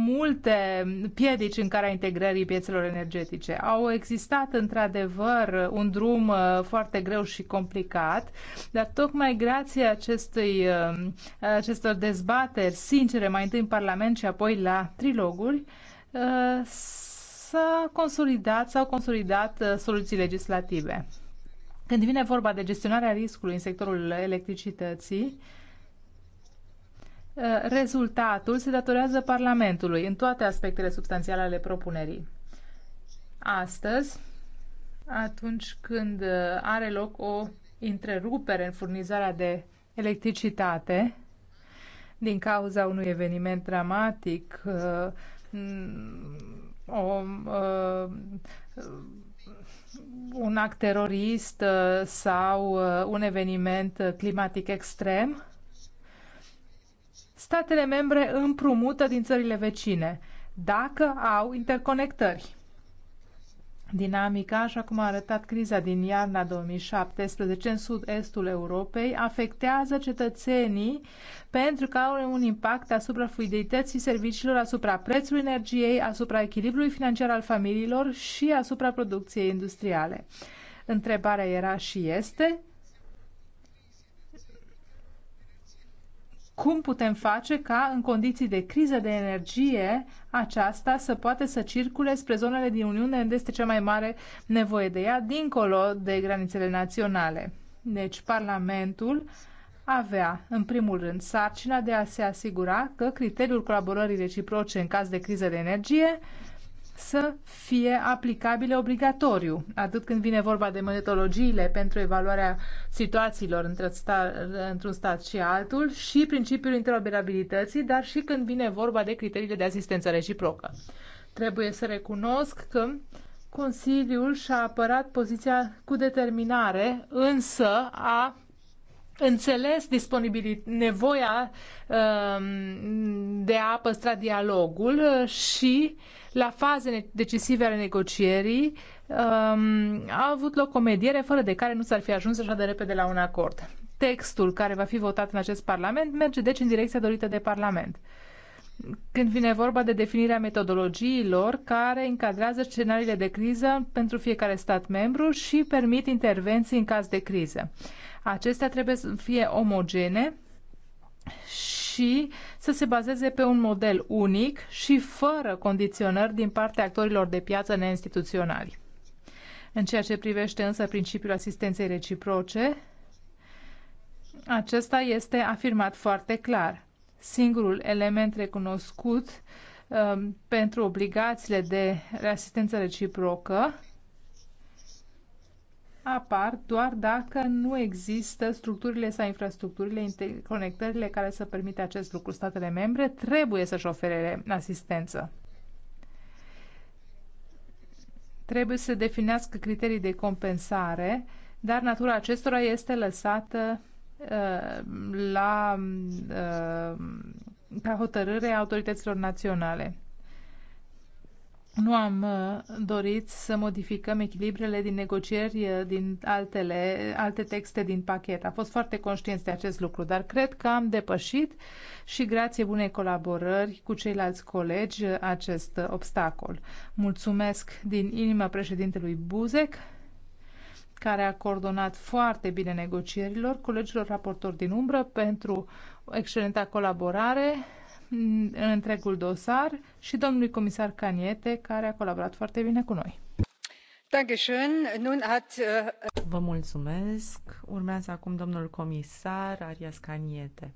multe piedici în care a integrării piețelor energetice. Au existat într-adevăr un drum uh, foarte greu și complicat, dar tocmai grație acestui, uh, acestor dezbateri sincere, mai întâi în Parlament și apoi la triloguri, s-a consolidat, s-au consolidat soluții legislative. Când vine vorba de gestionarea riscului în sectorul electricității, ă, rezultatul se datorează Parlamentului în toate aspectele substanțiale ale propunerii. Astăzi, atunci când ă, are loc o întrerupere în furnizarea de electricitate din cauza unui eveniment dramatic, ă, o un act terorist uh, sau uh, un eveniment uh, climatic extrem, statele membre împrumută din țările vecine, dacă au interconectări. Dinamica, așa cum a arătat criza din iarna 2017 în sud-estul Europei, afectează cetățenii pentru că au un impact asupra fluidității serviciilor, asupra prețului energiei, asupra echilibrului financiar al familiilor și asupra producției industriale. Întrebarea era și este cum putem face ca, în condiții de criză de energie, aceasta să poate să circule spre zonele din Uniune, unde este cea mai mare nevoie de ea, dincolo de granițele naționale. Deci, Parlamentul avea, în primul rând, sarcina de a se asigura că criteriul colaborării reciproce în caz de criză de energie să fie aplicabile obligatoriu, atât când vine vorba de metodologiile pentru evaluarea situațiilor într-un stat, și altul și principiul interoperabilității, dar și când vine vorba de criteriile de asistență reciprocă. Trebuie să recunosc că Consiliul și-a apărat poziția cu determinare, însă a înțeles nevoia um, de a păstra dialogul uh, și la faze decisive ale negocierii um, a avut loc o mediere fără de care nu s-ar fi ajuns așa de repede la un acord. Textul care va fi votat în acest Parlament merge deci în direcția dorită de Parlament. Când vine vorba de definirea metodologiilor care încadrează scenariile de criză pentru fiecare stat membru și permit intervenții în caz de criză. Acestea trebuie să fie omogene și să se bazeze pe un model unic și fără condiționări din partea actorilor de piață neinstituționali. În ceea ce privește însă principiul asistenței reciproce, acesta este afirmat foarte clar. Singurul element recunoscut um, pentru obligațiile de asistență reciprocă apar doar dacă nu există structurile sau infrastructurile, interconectările care să permite acest lucru. Statele membre trebuie să-și ofere asistență. Trebuie să definească criterii de compensare, dar natura acestora este lăsată uh, la uh, ca hotărâre a autorităților naționale nu am uh, dorit să modificăm echilibrele din negocieri uh, din altele, alte texte din pachet. Am fost foarte conștienți de acest lucru, dar cred că am depășit și grație bunei colaborări cu ceilalți colegi uh, acest obstacol. Mulțumesc din inimă președintelui Buzek care a coordonat foarte bine negocierilor, colegilor raportori din umbră pentru excelenta colaborare, în întregul dosar și domnului comisar Caniete, care a colaborat foarte bine cu noi. Uh, Vă mulțumesc. Urmează acum domnul comisar Arias Caniete.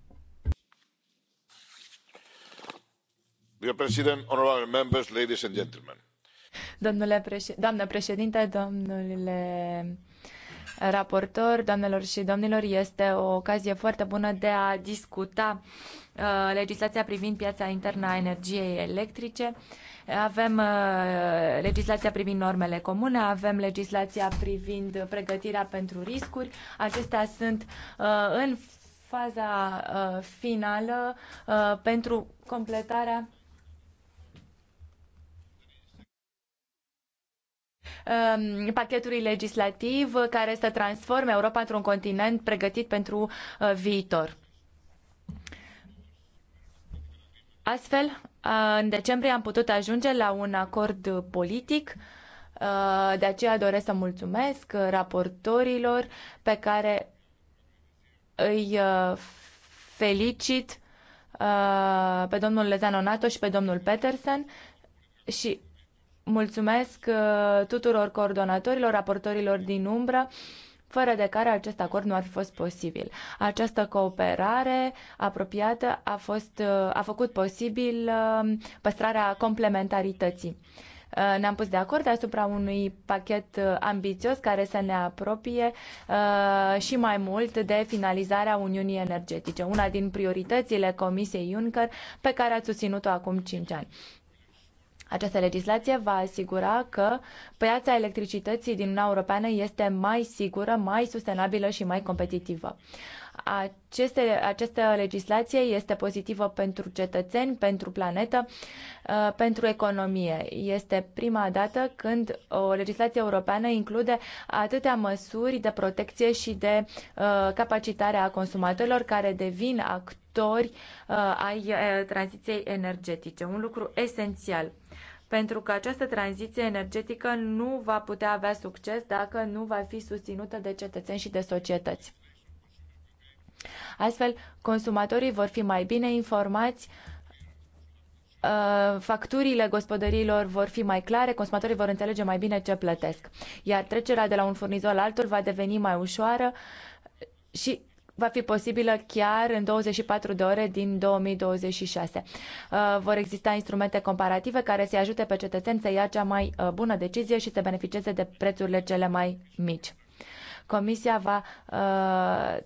Dear President, honorable members, ladies and gentlemen. Domnule președ... Doamnă președinte, domnule raportor, doamnelor și domnilor, este o ocazie foarte bună de a discuta uh, Uh, legislația privind piața internă a energiei electrice, avem uh, legislația privind normele comune, avem legislația privind pregătirea pentru riscuri. Acestea sunt uh, în faza finală pentru completarea um, pachetului legislativ care să transforme Europa într-un continent pregătit pentru viitor. Astfel, în decembrie am putut ajunge la un acord politic. De aceea doresc să mulțumesc raportorilor pe care îi felicit pe domnul Lezano Nato și pe domnul Petersen și mulțumesc tuturor coordonatorilor, raportorilor din umbră fără de care acest acord nu ar fi fost posibil. Această cooperare apropiată a, fost, a făcut posibil um, păstrarea complementarității uh, ne-am pus de acord asupra unui pachet uh, ambițios care să ne apropie uh, și mai mult de finalizarea Uniunii Energetice, una din prioritățile Comisiei Juncker pe care a susținut-o acum 5 ani. Această legislație va asigura că piața electricității din Uniunea Europeană este mai sigură, mai sustenabilă și mai competitivă. Aceste, această legislație este pozitivă pentru cetățeni, pentru planetă, uh, pentru economie. Este prima dată când o legislație europeană include atâtea măsuri de protecție și de uh, capacitare a consumatorilor care devin actori uh, ai tranziției energetice. Un lucru esențial pentru că această tranziție energetică nu va putea avea succes dacă nu va fi susținută de cetățeni și de societăți. Astfel, consumatorii vor fi mai bine informați, uh, facturile gospodăriilor vor fi mai clare, consumatorii vor înțelege mai bine ce plătesc, iar trecerea de la un furnizor la altul va deveni mai ușoară și va fi posibilă chiar în 24 de ore din 2026. Uh, vor exista instrumente comparative care să ajute pe cetățeni să ia cea mai uh, bună decizie și să beneficieze de prețurile cele mai mici. Comisia va uh,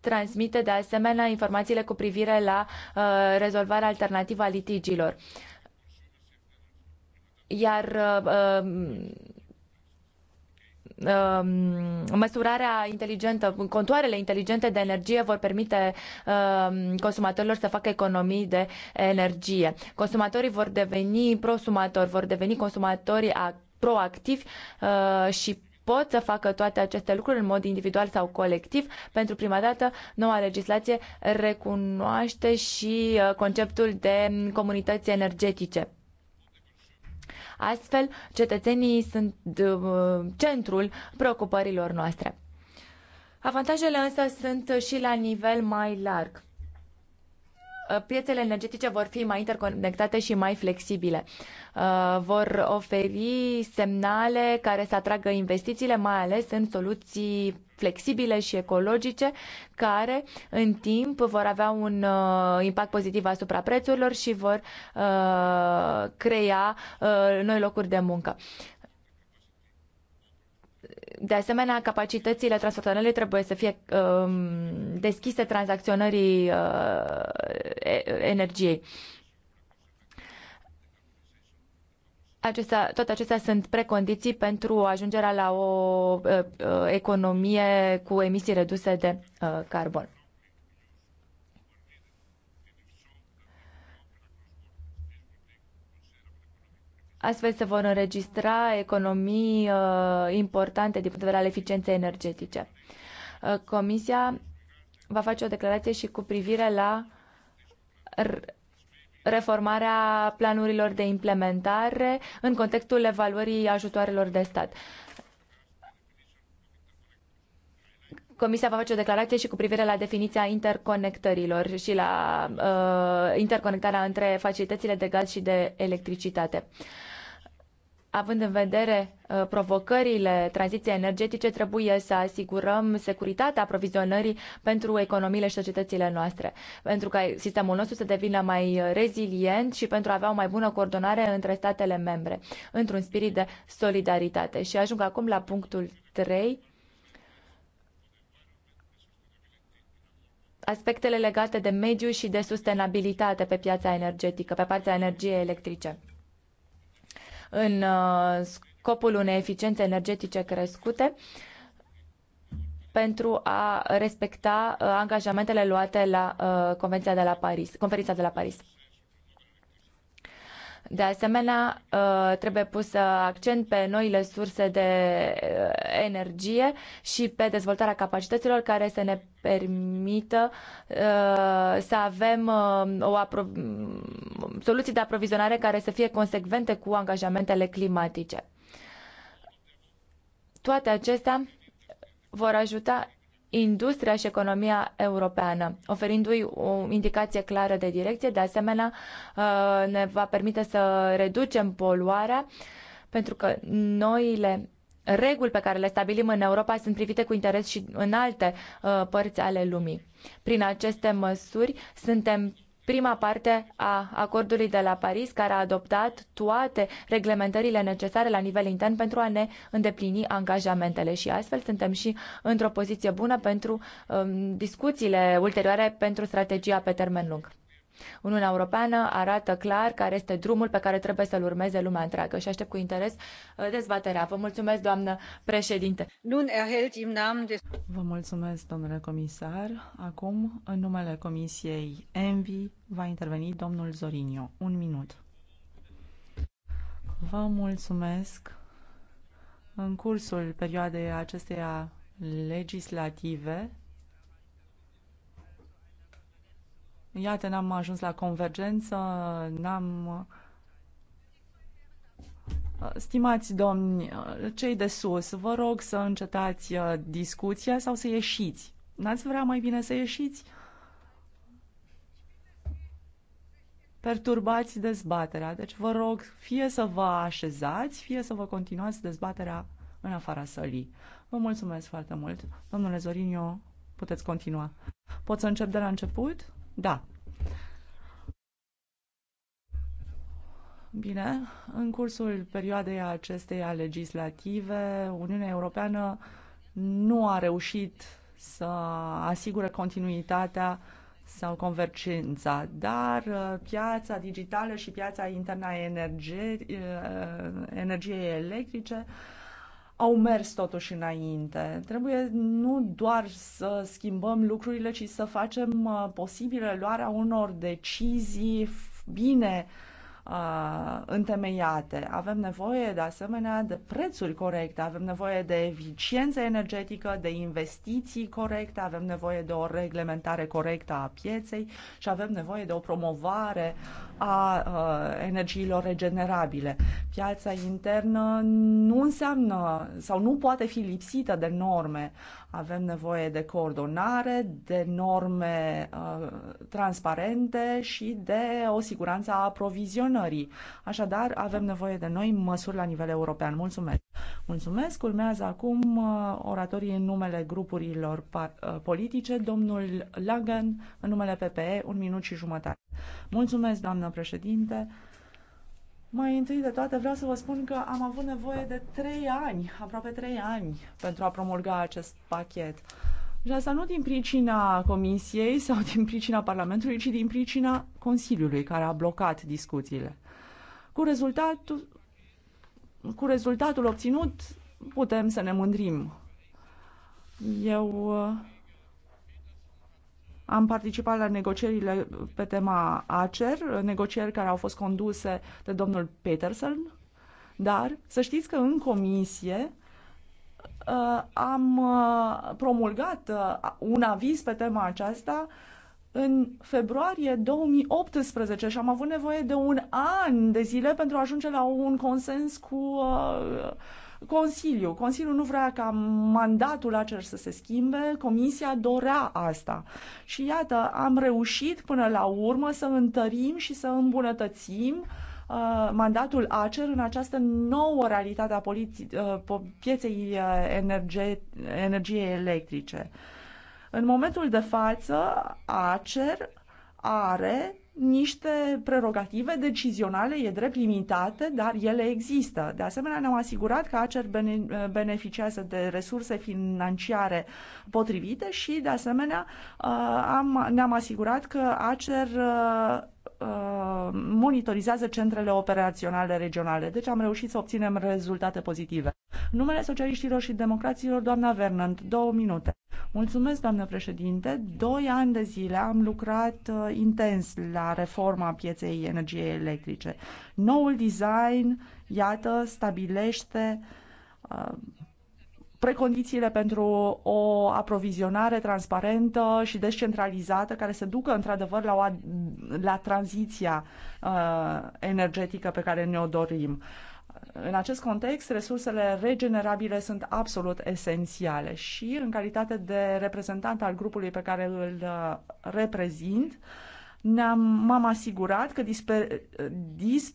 transmite de asemenea informațiile cu privire la rezolvarea alternativă a litigiilor. Iar uh, Um, măsurarea inteligentă, contoarele inteligente de energie vor permite um, consumatorilor să facă economii de energie. Consumatorii vor deveni prosumatori, vor deveni consumatori proactivi uh, și pot să facă toate aceste lucruri în mod individual sau colectiv. Pentru prima dată, noua legislație recunoaște și uh, conceptul de comunități energetice. Astfel, cetățenii sunt uh, centrul preocupărilor noastre. Avantajele însă sunt și la nivel mai larg uh, piețele energetice vor fi mai interconectate și mai flexibile. Uh, vor oferi semnale care să atragă investițiile, mai ales în soluții flexibile și ecologice, care în timp vor avea un uh, impact pozitiv asupra prețurilor și vor uh, crea uh, noi locuri de muncă. De asemenea, capacitățile transfrontaliere trebuie să fie um, deschise tranzacționării uh, energiei. Uh, Acestea, toate acestea sunt precondiții pentru ajungerea la o uh, uh, economie cu emisii reduse de uh, carbon. Astfel se vor înregistra economii uh, importante din punct de vedere al eficienței energetice. Uh, comisia va face o declarație și cu privire la reformarea planurilor de implementare în contextul evaluării ajutoarelor de stat. Comisia va face o declarație și cu privire la definiția interconectărilor și la uh, interconectarea între facilitățile de gaz și de electricitate. Uh, având în vedere uh, provocările tranziției energetice, trebuie să asigurăm securitatea aprovizionării pentru economiile și societățile noastre, pentru ca sistemul nostru să devină mai uh, rezilient și pentru a avea o mai bună coordonare între statele membre, într-un spirit de solidaritate. Și ajung acum la punctul 3. aspectele legate de mediu și de sustenabilitate pe piața energetică, pe partea energiei electrice în uh, scopul unei eficiențe energetice crescute pentru a respecta uh, angajamentele luate la uh, Convenția de la Paris, conferința de la Paris. De asemenea, uh, trebuie pus uh, accent pe noile surse de uh, energie și pe dezvoltarea capacităților care să ne permită să avem o soluții de aprovizionare care să fie consecvente cu angajamentele climatice. Toate acestea vor ajuta industria și economia europeană, oferindu-i o indicație clară de direcție. De asemenea, uh, ne va permite să reducem poluarea, pentru că noile reguli pe care le stabilim în Europa sunt privite cu interes și în alte uh, părți ale lumii. Prin aceste măsuri suntem prima parte a acordului de la Paris, care a adoptat toate reglementările necesare la nivel intern pentru a ne îndeplini angajamentele și astfel suntem și într-o poziție bună pentru um, discuțiile ulterioare pentru strategia pe termen lung. Uniunea Europeană arată clar care este drumul pe care trebuie să-l urmeze lumea întreagă și aștept cu interes uh, dezbaterea. Vă mulțumesc, doamnă președinte. Vă mulțumesc, domnule comisar. Acum, în numele Comisiei ENVI, va interveni domnul Zorinio. Un minut. Vă mulțumesc. În cursul perioadei acesteia legislative, Iată, n-am ajuns la convergență, n-am... Uh, stimați domni, uh, cei de sus, vă rog să încetați uh, discuția sau să ieșiți. N-ați vrea mai bine să ieșiți? Perturbați dezbaterea. Deci vă rog fie să vă așezați, fie să vă continuați dezbaterea în afara sălii. Vă mulțumesc foarte mult. Domnule Zorinio, puteți continua. Pot să încep de la început? Da. Bine, în cursul perioadei acesteia legislative, Uniunea Europeană nu a reușit să asigure continuitatea sau convergența, dar uh, piața digitală și piața a energie, uh, energiei electrice uh, au mers totuși înainte. Trebuie nu doar să schimbăm lucrurile, ci să facem uh, posibilă luarea unor decizii bine uh, întemeiate. Avem nevoie, de asemenea, de prețuri corecte, avem nevoie de eficiență energetică, de investiții corecte, avem nevoie de o reglementare corectă a pieței și avem nevoie de o promovare a energiilor regenerabile. Piața internă nu înseamnă sau nu poate fi lipsită de norme. Avem nevoie de coordonare, de norme uh, transparente și de o siguranță a aprovizionării. Așadar, avem nevoie de noi măsuri la nivel european. Mulțumesc! Mulțumesc! Urmează acum uh, oratorii în numele grupurilor uh, politice. Domnul Lagan, în numele PPE, un minut și jumătate. Mulțumesc, doamnă președinte! Mai întâi de toate vreau să vă spun că am avut nevoie de trei ani, aproape trei ani, pentru a promulga acest pachet. Și asta nu din pricina Comisiei sau din pricina Parlamentului, ci din pricina Consiliului, care a blocat discuțiile. Cu rezultatul, cu rezultatul obținut putem să ne mândrim. Eu am participat la negocierile pe tema ACER, negocieri care au fost conduse de domnul Peterson, dar să știți că în comisie uh, am uh, promulgat uh, un aviz pe tema aceasta în februarie 2018 și am avut nevoie de un an de zile pentru a ajunge la un consens cu uh, Consiliu. Consiliul nu vrea ca mandatul acesta să se schimbe, Comisia dorea asta. Și iată, am reușit până la urmă să întărim și să îmbunătățim uh, mandatul ACER în această nouă realitate a uh, pieței uh, energie, energiei electrice. În momentul de față, ACER are niște prerogative decizionale, e drept limitate, dar ele există. De asemenea, ne-am asigurat că Acer beneficiază de resurse financiare potrivite și, de asemenea, uh, am, ne-am asigurat că Acer uh, Uh, monitorizează centrele operaționale regionale. Deci am reușit să obținem rezultate pozitive. Numele socialiștilor și democraților, doamna Vernant, două minute. Mulțumesc, doamnă președinte. Doi ani de zile am lucrat uh, intens la reforma pieței energiei electrice. Noul design, iată, stabilește uh, precondițiile pentru o aprovizionare transparentă și descentralizată care să ducă într-adevăr la, o, la tranziția uh, energetică pe care ne-o dorim. În acest context, resursele regenerabile sunt absolut esențiale și, în calitate de reprezentant al grupului pe care îl uh, reprezint, ne-am, m-am asigurat că dispe, uh, dis,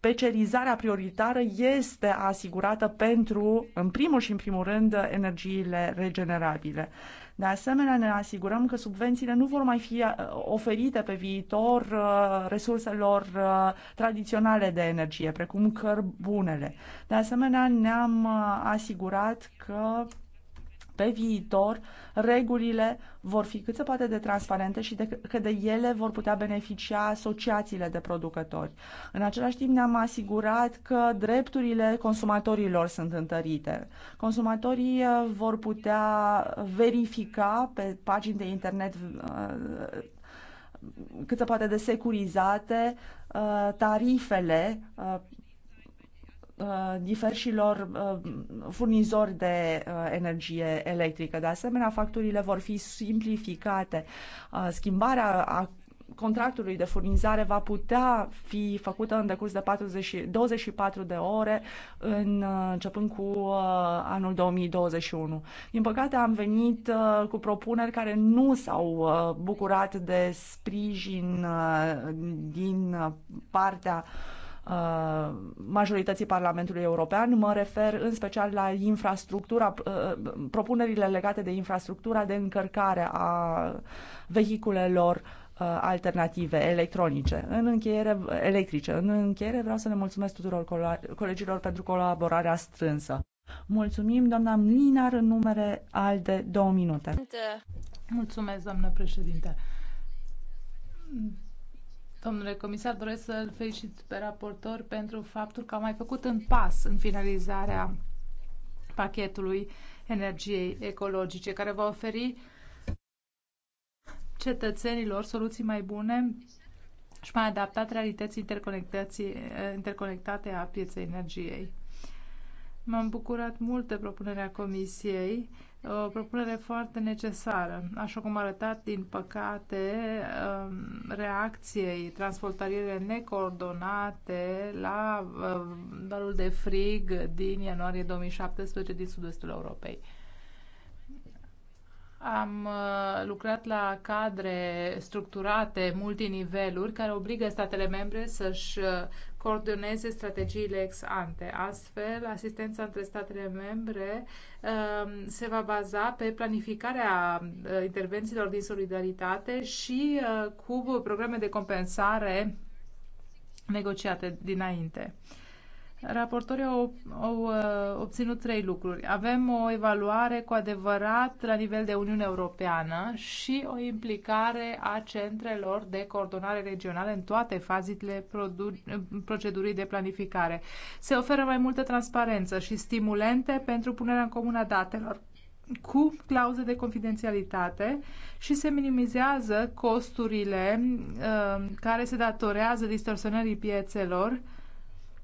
pecerizarea prioritară este asigurată pentru, în primul și în primul rând, energiile regenerabile. De asemenea, ne asigurăm că subvențiile nu vor mai fi uh, oferite pe viitor uh, resurselor uh, tradiționale de energie, precum cărbunele. De asemenea, ne-am asigurat că pe viitor regulile vor fi cât se poate de transparente și de, că de ele vor putea beneficia asociațiile de producători. În același timp ne-am asigurat că drepturile consumatorilor sunt întărite. Consumatorii uh, vor putea verifica pe pagini de internet uh, cât se poate de securizate uh, tarifele Uh, diferșilor uh, furnizori de uh, energie electrică. De asemenea, facturile vor fi simplificate. Schimbarea a contractului de furnizare va putea fi făcută în decurs de 40, 24 de ore în, începând cu uh, anul 2021. Din păcate am venit uh, cu propuneri care nu s-au uh, bucurat de sprijin uh, din partea uh, Uh, majorității Parlamentului European. Mă refer în special la infrastructura, uh, uh, propunerile legate de infrastructura de încărcare a vehiculelor alternative electronice, în încheiere electrice. În încheiere vreau să le mulțumesc tuturor colegilor pentru colaborarea strânsă. Mulțumim, doamna Mlinar, în numere al de două minute. Mulțumesc, doamnă președinte. Domnule comisar, doresc să-l felicit pe raportor pentru faptul că a mai făcut un pas în finalizarea pachetului energiei ecologice, care va oferi cetățenilor soluții mai bune și mai adaptate realității interconectate a pieței energiei. M-am bucurat mult de propunerea Comisiei, o propunere foarte necesară, așa cum arătat, din păcate, um, reacției transfrontaliere necoordonate la uh, valul de frig din ianuarie 2017 din sud-estul Europei. Am uh, lucrat la cadre structurate, multiniveluri, care obligă statele membre să-și uh, coordoneze strategiile ex ante. Astfel, asistența între statele membre um, se va baza pe planificarea uh, intervențiilor din solidaritate și uh, cu programe de compensare negociate dinainte. Raportorii au, au uh, obținut trei lucruri. Avem o evaluare cu adevărat la nivel de Uniune Europeană și o implicare a centrelor de coordonare regională în toate fazele procedurii de planificare. Se oferă mai multă transparență și stimulente pentru punerea în comună a datelor cu clauze de confidențialitate și se minimizează costurile uh, care se datorează distorsionării piețelor uh,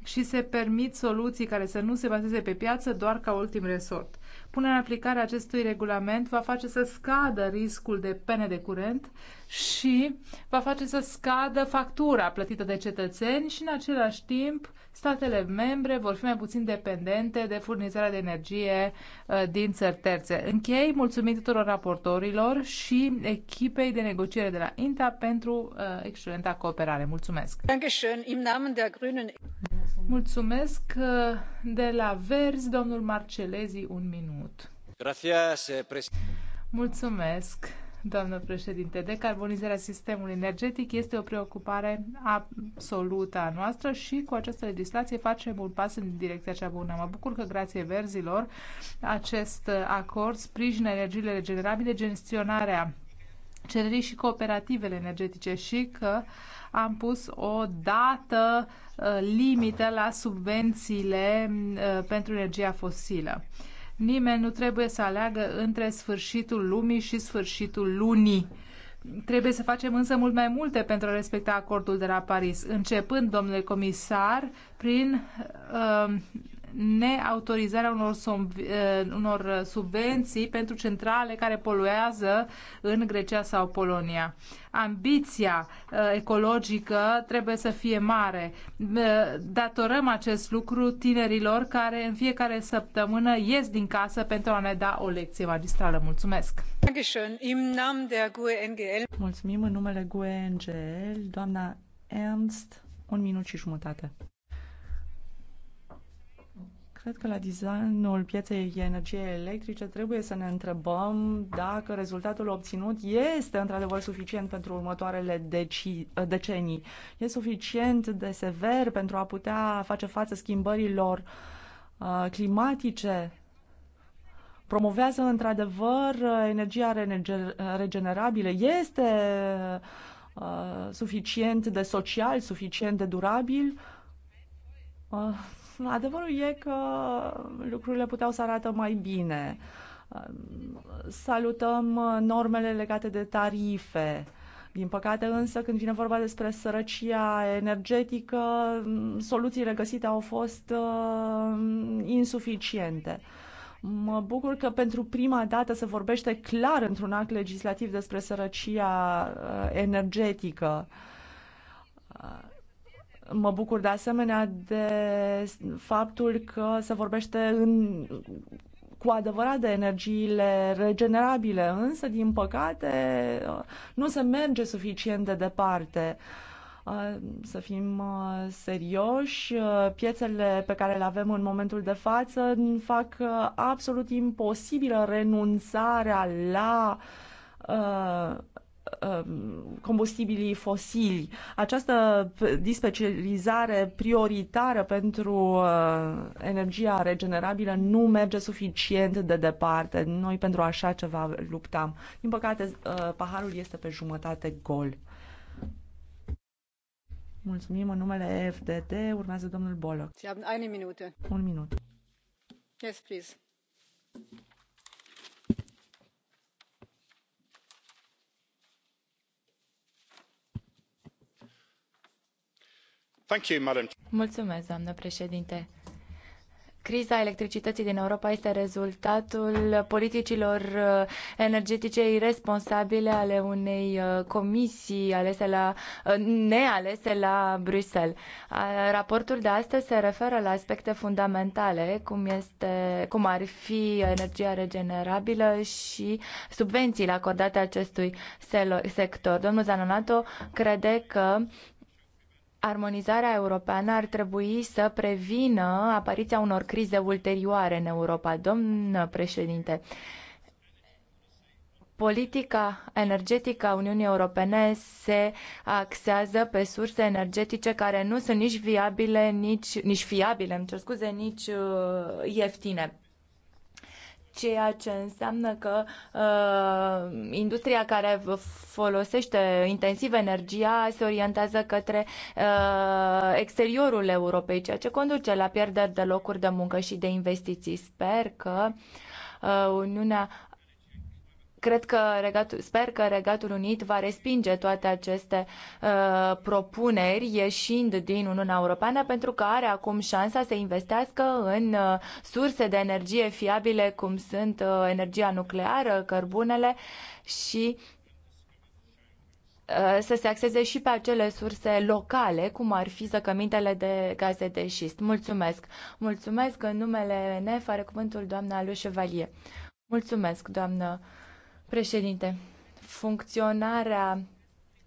și se permit soluții care să nu se bazeze pe piață doar ca ultim resort. Punerea în aplicare a acestui regulament va face să scadă riscul de pene de curent și va face să scadă factura plătită de cetățeni și în același timp statele membre vor fi mai puțin dependente de furnizarea de energie uh, din țări terțe. Închei mulțumim tuturor raportorilor și echipei de negociere de la INTA pentru uh, excelenta cooperare. Mulțumesc! Mulțumesc de la Verzi, domnul Marcelezi, un minut. Eh, Mulțumesc, doamnă președinte. Decarbonizarea sistemului energetic este o preocupare absolută a noastră și cu această legislație facem un pas în direcția cea bună. Mă bucur că, grație verzilor, acest acord sprijină energiile regenerabile, gestionarea cererii și cooperativele energetice și că uh, am pus o dată uh, limită la subvențiile uh, pentru energia fosilă. Nimeni nu trebuie să aleagă între sfârșitul lumii și sfârșitul lunii. Trebuie să facem însă mult mai multe pentru a respecta acordul de la Paris, începând, domnule comisar, prin uh, neautorizarea unor, eh, unor subvenții pentru centrale care poluează în Grecia sau Polonia. Ambiția eh, ecologică trebuie să fie mare. Eh, datorăm acest lucru tinerilor care în fiecare săptămână ies din casă pentru a ne da o lecție magistrală. Mulțumesc! Mulțumim în numele GUE NGL, doamna Ernst, un minut și jumătate. Cred că la designul pieței energiei electrice trebuie să ne întrebăm dacă rezultatul obținut este într-adevăr suficient pentru următoarele deci- decenii. E suficient de sever pentru a putea face față schimbărilor uh, climatice? Promovează într-adevăr energia regenerabilă? Este uh, suficient de social, suficient de durabil? Uh, Adevărul e că lucrurile puteau să arată mai bine. Salutăm normele legate de tarife. Din păcate însă, când vine vorba despre sărăcia energetică, soluțiile găsite au fost uh, insuficiente. Mă bucur că pentru prima dată se vorbește clar într-un act legislativ despre sărăcia uh, energetică. Uh, Mă bucur de asemenea de faptul că se vorbește în, cu adevărat de energiile regenerabile, însă, din păcate, nu se merge suficient de departe. Uh, să fim uh, serioși, uh, piețele pe care le avem în momentul de față fac absolut imposibilă renunțarea la Um, combustibilii fosili. Această dispecializare prioritară pentru uh, energia regenerabilă nu merge suficient de departe. Noi pentru așa ceva luptam. Din păcate, uh, paharul este pe jumătate gol. Mulțumim în numele FDD. Urmează domnul Boloc. Un minut. Yes, please. Mulțumesc, doamnă președinte. Criza electricității din Europa este rezultatul politicilor uh, energetice irresponsabile ale unei uh, comisii alese la, uh, nealese la Bruxelles. Raportul de astăzi se referă la aspecte fundamentale, cum, este, cum ar fi energia regenerabilă și subvențiile acordate acestui sector. Domnul Zanonato crede că armonizarea europeană ar trebui să prevină apariția unor crize ulterioare în Europa. Domn președinte, politica energetică a Uniunii Europene se axează pe surse energetice care nu sunt nici viabile, nici, nici fiabile, îmi cer scuze, nici uh, ieftine ceea ce înseamnă că uh, industria care folosește intensiv energia se orientează către uh, exteriorul Europei, ceea ce conduce la pierderi de locuri de muncă și de investiții. Sper că uh, Uniunea Cred că regatul, sper că Regatul Unit va respinge toate aceste uh, propuneri ieșind din Uniunea Europeană pentru că are acum șansa să investească în uh, surse de energie fiabile cum sunt uh, energia nucleară, cărbunele și uh, să se axeze și pe acele surse locale, cum ar fi zăcămintele de gaze de șist. Mulțumesc! Mulțumesc în numele NEF, are cuvântul doamna Lu Chevalier. Mulțumesc, doamnă Președinte, funcționarea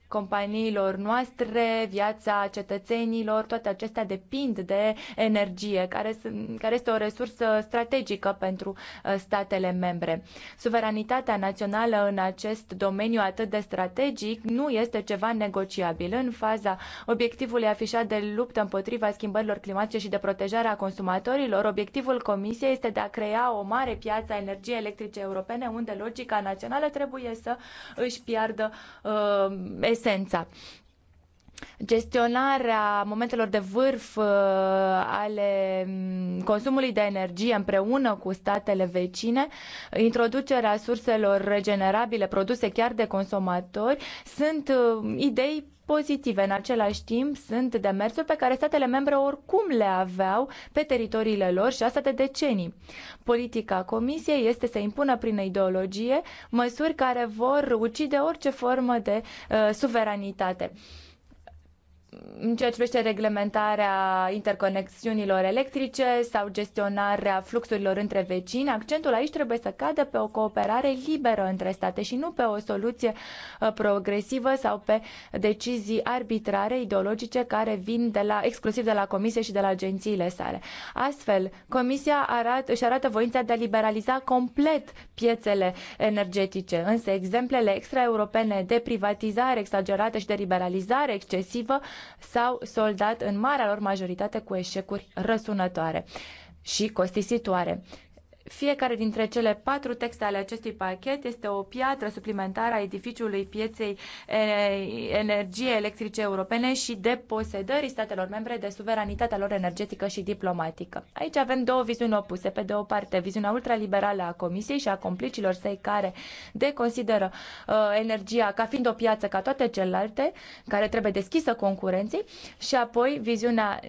companiilor noastre, viața cetățenilor, toate acestea depind de energie, care, care este o resursă strategică pentru uh, statele membre. Suveranitatea națională în acest domeniu atât de strategic nu este ceva negociabil. În faza obiectivului afișat de luptă împotriva schimbărilor climatice și de protejarea consumatorilor, obiectivul Comisiei este de a crea o mare piață a energiei electrice europene, unde logica națională trebuie să își piardă uh, esența gestionarea momentelor de vârf uh, ale mm, consumului de energie împreună cu statele vecine, introducerea surselor regenerabile produse chiar de consumatori, sunt uh, idei pozitive. În același timp, sunt demersuri pe care statele membre oricum le aveau pe teritoriile lor și asta de decenii. Politica Comisiei este să impună prin ideologie măsuri care vor ucide orice formă de uh, suveranitate în ceea ce privește reglementarea interconexiunilor electrice sau gestionarea fluxurilor între vecini, accentul aici trebuie să cadă pe o cooperare liberă între state și nu pe o soluție uh, progresivă sau pe decizii arbitrare ideologice care vin de la, exclusiv de la Comisie și de la agențiile sale. Astfel, Comisia arat, își arată voința de a liberaliza complet piețele energetice, însă exemplele extraeuropene de privatizare exagerată și de liberalizare excesivă s-au soldat în marea lor majoritate cu eșecuri răsunătoare și costisitoare. Fiecare dintre cele patru texte ale acestui pachet este o piatră suplimentară a edificiului pieței energiei electrice europene și de posedării statelor membre de suveranitatea lor energetică și diplomatică. Aici avem două viziuni opuse. Pe de o parte, viziunea ultraliberală a Comisiei și a complicilor săi care deconsideră uh, energia ca fiind o piață ca toate celelalte, care trebuie deschisă concurenței, și apoi viziunea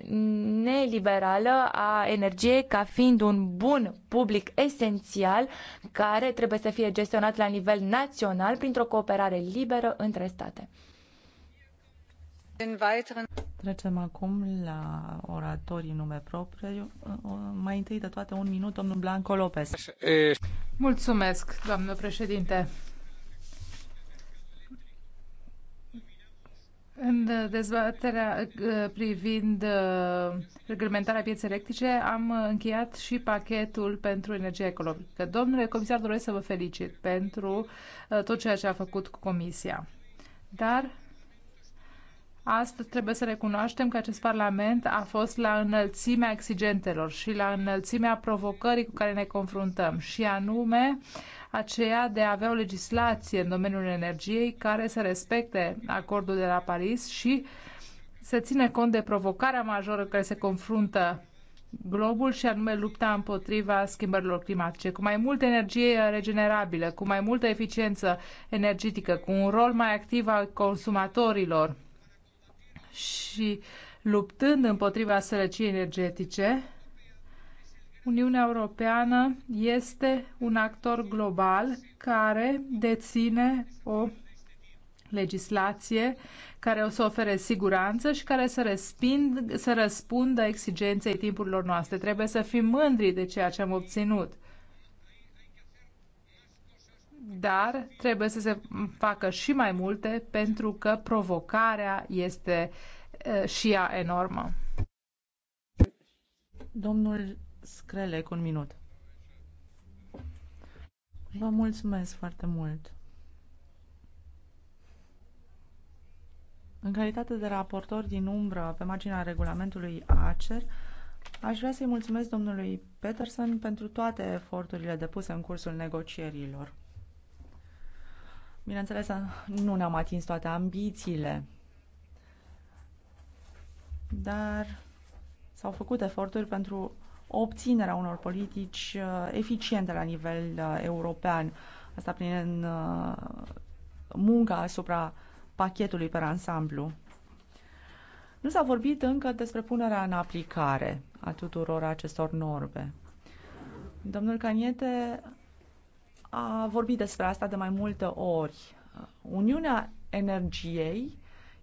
neliberală a energiei ca fiind un bun public public esențial care trebuie să fie gestionat la nivel național printr-o cooperare liberă între state. Trecem acum la oratorii nume proprie. Mai întâi de toate, un minut, domnul Blanco Lopez. Mulțumesc, doamnă președinte. În dezbaterea uh, privind uh, reglementarea pieței electrice am încheiat și pachetul pentru energie ecologică. Domnule comisar, doresc să vă felicit pentru uh, tot ceea ce a făcut cu comisia. Dar astăzi trebuie să recunoaștem că acest parlament a fost la înălțimea exigentelor și la înălțimea provocării cu care ne confruntăm și anume uh, aceea de a avea o legislație în domeniul energiei care să respecte acordul de la Paris și să ține cont de provocarea majoră care se confruntă globul și anume lupta împotriva schimbărilor climatice. Cu mai multă energie regenerabilă, cu mai multă eficiență energetică, cu un rol mai activ al consumatorilor și luptând împotriva sărăciei energetice, Uniunea Europeană este un actor global care deține o legislație care o să ofere siguranță și care să, respind, să răspundă exigenței timpurilor noastre. Trebuie să fim mândri de ceea ce am obținut. Dar trebuie să se facă și mai multe pentru că provocarea este eh, și ea enormă. Domnul cu un minut. Vă mulțumesc foarte mult. În calitate de raportor din umbră pe marginea regulamentului ACER, aș vrea să-i mulțumesc domnului Peterson pentru toate eforturile depuse în cursul negocierilor. Bineînțeles, nu ne-am atins toate ambițiile, dar s-au făcut eforturi pentru obținerea unor politici uh, eficiente la nivel uh, european. Asta prin uh, munca asupra pachetului pe ansamblu. Nu s-a vorbit încă despre punerea în aplicare a tuturor acestor norme. Domnul Caniete a vorbit despre asta de mai multe ori. Uniunea energiei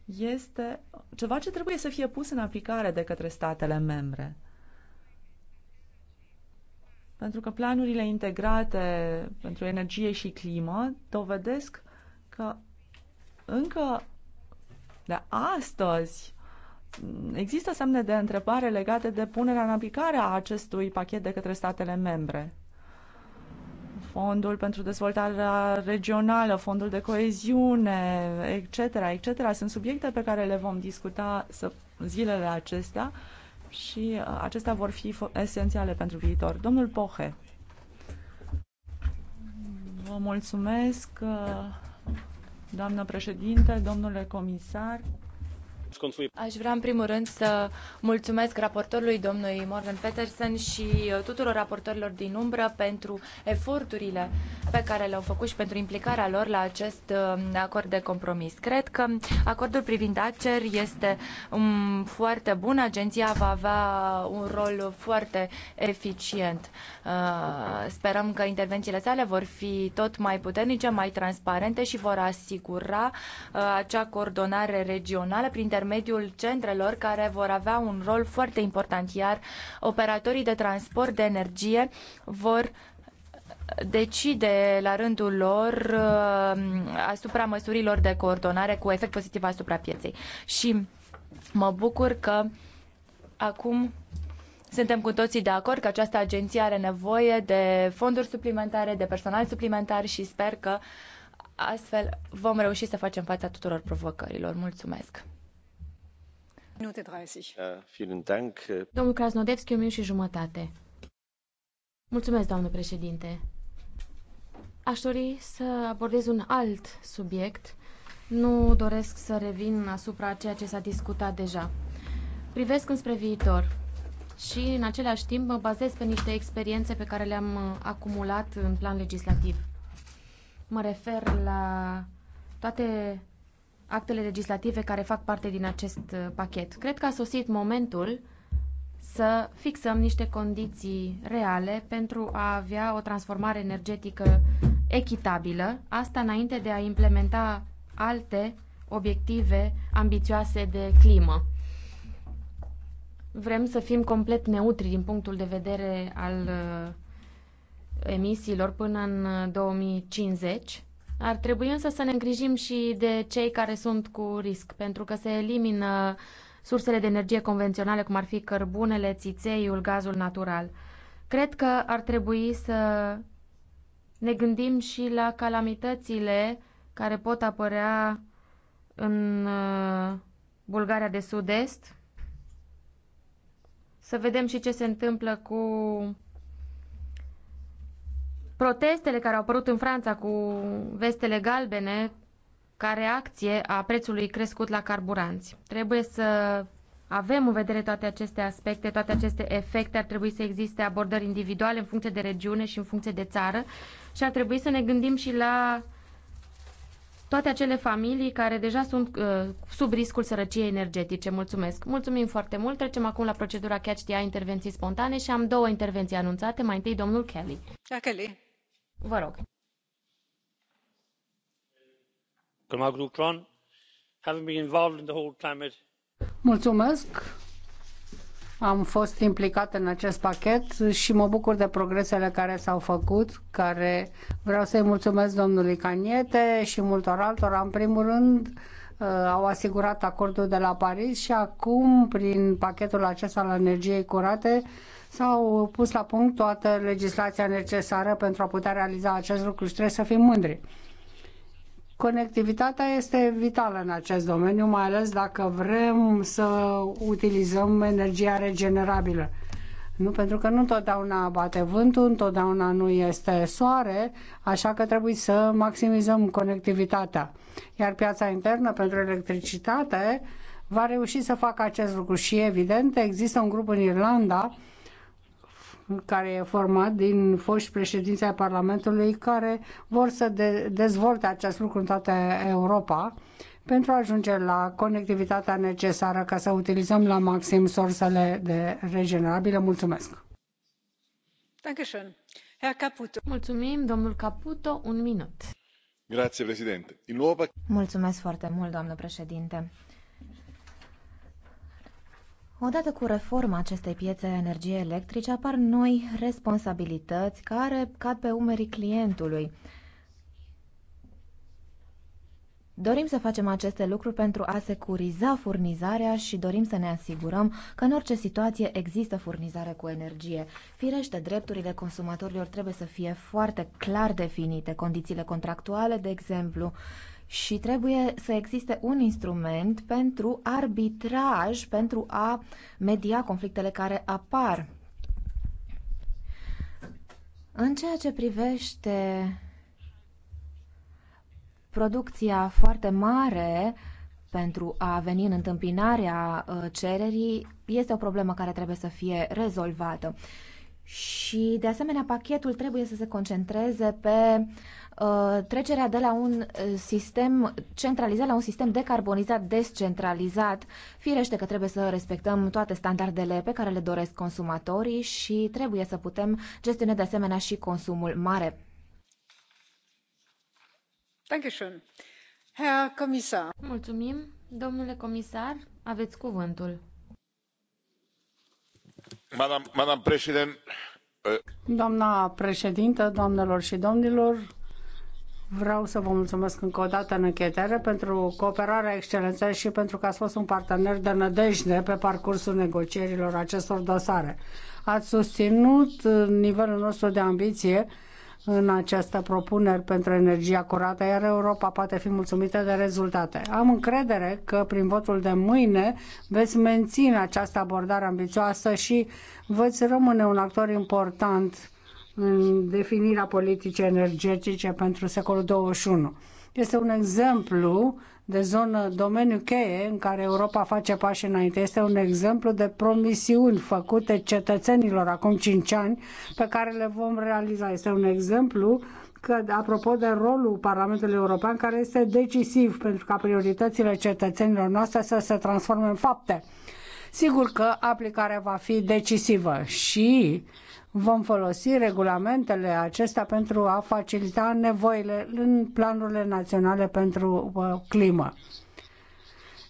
este ceva ce trebuie să fie pus în aplicare de către statele membre. Pentru că planurile integrate pentru energie și climă dovedesc că încă de astăzi există semne de întrebare legate de punerea în aplicare a acestui pachet de către statele membre. Fondul pentru dezvoltarea regională, fondul de coeziune, etc., etc., sunt subiecte pe care le vom discuta să, zilele acestea și uh, acestea vor fi esențiale pentru viitor. Domnul Pohe, vă mulțumesc, uh, doamnă președinte, domnule comisar. Aș vrea în primul rând să mulțumesc raportorului domnului Morgan Peterson și uh, tuturor raportorilor din umbră pentru eforturile pe care le-au făcut și pentru implicarea lor la acest uh, acord de compromis. Cred că acordul privind ACER este um, foarte bun. Agenția va avea un rol foarte eficient. Uh, sperăm că intervențiile sale vor fi tot mai puternice, mai transparente și vor asigura acea coordonare regională prin intermediul intermediul centrelor care vor avea un rol foarte important, iar operatorii de transport de energie vor decide la rândul lor uh, asupra măsurilor de coordonare cu efect pozitiv asupra pieței. Și mă bucur că acum suntem cu toții de acord că această agenție are nevoie de fonduri suplimentare, de personal suplimentar și sper că astfel vom reuși să facem fața tuturor provocărilor. Mulțumesc! Uh, uh, Domnul Krasnodevski, o minut și jumătate. Mulțumesc, doamnă președinte. Aș dori să abordez un alt subiect. Nu doresc să revin asupra ceea ce s-a discutat deja. Privesc înspre viitor și, în același timp, mă bazez pe niște experiențe pe care le-am uh, acumulat în plan legislativ. Mă refer la toate actele legislative care fac parte din acest uh, pachet. Cred că a sosit momentul să fixăm niște condiții reale pentru a avea o transformare energetică echitabilă, asta înainte de a implementa alte obiective ambițioase de climă. Vrem să fim complet neutri din punctul de vedere al uh, emisiilor până în 2050 uh, ar trebui însă să ne îngrijim și de cei care sunt cu risc, pentru că se elimină sursele de energie convenționale, cum ar fi cărbunele, țițeiul, gazul natural. Cred că ar trebui să ne gândim și la calamitățile care pot apărea în uh, Bulgaria de Sud-Est. Să vedem și ce se întâmplă cu Protestele care au apărut în Franța cu vestele galbene ca reacție a prețului crescut la carburanți. Trebuie să avem în vedere toate aceste aspecte, toate aceste efecte, ar trebui să existe abordări individuale în funcție de regiune și în funcție de țară și ar trebui să ne gândim și la toate acele familii care deja sunt uh, sub riscul sărăciei energetice. Mulțumesc! Mulțumim foarte mult! Trecem acum la procedura catch the intervenții spontane și am două intervenții anunțate. Mai întâi, domnul Kelly. Da, Kelly. Vă rog. Mulțumesc. Am fost implicat în acest pachet și mă bucur de progresele care s-au făcut, care vreau să-i mulțumesc domnului Caniete și multor altora. În primul rând, uh, au asigurat acordul de la Paris și acum, prin pachetul acesta al energiei curate, S-au pus la punct toată legislația necesară pentru a putea realiza acest lucru și trebuie să fim mândri. Conectivitatea este vitală în acest domeniu, mai ales dacă vrem să utilizăm energia regenerabilă. Nu, pentru că nu întotdeauna bate vântul, întotdeauna nu este soare, așa că trebuie să maximizăm conectivitatea. Iar piața internă pentru electricitate va reuși să facă acest lucru și evident există un grup în Irlanda care e format din foști președinți ai Parlamentului care vor să de- dezvolte acest lucru în toată Europa pentru a ajunge la conectivitatea necesară ca să utilizăm la maxim sursele de regenerabile. Mulțumesc! Mulțumim, domnul Caputo, un minut. Grazie, Mulțumesc foarte mult, doamnă președinte Odată cu reforma acestei piețe a energiei electrice apar noi responsabilități care cad pe umerii clientului. Dorim să facem aceste lucruri pentru a securiza furnizarea și dorim să ne asigurăm că în orice situație există furnizare cu energie. Firește, drepturile consumatorilor trebuie să fie foarte clar definite, condițiile contractuale, de exemplu, uh, și trebuie să existe un instrument pentru arbitraj, pentru a media conflictele care apar. În ceea ce privește producția foarte mare pentru a veni în întâmpinarea uh, cererii, este o problemă care trebuie să fie rezolvată și, de asemenea, pachetul trebuie să se concentreze pe uh, trecerea de la un uh, sistem centralizat la un sistem decarbonizat, descentralizat. Firește că trebuie să respectăm toate standardele pe care le doresc consumatorii și trebuie să putem gestiona de asemenea și consumul mare. Mulțumim. Domnule comisar, aveți cuvântul. Uh, doamnă președintă doamnelor și domnilor vreau să vă mulțumesc încă o dată în încheiere pentru cooperarea excelentă și pentru că ați fost un partener de nădejde pe parcursul negocierilor acestor dosare. Ați susținut nivelul nostru de ambiție în această propunere pentru energia curată, iar Europa poate fi mulțumită de rezultate. Am încredere că prin votul de mâine veți menține această abordare ambițioasă și veți rămâne un actor important în definirea politicii energetice pentru secolul 21. Este un exemplu de zonă, domeniu cheie în care Europa face pași înainte. Este un exemplu de promisiuni făcute cetățenilor acum 5 ani pe care le vom realiza. Este un exemplu că, apropo de rolul Parlamentului European, care este decisiv pentru ca prioritățile cetățenilor noastre să se transforme în fapte. Sigur că aplicarea va fi decisivă și vom folosi regulamentele acestea pentru a facilita nevoile în planurile naționale pentru uh, climă.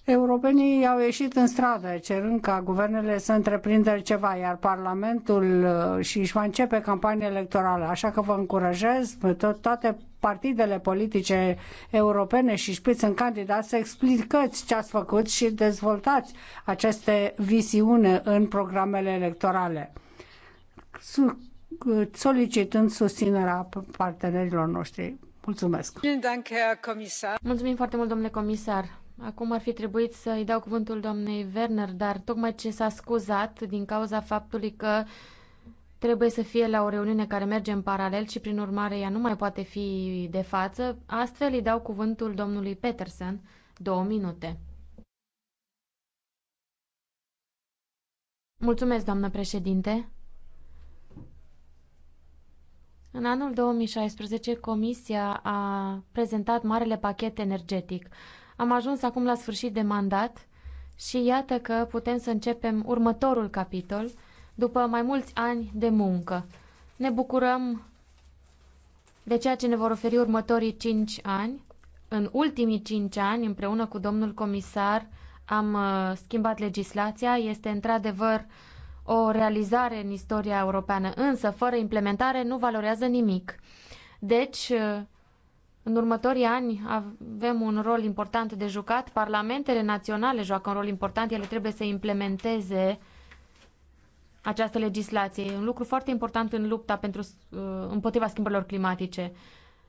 Europenii au ieșit în stradă cerând ca guvernele să întreprindă ceva, iar Parlamentul uh, și își va începe campania electorală. Așa că vă încurajez pe tot, toate partidele politice europene și șpiți în candidat să explicați ce ați făcut și dezvoltați aceste visiune în programele electorale. Uh, solicitând susținerea partenerilor noștri. Mulțumesc! Mulțumim foarte mult, domnule comisar! Acum ar fi trebuit să îi dau cuvântul doamnei Werner, dar tocmai ce s-a scuzat din cauza faptului că trebuie să fie la o reuniune care merge în paralel și prin urmare ea nu mai poate fi de față, astfel îi dau cuvântul domnului Peterson, două minute. Mulțumesc, doamnă președinte. În anul 2016, Comisia a prezentat marele pachet energetic. Am ajuns acum la sfârșit de mandat și iată că putem să începem următorul capitol după mai mulți ani de muncă. Ne bucurăm de ceea ce ne vor oferi următorii 5 ani. În ultimii 5 ani, împreună cu domnul comisar, am uh, schimbat legislația. Este într-adevăr uh, o realizare în istoria europeană, însă fără implementare nu valorează nimic. Deci, în următorii ani avem un rol important de jucat, parlamentele naționale joacă un rol important, ele trebuie să implementeze această legislație. E un lucru foarte important în lupta pentru, uh, împotriva schimbărilor climatice.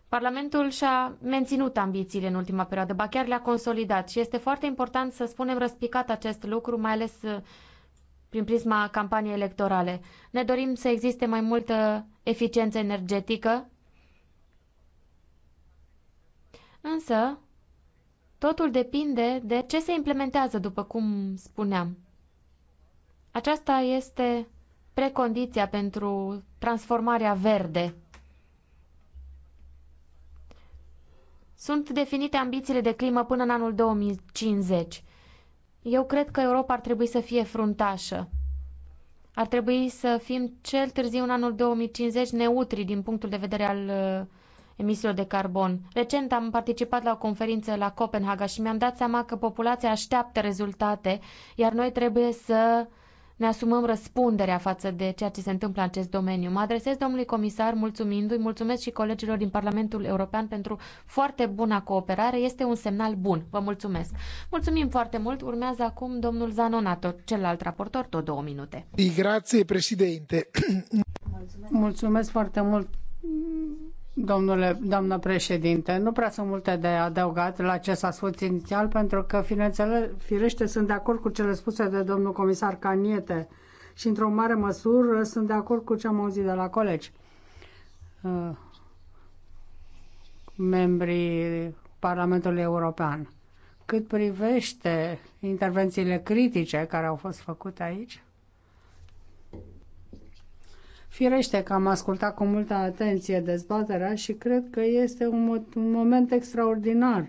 Parlamentul și-a menținut ambițiile în ultima perioadă, ba chiar le-a consolidat și este foarte important să spunem răspicat acest lucru, mai ales uh, prin prisma campaniei electorale. Ne dorim să existe mai multă eficiență energetică, însă totul depinde de ce se implementează, după cum spuneam. Aceasta este precondiția pentru transformarea verde. Sunt definite ambițiile de climă până în anul 2050. Eu cred că Europa ar trebui să fie fruntașă. Ar trebui să fim cel târziu în anul 2050 neutri din punctul de vedere al uh, emisiilor de carbon. Recent am participat la o conferință la Copenhaga și mi-am dat seama că populația așteaptă rezultate, iar noi trebuie să uh, ne asumăm răspunderea față de ceea ce se întâmplă în acest domeniu. Mă adresez domnului comisar mulțumindu-i, mulțumesc și colegilor din Parlamentul European pentru foarte buna cooperare. Este un semnal bun. Vă mulțumesc. Mulțumim foarte mult. Urmează acum domnul Zanonato, celălalt raportor, tot două minute. Grație, președinte. Mulțumesc. mulțumesc foarte mult Domnule, doamnă președinte, nu prea sunt multe de adăugat la ce s-a spus inițial, pentru că, firește, sunt de acord cu cele spuse de domnul comisar Caniete și, într-o mare măsură, sunt de acord cu ce am auzit de la colegi. Uh, membrii Parlamentului European. Cât privește intervențiile critice care au fost făcute aici, Firește că am ascultat cu multă atenție dezbaterea și cred că este un, un moment extraordinar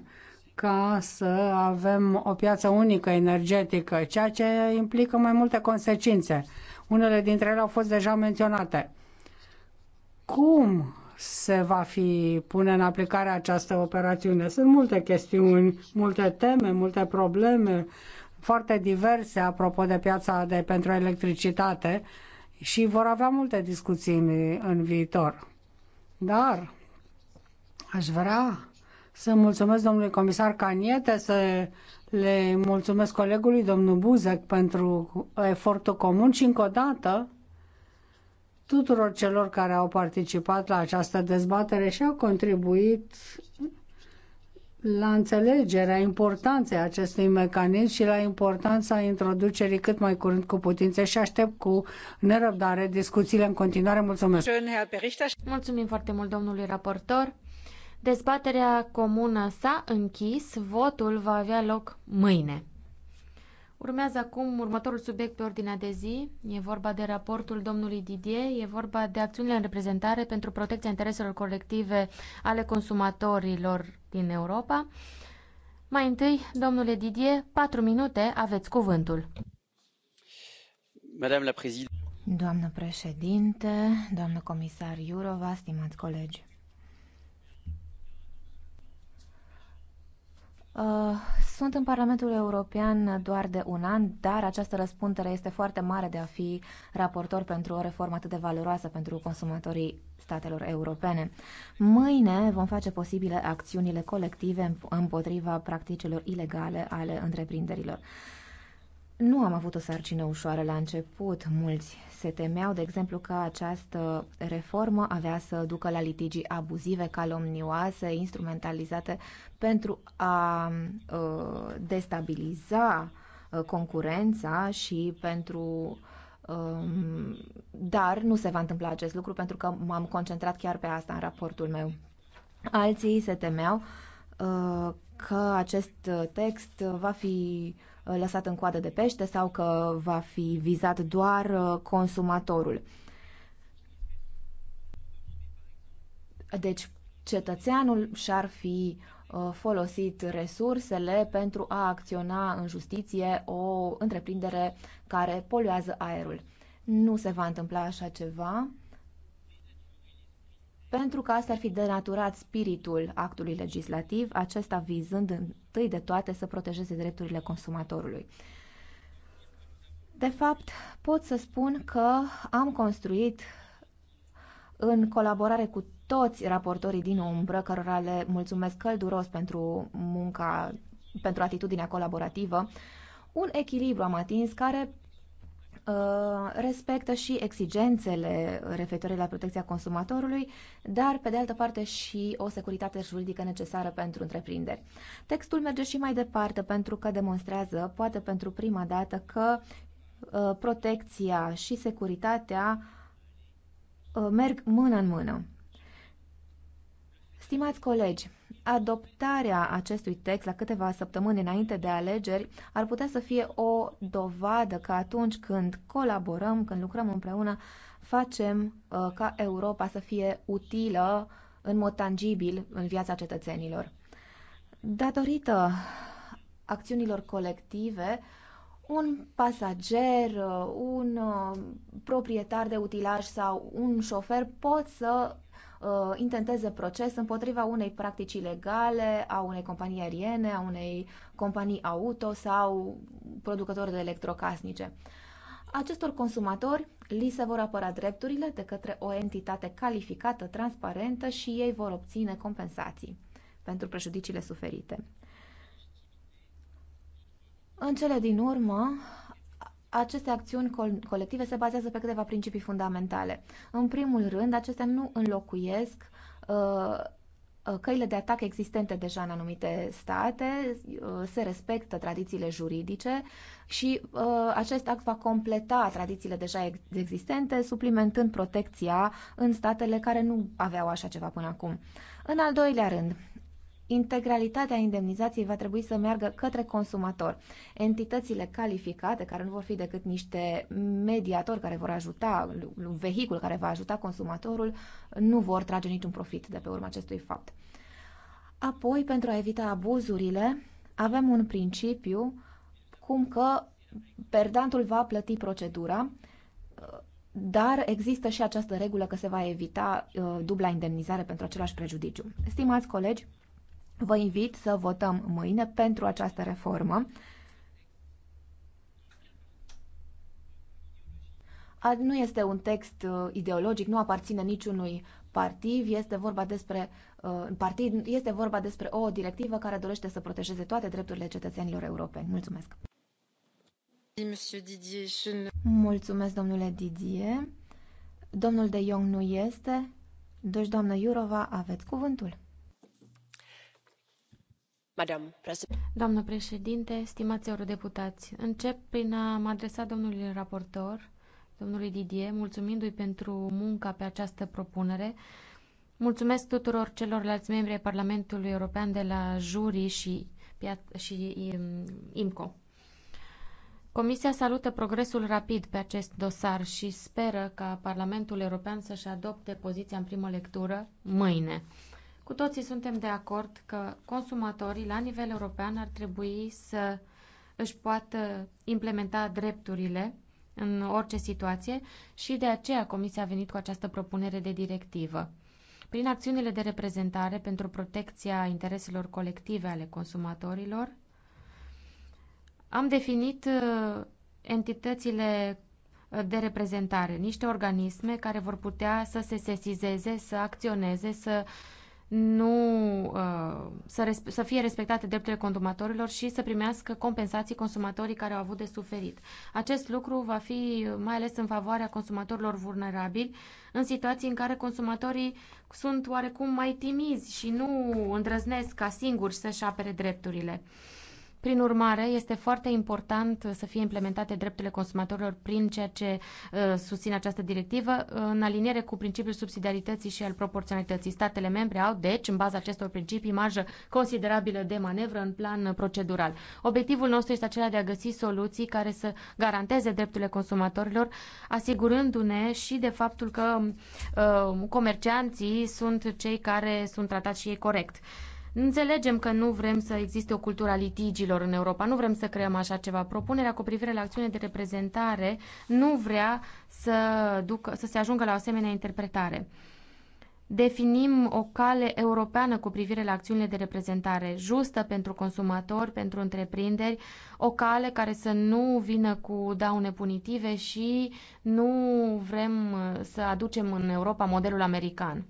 ca să avem o piață unică energetică, ceea ce implică mai multe consecințe. Unele dintre ele au fost deja menționate. Cum se va fi pune în aplicare această operațiune? Sunt multe chestiuni, multe teme, multe probleme foarte diverse apropo de piața de pentru electricitate și vor avea multe discuții în, în viitor. Dar aș vrea să mulțumesc domnului comisar Caniete, să le mulțumesc colegului domnul Buzek pentru efortul comun și încă o dată tuturor celor care au participat la această dezbatere și au contribuit la înțelegerea importanței acestui mecanism și la importanța introducerii cât mai curând cu putință și aștept cu nerăbdare discuțiile în continuare. Mulțumesc! Mulțumim foarte mult, domnului raportor! Dezbaterea comună s-a închis, votul va avea loc mâine. Urmează acum următorul subiect pe ordinea de zi. E vorba de raportul domnului Didier, e vorba de acțiunile în reprezentare pentru protecția intereselor colective ale consumatorilor din Europa. Mai întâi, domnule Didier, patru minute, aveți cuvântul. Doamnă președinte, doamnă comisar Iurova, stimați colegi. Uh, sunt în Parlamentul European doar de un an, dar această răspundere este foarte mare de a fi raportor pentru o reformă atât de valoroasă pentru consumatorii statelor europene. Mâine vom face posibile acțiunile colective împotriva practicilor ilegale ale întreprinderilor. Nu am avut o sarcină ușoară la început. Mulți se temeau, de exemplu, că această reformă avea să ducă la litigii abuzive, calomnioase, instrumentalizate pentru a uh, destabiliza uh, concurența și pentru um, dar nu se va întâmpla acest lucru pentru că m-am concentrat chiar pe asta în raportul meu. Alții se temeau uh, că acest text va fi Uh, lăsat în coadă de pește sau că va fi vizat doar uh, consumatorul. Deci, cetățeanul și-ar fi uh, folosit resursele pentru a acționa în justiție o întreprindere care poluează aerul. Nu se va întâmpla așa ceva pentru că asta ar fi denaturat spiritul actului legislativ, acesta vizând întâi de toate să protejeze drepturile consumatorului. De fapt, pot să spun că am construit în colaborare cu toți raportorii din umbră, cărora le mulțumesc călduros pentru munca, pentru atitudinea colaborativă, un echilibru am atins care Uh, respectă și exigențele referitoare la protecția consumatorului, dar, pe de altă parte, și o securitate juridică necesară pentru întreprinderi. Textul merge și mai departe pentru că demonstrează, poate pentru prima dată, că uh, protecția și securitatea uh, merg mână în mână. Stimați colegi, Adoptarea acestui text la câteva săptămâni înainte de alegeri ar putea să fie o dovadă că atunci când colaborăm, când lucrăm împreună, facem uh, ca Europa să fie utilă în mod tangibil în viața cetățenilor. Datorită acțiunilor colective, un pasager, uh, un uh, proprietar de utilaj sau un șofer pot să uh, intenteze proces împotriva unei practici legale a unei companii aeriene, a unei companii auto sau producători de electrocasnice. Acestor consumatori li se vor apăra drepturile de către o entitate calificată, transparentă și ei vor obține compensații pentru prejudiciile suferite. În cele din urmă, aceste acțiuni co- colective se bazează pe câteva principii fundamentale. În primul rând, acestea nu înlocuiesc uh, uh căile de atac existente deja în anumite state, uh, se respectă tradițiile juridice și uh, acest act va completa tradițiile deja existente, suplimentând protecția în statele care nu aveau așa ceva până acum. În al doilea rând, integralitatea indemnizației va trebui să meargă către consumator. Entitățile calificate, care nu vor fi decât niște mediatori care vor ajuta, un vehicul care va ajuta consumatorul, nu vor trage niciun profit de pe urma acestui fapt. Apoi, pentru a evita abuzurile, avem un principiu cum că perdantul va plăti procedura, dar există și această regulă că se va evita uh, dubla indemnizare pentru același prejudiciu. Stimați colegi, Vă invit să votăm mâine pentru această reformă. Nu este un text uh, ideologic, nu aparține niciunui partid, este vorba despre uh, partid, este vorba despre o directivă care dorește să protejeze toate drepturile cetățenilor europeni. Mulțumesc. Mulțumesc, domnule Didier. Domnul de Jong nu este, deci doamnă Iurova, aveți cuvântul. Doamnă președinte, stimați eurodeputați, încep prin a mă adresa domnului raportor, domnului Didier, mulțumindu-i pentru munca pe această propunere. Mulțumesc tuturor celorlalți membri ai Parlamentului European de la Juri și, și um, IMCO. Comisia salută progresul rapid pe acest dosar și speră ca Parlamentul European să-și adopte poziția în primă lectură mâine. Cu toții suntem de acord că consumatorii la nivel european ar trebui să își poată implementa drepturile în orice situație și de aceea Comisia a venit cu această propunere de directivă. Prin acțiunile de reprezentare pentru protecția intereselor colective ale consumatorilor, am definit uh, entitățile uh, de reprezentare, niște organisme care vor putea să se sesizeze, să acționeze, să uh, nu uh, să, res- să fie respectate drepturile consumatorilor și să primească compensații consumatorii care au avut de suferit. Acest lucru va fi mai ales în favoarea consumatorilor vulnerabili, în situații în care consumatorii sunt oarecum mai timizi și nu îndrăznesc ca singuri să-și apere drepturile. Prin urmare, este foarte important să fie implementate drepturile consumatorilor prin ceea ce uh, susține această directivă, în aliniere cu principiul subsidiarității și al proporționalității. Statele membre au, deci, în baza acestor principii, marjă considerabilă de manevră în plan procedural. Obiectivul nostru este acela de a găsi soluții care să garanteze drepturile consumatorilor, asigurându-ne și de faptul că uh, comercianții sunt cei care sunt tratați și ei corect. Uh, Înțelegem că nu vrem să existe o cultură a litigilor în Europa, nu vrem să creăm așa ceva. Propunerea cu privire la acțiune de reprezentare nu vrea să, ducă, să se ajungă la o asemenea interpretare. Definim o cale europeană cu privire la acțiunile de reprezentare, justă pentru consumatori, pentru întreprinderi, o cale care să nu vină cu daune punitive și nu vrem să aducem în Europa modelul american.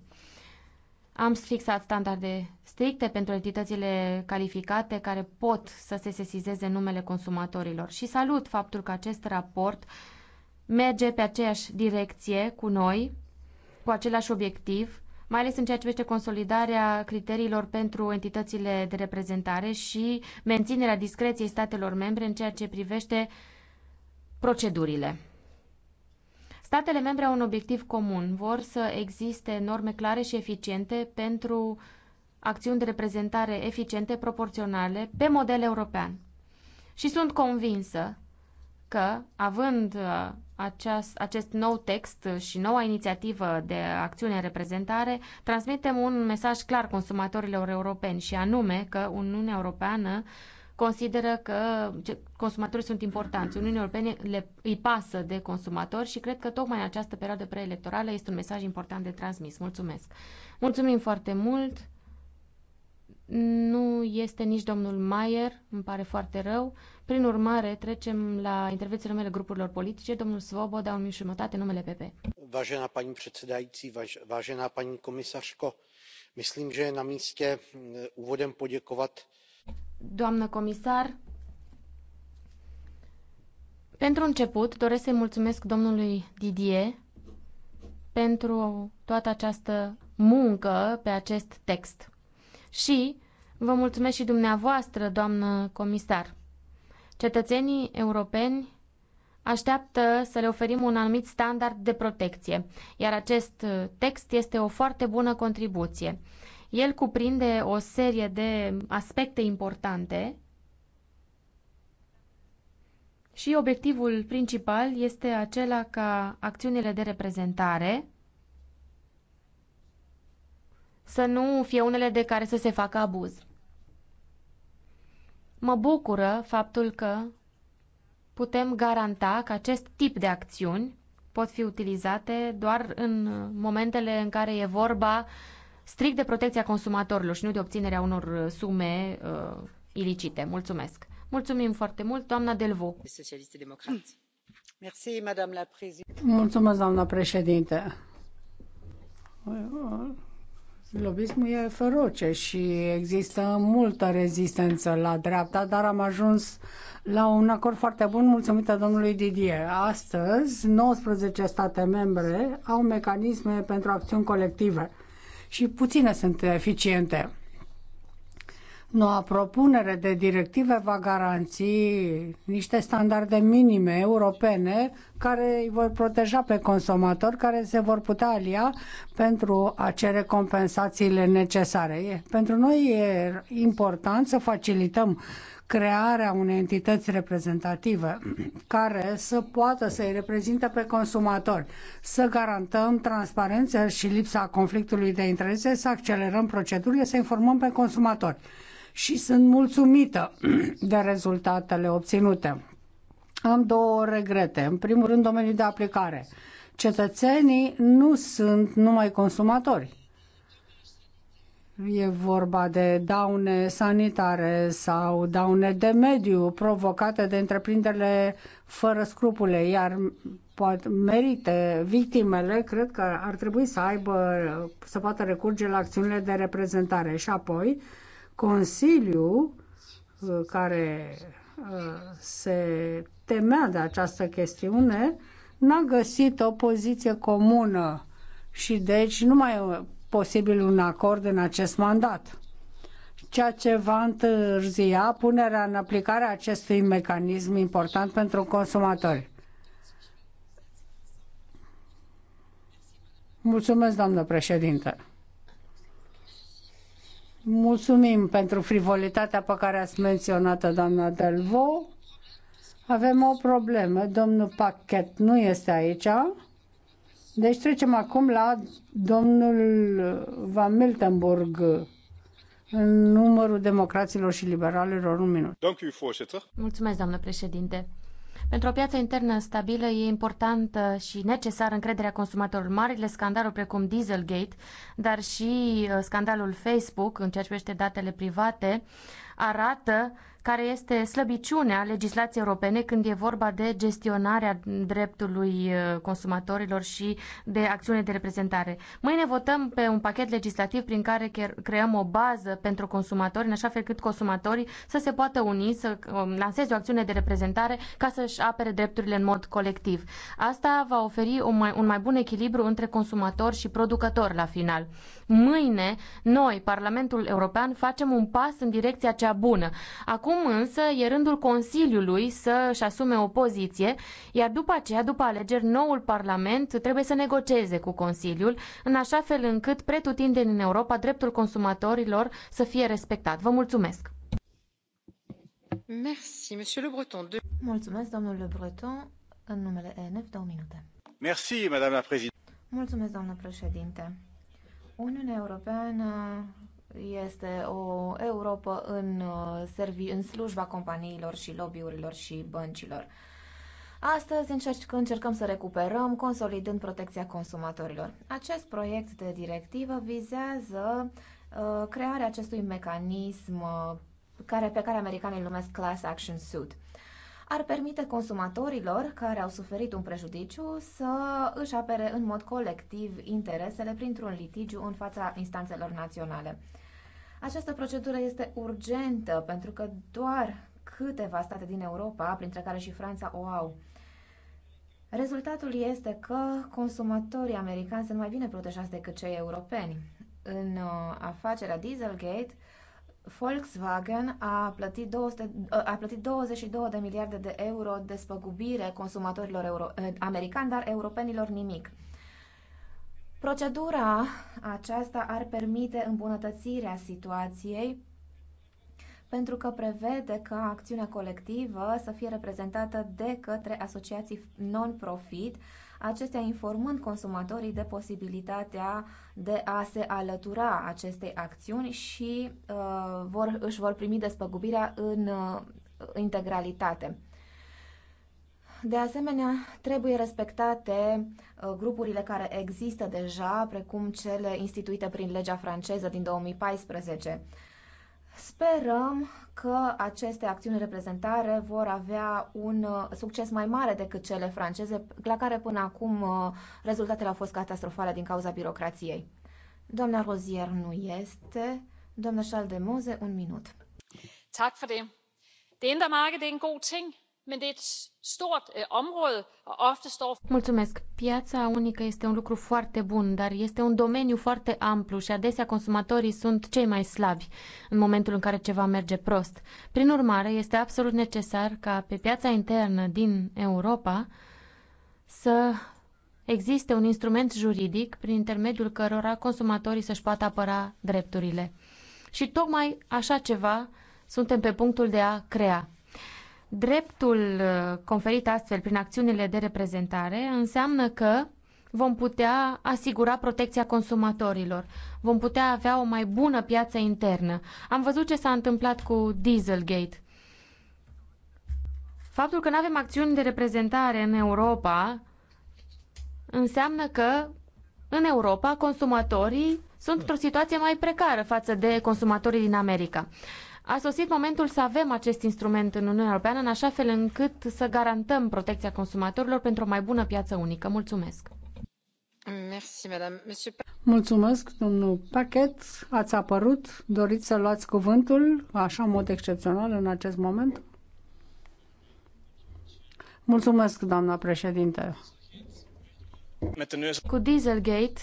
Am fixat standarde stricte pentru entitățile calificate care pot să se sesizeze numele consumatorilor și salut faptul că acest raport merge pe aceeași direcție cu noi, cu același obiectiv, mai ales în ceea ce privește consolidarea criteriilor pentru entitățile de reprezentare și menținerea discreției statelor membre în ceea ce privește procedurile. Statele membre au un obiectiv comun. Vor să existe norme clare și eficiente pentru acțiuni de reprezentare eficiente, proporționale, pe model european. Și sunt convinsă că, având uh, aceast, acest nou text și noua inițiativă de acțiune în reprezentare, transmitem un mesaj clar consumatorilor europeni și anume că Uniunea Europeană uh, consideră că consumatorii sunt importanți. Uniunea Europene le, îi pasă de consumatori și cred că tocmai în această perioadă preelectorală este un mesaj important de transmis. Mulțumesc! Mulțumim foarte mult! Nu este nici domnul Maier, îmi pare foarte rău. Prin urmare, trecem la intervențiile numele grupurilor politice. Domnul Svoboda, un minut și jumătate, numele PP. Vážená paní předsedající, vážená paní komisařko, myslím, že je na místě mm, úvodem poděkovat doamnă comisar, pentru început doresc să-i mulțumesc domnului Didier pentru toată această muncă pe acest text. Și vă mulțumesc și dumneavoastră, doamnă comisar. Cetățenii europeni așteaptă să le oferim un anumit standard de protecție, iar acest text este o foarte bună contribuție. El cuprinde o serie de aspecte importante și obiectivul principal este acela ca acțiunile de reprezentare să nu fie unele de care să se facă abuz. Mă bucură faptul că putem garanta că acest tip de acțiuni pot fi utilizate doar în momentele în care e vorba strict de protecția consumatorilor și nu de obținerea unor uh, sume uh, ilicite. Mulțumesc! Mulțumim foarte mult, doamna Delvo. Mulțumesc, doamna președinte. Lobismul e feroce și există multă rezistență la dreapta, dar am ajuns la un acord foarte bun mulțumită domnului Didier. Astăzi, 19 state membre au mecanisme pentru acțiuni colective și puține sunt eficiente. Noua propunere de directive va garanți niște standarde minime europene care îi vor proteja pe consumatori care se vor putea alia pentru a cere compensațiile necesare. Pentru noi e important să facilităm crearea unei entități reprezentative care să poată să-i reprezinte pe consumatori, să garantăm transparență și lipsa conflictului de interese, să accelerăm procedurile, să informăm pe consumatori. Și sunt mulțumită de rezultatele obținute. Am două regrete. În primul rând, domeniul de aplicare. Cetățenii nu sunt numai consumatori E vorba de daune sanitare sau daune de mediu provocate de întreprinderile fără scrupule, iar poate merite victimele, cred că ar trebui să aibă, să poată recurge la acțiunile de reprezentare. Și apoi, Consiliul, uh, care uh, se temea de această chestiune, n-a găsit o poziție comună și deci nu mai posibil un acord în acest mandat ceea ce va întârzia punerea în aplicare a acestui mecanism important pentru consumatori. Mulțumesc, doamnă președinte. Mulțumim pentru frivolitatea pe care ați menționat-o, doamna Delvo. Avem o problemă. Domnul Pachet nu este aici. Deci trecem acum la domnul Van Miltenburg în numărul democraților și liberalilor un minut. Mulțumesc, doamnă președinte. Pentru o piață internă stabilă e importantă și necesară încrederea consumatorilor. Marile scandaluri precum Dieselgate, dar și uh, scandalul Facebook în ceea ce privește datele private, arată care este slăbiciunea legislației europene când e vorba de gestionarea dreptului uh, consumatorilor și de acțiune de reprezentare. Mâine votăm pe un pachet legislativ prin care creăm o bază pentru consumatori, în așa fel cât consumatorii să se poată uni, să um, lanseze o acțiune de reprezentare ca să-și apere drepturile în mod colectiv. Asta va oferi un mai, un mai bun echilibru între consumator și producător la final. Mâine, noi, Parlamentul European, facem un pas în direcția cea bună. Acum Acum însă e rândul Consiliului să-și asume o poziție, iar după aceea, după alegeri, noul Parlament trebuie să negocieze cu Consiliul, în așa fel încât pretutindeni în Europa dreptul consumatorilor să fie respectat. Vă mulțumesc! Merci, monsieur Le Breton. De... Mulțumesc, domnul Le Breton. În numele ENF, două minute. Merci, madame la președinte. Mulțumesc, doamnă președinte. Uniunea Europeană este o Europa în, uh, servi- în slujba companiilor și lobbyurilor și băncilor. Astăzi încerc, încercăm să recuperăm, consolidând protecția consumatorilor. Acest proiect de directivă vizează uh, crearea acestui mecanism uh, care, pe care americanii îl numesc Class Action Suit. Ar permite consumatorilor care au suferit un prejudiciu să își apere în mod colectiv interesele printr-un litigiu în fața instanțelor naționale. Această procedură este urgentă pentru că doar câteva state din Europa, printre care și Franța, o au. Rezultatul este că consumatorii americani sunt mai bine protejați decât cei europeni. În uh, afacerea Dieselgate, Volkswagen a plătit, 200, uh, a plătit 22 de miliarde de euro despăgubire consumatorilor euro, uh, americani, dar europenilor nimic. Procedura aceasta ar permite îmbunătățirea situației pentru că prevede ca acțiunea colectivă să fie reprezentată de către asociații non-profit, acestea informând consumatorii de posibilitatea de a se alătura acestei acțiuni și uh, vor, își vor primi despăgubirea în uh, integralitate. De asemenea, trebuie respectate uh, grupurile care există deja, precum cele instituite prin legea franceză din 2014. Sperăm că aceste acțiuni reprezentare vor avea un uh, succes mai mare decât cele franceze, la care până acum uh, rezultatele au fost catastrofale din cauza birocrației. Doamna Rozier nu este. Doamna Schaldemose, un minut. Tak for det. Det indre marked er en god ting, men det er et stort øh, område og ofte står... Mulțumesc. Piața unică este un lucru foarte bun, dar este un domeniu foarte amplu și adesea consumatorii sunt cei mai slabi în momentul în care ceva merge prost. Prin urmare, este absolut necesar ca pe piața internă din Europa să existe un instrument juridic prin intermediul cărora consumatorii să-și poată apăra drepturile. Și tocmai așa ceva suntem pe punctul de a crea. Dreptul uh, conferit astfel prin acțiunile de reprezentare înseamnă că vom putea asigura protecția consumatorilor, vom putea avea o mai bună piață internă. Am văzut ce s-a întâmplat cu Dieselgate. Faptul că nu avem acțiuni de reprezentare în Europa înseamnă că în Europa consumatorii sunt într-o situație mai precară față de consumatorii din America. A sosit momentul să avem acest instrument în Uniunea Europeană în așa fel încât să garantăm protecția consumatorilor pentru o mai bună piață unică. Mulțumesc! Mulțumesc, domnul Pachet. Ați apărut. Doriți să luați cuvântul, așa în mod excepțional, în acest moment? Mulțumesc, doamna președinte. Cu Dieselgate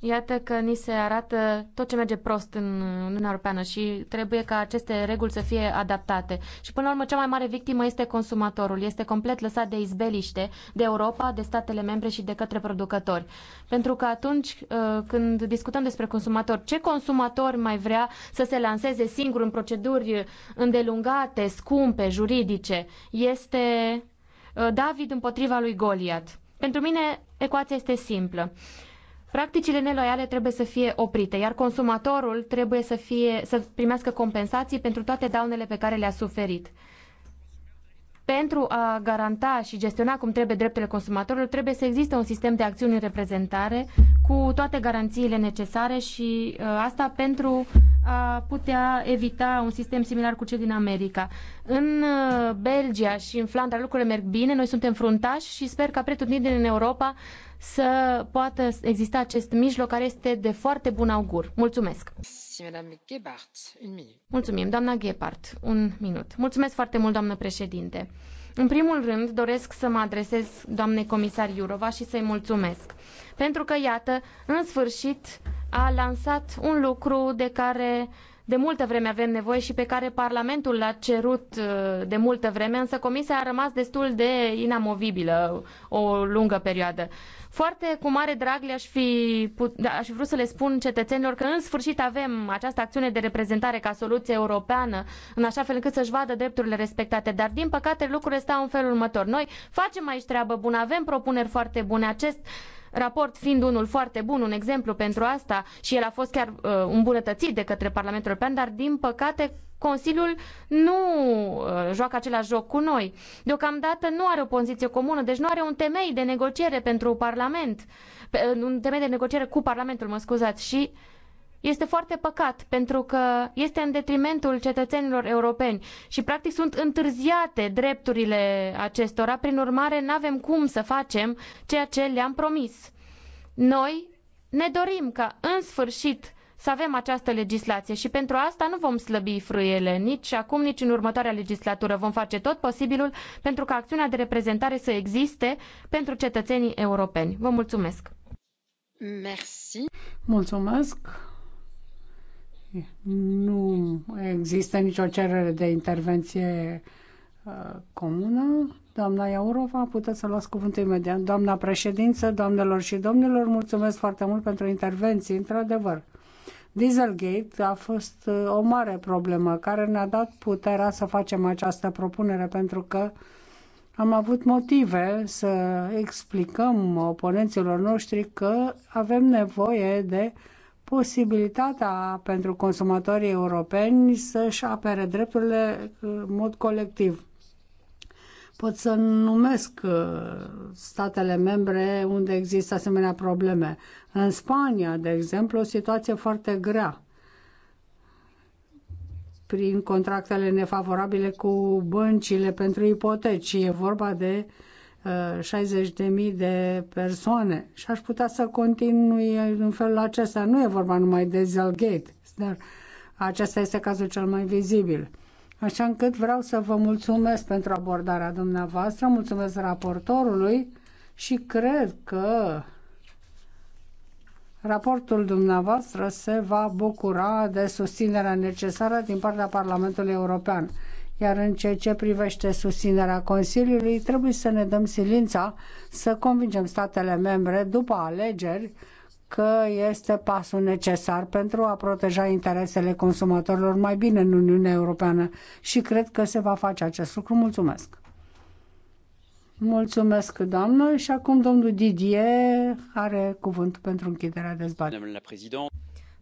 Iată că ni se arată tot ce merge prost în Uniunea Europeană și trebuie ca aceste reguli să fie adaptate. Și până la urmă cea mai mare victimă este consumatorul. Este complet lăsat de izbeliște de Europa, de statele membre și de către producători. Pentru că atunci uh, când discutăm despre consumator, ce consumator mai vrea să se lanseze singur în proceduri îndelungate, scumpe, juridice? Este uh, David împotriva lui Goliat. Pentru mine ecuația este simplă. Practicile neloiale trebuie să fie oprite, iar consumatorul trebuie să, fie, să primească compensații pentru toate daunele pe care le-a suferit. Pentru a garanta și gestiona cum trebuie drepturile consumatorilor, trebuie să existe un sistem de acțiuni în reprezentare cu toate garanțiile necesare și uh, asta pentru a putea evita un sistem similar cu cel din America. În uh, Belgia și în Flandra lucrurile merg bine, noi suntem fruntași și sper ca pretutindeni în Europa să poată exista acest mijloc care este de foarte bun augur. Mulțumesc! Mulțumim, Gebhardt. Un minut. Mulțumesc foarte mult, doamnă președinte. În primul rând, doresc să mă adresez doamnei comisar Iurova și să-i mulțumesc. Pentru că, iată, în sfârșit a lansat un lucru de care de multă vreme avem nevoie și pe care Parlamentul l-a cerut uh, de multă vreme, însă Comisia a rămas destul de inamovibilă o lungă perioadă. Foarte cu mare drag le-aș fi, da, aș fi vrut să le spun cetățenilor că în sfârșit avem această acțiune de reprezentare ca soluție europeană, în așa fel încât să-și vadă drepturile respectate. Dar, din păcate, lucrurile stau în felul următor. Noi facem aici treabă bună, avem propuneri foarte bune. Acest uh, raport fiind unul foarte bun, un exemplu pentru asta și el a fost chiar uh, îmbunătățit de către Parlamentul European, dar din păcate Consiliul nu uh, joacă același joc cu noi. Deocamdată nu are o poziție comună, deci nu are un temei de negociere pentru Parlament, un temei de negociere cu Parlamentul, mă scuzați, și uh, este foarte păcat pentru că este în detrimentul cetățenilor europeni și practic sunt întârziate drepturile acestora, prin urmare nu avem cum să facem ceea ce le-am promis. Noi ne dorim ca în sfârșit să avem această legislație și pentru asta nu vom slăbi frâiele nici acum, nici în următoarea legislatură. Vom face tot posibilul pentru ca acțiunea de reprezentare să existe pentru cetățenii europeni. Vă mulțumesc! Merci. Mulțumesc! Nu există nicio cerere de intervenție uh, comună. Doamna Iaurova, puteți să luați cuvântul imediat. Doamna președință, doamnelor și domnilor, mulțumesc foarte mult pentru intervenții, într-adevăr. Dieselgate a fost uh, o mare problemă care ne-a dat puterea să facem această propunere pentru că am avut motive să explicăm oponenților noștri că avem nevoie de uh, posibilitatea pentru consumatorii europeni să-și apere drepturile în mod colectiv. Pot să numesc uh, statele membre unde există asemenea probleme. În Spania, de exemplu, o situație foarte grea prin contractele nefavorabile cu băncile pentru ipoteci. E vorba de uh, 60.000 de persoane și aș putea să continui în felul acesta. Nu e vorba numai de Zellgate, dar acesta este cazul cel mai vizibil. Așa încât vreau să vă mulțumesc pentru abordarea dumneavoastră, mulțumesc raportorului și cred că raportul dumneavoastră se va bucura de susținerea necesară din partea Parlamentului European. Iar în ceea ce privește susținerea Consiliului, trebuie să ne dăm silința să convingem statele membre după alegeri că este pasul necesar pentru a proteja interesele consumatorilor mai bine în Uniunea Europeană și cred că se va face acest lucru. Mulțumesc! Mulțumesc, doamnă, și acum domnul Didier are cuvânt pentru închiderea dezbaterii.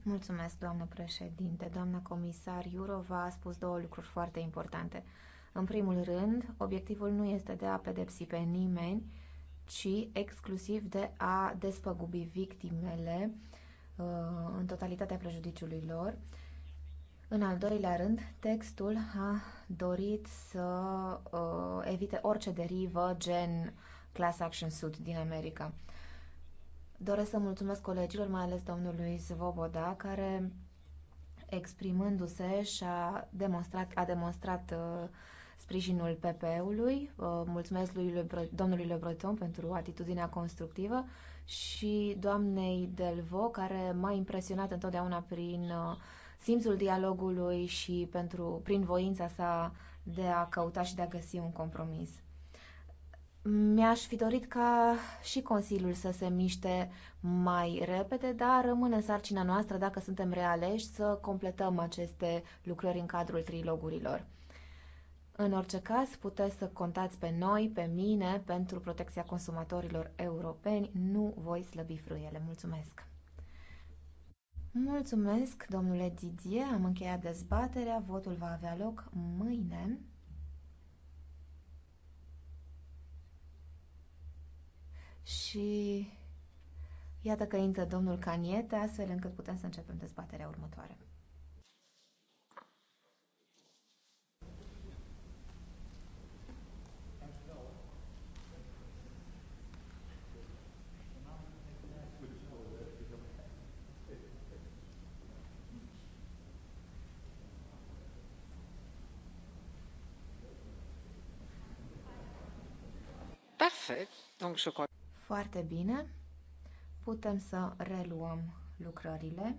Mulțumesc, doamnă președinte. Doamna comisar Iurova a spus două lucruri foarte importante. În primul rând, obiectivul nu este de a pedepsi pe nimeni, ci exclusiv de a despăgubi victimele uh, în totalitatea prejudiciului lor. În al doilea rând, textul a dorit să uh, evite orice derivă gen class action suit din America. Uh, Doresc să mulțumesc colegilor, mai ales domnului Svoboda, care exprimându-se și-a demonstrat, a demonstrat uh, sprijinul PP-ului. Uh, mulțumesc lui Lebr- domnului Le pentru atitudinea constructivă și doamnei Delvo, care m-a impresionat întotdeauna prin uh, simțul dialogului și pentru, prin voința sa de a căuta și de a găsi un compromis. Mi-aș fi dorit ca și Consiliul să se miște mai repede, dar rămâne sarcina noastră, dacă suntem realești, să completăm aceste lucrări în cadrul trilogurilor. În orice caz, puteți să contați pe noi, pe mine, pentru protecția consumatorilor europeni. Nu voi slăbi fruiele. Mulțumesc! Mulțumesc, domnule Didier. Am încheiat dezbaterea. Votul va avea loc mâine. și iată că intră domnul Caniete, astfel încât putem să începem dezbaterea următoare. Perfect. Donc, je crois... Foarte bine. Putem să reluăm lucrările.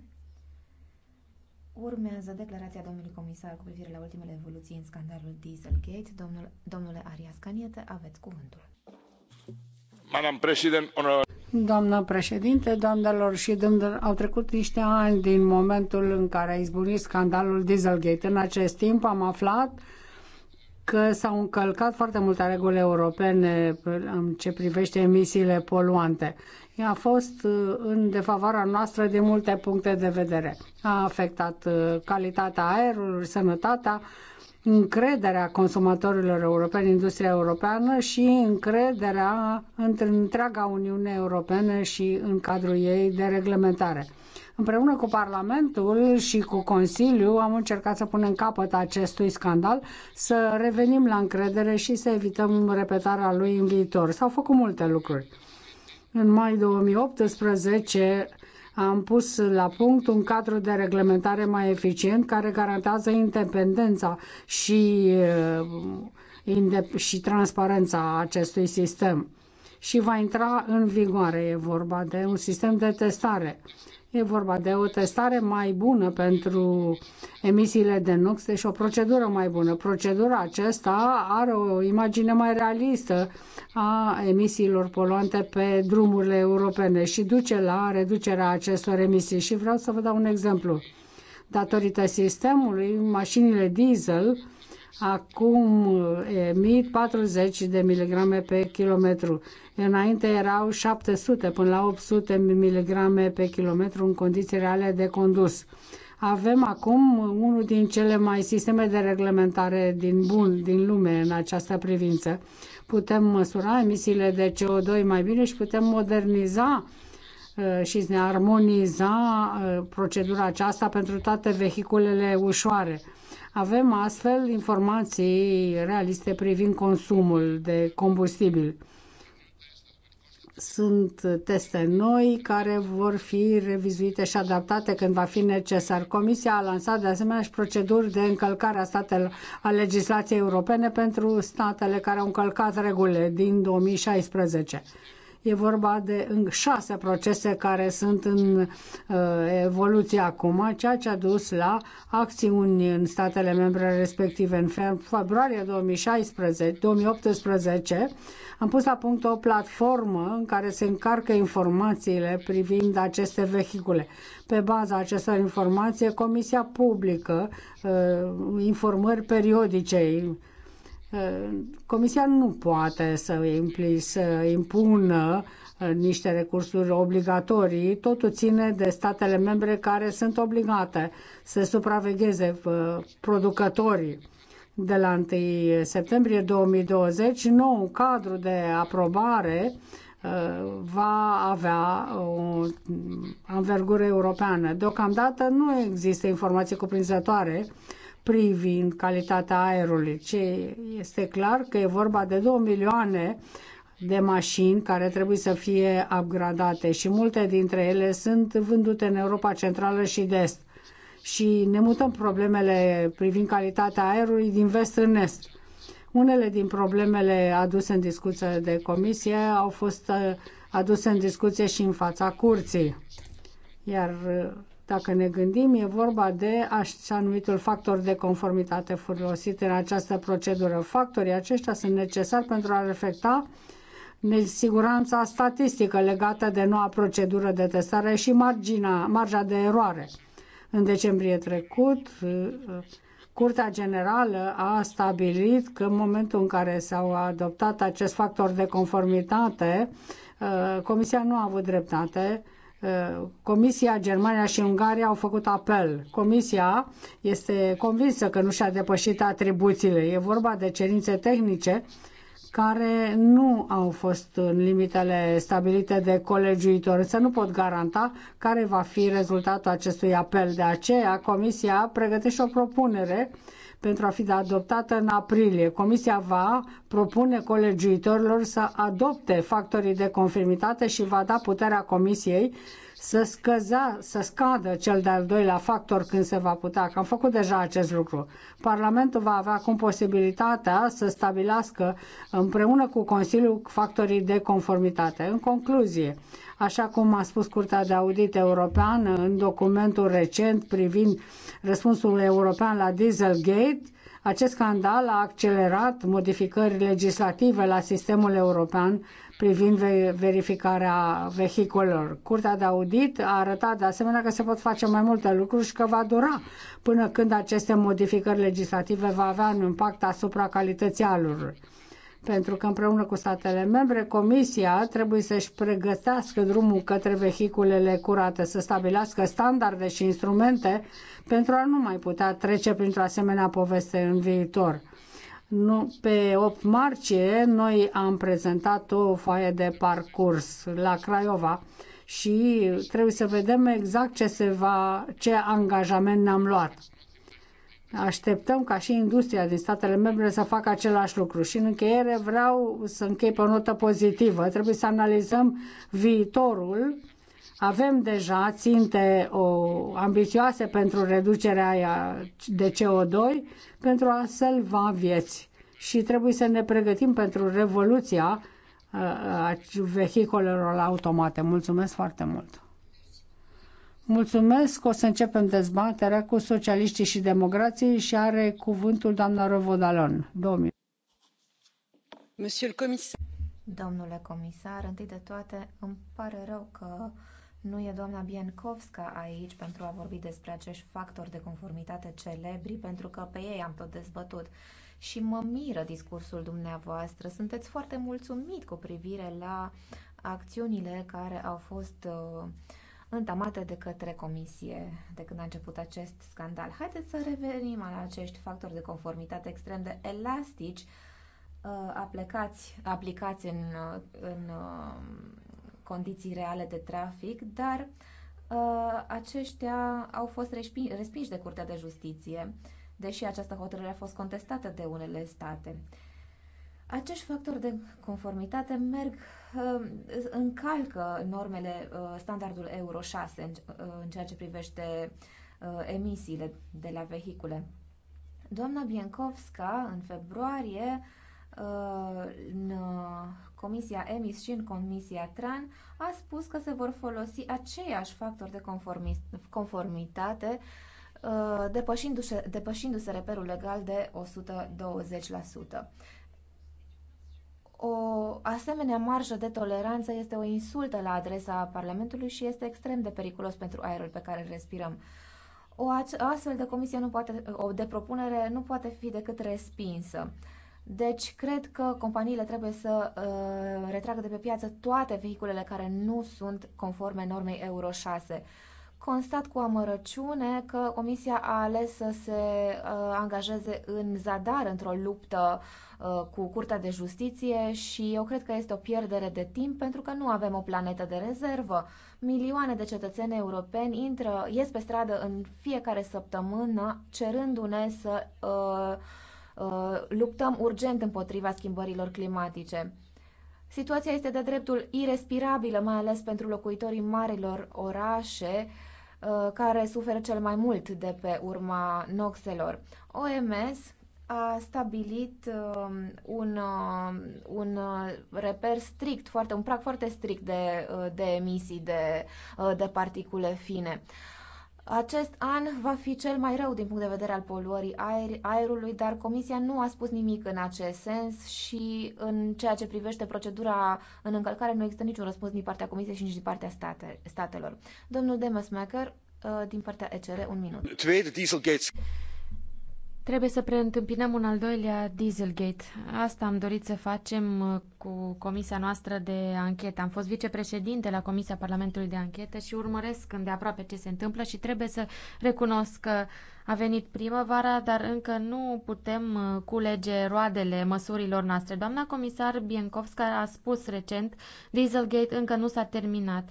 Urmează declarația domnului comisar cu privire la ultimele evoluții în scandalul Dieselgate. Domnul, domnule Arias Caniete, aveți cuvântul. Madam President, onor... președinte, doamnelor și domnilor, au trecut niște ani din momentul în care a izbunit scandalul Dieselgate. În acest timp am aflat că s-au încălcat foarte multe reguli europene în ce privește emisiile poluante. Ea a fost uh, în defavoarea noastră din multe puncte de vedere. A afectat uh, calitatea aerului, sănătatea, încrederea consumatorilor europeni în industria europeană și încrederea între întreaga Uniune Europeană și în cadrul ei de reglementare. Împreună cu Parlamentul și cu Consiliul am încercat să punem capăt acestui scandal, să revenim la încredere și să evităm repetarea lui în viitor. S-au făcut multe lucruri. În mai 2018, am pus la punct un cadru de reglementare mai eficient care garantează independența și, uh, și transparența acestui sistem și va intra în vigoare. E vorba de un sistem de testare E vorba de o testare mai bună pentru emisiile de NOx și deci o procedură mai bună. Procedura aceasta are o imagine mai realistă a emisiilor poluante pe drumurile europene și duce la reducerea acestor emisii. Și vreau să vă dau un exemplu. Datorită sistemului, mașinile diesel acum e eh, 1040 de miligrame pe kilometru. Înainte erau 700 până la 800 miligrame pe kilometru în condiții reale de condus. Avem acum unul din cele mai sisteme de reglementare din bun din lume în această privință. Putem măsura emisiile de CO2 mai bine și putem moderniza eh, și ne armoniza eh, procedura aceasta pentru toate vehiculele ușoare avem astfel informații realiste privind consumul de combustibil. Sunt teste noi care vor fi revizuite și adaptate când va fi necesar. Comisia a lansat de asemenea și proceduri de încălcare a statelor a legislației europene pentru statele care au încălcat regulile din 2016. E vorba de șase procese care sunt în uh, evoluție acum, ceea ce a dus la acțiuni în statele membre respective. În februarie 2016, 2018 am pus la punct o platformă în care se încarcă informațiile privind aceste vehicule. Pe baza acestor informații, Comisia publică uh, informări periodice Comisia nu poate să, impli, să impună uh, niște recursuri obligatorii, totul ține de statele membre care sunt obligate să supravegheze uh, producătorii. De la 1 septembrie 2020, nou cadru de aprobare uh, va avea o anvergură europeană. Deocamdată nu există informații cuprinzătoare privind calitatea aerului, Ce este clar că e vorba de 2 milioane de mașini care trebuie să fie upgradate și multe dintre ele sunt vândute în Europa Centrală și de Est. Și ne mutăm problemele privind calitatea aerului din vest în est. Unele din problemele aduse în discuție de comisie au fost uh, aduse în discuție și în fața curții. Iar uh, dacă ne gândim, e vorba de așa numitul factor de conformitate folosit în această procedură. Factorii aceștia sunt necesari pentru a reflecta nesiguranța statistică legată de noua procedură de testare și margina, marja de eroare. În decembrie trecut, Curtea Generală a stabilit că în momentul în care s-au adoptat acest factor de conformitate, Comisia nu a avut dreptate Comisia, Germania și Ungaria au făcut apel. Comisia este convinsă că nu și-a depășit atribuțiile. E vorba de cerințe tehnice care nu au fost în limitele stabilite de colegiuitor, însă nu pot garanta care va fi rezultatul acestui apel. De aceea, Comisia pregătește o propunere uh, pentru a fi adoptată în aprilie. Comisia va propune colegiuitorilor să adopte factorii de conformitate și va da puterea Comisiei să, scăza, să scadă cel de-al doilea factor când se va putea, că am făcut deja acest lucru. Parlamentul va avea acum posibilitatea să stabilească împreună cu Consiliul factorii de conformitate. În concluzie, Așa cum a spus Curtea de Audit Europeană în documentul recent privind răspunsul european la Dieselgate, acest scandal a accelerat modificări legislative la sistemul european privind verificarea vehiculelor. Curtea de audit a arătat de asemenea că se pot face mai multe lucruri și că va dura până când aceste modificări legislative va avea un impact asupra calității alurilor pentru că împreună cu statele membre, Comisia trebuie să-și pregătească drumul către vehiculele curate, să stabilească standarde și instrumente pentru a nu mai putea trece printr-o asemenea poveste în viitor. pe 8 martie noi am prezentat o foaie de parcurs la Craiova și trebuie să vedem exact ce, se va, ce angajament ne-am luat Așteptăm ca și industria din statele membre să facă același lucru. Și în încheiere vreau să închei pe o notă pozitivă. Trebuie să analizăm viitorul. Avem deja ținte o, ambițioase pentru reducerea aia de CO2 pentru a salva vieți. Și trebuie să ne pregătim pentru revoluția uh, vehicolelor automate. Mulțumesc foarte mult! Mulțumesc, o să începem dezbaterea cu socialiștii și democrații și are cuvântul doamna Rovodalon. Domnul. Domnule comisar, întâi de toate îmi pare rău că nu e doamna Biencovska aici pentru a vorbi despre acești factori de conformitate celebri, pentru că pe ei am tot dezbătut. Și mă miră discursul dumneavoastră. Sunteți foarte mulțumit cu privire la acțiunile care au fost uh, întamată de către comisie de când a început acest scandal. Haideți să revenim la acești factori de conformitate extrem de elastici uh, aplicați, aplicați în, uh, în uh, condiții reale de trafic, dar aceștia au fost respinși de Curtea de Justiție, deși această hotărâre a fost contestată de unele state. Acești factori de conformitate merg, um, încalcă normele, uh, standardul Euro 6 uh, în ceea ce privește uh, emisiile de la vehicule. Doamna Biencovska, în februarie, în Comisia EMIS și în Comisia TRAN, a spus că se vor folosi aceiași factori de conformitate, depășindu-se, depășindu-se reperul legal de 120%. O asemenea marjă de toleranță este o insultă la adresa Parlamentului și este extrem de periculos pentru aerul pe care îl respirăm. O astfel de comisie nu poate, o de propunere nu poate fi decât respinsă. Deci, cred că companiile trebuie să uh, retragă de pe piață toate vehiculele care nu sunt conforme normei Euro 6. Constat cu amărăciune că Comisia a ales să se uh, angajeze în zadar într-o luptă uh, cu Curtea de Justiție și eu cred că este o pierdere de timp pentru că nu avem o planetă de rezervă. Milioane de cetățeni europeni intră, ies pe stradă în fiecare săptămână cerându-ne să uh, uh, luptăm urgent împotriva schimbărilor climatice. Situația este de dreptul irespirabilă, mai ales pentru locuitorii marilor orașe, uh, Uh, care suferă cel mai mult de pe urma noxelor. OMS a stabilit um, un, uh, un uh, reper strict, foarte, un prag foarte strict de, de emisii de, de particule fine. Acest an va fi cel mai rău din punct de vedere al poluării aer, aerului, dar Comisia nu a spus nimic în acest sens și în ceea ce privește procedura în încălcare nu există niciun răspuns din partea Comisiei și nici din partea state, statelor. Domnul Demesmaker, uh, din partea ECR, un minut. Tweede Dieselgate. Trebuie să preîntâmpinăm un al doilea Dieselgate. Asta am dorit să facem uh, cu comisia noastră de anchetă. Am fost vicepreședinte la Comisia Parlamentului de Anchetă și urmăresc îndeaproape ce se întâmplă și trebuie să recunosc că a venit primăvara, dar încă nu putem uh, culege roadele măsurilor noastre. Doamna comisar Biencovska a spus recent, Dieselgate încă nu s-a terminat.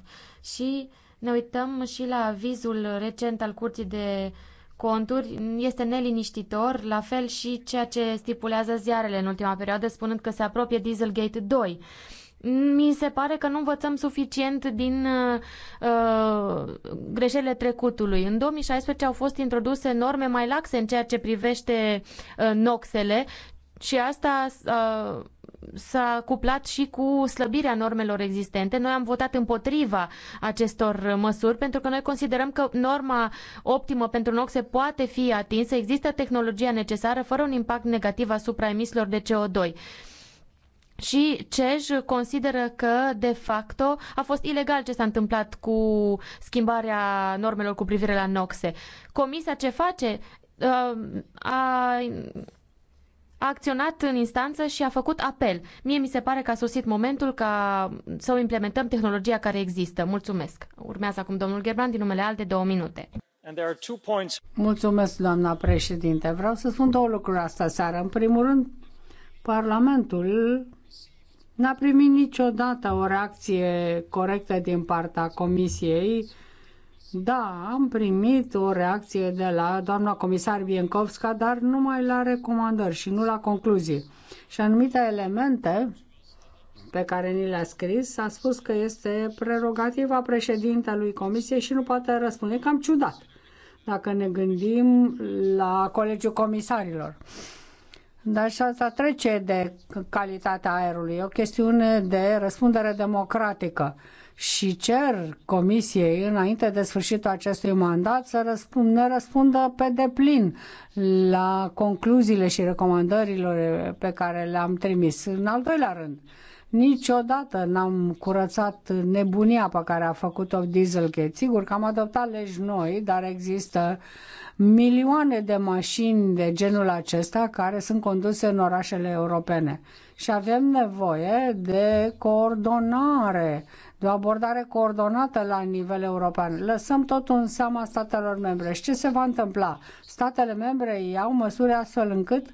Și ne uităm și la avizul recent al Curții de uh, conturi este neliniștitor, la fel și ceea ce stipulează ziarele în ultima perioadă, spunând că se apropie Dieselgate 2. Mi se pare că nu învățăm suficient din uh, uh greșelile trecutului. În 2016 au fost introduse norme mai laxe în ceea ce privește uh, noxele și asta uh, s-a cuplat și cu slăbirea normelor existente. Noi am votat împotriva acestor măsuri pentru că noi considerăm că norma optimă pentru NOx se poate fi atinsă, există tehnologia necesară fără un impact negativ asupra emisiilor de CO2. Și CEJ consideră că, de facto, a fost ilegal ce s-a întâmplat cu schimbarea normelor cu privire la noxe. Comisia ce face? Uh, a a acționat în instanță și a făcut apel. Mie mi se pare că a sosit momentul ca să o implementăm tehnologia care există. Mulțumesc. Urmează acum domnul Gerbrand din numele alte două minute. Mulțumesc, doamna președinte. Vreau să spun două lucruri asta seară. În primul rând, Parlamentul n-a primit niciodată o reacție corectă din partea Comisiei da, am primit o reacție de la doamna comisar Biencovska, dar numai la recomandări și nu la concluzii. Și anumite elemente pe care ni le-a scris, a spus că este prerogativa președintelui comisiei și nu poate răspunde. Cam ciudat dacă ne gândim la Colegiul Comisarilor. Dar și asta trece de calitatea aerului. E o chestiune de răspundere democratică și cer comisiei înainte de sfârșitul acestui mandat să răspund, ne răspundă pe deplin la concluziile și recomandările pe care le-am trimis. În al doilea rând, Niciodată n-am curățat nebunia pe care a făcut-o Dieselgate. Sigur că am adoptat legi noi, dar există milioane de mașini de genul acesta care sunt conduse în orașele europene. Și avem nevoie de coordonare de o abordare coordonată la nivel european. Lăsăm totul în seama statelor membre. Și ce se va întâmpla? Statele membre iau măsuri astfel încât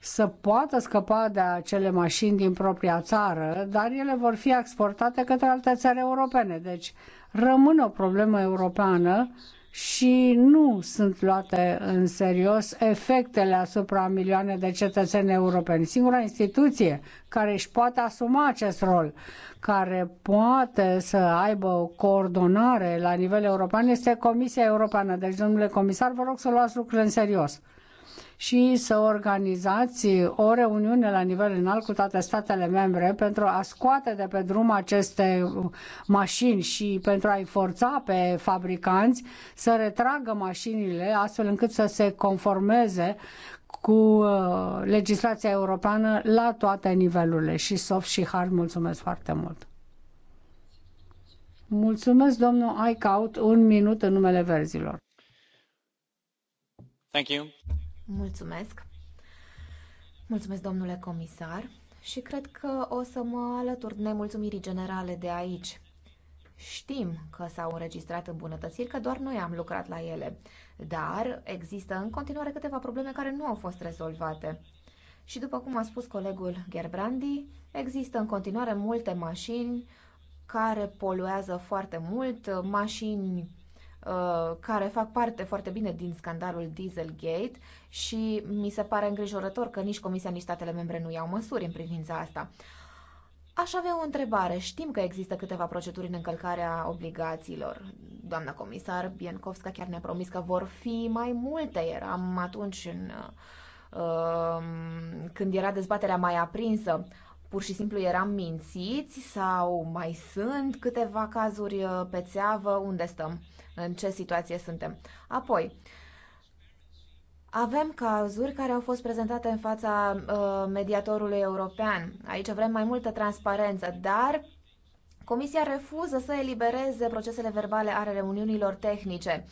să poată scăpa de acele mașini din propria țară, dar ele vor fi exportate către alte țări europene. Deci rămâne o problemă europeană și nu sunt luate în serios efectele asupra milioane de cetățeni europeni. Singura instituție care își poate asuma acest rol, care poate să aibă o coordonare la nivel european, este Comisia Europeană. Deci, domnule comisar, vă rog să luați lucrurile în serios și să organizați o reuniune la nivel înalt cu toate statele membre pentru a scoate de pe drum aceste mașini și pentru a-i forța pe fabricanți să retragă mașinile astfel încât să se conformeze cu uh, legislația europeană la toate nivelurile. Și soft și Hard, mulțumesc foarte mult! Mulțumesc, domnul Aicaut, un minut în numele verzilor. Thank you. Mulțumesc. Mulțumesc, domnule comisar. Și cred că o să mă alătur nemulțumirii generale de aici. Știm că s-au înregistrat îmbunătățiri, că doar noi am lucrat la ele, dar există în continuare câteva probleme care nu au fost rezolvate. Și după cum a spus colegul Gerbrandi, există în continuare multe mașini care poluează foarte mult, mașini Uh, care fac parte foarte bine din scandalul Dieselgate și mi se pare îngrijorător că nici Comisia, nici statele membre nu iau măsuri în privința asta. Aș avea o întrebare. Știm că există câteva proceduri în încălcarea obligațiilor. Doamna comisar Biencovska chiar ne-a promis că vor fi mai multe. Eram atunci în, uh, când era dezbaterea mai aprinsă. Pur și simplu eram mințiți sau mai sunt câteva cazuri uh, pe țeavă? Unde stăm? în ce situație suntem. Apoi, avem cazuri care au fost prezentate în fața uh, mediatorului european. Aici vrem mai multă transparență, dar Comisia refuză să elibereze procesele verbale ale reuniunilor tehnice.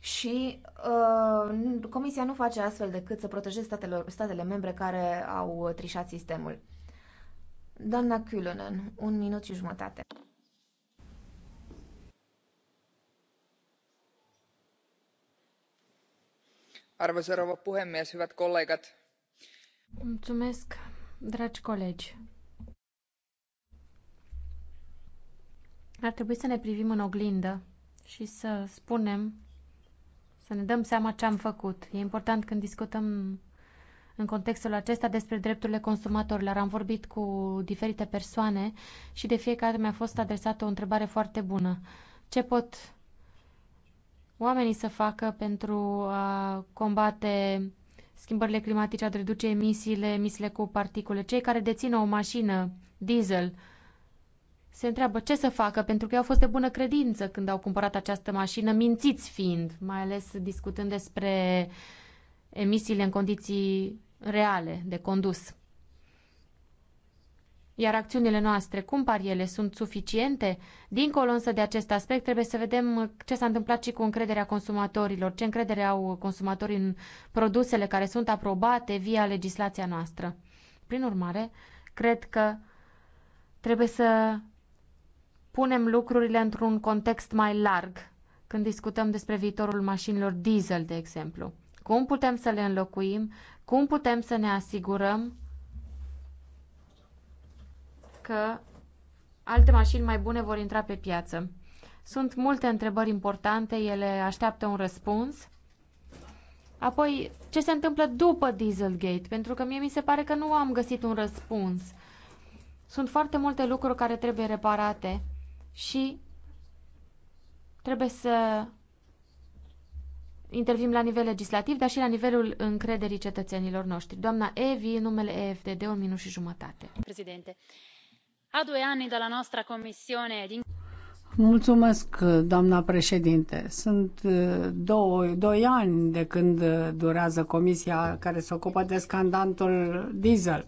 Și uh, Comisia nu face astfel decât să protejeze statele, statele membre care au trișat sistemul. Doamna Kyllönen, un minut și jumătate. arvoisa rouva puhemies hyvät kollegat Mulțumesc, dragi colegi. Ar trebui să ne privim în oglindă și să spunem, să ne dăm seama ce am făcut. E important când discutăm în contextul acesta despre drepturile consumatorilor. Am vorbit cu diferite persoane și de fiecare mi-a fost adresată o întrebare foarte bună. Ce pot oamenii să facă pentru a combate schimbările climatice, a reduce emisiile, emisiile cu particule. Cei care dețin o mașină diesel se întreabă ce să facă, pentru că au fost de bună credință când au cumpărat această mașină, mințiți fiind, mai ales discutând despre emisiile în condiții reale de condus. Iar acțiunile noastre, cum par ele, sunt suficiente? Dincolo însă de acest aspect, trebuie să vedem ce s-a întâmplat și cu încrederea consumatorilor, ce încredere au consumatorii în produsele care sunt aprobate via legislația noastră. Prin urmare, cred că trebuie să punem lucrurile într-un context mai larg când discutăm despre viitorul mașinilor diesel, de exemplu. Cum putem să le înlocuim? Cum putem să ne asigurăm că alte mașini mai bune vor intra pe piață. Sunt multe întrebări importante, ele așteaptă un răspuns. Apoi, ce se întâmplă după Dieselgate? Pentru că mie mi se pare că nu am găsit un răspuns. Sunt foarte multe lucruri care trebuie reparate și trebuie să intervim la nivel legislativ, dar și la nivelul încrederii cetățenilor noștri. Doamna Evi, numele de un minut și jumătate. Președinte, a din Mulțumesc, doamna președinte. Sunt uh, două, doi ani de când durează comisia care se ocupă de scandalul diesel,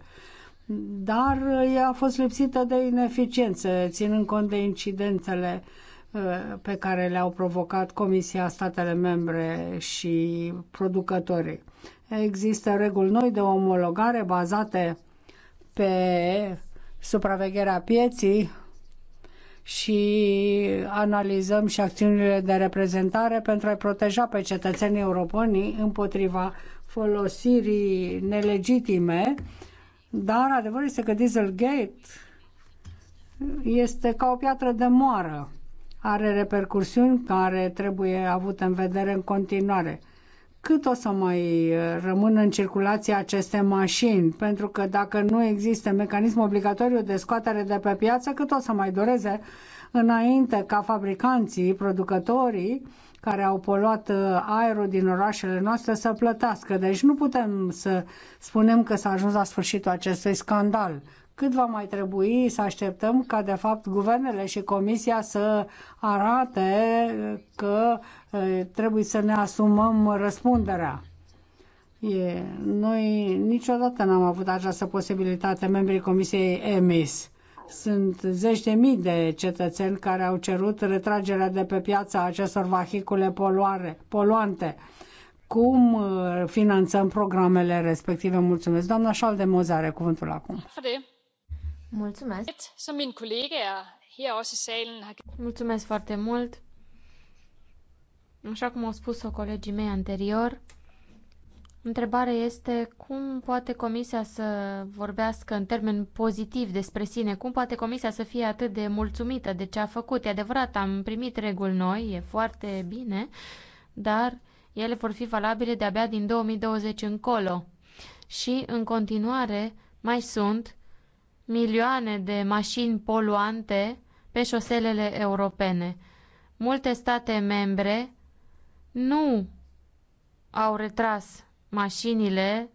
dar ea a fost lipsită de ineficiențe, ținând cont de incidențele uh, pe care le-au provocat Comisia, statele membre și producătorii. Există reguli noi de omologare bazate pe supravegherea pieții și analizăm și acțiunile de reprezentare pentru a-i proteja pe cetățenii europeni împotriva folosirii nelegitime. Dar adevărul este că Dieselgate este ca o piatră de moară. Are repercursiuni care trebuie avute în vedere în continuare cât o să mai rămână în circulație aceste mașini, pentru că dacă nu există mecanism obligatoriu de scoatere de pe piață, cât o să mai doreze înainte ca fabricanții, producătorii care au poluat uh, aerul din orașele noastre să plătească. Deci nu putem să spunem că s-a ajuns la sfârșitul acestui scandal. Cât va mai trebui să așteptăm ca, de fapt, guvernele și comisia să arate că Eh, trebuie să ne asumăm răspunderea. E, noi niciodată n-am avut această posibilitate, membrii Comisiei EMIS. Sunt zeci de mii de cetățeni care au cerut retragerea de pe piața acestor vehicule poluare, poluante. Cum eh, finanțăm programele respective? Mulțumesc. Doamna Șalde Mozare, cuvântul acum. Mulțumesc. Mulțumesc foarte mult. Așa cum au spus-o colegii mei anterior, întrebarea este cum poate Comisia să vorbească în termen pozitiv despre sine, cum poate Comisia să fie atât de mulțumită de ce a făcut. E adevărat, am primit reguli noi, e foarte bine, dar ele vor fi valabile de-abia din 2020 încolo. Și, în continuare, mai sunt milioane de mașini poluante pe șoselele europene. Multe state membre nu au retras mașinile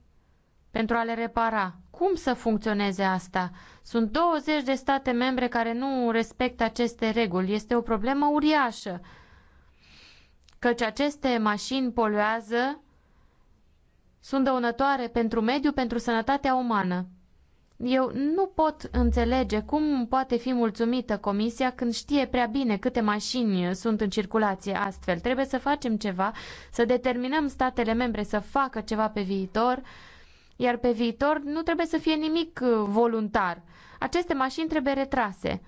pentru a le repara. Cum să funcționeze asta? Sunt 20 de state membre care nu respectă aceste reguli. Este o problemă uriașă, căci aceste mașini poluează, sunt dăunătoare pentru mediu, pentru sănătatea umană. Eu nu pot înțelege cum poate fi mulțumită comisia când știe prea bine câte mașini sunt în circulație astfel. Trebuie să facem ceva, să determinăm statele membre să facă ceva pe viitor, iar pe viitor nu trebuie să fie nimic uh, voluntar. Aceste mașini trebuie retrase,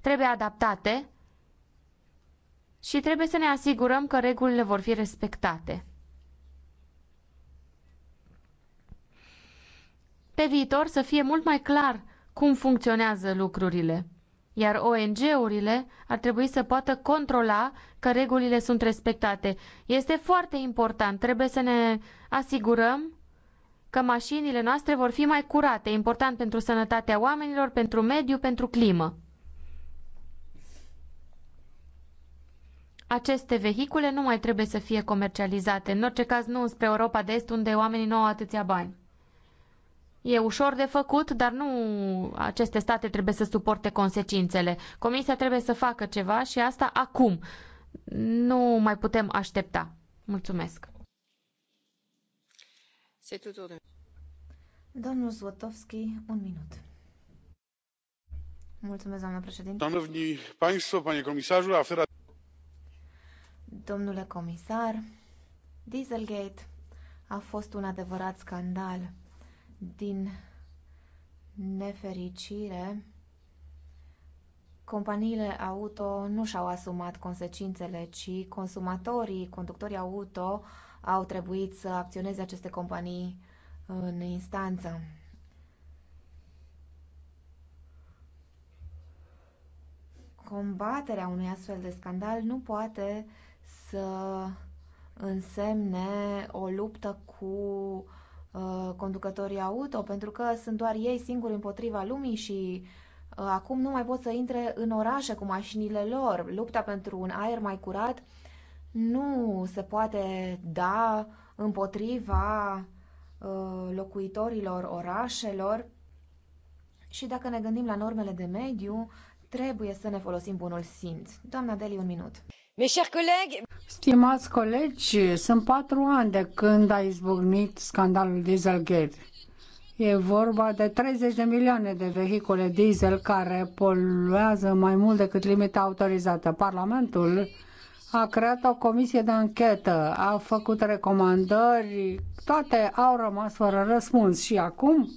trebuie adaptate și trebuie să ne asigurăm că regulile vor fi respectate. pe viitor să fie mult mai clar cum funcționează lucrurile. Iar ONG-urile ar trebui să poată controla că regulile sunt respectate. Este foarte important. Trebuie să ne asigurăm că mașinile noastre vor fi mai curate. E important pentru sănătatea oamenilor, pentru mediu, pentru climă. Aceste vehicule nu mai trebuie să fie comercializate, în orice caz nu spre Europa de Est, unde oamenii nu au atâția bani. E ușor de făcut, dar nu aceste state trebuie să suporte consecințele. Comisia trebuie să facă ceva și asta acum. Nu mai putem aștepta. Mulțumesc. Domnul Złotovski, un minut. Mulțumesc, doamnă președinte. Domnul Państwo, panie comisarul, afera... Domnule comisar, Dieselgate a fost un adevărat scandal din nefericire, companiile auto nu și-au asumat consecințele, ci consumatorii, conductorii auto, au trebuit să acționeze aceste companii în instanță. Combaterea unui astfel de scandal nu poate să însemne o luptă cu Uh, conducătorii auto, pentru că sunt doar ei singuri împotriva lumii și uh, acum nu mai pot să intre în orașe cu mașinile lor. Lupta pentru un aer mai curat nu se poate da împotriva uh, locuitorilor orașelor. Și dacă ne gândim la normele de mediu, Trebuie să ne folosim bunul simț. Doamna Deli, un minut. Stimați colegi, sunt patru ani de când a izbucnit scandalul Dieselgate. E vorba de 30 de milioane de vehicule diesel care poluează mai mult decât limita autorizată. Parlamentul a creat o comisie de anchetă, a făcut recomandări, toate au rămas fără răspuns și acum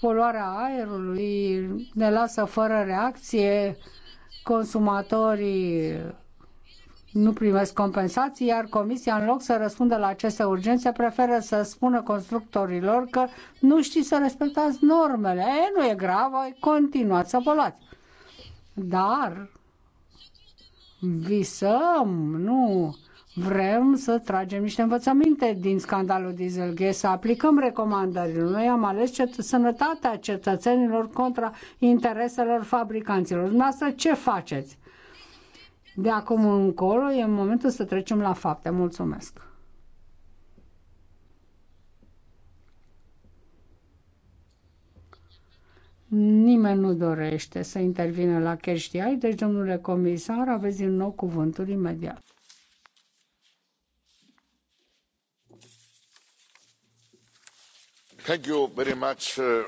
poluarea aerului ne lasă fără reacție, consumatorii nu primesc compensații, iar comisia, în loc să răspundă la aceste urgențe, preferă să spună constructorilor că nu știți să respectați normele. E, nu e gravă, continuați să poluați. Dar visăm, nu Vrem să tragem niște învățăminte din scandalul Dieselgate, să aplicăm recomandările. Noi am ales cet- sănătatea cetățenilor contra intereselor fabricanților. Dumneavoastră ce faceți? De acum încolo e momentul să trecem la fapte. Mulțumesc! Nimeni nu dorește să intervină la CashDI, deci, domnule comisar, aveți din nou cuvântul imediat. Uh,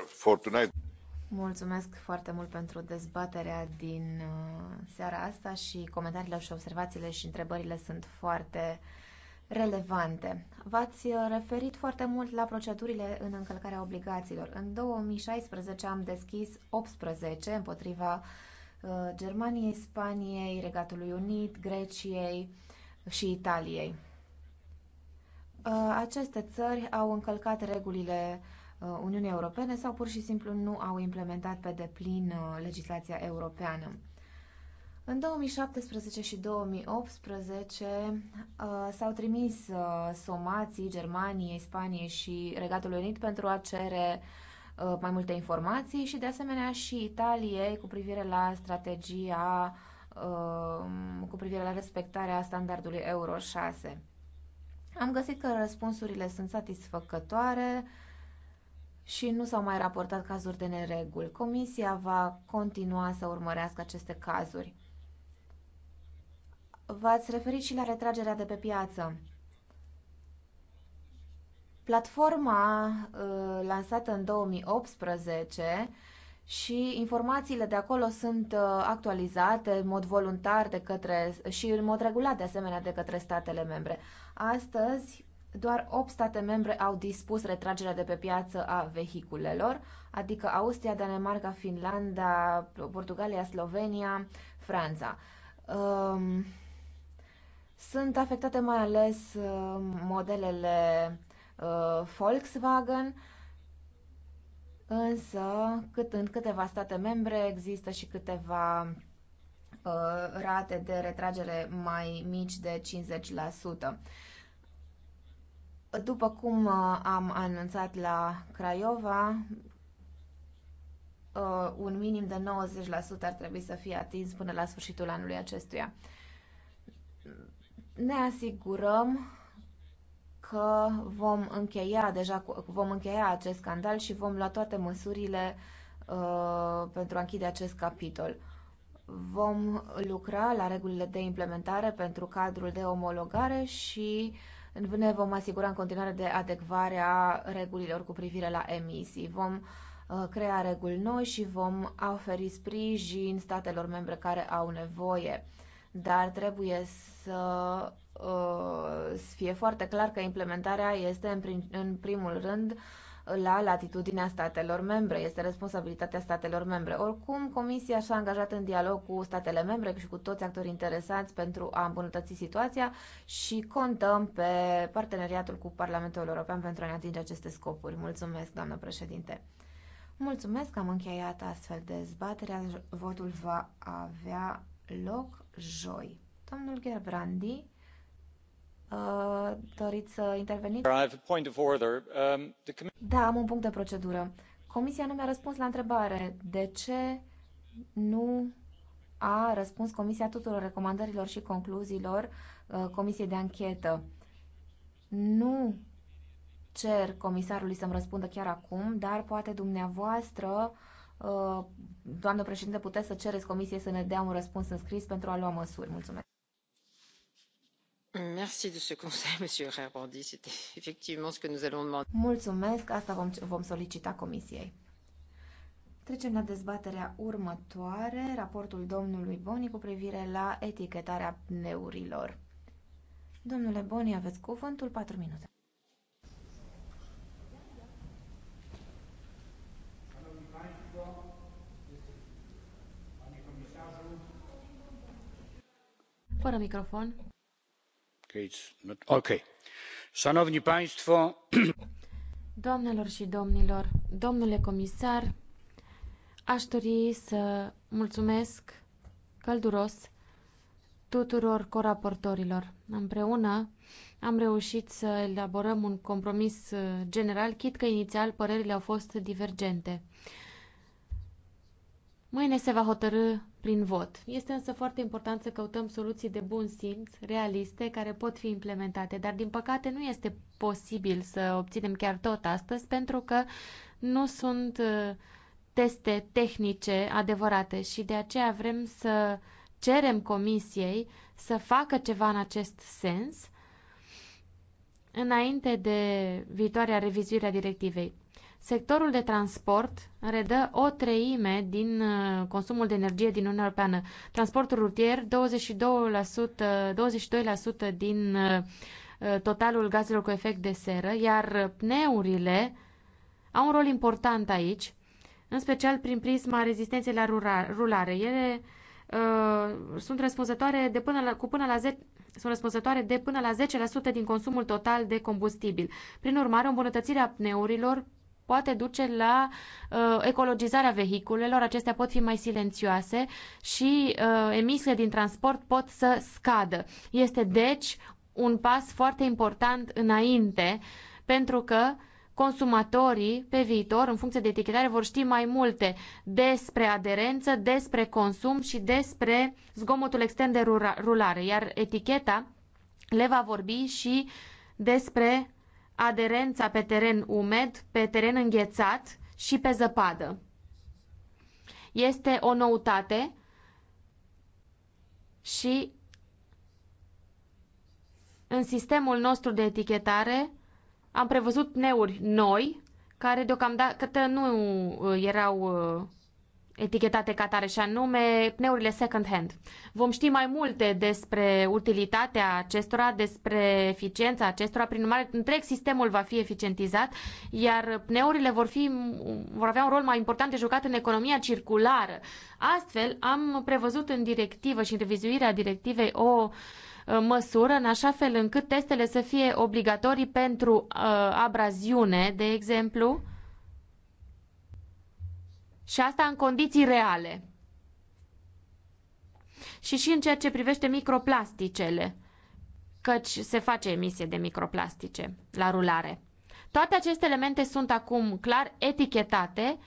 Mulțumesc foarte mult pentru dezbaterea din uh, seara asta și comentariile și observațiile și întrebările sunt foarte relevante. V-ați uh, referit foarte mult la procedurile în încălcarea obligațiilor. În 2016 am deschis 18 împotriva Germaniei, Spaniei, Regatului Unit, Greciei și Italiei. Uh, aceste țări au încălcat regulile uh, Uniunii Europene sau pur și simplu nu au implementat pe deplin uh, legislația europeană. În 2017 și 2018 s-au trimis somații Germaniei, Spaniei și Regatului Unit pentru a cere mai multe informații și de asemenea și Italiei cu privire la strategia cu privire la respectarea standardului Euro 6. Am găsit că răspunsurile sunt satisfăcătoare și nu s-au mai raportat cazuri de nereguli. Comisia va continua să urmărească aceste cazuri. V-ați referit și la retragerea de pe piață. Platforma uh, lansată în 2018 și informațiile de acolo sunt uh, actualizate în mod voluntar de către, și în mod regulat de asemenea de către statele membre. Astăzi, doar 8 state membre au dispus retragerea de pe piață a vehiculelor, adică Austria, Danemarca, Finlanda, Portugalia, Slovenia, Franța. Um, sunt afectate mai ales ehm, modelele uh, Volkswagen, însă cât în câteva state membre există și câteva Uh, rate de retragere mai mici de 50%. După cum uh, am anunțat la Craiova, uh, un minim de 90% ar trebui să fie atins până la sfârșitul anului acestuia. Ne asigurăm că vom încheia deja vom încheia acest scandal și vom lua toate măsurile uh, pentru a închide acest capitol. Vom lucra la regulile de implementare pentru cadrul de omologare și ne vom asigura în continuare de adecvarea regulilor cu privire la emisii. Vom uh, crea reguli noi și vom oferi sprijin statelor membre care au nevoie. Dar trebuie să uh, fie foarte clar că implementarea este în, prim, în primul rând la latitudinea statelor membre. Este responsabilitatea statelor membre. Oricum, Comisia și-a angajat în dialog cu statele membre și cu toți actorii interesați pentru a îmbunătăți situația și contăm pe parteneriatul cu Parlamentul European pentru a ne atinge aceste scopuri. Mulțumesc, doamnă președinte! Mulțumesc, am încheiat astfel dezbaterea. Votul va avea loc joi. Domnul Gerbrandi Uh, doriți să interveniți? Um, da, am un punct de procedură. Comisia nu mi-a răspuns la întrebare. De ce nu a răspuns Comisia tuturor recomandărilor și concluziilor uh, Comisiei de anchetă? Nu cer comisarului să-mi răspundă chiar acum, dar poate dumneavoastră, uh, doamnă președinte, puteți să cereți comisiei să ne dea un răspuns în scris pentru a lua măsuri. Mulțumesc. Mulțumesc, asta vom, vom solicita comisiei. Trecem la dezbaterea următoare, raportul domnului Boni cu privire la etichetarea pneurilor. Domnule Boni, aveți cuvântul 4 minute. Fără microfon. doamnelor și domnilor domnule comisar aș dori să mulțumesc călduros tuturor coraportorilor. Împreună am reușit să elaborăm un compromis general, chit că inițial părerile au fost divergente. Mâine se va hotărâ prin vot. Este însă foarte important să căutăm soluții de bun simț, realiste, care pot fi implementate, dar din păcate nu este posibil să obținem chiar tot astăzi pentru că nu sunt uh, teste tehnice adevărate și de aceea vrem să cerem comisiei să facă ceva în acest sens înainte de viitoarea revizuire a directivei. Sectorul de transport redă o treime din uh, consumul de energie din Uniunea Europeană. Transportul rutier 22%, 22% din uh, uh, totalul gazelor cu efect de seră, iar pneurile au un rol important aici, în special prin prisma rezistenței la rulare. Ele uh, sunt răspunzătoare de până la, cu până la 10, sunt răspunzătoare de până la 10% din consumul total de combustibil. Prin urmare, o îmbunătățire a pneurilor poate duce la uh, ecologizarea vehiculelor, acestea pot fi mai silențioase și uh, emisiile din transport pot să scadă. Este deci un pas foarte important înainte, pentru că consumatorii pe viitor, în funcție de etichetare, vor ști mai multe despre aderență, despre consum și despre zgomotul extern de rulare, iar eticheta le va vorbi și despre aderența pe teren umed, pe teren înghețat și pe zăpadă. Este o noutate și în sistemul nostru de etichetare am prevăzut neuri noi, care deocamdată nu erau uh, etichetate ca tare și anume pneurile second-hand. Vom ști mai multe despre utilitatea acestora, despre eficiența acestora, prin urmare întreg sistemul va fi eficientizat, iar pneurile vor, fi, vor avea un rol mai important de jucat în economia circulară. Astfel, am prevăzut în directivă și în revizuirea directivei o uh, măsură în așa fel încât testele să fie obligatorii pentru uh, abraziune, de exemplu, și asta în condiții reale. Și și în ceea ce privește microplasticele, căci se face emisie de microplastice la rulare. Toate aceste elemente sunt acum clar etichetate,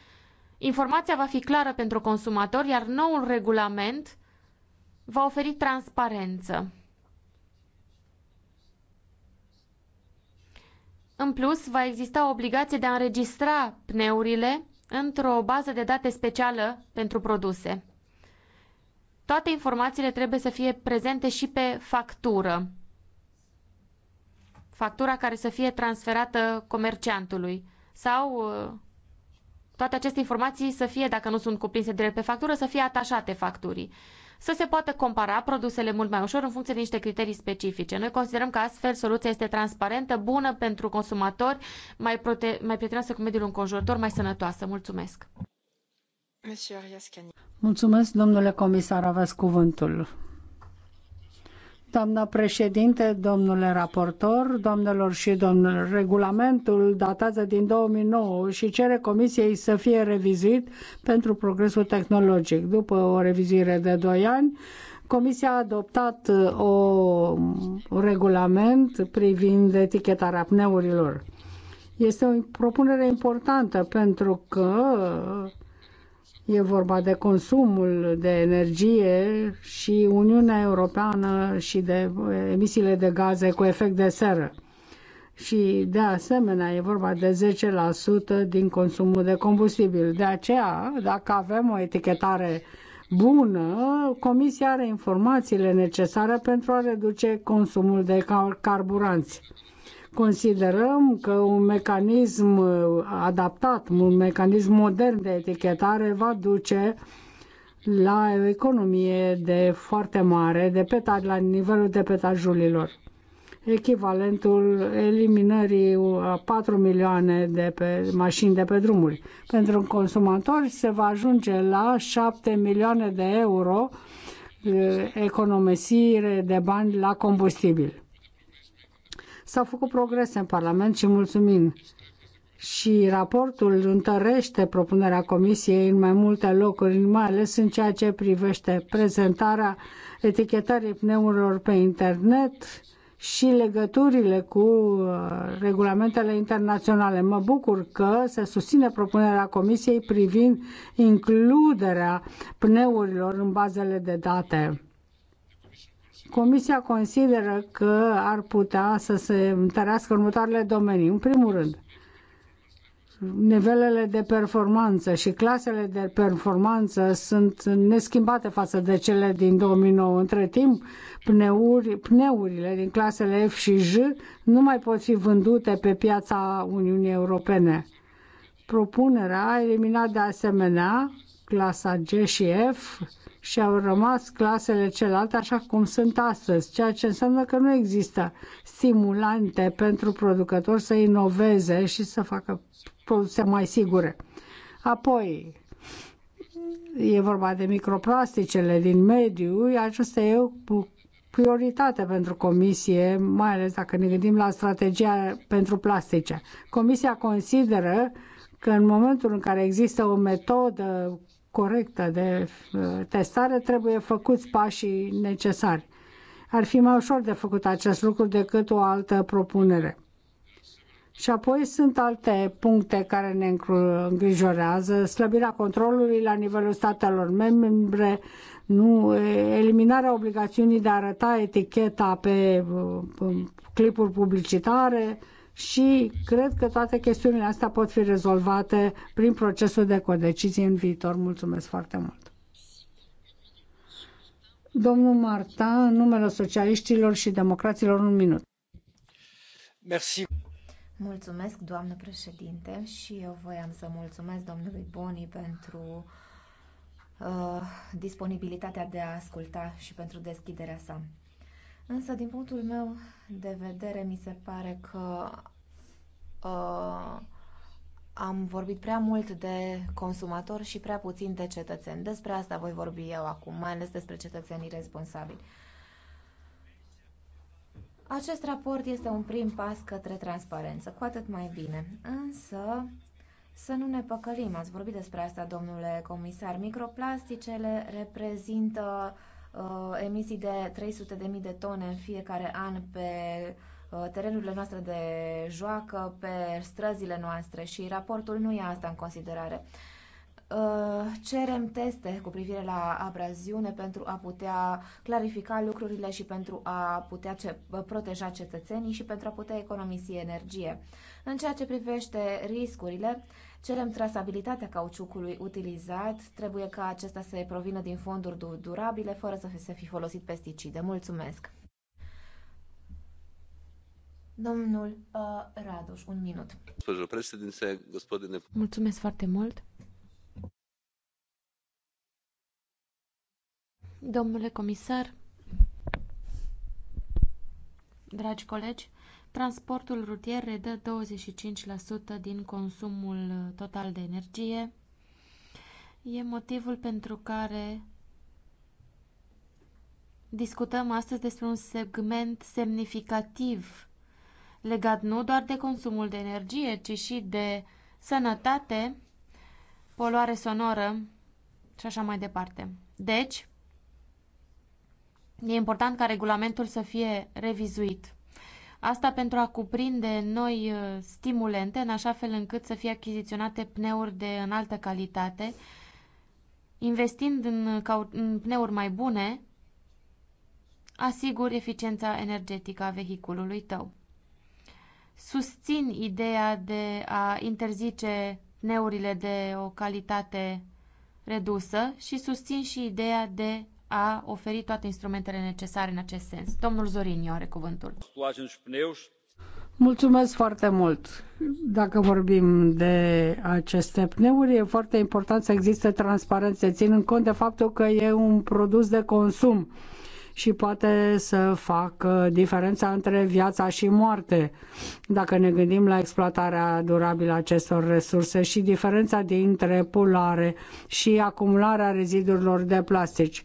informația va fi clară pentru consumator, iar noul regulament va oferi transparență. În plus, va exista obligație de a înregistra pneurile într-o bază de date specială pentru produse. Toate informațiile trebuie să fie prezente și pe factură. Factura care să fie transferată comerciantului sau uh, toate aceste informații să fie, dacă nu sunt cuprinse direct pe factură, să fie atașate facturii să se poată compara produsele mult mai ușor în funcție de niște criterii specifice. Noi considerăm că astfel soluția este transparentă, bună pentru consumatori, mai, prote- mai prietenoasă cu mediul înconjurător, mai sănătoasă. Mulțumesc! Mulțumesc, domnule comisar, aveți cuvântul. Doamna președinte, domnule raportor, domnilor și domnilor, regulamentul datează din 2009 și cere comisiei să fie revizuit pentru progresul tehnologic. După o revizuire de 2 ani, Comisia a adoptat uh, o, un regulament privind etichetarea pneurilor. Este o propunere importantă pentru că E vorba de consumul de energie și Uniunea Europeană și de eh, emisiile de gaze cu efect de seră. Și de asemenea e vorba de 10% din consumul de combustibil. De aceea, dacă avem o etichetare bună, Comisia are informațiile necesare pentru a reduce consumul de carburanți. Considerăm că un mecanism uh, adaptat, un mecanism modern de etichetare va duce la o economie de foarte mare, de petaj, la nivelul de petajulilor. Echivalentul eliminării a 4 milioane de pe mașini de pe drumuri. Pentru un consumator se va ajunge la 7 milioane de euro uh, economisire de bani la combustibil. S-au făcut progrese în Parlament și mulțumim. Și raportul întărește propunerea Comisiei în mai multe locuri, mai ales în ceea ce privește prezentarea etichetării pneurilor pe internet, și legăturile cu uh, regulamentele internaționale. Mă bucur că se susține propunerea Comisiei privind includerea pneurilor în bazele de date. Comisia consideră că ar putea să se întărească următoarele domenii. În primul rând, nivelele de performanță și clasele de performanță sunt neschimbate față de cele din 2009. Între timp, pneuri, pneurile din clasele F și J nu mai pot fi vândute pe piața Uniunii Europene. Propunerea a eliminat de asemenea clasa G și F și au rămas clasele celelalte așa cum sunt astăzi, ceea ce înseamnă că nu există stimulante pentru producători să inoveze și să facă produse mai sigure. Apoi, e vorba de microplasticele din mediu, acesta e o prioritate pentru comisie, mai ales dacă ne gândim la strategia pentru plastice. Comisia consideră că în momentul în care există o metodă corectă de uh, testare, trebuie făcuți pașii necesari. Ar fi mai ușor de făcut acest lucru decât o altă propunere. Și apoi sunt alte puncte care ne îngrijorează, slăbirea controlului la nivelul statelor membre, nu, eliminarea obligațiunii de a arăta eticheta pe uh, clipuri publicitare, și cred că toate chestiunile astea pot fi rezolvate prin procesul de codecizie în viitor. Mulțumesc foarte mult! Domnul Marta, în numele socialiștilor și democraților, un minut. Merci. Mulțumesc, doamnă președinte, și eu voiam să mulțumesc domnului Boni pentru uh, disponibilitatea de a asculta și pentru deschiderea sa. Însă, din punctul meu de vedere, mi se pare că uh, am vorbit prea mult de consumator și prea puțin de cetățeni. Despre asta voi vorbi eu acum, mai ales despre cetățenii responsabili. Acest raport este un prim pas către transparență, cu atât mai bine. Însă, să nu ne păcălim, ați vorbit despre asta, domnule comisar, microplasticele reprezintă uh, Uh, emisii de 300.000 de tone în fiecare an pe uh, terenurile noastre de joacă, pe străzile noastre și raportul nu ia asta în considerare. Uh, cerem teste cu privire la abraziune pentru a putea clarifica lucrurile și pentru a putea ce, proteja cetățenii și pentru a putea economisi energie. În ceea ce privește riscurile, Cerem trasabilitatea cauciucului utilizat, trebuie ca acesta să provină din fonduri durabile, fără să se fi folosit pesticide. Mulțumesc! Domnul uh, Radoș, un minut. Mulțumesc foarte mult! Domnule comisar, dragi colegi, transportul rutier redă 25% din consumul uh, total de energie e motivul pentru care discutăm astăzi despre un segment semnificativ legat nu doar de consumul de energie, ci și de sănătate, poluare sonoră și așa mai departe. Deci, e important ca regulamentul să fie revizuit. Asta pentru a cuprinde noi uh, stimulente, în așa fel încât să fie achiziționate pneuri de înaltă calitate, investind în, în pneuri mai bune, asiguri eficiența energetică a vehiculului tău. Susțin ideea de a interzice pneurile de o calitate redusă și susțin și ideea de a oferi toate instrumentele necesare în acest sens. Domnul Zorin are cuvântul. Mulțumesc foarte mult. Dacă vorbim de aceste pneuri, e foarte important să existe transparență, ținând cont de faptul că e un produs de consum și poate să facă diferența între viața și moarte. Dacă ne gândim la exploatarea durabilă a acestor resurse și diferența dintre polare și acumularea rezidurilor de plastici.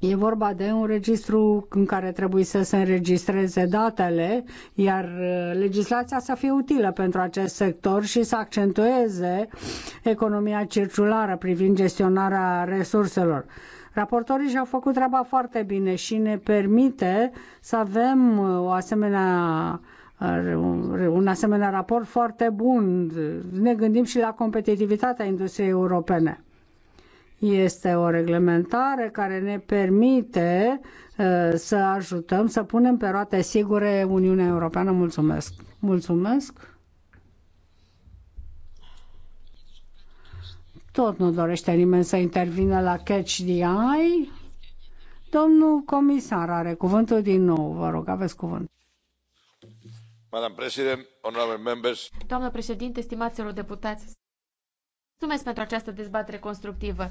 E vorba de un registru în care trebuie să se înregistreze datele, iar uh, legislația să fie utilă pentru acest sector și să accentueze economia circulară privind gestionarea resurselor. Raportorii și-au făcut treaba foarte bine și ne permite să avem uh, o asemenea uh, un asemenea raport foarte bun. Ne gândim și la competitivitatea industriei europene. Este o reglementare care ne permite uh, să ajutăm, să punem pe roate sigure Uniunea Europeană. Mulțumesc! Mulțumesc! Tot nu dorește nimeni să intervină la Catch the Eye. Domnul comisar are cuvântul din nou. Vă rog, aveți cuvânt. Doamnă președinte, stimați deputați, Mulțumesc pentru această dezbatere constructivă.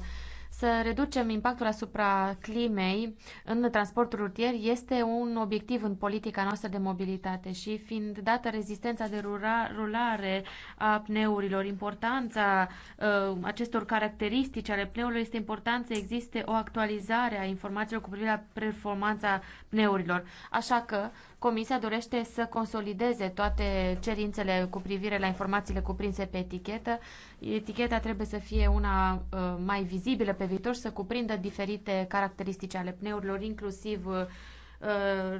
Să reducem impactul asupra climei în transportul rutier este un obiectiv în politica noastră de mobilitate și fiind dată rezistența de rulare a pneurilor, importanța uh, acestor caracteristici ale pneurilor este important să existe o actualizare a informațiilor cu privire la performanța pneurilor. Așa că Comisia dorește să consolideze toate cerințele cu privire la informațiile cuprinse pe etichetă. Eticheta trebuie să fie una uh, mai vizibilă pe viitor și să cuprindă diferite caracteristici ale pneurilor, inclusiv uh,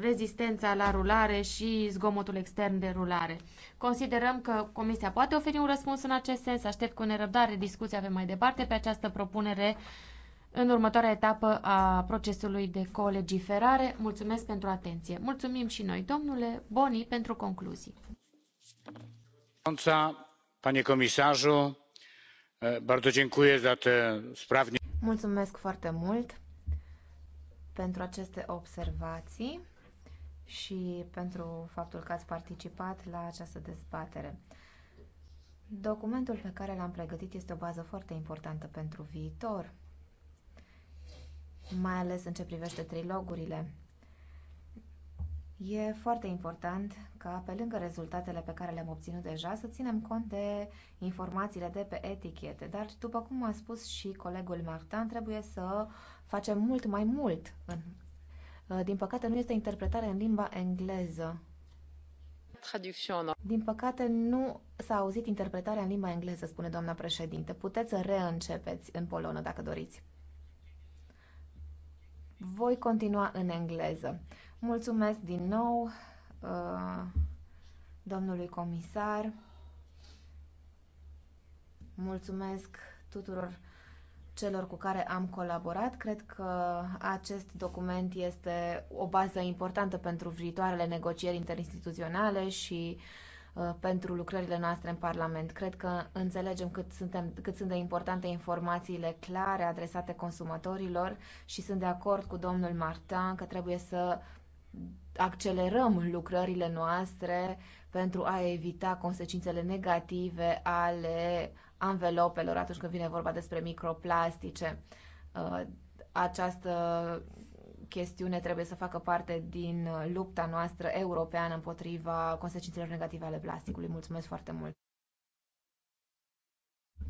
rezistența la rulare și zgomotul extern de rulare. Considerăm că Comisia poate oferi un răspuns în acest sens. Aștept cu nerăbdare discuția pe mai departe pe această propunere în următoarea etapă a procesului de colegiferare. Mulțumesc pentru atenție. Mulțumim și noi, domnule Boni, pentru concluzii. Panie comisarzu, bardzo dziękuję za te sprawnie. Mulțumesc foarte mult pentru aceste observații și pentru faptul că ați participat la această dezbatere. Documentul pe care l-am pregătit este o bază foarte importantă pentru viitor mai ales în ce privește trilogurile. E foarte important ca, pe lângă rezultatele pe care le-am obținut deja, să ținem cont de informațiile de pe etichete. Dar, după cum a spus și colegul Martin, trebuie să facem mult mai mult. Uh, din păcate, nu este interpretare în limba engleză. Din păcate, nu s-a auzit interpretarea în limba engleză, spune doamna președinte. Puteți să reîncepeți în polonă, dacă doriți. Voi continua în engleză. Mulțumesc din nou uh, domnului comisar. Mulțumesc tuturor celor cu care am colaborat. Cred că acest document este o bază importantă pentru viitoarele negocieri interinstituționale și uh, Uh, pentru lucrările noastre în Parlament. Cred că înțelegem cât, suntem, cât sunt de importante informațiile clare adresate consumatorilor și sunt de acord cu domnul Martin că trebuie să accelerăm lucrările noastre pentru a evita consecințele negative ale anvelopelor atunci când vine vorba despre microplastice. Uh, această chestiune trebuie să facă parte din uh, lupta noastră europeană împotriva consecințelor negative ale plasticului. Mulțumesc foarte mult!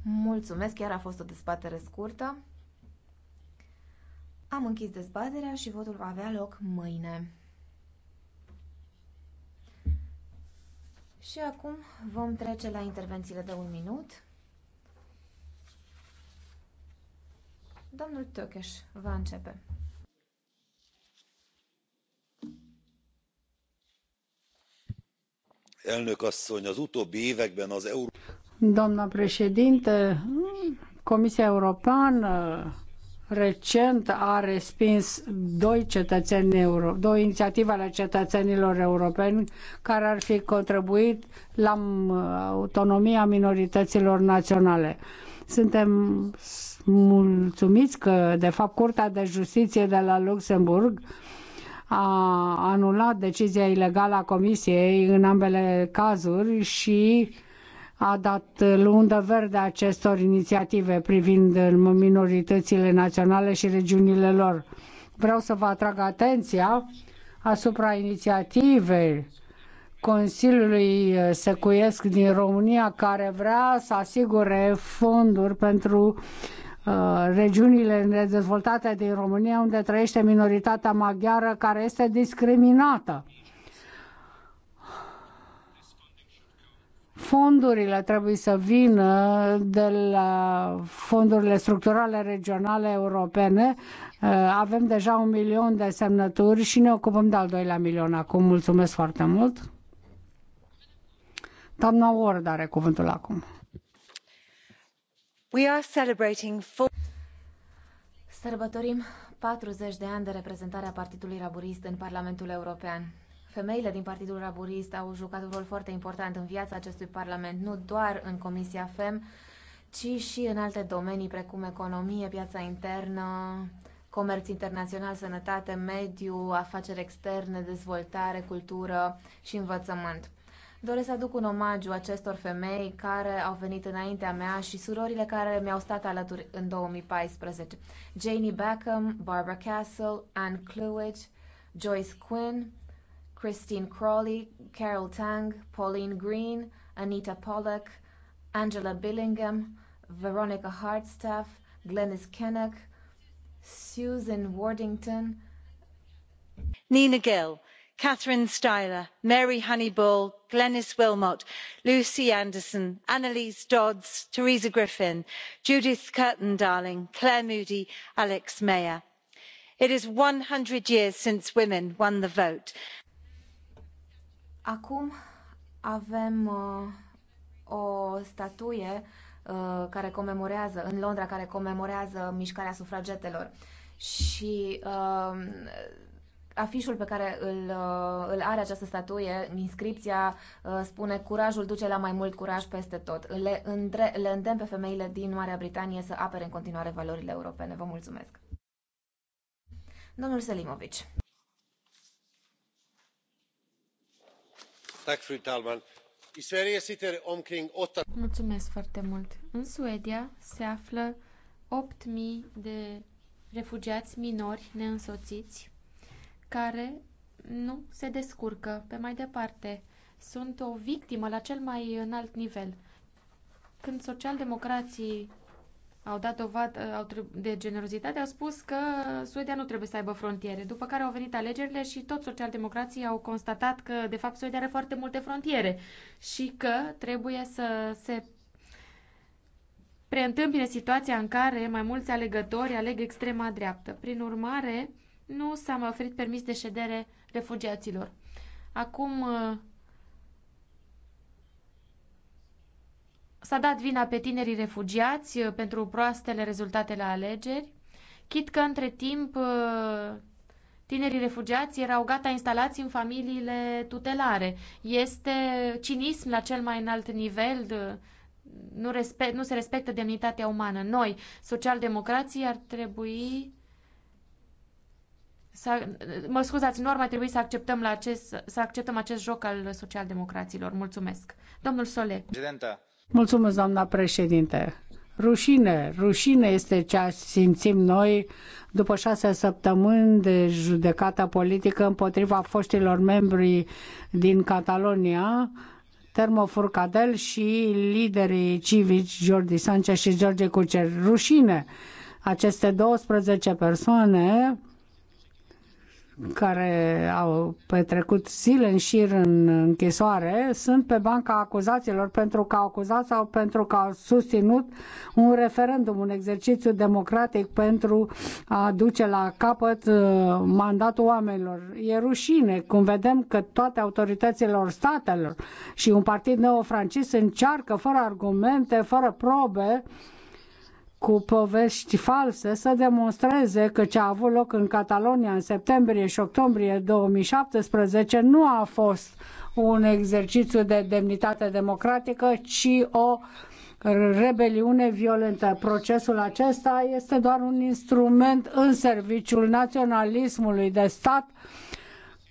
Mulțumesc, chiar a fost o dezbatere scurtă. Am închis dezbaterea și votul va avea loc mâine. Și acum vom trece la intervențiile de un minut. Domnul Tökes va începe. doamnă președinte, Comisia Europeană uh, recent a respins doi cetățeni euro, două inițiative ale cetățenilor europeni care ar fi contribuit la uh, autonomia minorităților naționale. Suntem mulțumiți că, de fapt, Curtea de Justiție de la Luxemburg a anulat decizia ilegală a Comisiei în ambele cazuri și a dat lundă verde acestor inițiative privind minoritățile naționale și regiunile lor. Vreau să vă atrag atenția asupra inițiativei Consiliului Secuiesc din România care vrea să asigure fonduri pentru Uh, regiunile nedezvoltate din România unde trăiește minoritatea maghiară care este discriminată. Fondurile trebuie să vină de la fondurile structurale regionale europene. Uh, avem deja un milion de semnături și ne ocupăm de al doilea milion acum. Mulțumesc foarte mult! Doamna Ward are cuvântul acum. Sărbătorim patruzeci de ani de reprezentare a Partidului laburist în Parlamentul European. Femeile din Partidul Laborist au jucat un rol foarte important în viața acestui Parlament, nu doar în Comisia FEM, ci și în alte domenii precum economie, piața internă, comerț internațional, sănătate, mediu, afaceri externe, dezvoltare, cultură și învățământ. Doresc să aduc un omagiu acestor femei care au venit înaintea mea și surorile care mi-au stat alături în 2014. Janie Beckham, Barbara Castle, Anne Cluage, Joyce Quinn, Christine Crawley, Carol Tang, Pauline Green, Anita Pollock, Angela Billingham, Veronica Hartstaff, Glennis Kennock, Susan Wardington, Nina Gill catherine styler mary honey bull glenis willmott lucy anderson annalise dodds teresa griffin judith curtin darling claire moody alex mayer. it is one hundred years since women won the vote. acum avem uh, o statuie uh, care comemorează în Londra care comemorează mișcarea sufragetelor și uh, afișul pe care îl, uh, îl are această statuie, inscripția uh, spune curajul duce la mai mult curaj peste tot. Le, îndre, le îndemn pe femeile din Marea Britanie să apere în continuare valorile europene. Vă mulțumesc. Domnul Selimovic. Mulțumesc foarte mult. În Suedia se află 8.000 de refugiați minori neînsoțiți care nu se descurcă pe mai departe. Sunt o victimă la cel mai înalt nivel. Când socialdemocrații au dat dovadă de generozitate, au spus că Suedia nu trebuie să aibă frontiere. După care au venit alegerile și toți socialdemocrații au constatat că, de fapt, Suedia are foarte multe frontiere și că trebuie să se preîntâmpine situația în care mai mulți alegători aleg extrema dreaptă. Prin urmare, nu s-a mai oferit permis de ședere refugiaților. Acum uh, s-a dat vina pe tinerii refugiați uh, pentru proastele rezultate la alegeri, chit că între timp uh, tinerii refugiați erau gata instalați în familiile tutelare. Este cinism la cel mai înalt nivel, de, nu, respect, nu se respectă demnitatea umană. Noi, socialdemocrații, ar trebui să, mă scuzați, nu ar mai trebui să acceptăm, la acest, să acceptăm acest joc al socialdemocraților. Mulțumesc. Domnul Sole. Presidenta. Mulțumesc, doamna președinte. Rușine, rușine este ce simțim noi după șase săptămâni de judecată politică împotriva foștilor membri din Catalonia, Termo Furcadel și liderii civici Jordi Sanchez și George Cucer. Rușine! Aceste 12 persoane care au petrecut zile în șir în închisoare sunt pe banca acuzaților pentru că au acuzat sau pentru că au susținut un referendum, un exercițiu democratic pentru a duce la capăt uh, mandatul oamenilor. E rușine cum vedem că toate autorităților statelor și un partid neofrancist încearcă fără argumente, fără probe, cu povești false să demonstreze că ce a avut loc în Catalonia în septembrie și octombrie 2017 nu a fost un exercițiu de demnitate democratică, ci o rebeliune violentă. Procesul acesta este doar un instrument în serviciul naționalismului de stat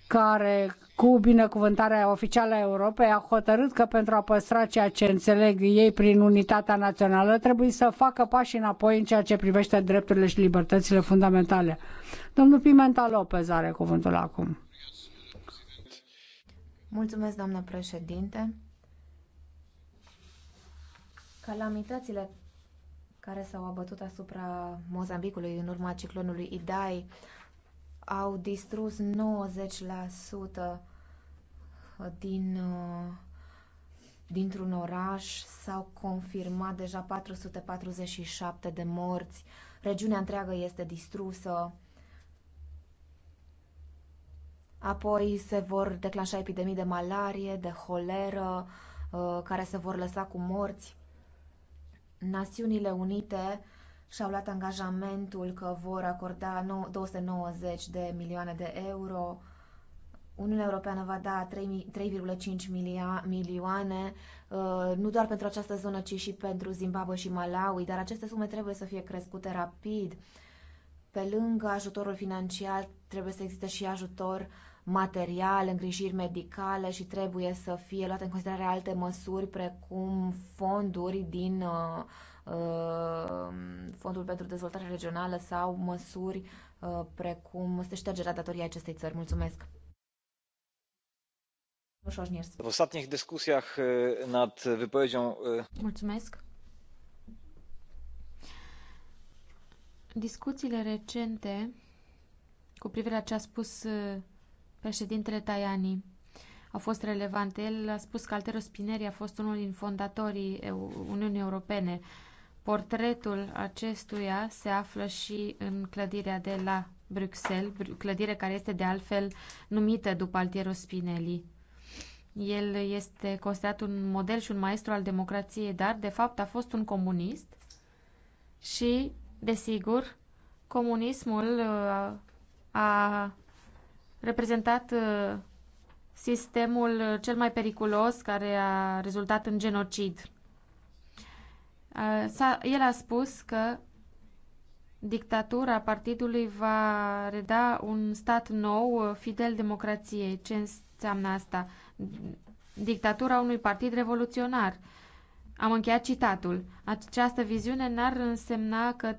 care cu binecuvântarea oficială a Europei, a hotărât că pentru a păstra ceea ce înțeleg ei prin unitatea națională, trebuie să facă pași înapoi în ceea ce privește drepturile și libertățile fundamentale. Domnul Pimenta Lopez are cuvântul acum. Mulțumesc, doamnă președinte. Calamitățile care s-au abătut asupra Mozambicului în urma ciclonului Idai au distrus 90% din, uh, dintr-un oraș, s-au confirmat deja 447 de morți, regiunea întreagă este distrusă. Apoi se vor declanșa epidemii de malarie, de holeră, uh, care se vor lăsa cu morți. Națiunile Unite și-au luat angajamentul că vor acorda 290 de milioane de euro. Uniunea Europeană va da 3,5 milioane, uh, nu doar pentru această zonă, ci și pentru Zimbabwe și Malawi, dar aceste sume trebuie să fie crescute rapid. Pe lângă ajutorul financiar, trebuie să existe și ajutor material, îngrijiri medicale și trebuie să fie luate în considerare alte măsuri, precum fonduri din uh, Uh, Fondul pentru Dezvoltare Regională sau măsuri uh, precum se ștergerea datoriei acestei țări. Mulțumesc! W ostatnich dyskusjach nad wypowiedzią. Mulțumesc. Discuțiile recente cu privire la ce a spus președintele Tajani au fost relevante. El a spus că Altero Spineri a fost unul din fondatorii Uniunii Europene Portretul acestuia se află și în clădirea de la Bruxelles, clădire care este de altfel numită după Altiero Spinelli. El este considerat un model și un maestru al democrației, dar de fapt a fost un comunist și, desigur, comunismul uh, a reprezentat uh, sistemul cel mai periculos care a rezultat în genocid. A, el a spus că dictatura partidului va reda un stat nou uh, fidel democrației. Ce înseamnă asta? Dictatura unui partid revoluționar. Am încheiat citatul. Această viziune n-ar însemna că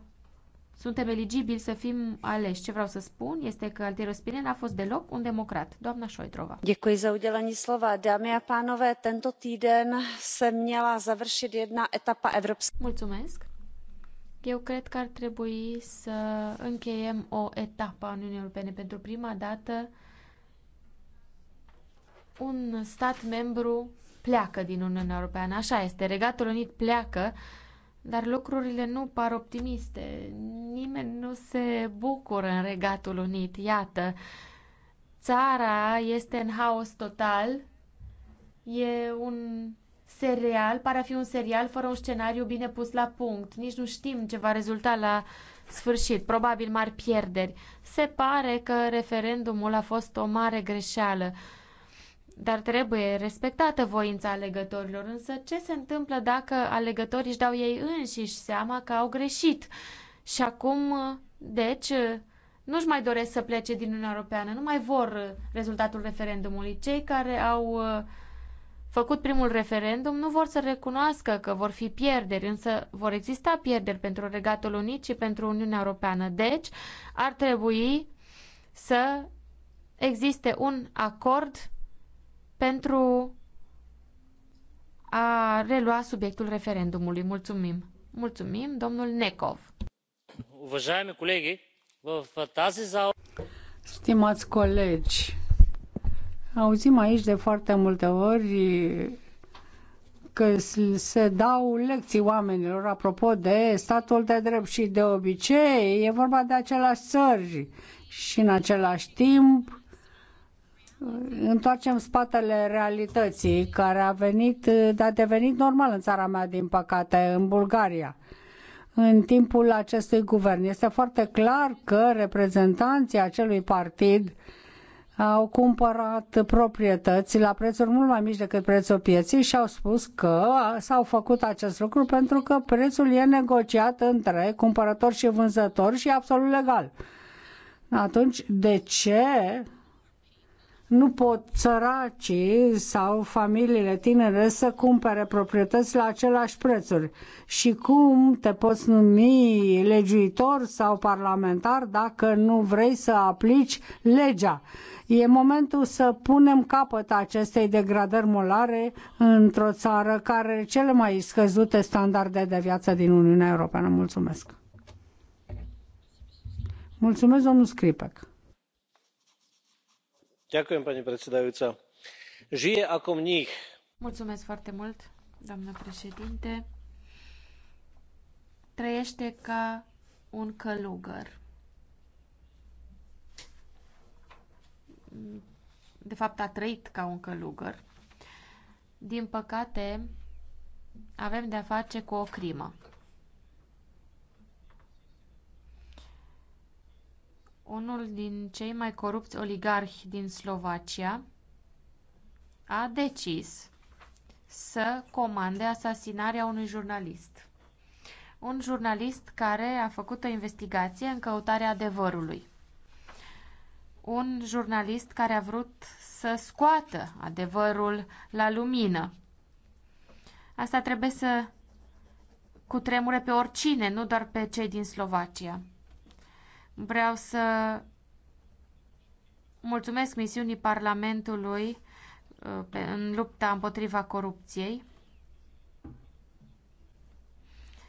suntem eligibili să fim aleși. Ce vreau să spun este că Altiero Spinel a fost deloc un democrat. Doamna Șoidrova. Děkuji za udělení slova. Dámy a pánové, tento týden se měla završit jedna etapa evropské. Mulțumesc. Eu cred că ar trebui să încheiem o etapă a Uniunii Europene. Pentru prima dată, un stat membru pleacă din Uniunea Europeană. Așa este. Regatul Unit pleacă dar lucrurile nu par optimiste. Nimeni nu se bucură în Regatul Unit. Iată, țara este în haos total. E un serial, pare a fi un serial fără un scenariu bine pus la punct. Nici nu știm ce va rezulta la sfârșit, probabil mari pierderi. Se pare că referendumul a fost o mare greșeală dar trebuie respectată voința alegătorilor. Însă ce se întâmplă dacă alegătorii își dau ei înșiși seama că au greșit? Și acum, deci, nu-și mai doresc să plece din Uniunea Europeană, nu mai vor rezultatul referendumului. Cei care au uh, făcut primul referendum nu vor să recunoască că vor fi pierderi, însă vor exista pierderi pentru Regatul Unit și pentru Uniunea Europeană. Deci, ar trebui să existe un acord pentru a relua subiectul referendumului. Mulțumim! Mulțumim, domnul Necov! Stimați colegi, auzim aici de foarte multe ori că se dau lecții oamenilor apropo de statul de drept și de obicei e vorba de aceleași țări și în același timp întoarcem spatele realității care a venit, a devenit normal în țara mea, din păcate, în Bulgaria. În timpul acestui guvern este foarte clar că reprezentanții acelui partid au cumpărat proprietăți la prețuri mult mai mici decât prețul pieții și au spus că s-au făcut acest lucru pentru că prețul e negociat între cumpărători și vânzători și e absolut legal. Atunci, de ce nu pot săracii sau familiile tinere să cumpere proprietăți la același prețuri. Și cum te poți numi legiuitor sau parlamentar dacă nu vrei să aplici legea? E momentul să punem capăt acestei degradări molare într-o țară care are cele mai scăzute standarde de viață din Uniunea Europeană. Mulțumesc! Mulțumesc, domnul Scripec! doamnă președintă žije ako mních. mulțumesc foarte mult doamnă președinte. trăiește ca un călugăr. De fapt, a trăit ca un călugăr. Din păcate, avem de-a face cu o crimă. unul din cei mai corupți oligarhi din Slovacia, a decis să comande asasinarea unui jurnalist. Un jurnalist care a făcut o investigație în căutarea adevărului. Un jurnalist care a vrut să scoată adevărul la lumină. Asta trebuie să cutremure pe oricine, nu doar pe cei din Slovacia. Vreau să mulțumesc misiunii Parlamentului uh, în lupta împotriva corupției.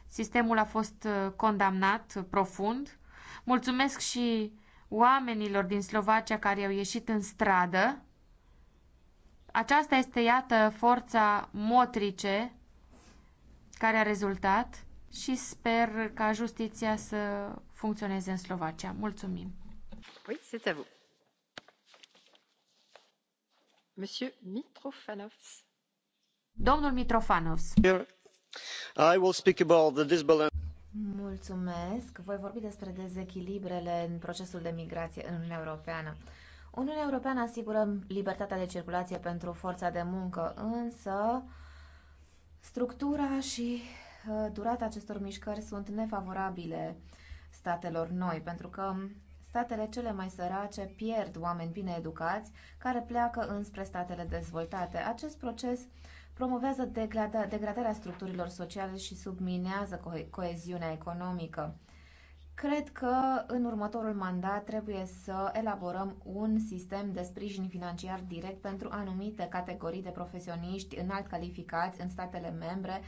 Sistemul a fost uh, condamnat profund. Mulțumesc și oamenilor din Slovacia care au ieșit în stradă. Aceasta este, iată, forța motrice care a rezultat și sper ca justiția să funcționeze în Slovacia. Mulțumim! Oui, c'est à vous. Monsieur Mitrofanovs. Domnul Mitrofanovs. I will speak about the disbalance. Mulțumesc. Voi vorbi despre dezechilibrele în procesul de migrație în Uniunea Europeană. Uniunea Europeană asigură libertatea de circulație pentru forța de muncă, însă structura și uh, durata acestor mișcări sunt nefavorabile statelor noi, pentru că statele cele mai sărace pierd oameni bine educați care pleacă înspre statele dezvoltate. Acest proces promovează degradarea structurilor sociale și subminează co- coeziunea economică. Cred că în următorul mandat trebuie să elaborăm un sistem de sprijin financiar direct pentru anumite categorii de profesioniști înalt calificați în statele membre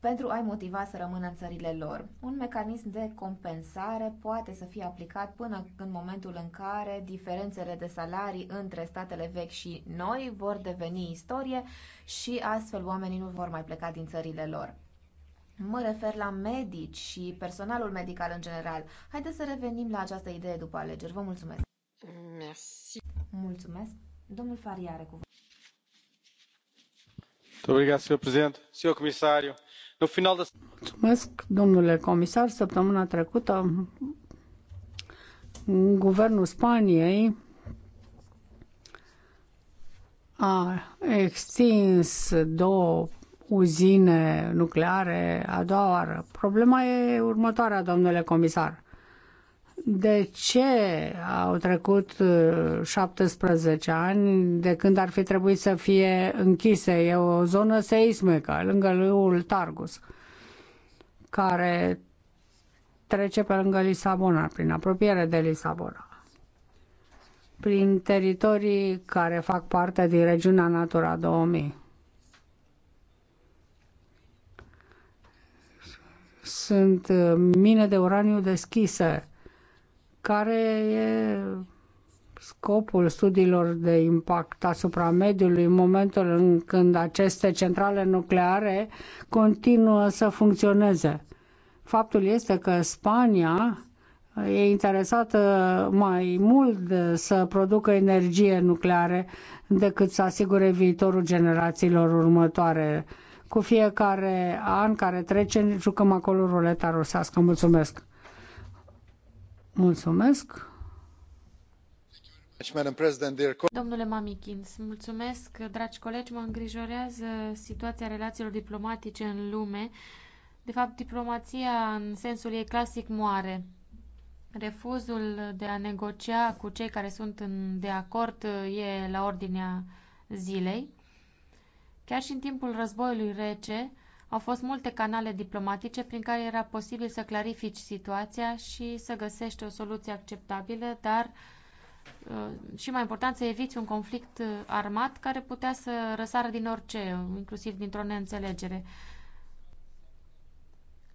pentru a-i motiva să rămână în țările lor. Un mecanism de compensare poate să fie aplicat până în momentul în care diferențele de salarii între statele vechi și noi vor deveni istorie și astfel oamenii nu vor mai pleca din țările lor. Mă refer la medici și personalul medical în general. Haideți să revenim la această idee după alegeri. Vă mulțumesc! Merci. Mulțumesc! Domnul Faria are cuvântul. Obrigado, Sr. Presidente. Sr. Comissário, domnule comisar. Săptămâna trecută, guvernul Spaniei a extins două uzine nucleare a doua oară. Problema e următoarea, domnule comisar de ce au trecut 17 uh, ani de când ar fi trebuit să fie închise. E o zonă seismică lângă râul Targus, care trece pe lângă Lisabona, prin apropiere de Lisabona prin teritorii care fac parte din regiunea Natura 2000. Sunt uh, mine de uraniu deschise care e scopul studiilor de impact asupra mediului în momentul în când aceste centrale nucleare continuă să funcționeze. Faptul este că Spania e interesată mai mult să producă energie nucleară decât să asigure viitorul generațiilor următoare. Cu fiecare an care trece, jucăm acolo ruleta rusească. Mulțumesc! Mulțumesc. Domnule Mamikins, mulțumesc, dragi colegi, mă îngrijorează situația relațiilor diplomatice în lume. De fapt, diplomația în sensul ei clasic moare. Refuzul de a negocia cu cei care sunt în, de acord uh, e la ordinea zilei. Chiar și în timpul războiului rece, au fost multe canale diplomatice prin care era posibil să clarifici situația și să găsești o soluție acceptabilă, dar uh, și mai important să eviți un conflict uh, armat care putea să răsară din orice, inclusiv dintr-o neînțelegere.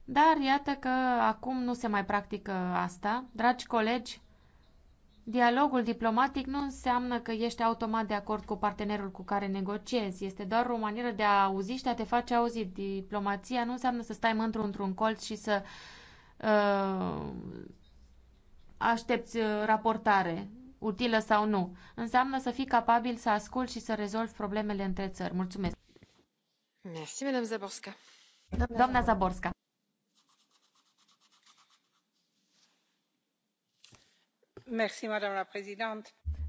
Dar iată că acum nu se mai practică asta. Dragi colegi, Dialogul diplomatic nu înseamnă că ești automat de acord cu partenerul cu care negociezi. Este doar o manieră de a auzi și de a te face auzit. Diplomația nu înseamnă să stai mântru într-un colț și să uh, aștepți uh, raportare, utilă sau nu. Înseamnă să fii capabil să asculți și să rezolvi problemele între țări. Mulțumesc! Mersi, Madame Zaborska. Doamna Zaborska. Vă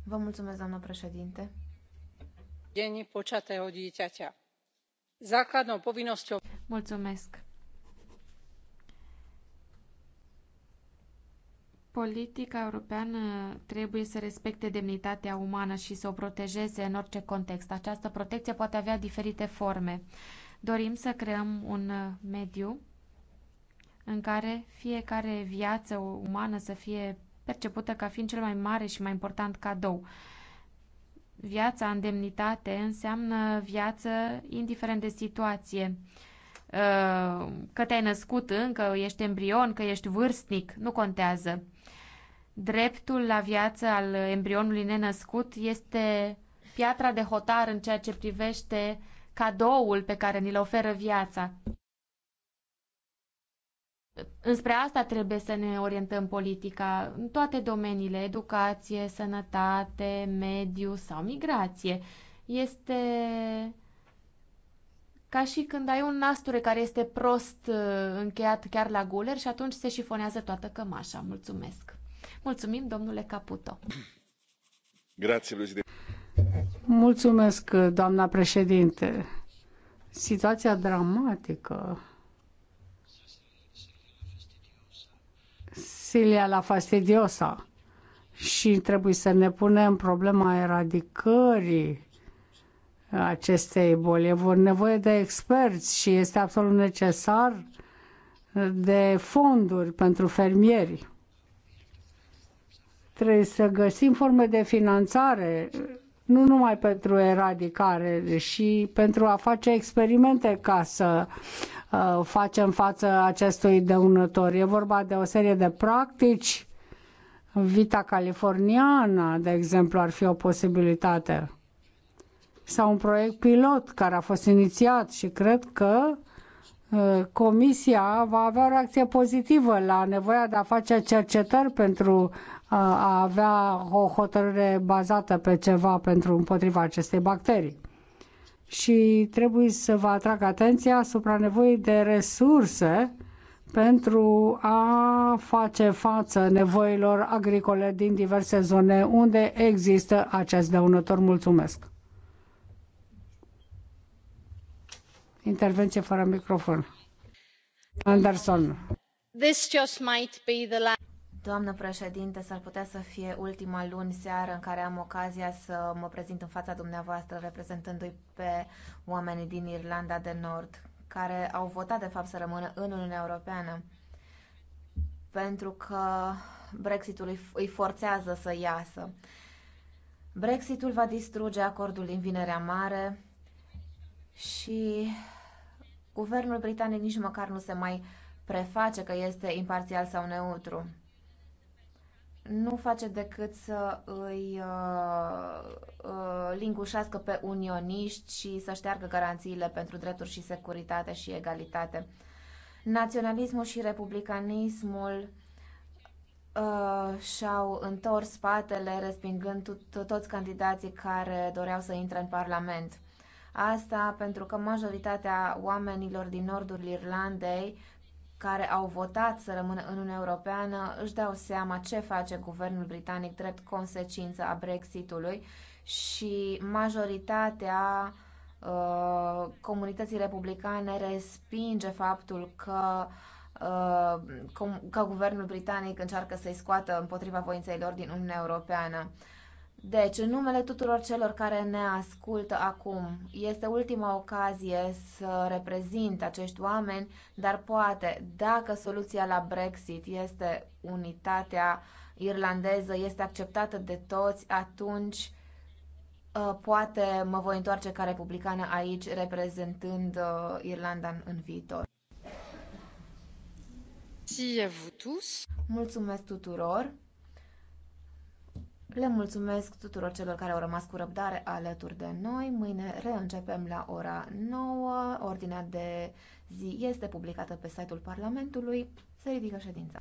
mulțumesc, doamnă președinte. Mulțumesc. Politica europeană trebuie să respecte demnitatea umană și să o protejeze în orice context. Această protecție poate avea diferite forme. Dorim să creăm un mediu în care fiecare viață umană să fie percepută ca fiind cel mai mare și mai important cadou. Viața în demnitate înseamnă viață indiferent de situație. Uh, că te-ai născut încă, ești embrion, că ești vârstnic, nu contează. Dreptul la viață al embrionului nenăscut este piatra de hotar în ceea ce privește cadoul pe care ni-l oferă viața. Înspre asta trebuie să ne orientăm politica în toate domeniile, educație, sănătate, mediu sau migrație. Este ca și când ai un nasture care este prost uh, încheiat chiar la guler și atunci se șifonează toată cămașa. Mulțumesc! Mulțumim, domnule Caputo! Grazie, Mulțumesc, doamna președinte! Situația dramatică Xilia la fastidiosa și trebuie să ne punem problema eradicării acestei boli. E nevoie de experți și este absolut necesar de fonduri pentru fermieri. Trebuie să găsim forme de finanțare, nu numai pentru eradicare, și pentru a face experimente ca să Uh, facem față acestui dăunător. E vorba de o serie de practici. Vita californiană, de exemplu, ar fi o posibilitate. Sau un proiect pilot care a fost inițiat și cred că uh, Comisia va avea o reacție pozitivă la nevoia de a face cercetări pentru uh, a avea o hotărâre bazată pe ceva pentru împotriva acestei bacterii și trebuie să vă atrag atenția asupra nevoii de resurse pentru a face față nevoilor agricole din diverse zone unde există acest dăunător. Mulțumesc! Intervenție fără microfon. Anderson. This just might be the last... Doamnă președinte, s-ar putea să fie ultima luni seară în care am ocazia să mă prezint în fața dumneavoastră reprezentându-i pe oamenii din Irlanda de Nord, care au votat de fapt să rămână în Uniunea Europeană, pentru că Brexitul îi forțează să iasă. Brexitul va distruge acordul din Vinerea Mare și guvernul britanic nici măcar nu se mai preface că este imparțial sau neutru nu face decât să îi uh, uh, lingușească pe unioniști și să șteargă garanțiile pentru drepturi și securitate și egalitate. Naționalismul și republicanismul uh, și-au întors spatele respingând toți candidații care doreau să intre în Parlament. Asta pentru că majoritatea oamenilor din nordul Irlandei care au votat să rămână în Uniunea Europeană își dau seama ce face guvernul britanic drept consecință a Brexitului și majoritatea uh, comunității republicane respinge faptul că uh, că guvernul britanic încearcă să-i scoată împotriva voinței lor din Uniunea Europeană. Deci, în numele tuturor celor care ne ascultă acum, este ultima ocazie să reprezint acești oameni, dar poate, dacă soluția la Brexit este unitatea irlandeză, este acceptată de toți, atunci ă, poate mă voi întoarce ca republicană aici, reprezentând ă, Irlanda în viitor. Mulțumesc tuturor! Le mulțumesc tuturor celor care au rămas cu răbdare alături de noi. Mâine reîncepem la ora 9. Ordinea de zi este publicată pe site-ul Parlamentului. Se ridică ședința.